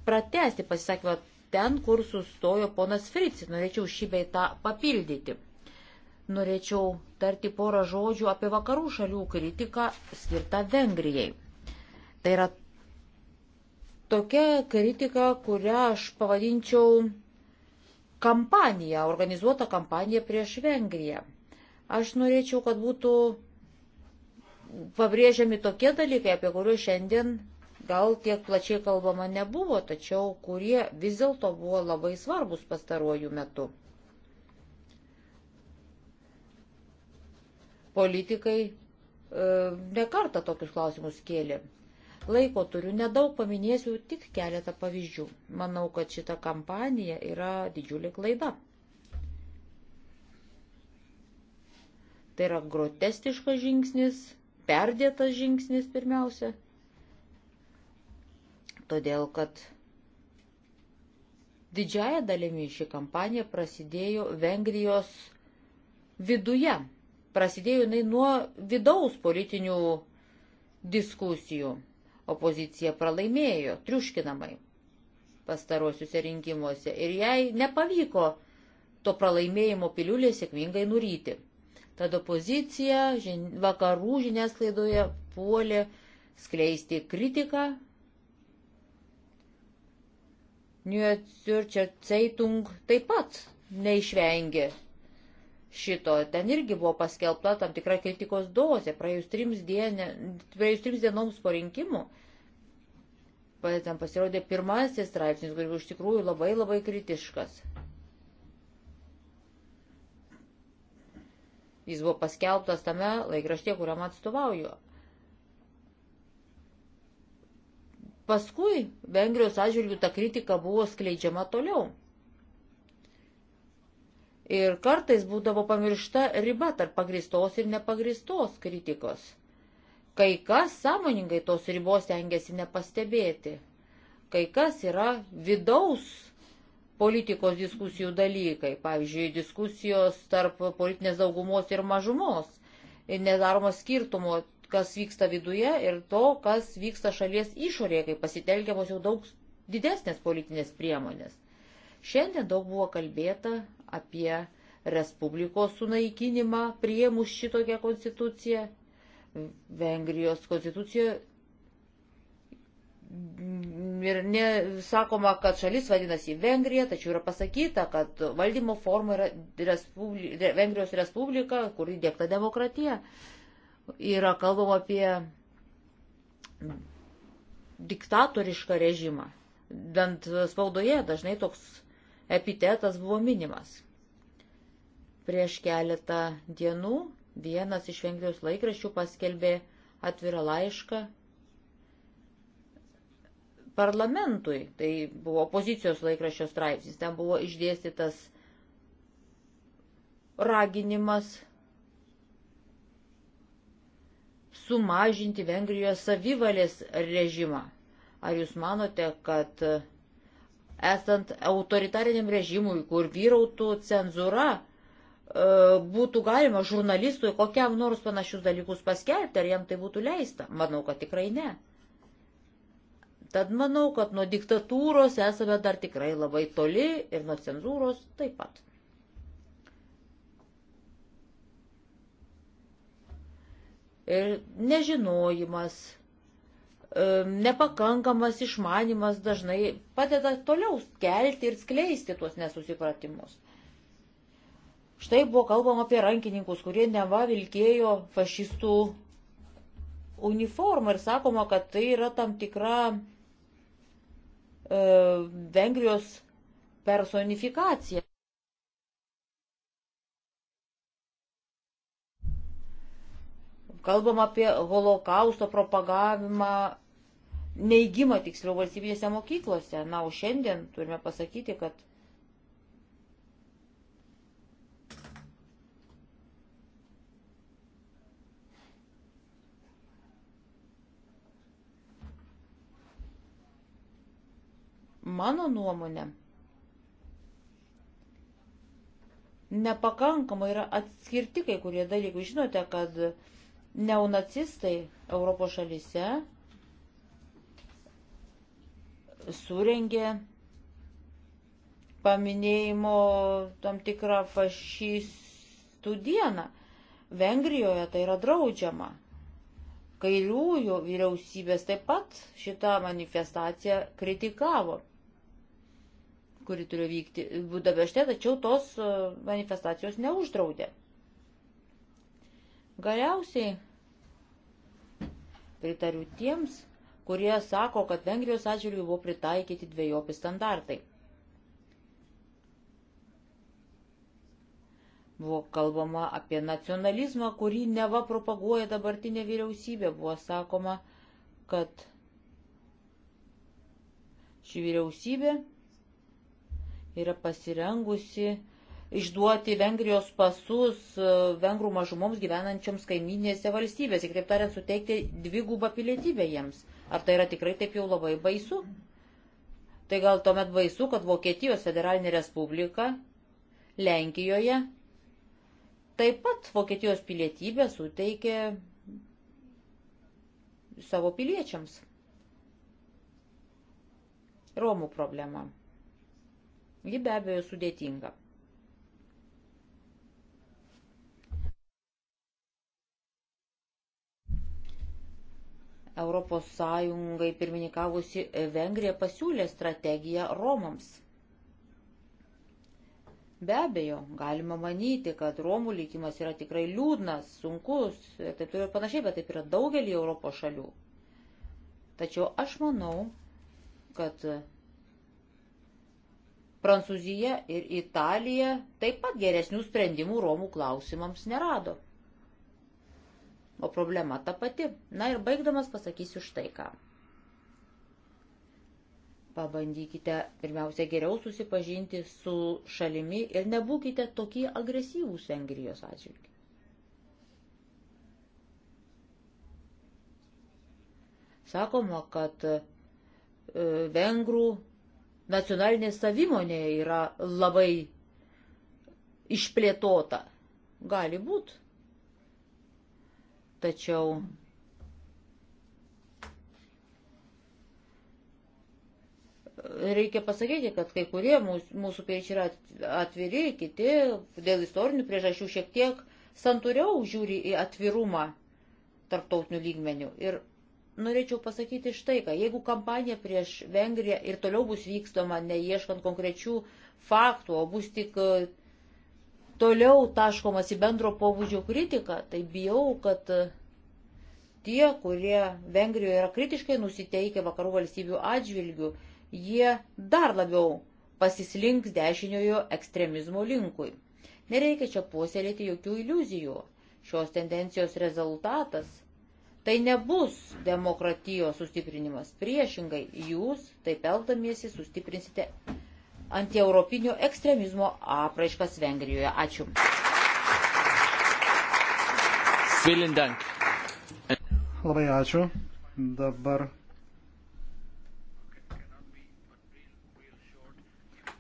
pratesti pasisakymą ten, kur sustojo ponas Fritsi. Norėčiau šį beitą papildyti. Norėčiau tarti porą žodžių apie vakarų šalių kritiką skirtą Vengrijai. Tai yra tokia kritika, kurią aš pavadinčiau kampanija, organizuota kampanija prieš Vengriją. Aš norėčiau, kad būtų pabrėžiami tokie dalykai, apie kuriuos šiandien gal tiek plačiai kalbama nebuvo, tačiau kurie vis dėlto buvo labai svarbus pastaruoju metu. Politikai e, nekarta tokius klausimus kėlė. Laiko turiu nedaug, paminėsiu tik keletą pavyzdžių. Manau, kad šita kampanija yra didžiulė klaida. Tai yra grotestiškas žingsnis, perdėtas žingsnis pirmiausia – todėl kad didžiaja dalimi ši kampanija prasidėjo Vengrijos viduje. Prasidėjo jinai nuo vidaus politinių diskusijų. Opozicija pralaimėjo triuškinamai pastarosiuose rinkimuose ir jai nepavyko to pralaimėjimo piliulė sėkmingai nuryti. Tad opozicija vakarų žiniasklaidoje puolė skleisti kritiką Niuetzurčia Ceitung taip pat neišvengė šito. Ten irgi buvo paskelbta tam tikra kritikos dozė praėjus trims, dienė, praėjus trims dienoms po rinkimų. Ten pasirodė pirmasis straipsnis, kuris iš tikrųjų labai labai kritiškas. Jis buvo paskelbtas tame laikraštie, kuriam atstovauju. Paskui Vengrijos atžvilgių ta kritika buvo skleidžiama toliau. Ir kartais būdavo pamiršta riba tarp pagristos ir nepagristos kritikos. Kai kas sąmoningai tos ribos tengiasi nepastebėti. Kai kas yra vidaus politikos diskusijų dalykai, pavyzdžiui, diskusijos tarp politinės daugumos ir mažumos, nedaromo skirtumo kas vyksta viduje ir to, kas vyksta šalies išorėje, kai pasitelkiamos jau daug didesnės politinės priemonės. Šiandien daug buvo kalbėta apie Respublikos sunaikinimą prieimus šitokią konstituciją. Vengrijos konstitucijoje ir nesakoma, kad šalis vadinasi Vengrija, tačiau yra pasakyta, kad valdymo forma yra Respubli Vengrijos Respublika, kur įdėkta demokratija yra kalbama apie diktatorišką režimą. Bent spaudoje dažnai toks epitetas buvo minimas. Prieš keletą dienų vienas iš Vengrijos laikraščių paskelbė atvirą laišką parlamentui. Tai buvo opozicijos laikraščio straipsnis. Ten buvo išdėstytas raginimas sumažinti Vengrijos savivalės režimą. Ar jūs manote, kad e, esant autoritariniam režimui, kur vyrautų cenzūra, e, būtų galima žurnalistui kokiam nors panašius dalykus paskelbti, ar jam tai būtų leista? Manau, kad tikrai ne. Tad manau, kad nuo diktatūros esame dar tikrai labai toli ir nuo cenzūros taip pat. nežinojimas, nepakankamas išmanimas dažnai padeda toliau kelti ir skleisti tuos nesusipratimus. Štai buvo kalbama apie rankininkus, kurie neva vilkėjo fašistų uniformą ir sakoma, kad tai yra tam tikra e, Vengrijos personifikacija. Kalbam apie holokausto propagavimą, neįgymą tiksliau valstybinėse mokyklose. Na, o šiandien turime pasakyti, kad mano nuomonė, nepakankamai yra atskirti kai kurie dalykai. Žinote, kad Neonacistai Europos šalyse surengė paminėjimo tam tikrą fašistų dieną. Vengrijoje tai yra draudžiama. Kairiųjų vyriausybės taip pat šitą manifestaciją kritikavo, kuri turėjo vykti Budapešte, tačiau tos manifestacijos neuždraudė. Galiausiai pritariu tiems, kurie sako, kad Vengrijos atžvilgių buvo pritaikyti dviejopi standartai. Buvo kalbama apie nacionalizmą, kurį neva propaguoja dabartinė vyriausybė. Buvo sakoma, kad ši vyriausybė yra pasirengusi išduoti Vengrijos pasus e, vengrų mažumoms gyvenančioms kaiminėse valstybėse, kitaip tariant, suteikti dvigubą pilietybę jiems. Ar tai yra tikrai taip jau labai baisu? Tai gal tuomet baisu, kad Vokietijos federalinė respublika Lenkijoje taip pat Vokietijos pilietybę suteikė savo piliečiams. Romų problema. Ji be abejo sudėtinga. ES pirmininkavusi Vengrija pasiūlė strategiją Romams. Be abejo, galima manyti, kad Romų likimas yra tikrai liūdnas, sunkus ir taip toliau ir panašiai, bet taip yra daugelį Europos šalių. Tačiau aš manau, kad Prancūzija ir Italija taip pat geresnių sprendimų Romų klausimams nerado o problema ta pati. Na ir baigdamas pasakysiu štai ką. Pabandykite pirmiausia geriau susipažinti su šalimi ir nebūkite tokie agresyvūs Vengrijos atžvilgiu. Sakoma, kad e, vengrų nacionalinė savimonė yra labai išplėtota. Gali būti tačiau reikia pasakyti, kad kai kurie mūsų, mūsų piliečiai yra atviri, kiti dėl istorinių priežasčių šiek tiek santūriau žiūri į atvirumą tarptautinių lygmenių. Ir norėčiau pasakyti štai ką, jeigu kampanija prieš Vengriją ir toliau bus vykstoma, neieškant konkrečių faktų, o bus tik uh, toliau taškomas į bendro pobūdžio kritiką, tai bijau, kad e, tie, kurie Vengrijoje yra kritiškai nusiteikę vakarų valstybių atžvilgių, jie dar labiau pasislinks dešiniojo ekstremizmo linkui. Nereikia čia puoselėti jokių iliuzijų. Šios tendencijos rezultatas - tai nebus demokratijos sustiprinimas. Priešingai, jūs taip elgdamiesi sustiprinsite antieuropinio ekstremizmo apraiškas Vengrijoje. Ačiū.
Labai ačiū. Dabar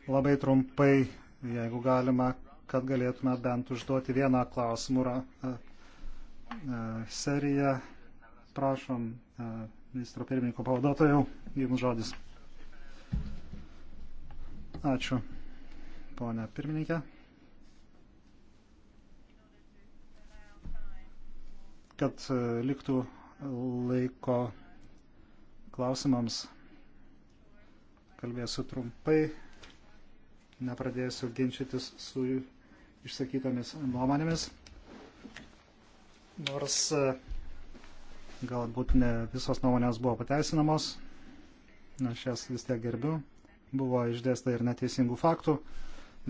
labai trumpai, jeigu galima, kad galėtume bent užduoti vieną klausimų seriją. Prašom, ministro pirmininko pavaduotojų, jums žodis. Ačiū, ponia pirmininkė. Kad e, liktų laiko klausimams, kalbėsiu trumpai, nepradėsiu ginčytis su išsakytomis nuomonėmis. Nors e, galbūt ne visos nuomonės buvo pateisinamos, aš jas vis tiek gerbiu buvo išdėsta ir neteisingų faktų.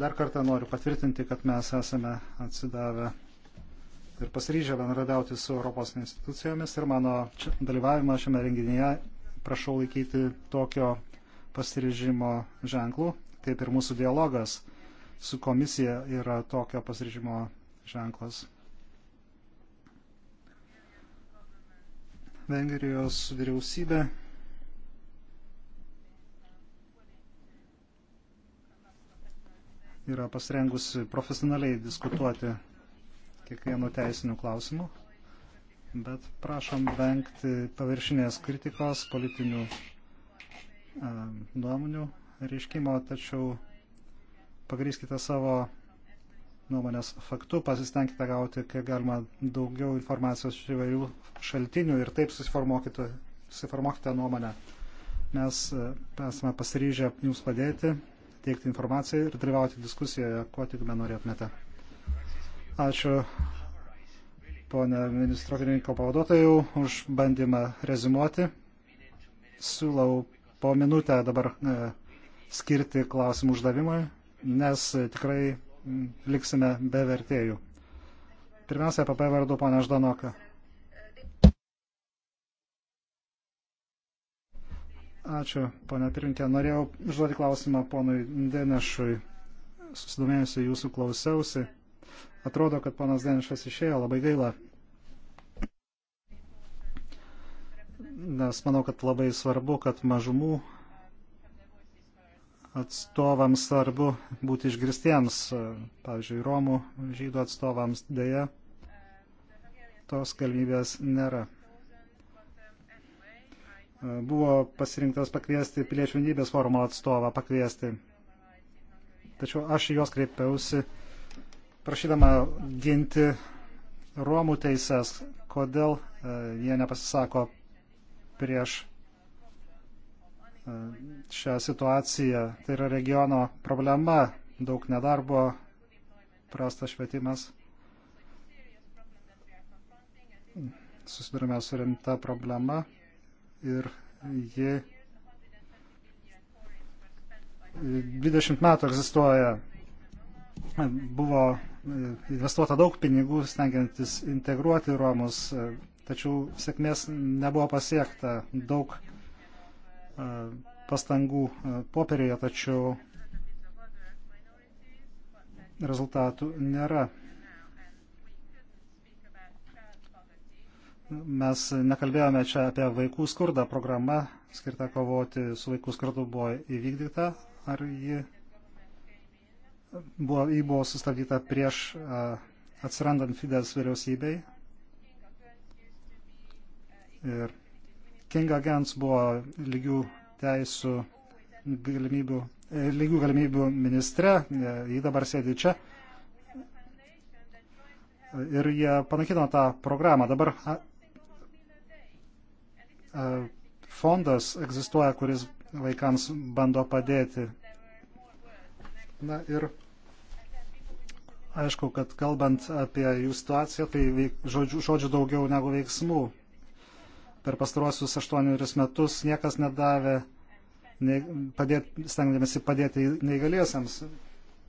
Dar kartą noriu patvirtinti, kad mes esame atsidavę ir pasiryžę bendradauti su Europos institucijomis ir mano čia, dalyvavimą šiame renginyje prašau laikyti tokio pasiryžimo ženklų. Taip ir mūsų dialogas su komisija yra tokio pasiryžimo ženklas. Vengrijos vyriausybė yra pasirengusi profesionaliai diskutuoti kiekvienu teisiniu klausimu, bet prašom vengti paviršinės kritikos, politinių a, nuomonių reiškimo, tačiau pagrįskite savo nuomonės faktu, pasistengkite gauti, kiek galima daugiau informacijos iš įvairių šaltinių ir taip susiformuokite, susiformuokite nuomonę. Mes esame pasiryžę jums padėti teikti informaciją ir dalyvauti diskusijoje, ko tik benorėtumėte. Ačiū ponę ministro pirmininko pavaduotojų už bandymą rezimuoti. Siūlau po minutę dabar e, skirti klausimų uždavimui, nes tikrai liksime be vertėjų. Pirmiausia, PP e vardu pana Ždanoka. Ačiū, ponia pirminkė. Norėjau užduoti klausimą ponui Denešui. Susidomėjusi jūsų klausiausi. Atrodo, kad ponas Denešas išėjo, labai gaila. Nes manau, kad labai svarbu, kad mažumų atstovams svarbu būti išgirstiems, pavyzdžiui, Romų žydų atstovams dėja tos galimybės nėra. Buvo pasirinktas pakviesti piliečių vienybės forumo atstovą pakviesti. Tačiau aš juos kreipiausi prašydama ginti Romų teises, kodėl e, jie nepasisako prieš e, šią situaciją. Tai yra regiono problema, daug nedarbo, prastas švietimas. Susidurime su rimta problema ir ji 20 metų egzistuoja. Buvo investuota daug pinigų, stengiantis integruoti Romus, tačiau sėkmės nebuvo pasiekta. Daug e, pastangų e, popierėje, tačiau rezultatų nėra. Mes nekalbėjome čia apie vaikų skurdą. Programa skirta kovoti su vaikų skurdu buvo įvykdyta. Ar ji buvo, ji buvo sustabdyta prieš atsirandant Fides vyriausybei? Ir King Agents buvo lygių teisų galimybių, e, lygių galimybių ministre, e, jį dabar sėdi čia. Ir jie panaikino tą programą. Dabar E, fondas egzistuoja, kuris vaikams bando padėti. Na ir aišku, kad kalbant apie jų situaciją, tai žodžių, žodžių daugiau negu veiksmų. Per pastaruosius aštuonius metus niekas nedavė, ne, padėt, stengdamėsi padėti neįgaliesiams.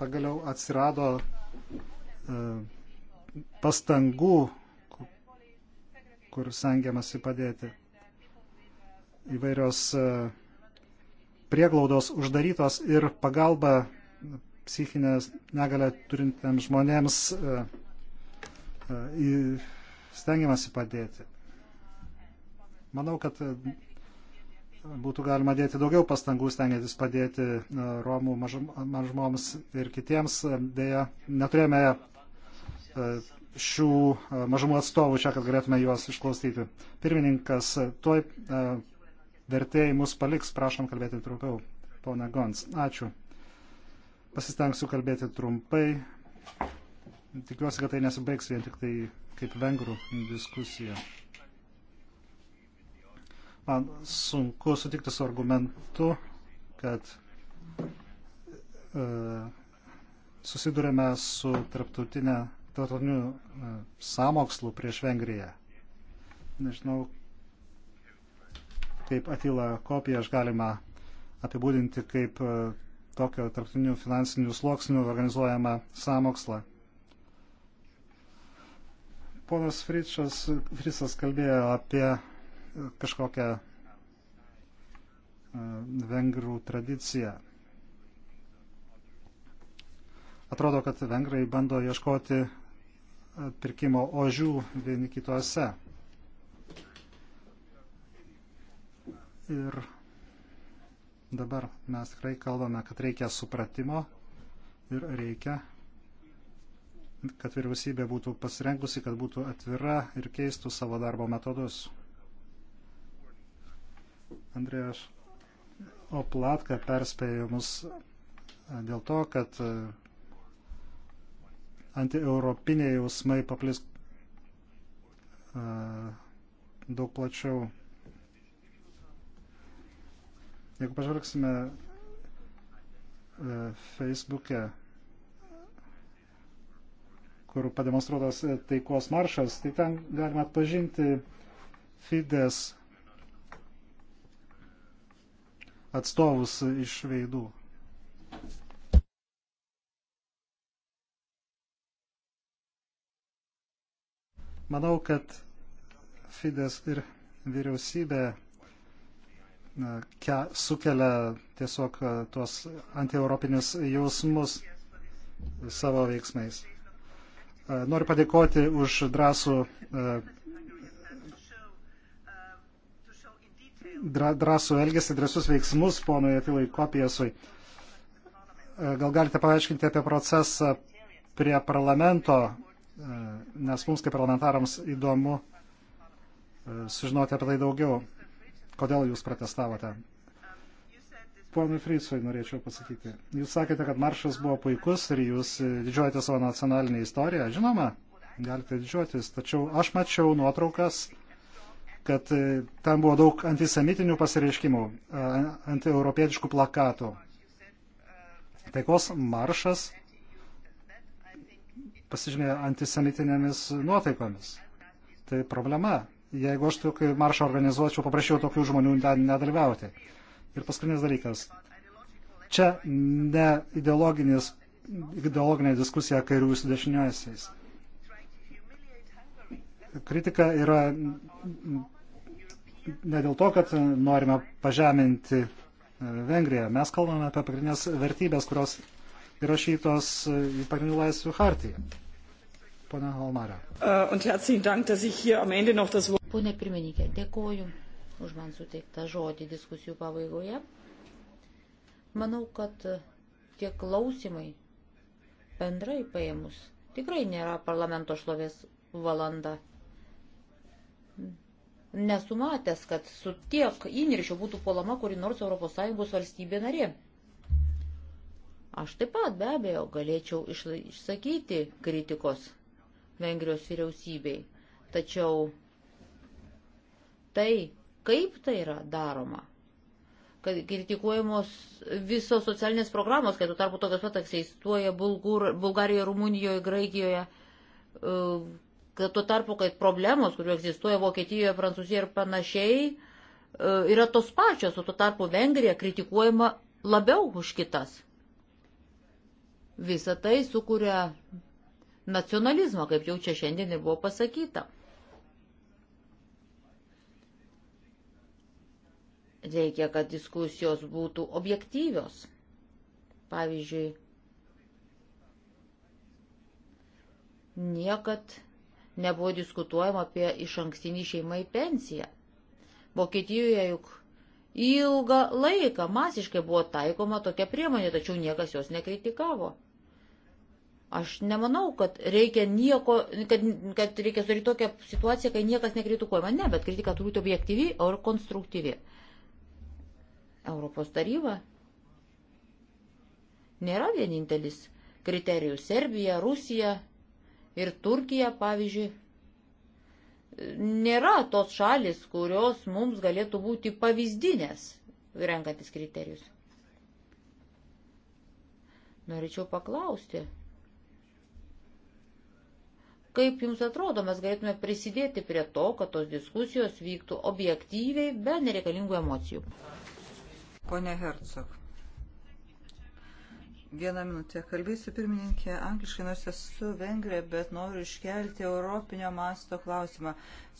Pagaliau atsirado e, pastangų, kur stengiamasi padėti įvairios e, prieglaudos uždarytos ir pagalba psichinę negalę turintiems žmonėms e, e, stengiamasi padėti. Manau, kad būtų galima dėti daugiau pastangų stengiantis padėti Romų mažumoms ir kitiems. Deja, neturėjome šių mažumų atstovų čia, kad galėtume juos išklausyti. Pirmininkas, tuoj vertėjai mus paliks, prašom kalbėti trumpiau. Pone Gons, ačiū. Pasistengsiu kalbėti trumpai. Tikiuosi, kad tai nesibaigs vien tik tai kaip vengrų diskusija. Man sunku sutikti su argumentu, kad e, susidurėme su tarptautinė, tarptautiniu e, samokslu prieš Vengriją. Nežinau, kaip Atila kopiją aš galima apibūdinti kaip e, tokio tarptautinių finansinių sluoksnių organizuojama samoksla. Ponas Fričas, Frisas kalbėjo apie e, kažkokią e, vengrų tradiciją. Atrodo, kad vengrai bando ieškoti pirkimo ožių vieni kituose. Ir dabar mes tikrai kalbame, kad reikia supratimo ir reikia, kad vyriausybė būtų pasirengusi, kad būtų atvira ir keistų savo darbo metodus. Andrėjas Oplatka perspėjo mus dėl to, kad antieuropiniai jausmai paplis daug plačiau Jeigu pažvelgsime e, Facebook'e, kur pademonstruotas e, taikos maršas, tai ten galima atpažinti Fides atstovus iš veidų. Manau, kad Fides ir vyriausybė ke, sukelia tiesiog e, tuos antieuropinius jausmus savo veiksmais. E, noriu padėkoti už drąsų, e, drąsų elgesį, drąsus veiksmus ponui Atilai Kopijasui. Gal galite paaiškinti apie procesą prie parlamento, nes mums kaip parlamentarams įdomu sužinoti apie tai daugiau kodėl jūs protestavote. Ponui Frysui norėčiau pasakyti. Jūs sakėte, kad maršas buvo puikus ir jūs didžiuojate savo nacionalinę istoriją. Žinoma, galite didžiuotis, tačiau aš mačiau nuotraukas, kad e, ten buvo daug antisemitinių pasireiškimų, e, antieuropietiškų plakatų. Taikos maršas pasižymėjo antisemitinėmis nuotaikomis. Tai problema jeigu aš tokį maršą organizuočiau, paprašiau tokių žmonių nedalyvauti. Ir paskutinis dalykas. Čia ne ideologinis, ideologinė diskusija kairių su dešiniaisiais. Kritika yra ne dėl to, kad norime pažeminti e, Vengriją. Mes kalbame apie pagrindinės vertybės, kurios įrašytos į pagrindinių laisvių hartiją. Pana Holmara.
Pone pirmininkė, dėkoju už man suteiktą žodį diskusijų pabaigoje. Manau, kad tie klausimai bendrai paėmus tikrai nėra parlamento šlovės valanda. Nesumatęs, kad su tiek įniršio būtų puolama kuri nors ES valstybė narė. Aš taip pat be abejo galėčiau išsakyti kritikos Vengrijos vyriausybei. Tačiau tai, kaip tai yra daroma, kad kritikuojamos visos socialinės programos, kai tu tarpu tokios pat egzistuoja Bulgarijoje, Rumunijoje, Graikijoje, e, kad tuo tarpu, kad problemos, kurių egzistuoja Vokietijoje, Prancūzijoje ir panašiai, e, yra tos pačios, o tuo tarpu Vengrija kritikuojama labiau už kitas. Visą tai sukuria nacionalizmo, kaip jau čia šiandien ir buvo pasakyta. Reikia, kad diskusijos būtų objektyvios. Pavyzdžiui, niekad nebuvo diskutuojama apie iš ankstinį šeimą į pensiją. Vokietijoje juk ilgą laiką masiškai buvo taikoma tokia priemonė, tačiau niekas jos nekritikavo. Aš nemanau, kad reikia nieko, kad, kad reikia sudaryti tokią situaciją, kai niekas nekritikuojama. Ne, bet kritika turi būti objektyvi ir konstruktyvi. Europos taryba nėra vienintelis kriterijus. Serbija, Rusija ir Turkija, pavyzdžiui, nėra tos šalis, kurios mums galėtų būti pavyzdinės, renkantis kriterijus. Norėčiau paklausti Kaip Jums atrodo, mes galėtume prisidėti prie to, kad tos diskusijos vyktų objektyviai, be nereikalingų emocijų? Pone Hercog.
Vieną minutę kalbėsiu pirmininkė angliškai, nors esu vengrė, bet noriu iškelti europinio masto klausimą.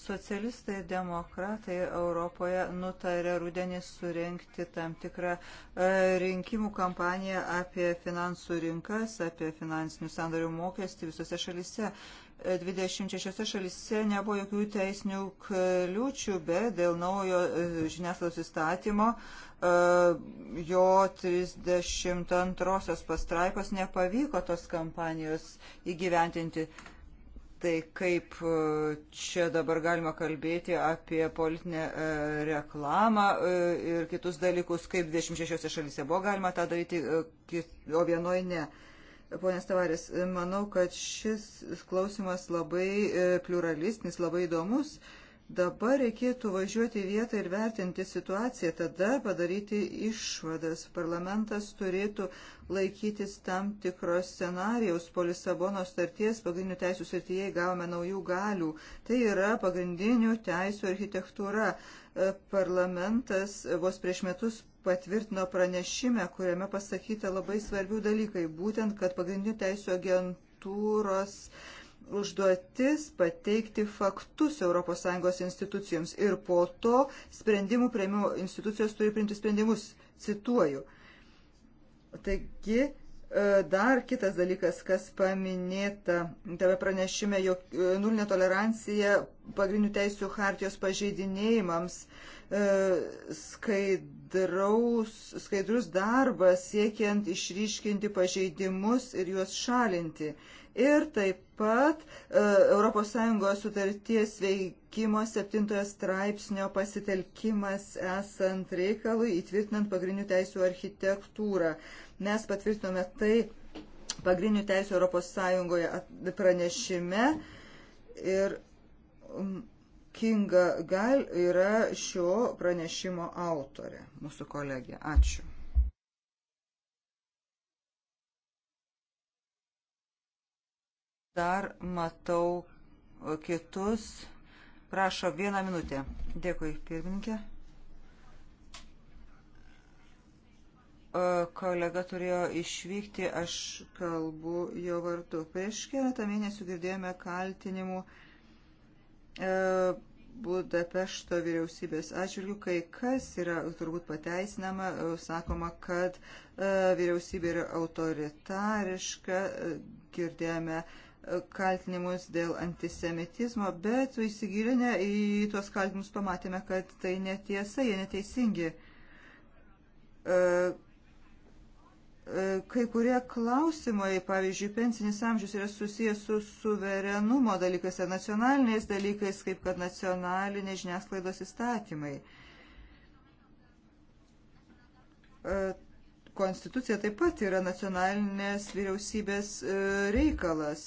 Socialistai ir demokratai Europoje nutarė rudenį surenkti tam tikrą e, rinkimų kampaniją apie finansų rinkas, apie finansinių sandarių mokestį visose šalise. 26 šalise nebuvo jokių teisinių kliūčių, bet dėl naujo e, žiniasklaidos įstatymo e, jo 32 pastraipos nepavyko tos kampanijos įgyventinti. Tai kaip e, čia dabar galima kalbėti apie politinę reklamą ir kitus dalykus, kaip 26 šalyse buvo galima tą daryti, o vienoje ne. Ponas Tavarės, manau, kad šis klausimas labai e, pluralistinis, labai įdomus. E, Dabar reikėtų važiuoti į vietą ir vertinti situaciją, tada padaryti išvadas. Parlamentas turėtų laikytis tam tikros scenarijaus. Po Lisabono starties pagrindinių teisų srityje gavome naujų galių. Tai yra pagrindinių teisų architektūra. E, Parlamentas vos prieš metus patvirtino pranešime, kuriame pasakyta labai svarbių dalykai. Būtent, kad pagrindinių teisų agentūros užduotis pateikti faktus ES institucijoms ir po to sprendimų prieimimo institucijos turi priimti sprendimus, cituoju. Taigi, e, dar kitas dalykas, kas paminėta tame pranešime, jog e, nulinė tolerancija pagrindinių teisų hartijos pažeidinėjimams, e, skaidraus, skaidrus darbas siekiant išryškinti pažeidimus ir juos šalinti ir taip pat ES sutarties veikimo septintojo straipsnio pasitelkimas esant reikalui įtvirtinant pagrindinių teisų architektūrą. Mes patvirtinome tai pagrindinių teisų ES pranešime ir Kinga Gal yra šio pranešimo autorė, mūsų kolegė. Ačiū. Dar matau kitus. Prašo vieną minutę. Dėkui, pirmininkė. kolega turėjo išvykti, aš kalbu jo vardu. Prieš keletą mėnesių girdėjome kaltinimų e, Budapešto vyriausybės atžvilgių, kai kas yra turbūt pateisinama, e, sakoma, kad e, vyriausybė yra autoritariška, girdėjome uh, kaltinimus dėl antisemitizmo, bet įsigilinę į tuos kaltinimus pamatėme, kad tai netiesa, jie neteisingi. E, e, kai kurie klausimai, pavyzdžiui, pensinis amžius yra susijęs su suverenumo dalykais ir nacionaliniais dalykais, kaip kad nacionalinė žiniasklaidos įstatymai. E, konstitucija taip pat yra nacionalinės vyriausybės reikalas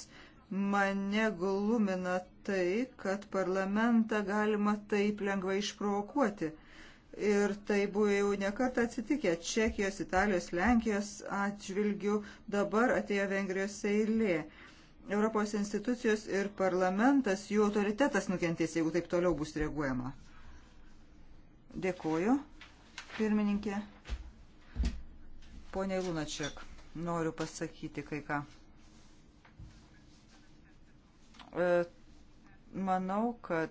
Mane glumina tai, kad parlamentą galima taip lengvai išprovokuoti. Ir tai buvo jau nekartą atsitikę Čekijos, Italijos, Lenkijos atžvilgių, dabar atėjo Vengrijos eilė. Europos institucijos ir parlamentas, jų autoritetas nukentės, jeigu taip toliau bus reaguojama. Dėkuoju, pirmininkė. Pone Lunačiak, noriu pasakyti kai ką. E, manau, kad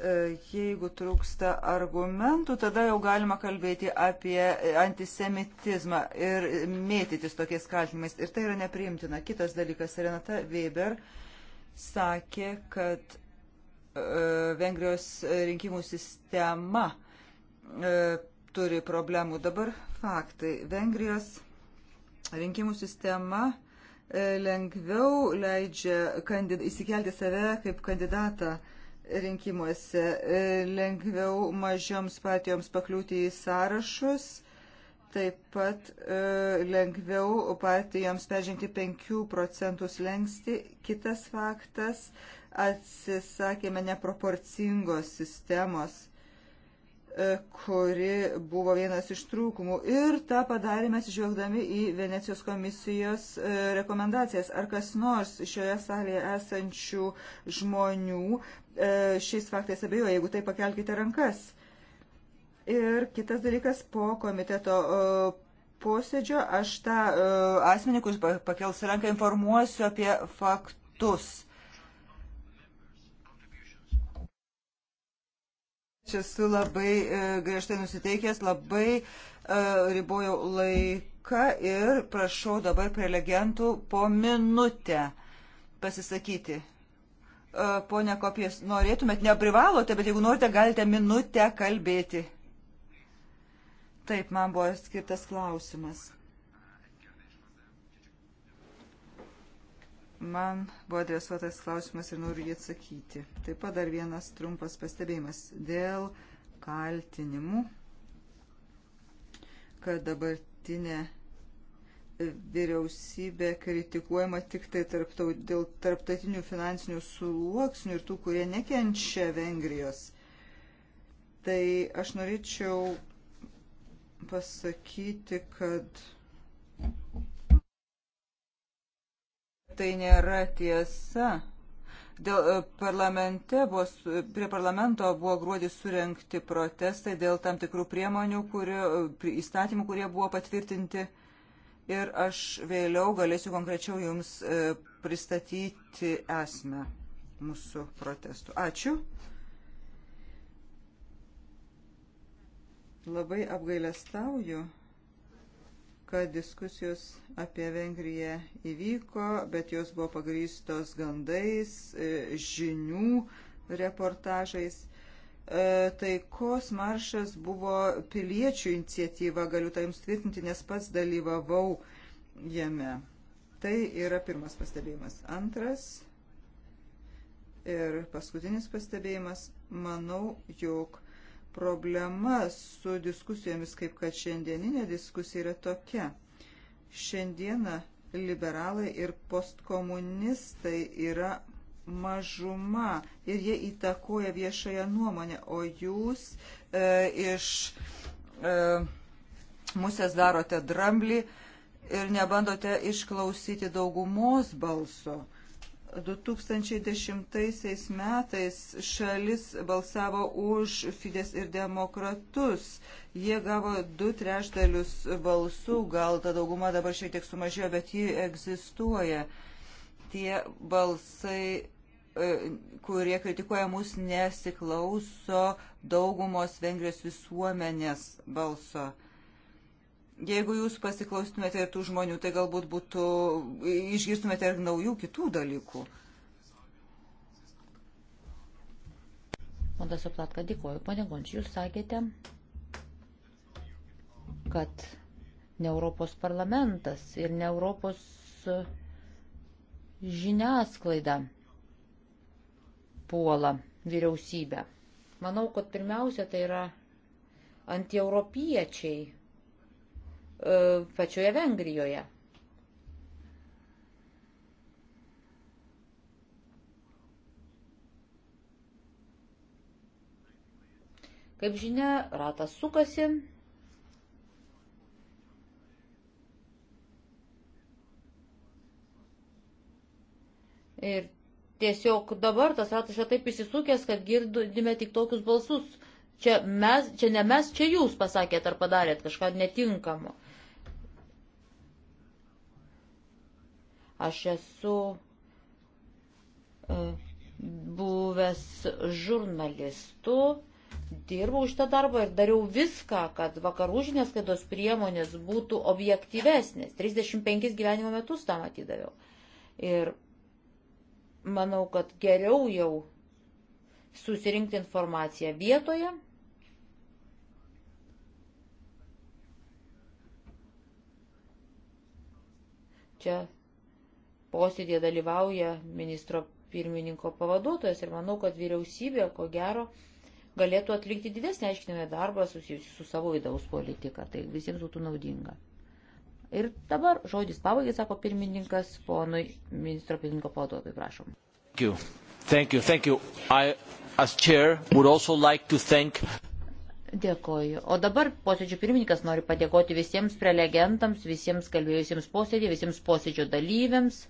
e, jeigu trūksta argumentų, tada jau galima kalbėti apie antisemitizmą ir mėtytis tokiais kaltinimais. Ir tai yra nepriimtina. Kitas dalykas, Renata Weber sakė, kad e, Vengrijos rinkimų sistema turi problemų. Dabar faktai. Vengrijos rinkimų sistema E, lengviau leidžia kandid... įsikelti save kaip kandidatą rinkimuose, e, lengviau mažioms partijoms pakliūti į sąrašus, taip pat e, lengviau partijoms peržengti 5 procentų slengsti. Kitas faktas - atsisakėme neproporcingos sistemos E, kuri buvo vienas iš trūkumų. Ir tą padarėme atsižvelgdami į Venecijos komisijos e, rekomendacijas. Ar kas nors šioje salėje esančių žmonių e, šiais faktais abejoja, jeigu tai pakelkite rankas. Ir kitas dalykas po komiteto posėdžio aš tą asmenį, kuris pakels ranką, informuosiu apie faktus Čia esu labai e, griežtai nusiteikęs, labai e, ribojau laiką ir prašau dabar prelegentų po minutę pasisakyti. E, pone Kopijas, norėtumėt, neprivalote, bet jeigu norite, galite minutę kalbėti. Taip, man buvo skirtas klausimas. Man buvo adresuotas klausimas ir noriu jį atsakyti. Taip pat dar vienas trumpas pastebėjimas dėl kaltinimų, kad dabartinė e, vyriausybė kritikuojama tik tai tarptau, dėl tarptautinių finansinių sluoksnių ir tų, kurie nekenčia Vengrijos. Tai aš norėčiau pasakyti, kad tai nėra tiesa. Dėl e, parlamente buvo, prie parlamento buvo gruodį surenkti protestai dėl tam tikrų priemonių, kurio, e, įstatymų, kurie buvo patvirtinti. Ir aš vėliau galėsiu konkrečiau Jums e, pristatyti esmę mūsų protestų. Ačiū. Labai apgailestauju kad diskusijos apie Vengriją įvyko, bet jos buvo pagrystos gandais, e, žinių reportažais. E, taikos maršas buvo piliečių iniciatyva, galiu tai jums tvirtinti, nes pats dalyvavau jame. Tai yra pirmas pastebėjimas. Antras ir paskutinis pastebėjimas, manau, jog problema su diskusijomis, kaip kad šiandieninė diskusija yra tokia. Šiandieną liberalai ir postkomunistai yra mažuma ir jie įtakoja viešąją nuomonę, o jūs e, iš e, musės darote dramblį ir nebandote išklausyti daugumos balso. E, 2010 metais šalis balsavo už Fides ir demokratus. Jie gavo du trešdalius balsų, gal ta dauguma dabar šiek tiek sumažėjo, bet ji egzistuoja. Tie balsai e, kurie kritikuoja mus, nesiklauso daugumos Vengrijos visuomenės balso. Jeigu jūs pasiklaustumėte ir tų žmonių, tai galbūt būtų, išgirstumėte ir naujų kitų dalykų.
Mantas Aplatka, dėkuoju. Pane Gončiai, jūs sakėte, kad ne Europos parlamentas ir ne Europos žiniasklaida puola vyriausybę. Manau, kad pirmiausia tai yra antieuropiečiai E, pačioje Vengrijoje. Kaip žinia, ratas sukasi. Ir tiesiog dabar tas ratas yra taip įsisukęs, kad girdime tik tokius balsus. Čia, mes, čia ne mes, čia jūs pasakėt ar padarėt kažką netinkamo. Uh, Aš esu e, buvęs žurnalistu, dirbau šitą darbą ir dariau viską, kad vakarų žiniasklaidos priemonės būtų objektyvesnės. 35 gyvenimo metus tam atidaviau. Ir manau, kad geriau jau susirinkti informaciją vietoje. Čia posėdėje dalyvauja ministro pirmininko pavaduotojas ir manau, kad vyriausybė, ko gero, galėtų atlikti didesnį aiškinimą darbą susijusi su savo vidaus politika. Tai visiems būtų naudinga. Ir dabar žodis pabaigai, sako pirmininkas, ponui ministro pirmininko pavaduotojui, prašom.
Thank you. Thank you. Thank you. I, as chair, would also like to thank
Dėkoju. O dabar posėdžio pirmininkas nori padėkoti visiems prelegentams, visiems kalbėjusiems posėdį, visiems posėdžio dalyviams.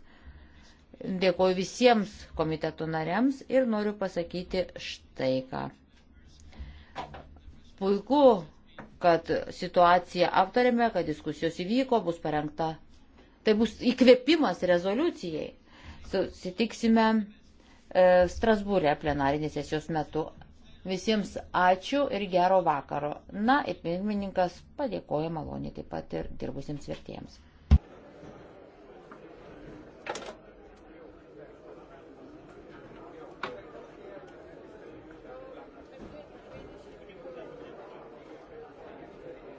Dėkoju visiems komiteto nariams ir noriu pasakyti štai ką. Puiku, kad situaciją aptarėme, kad diskusijos įvyko, bus parengta. Tai bus įkvėpimas rezoliucijai. Sitiksime e, Strasbūrė plenarinės sesijos metu. Visiems ačiū ir gero vakaro. Na, ir pirmininkas padėkoja maloniai taip pat ir dirbusiems vertėjams.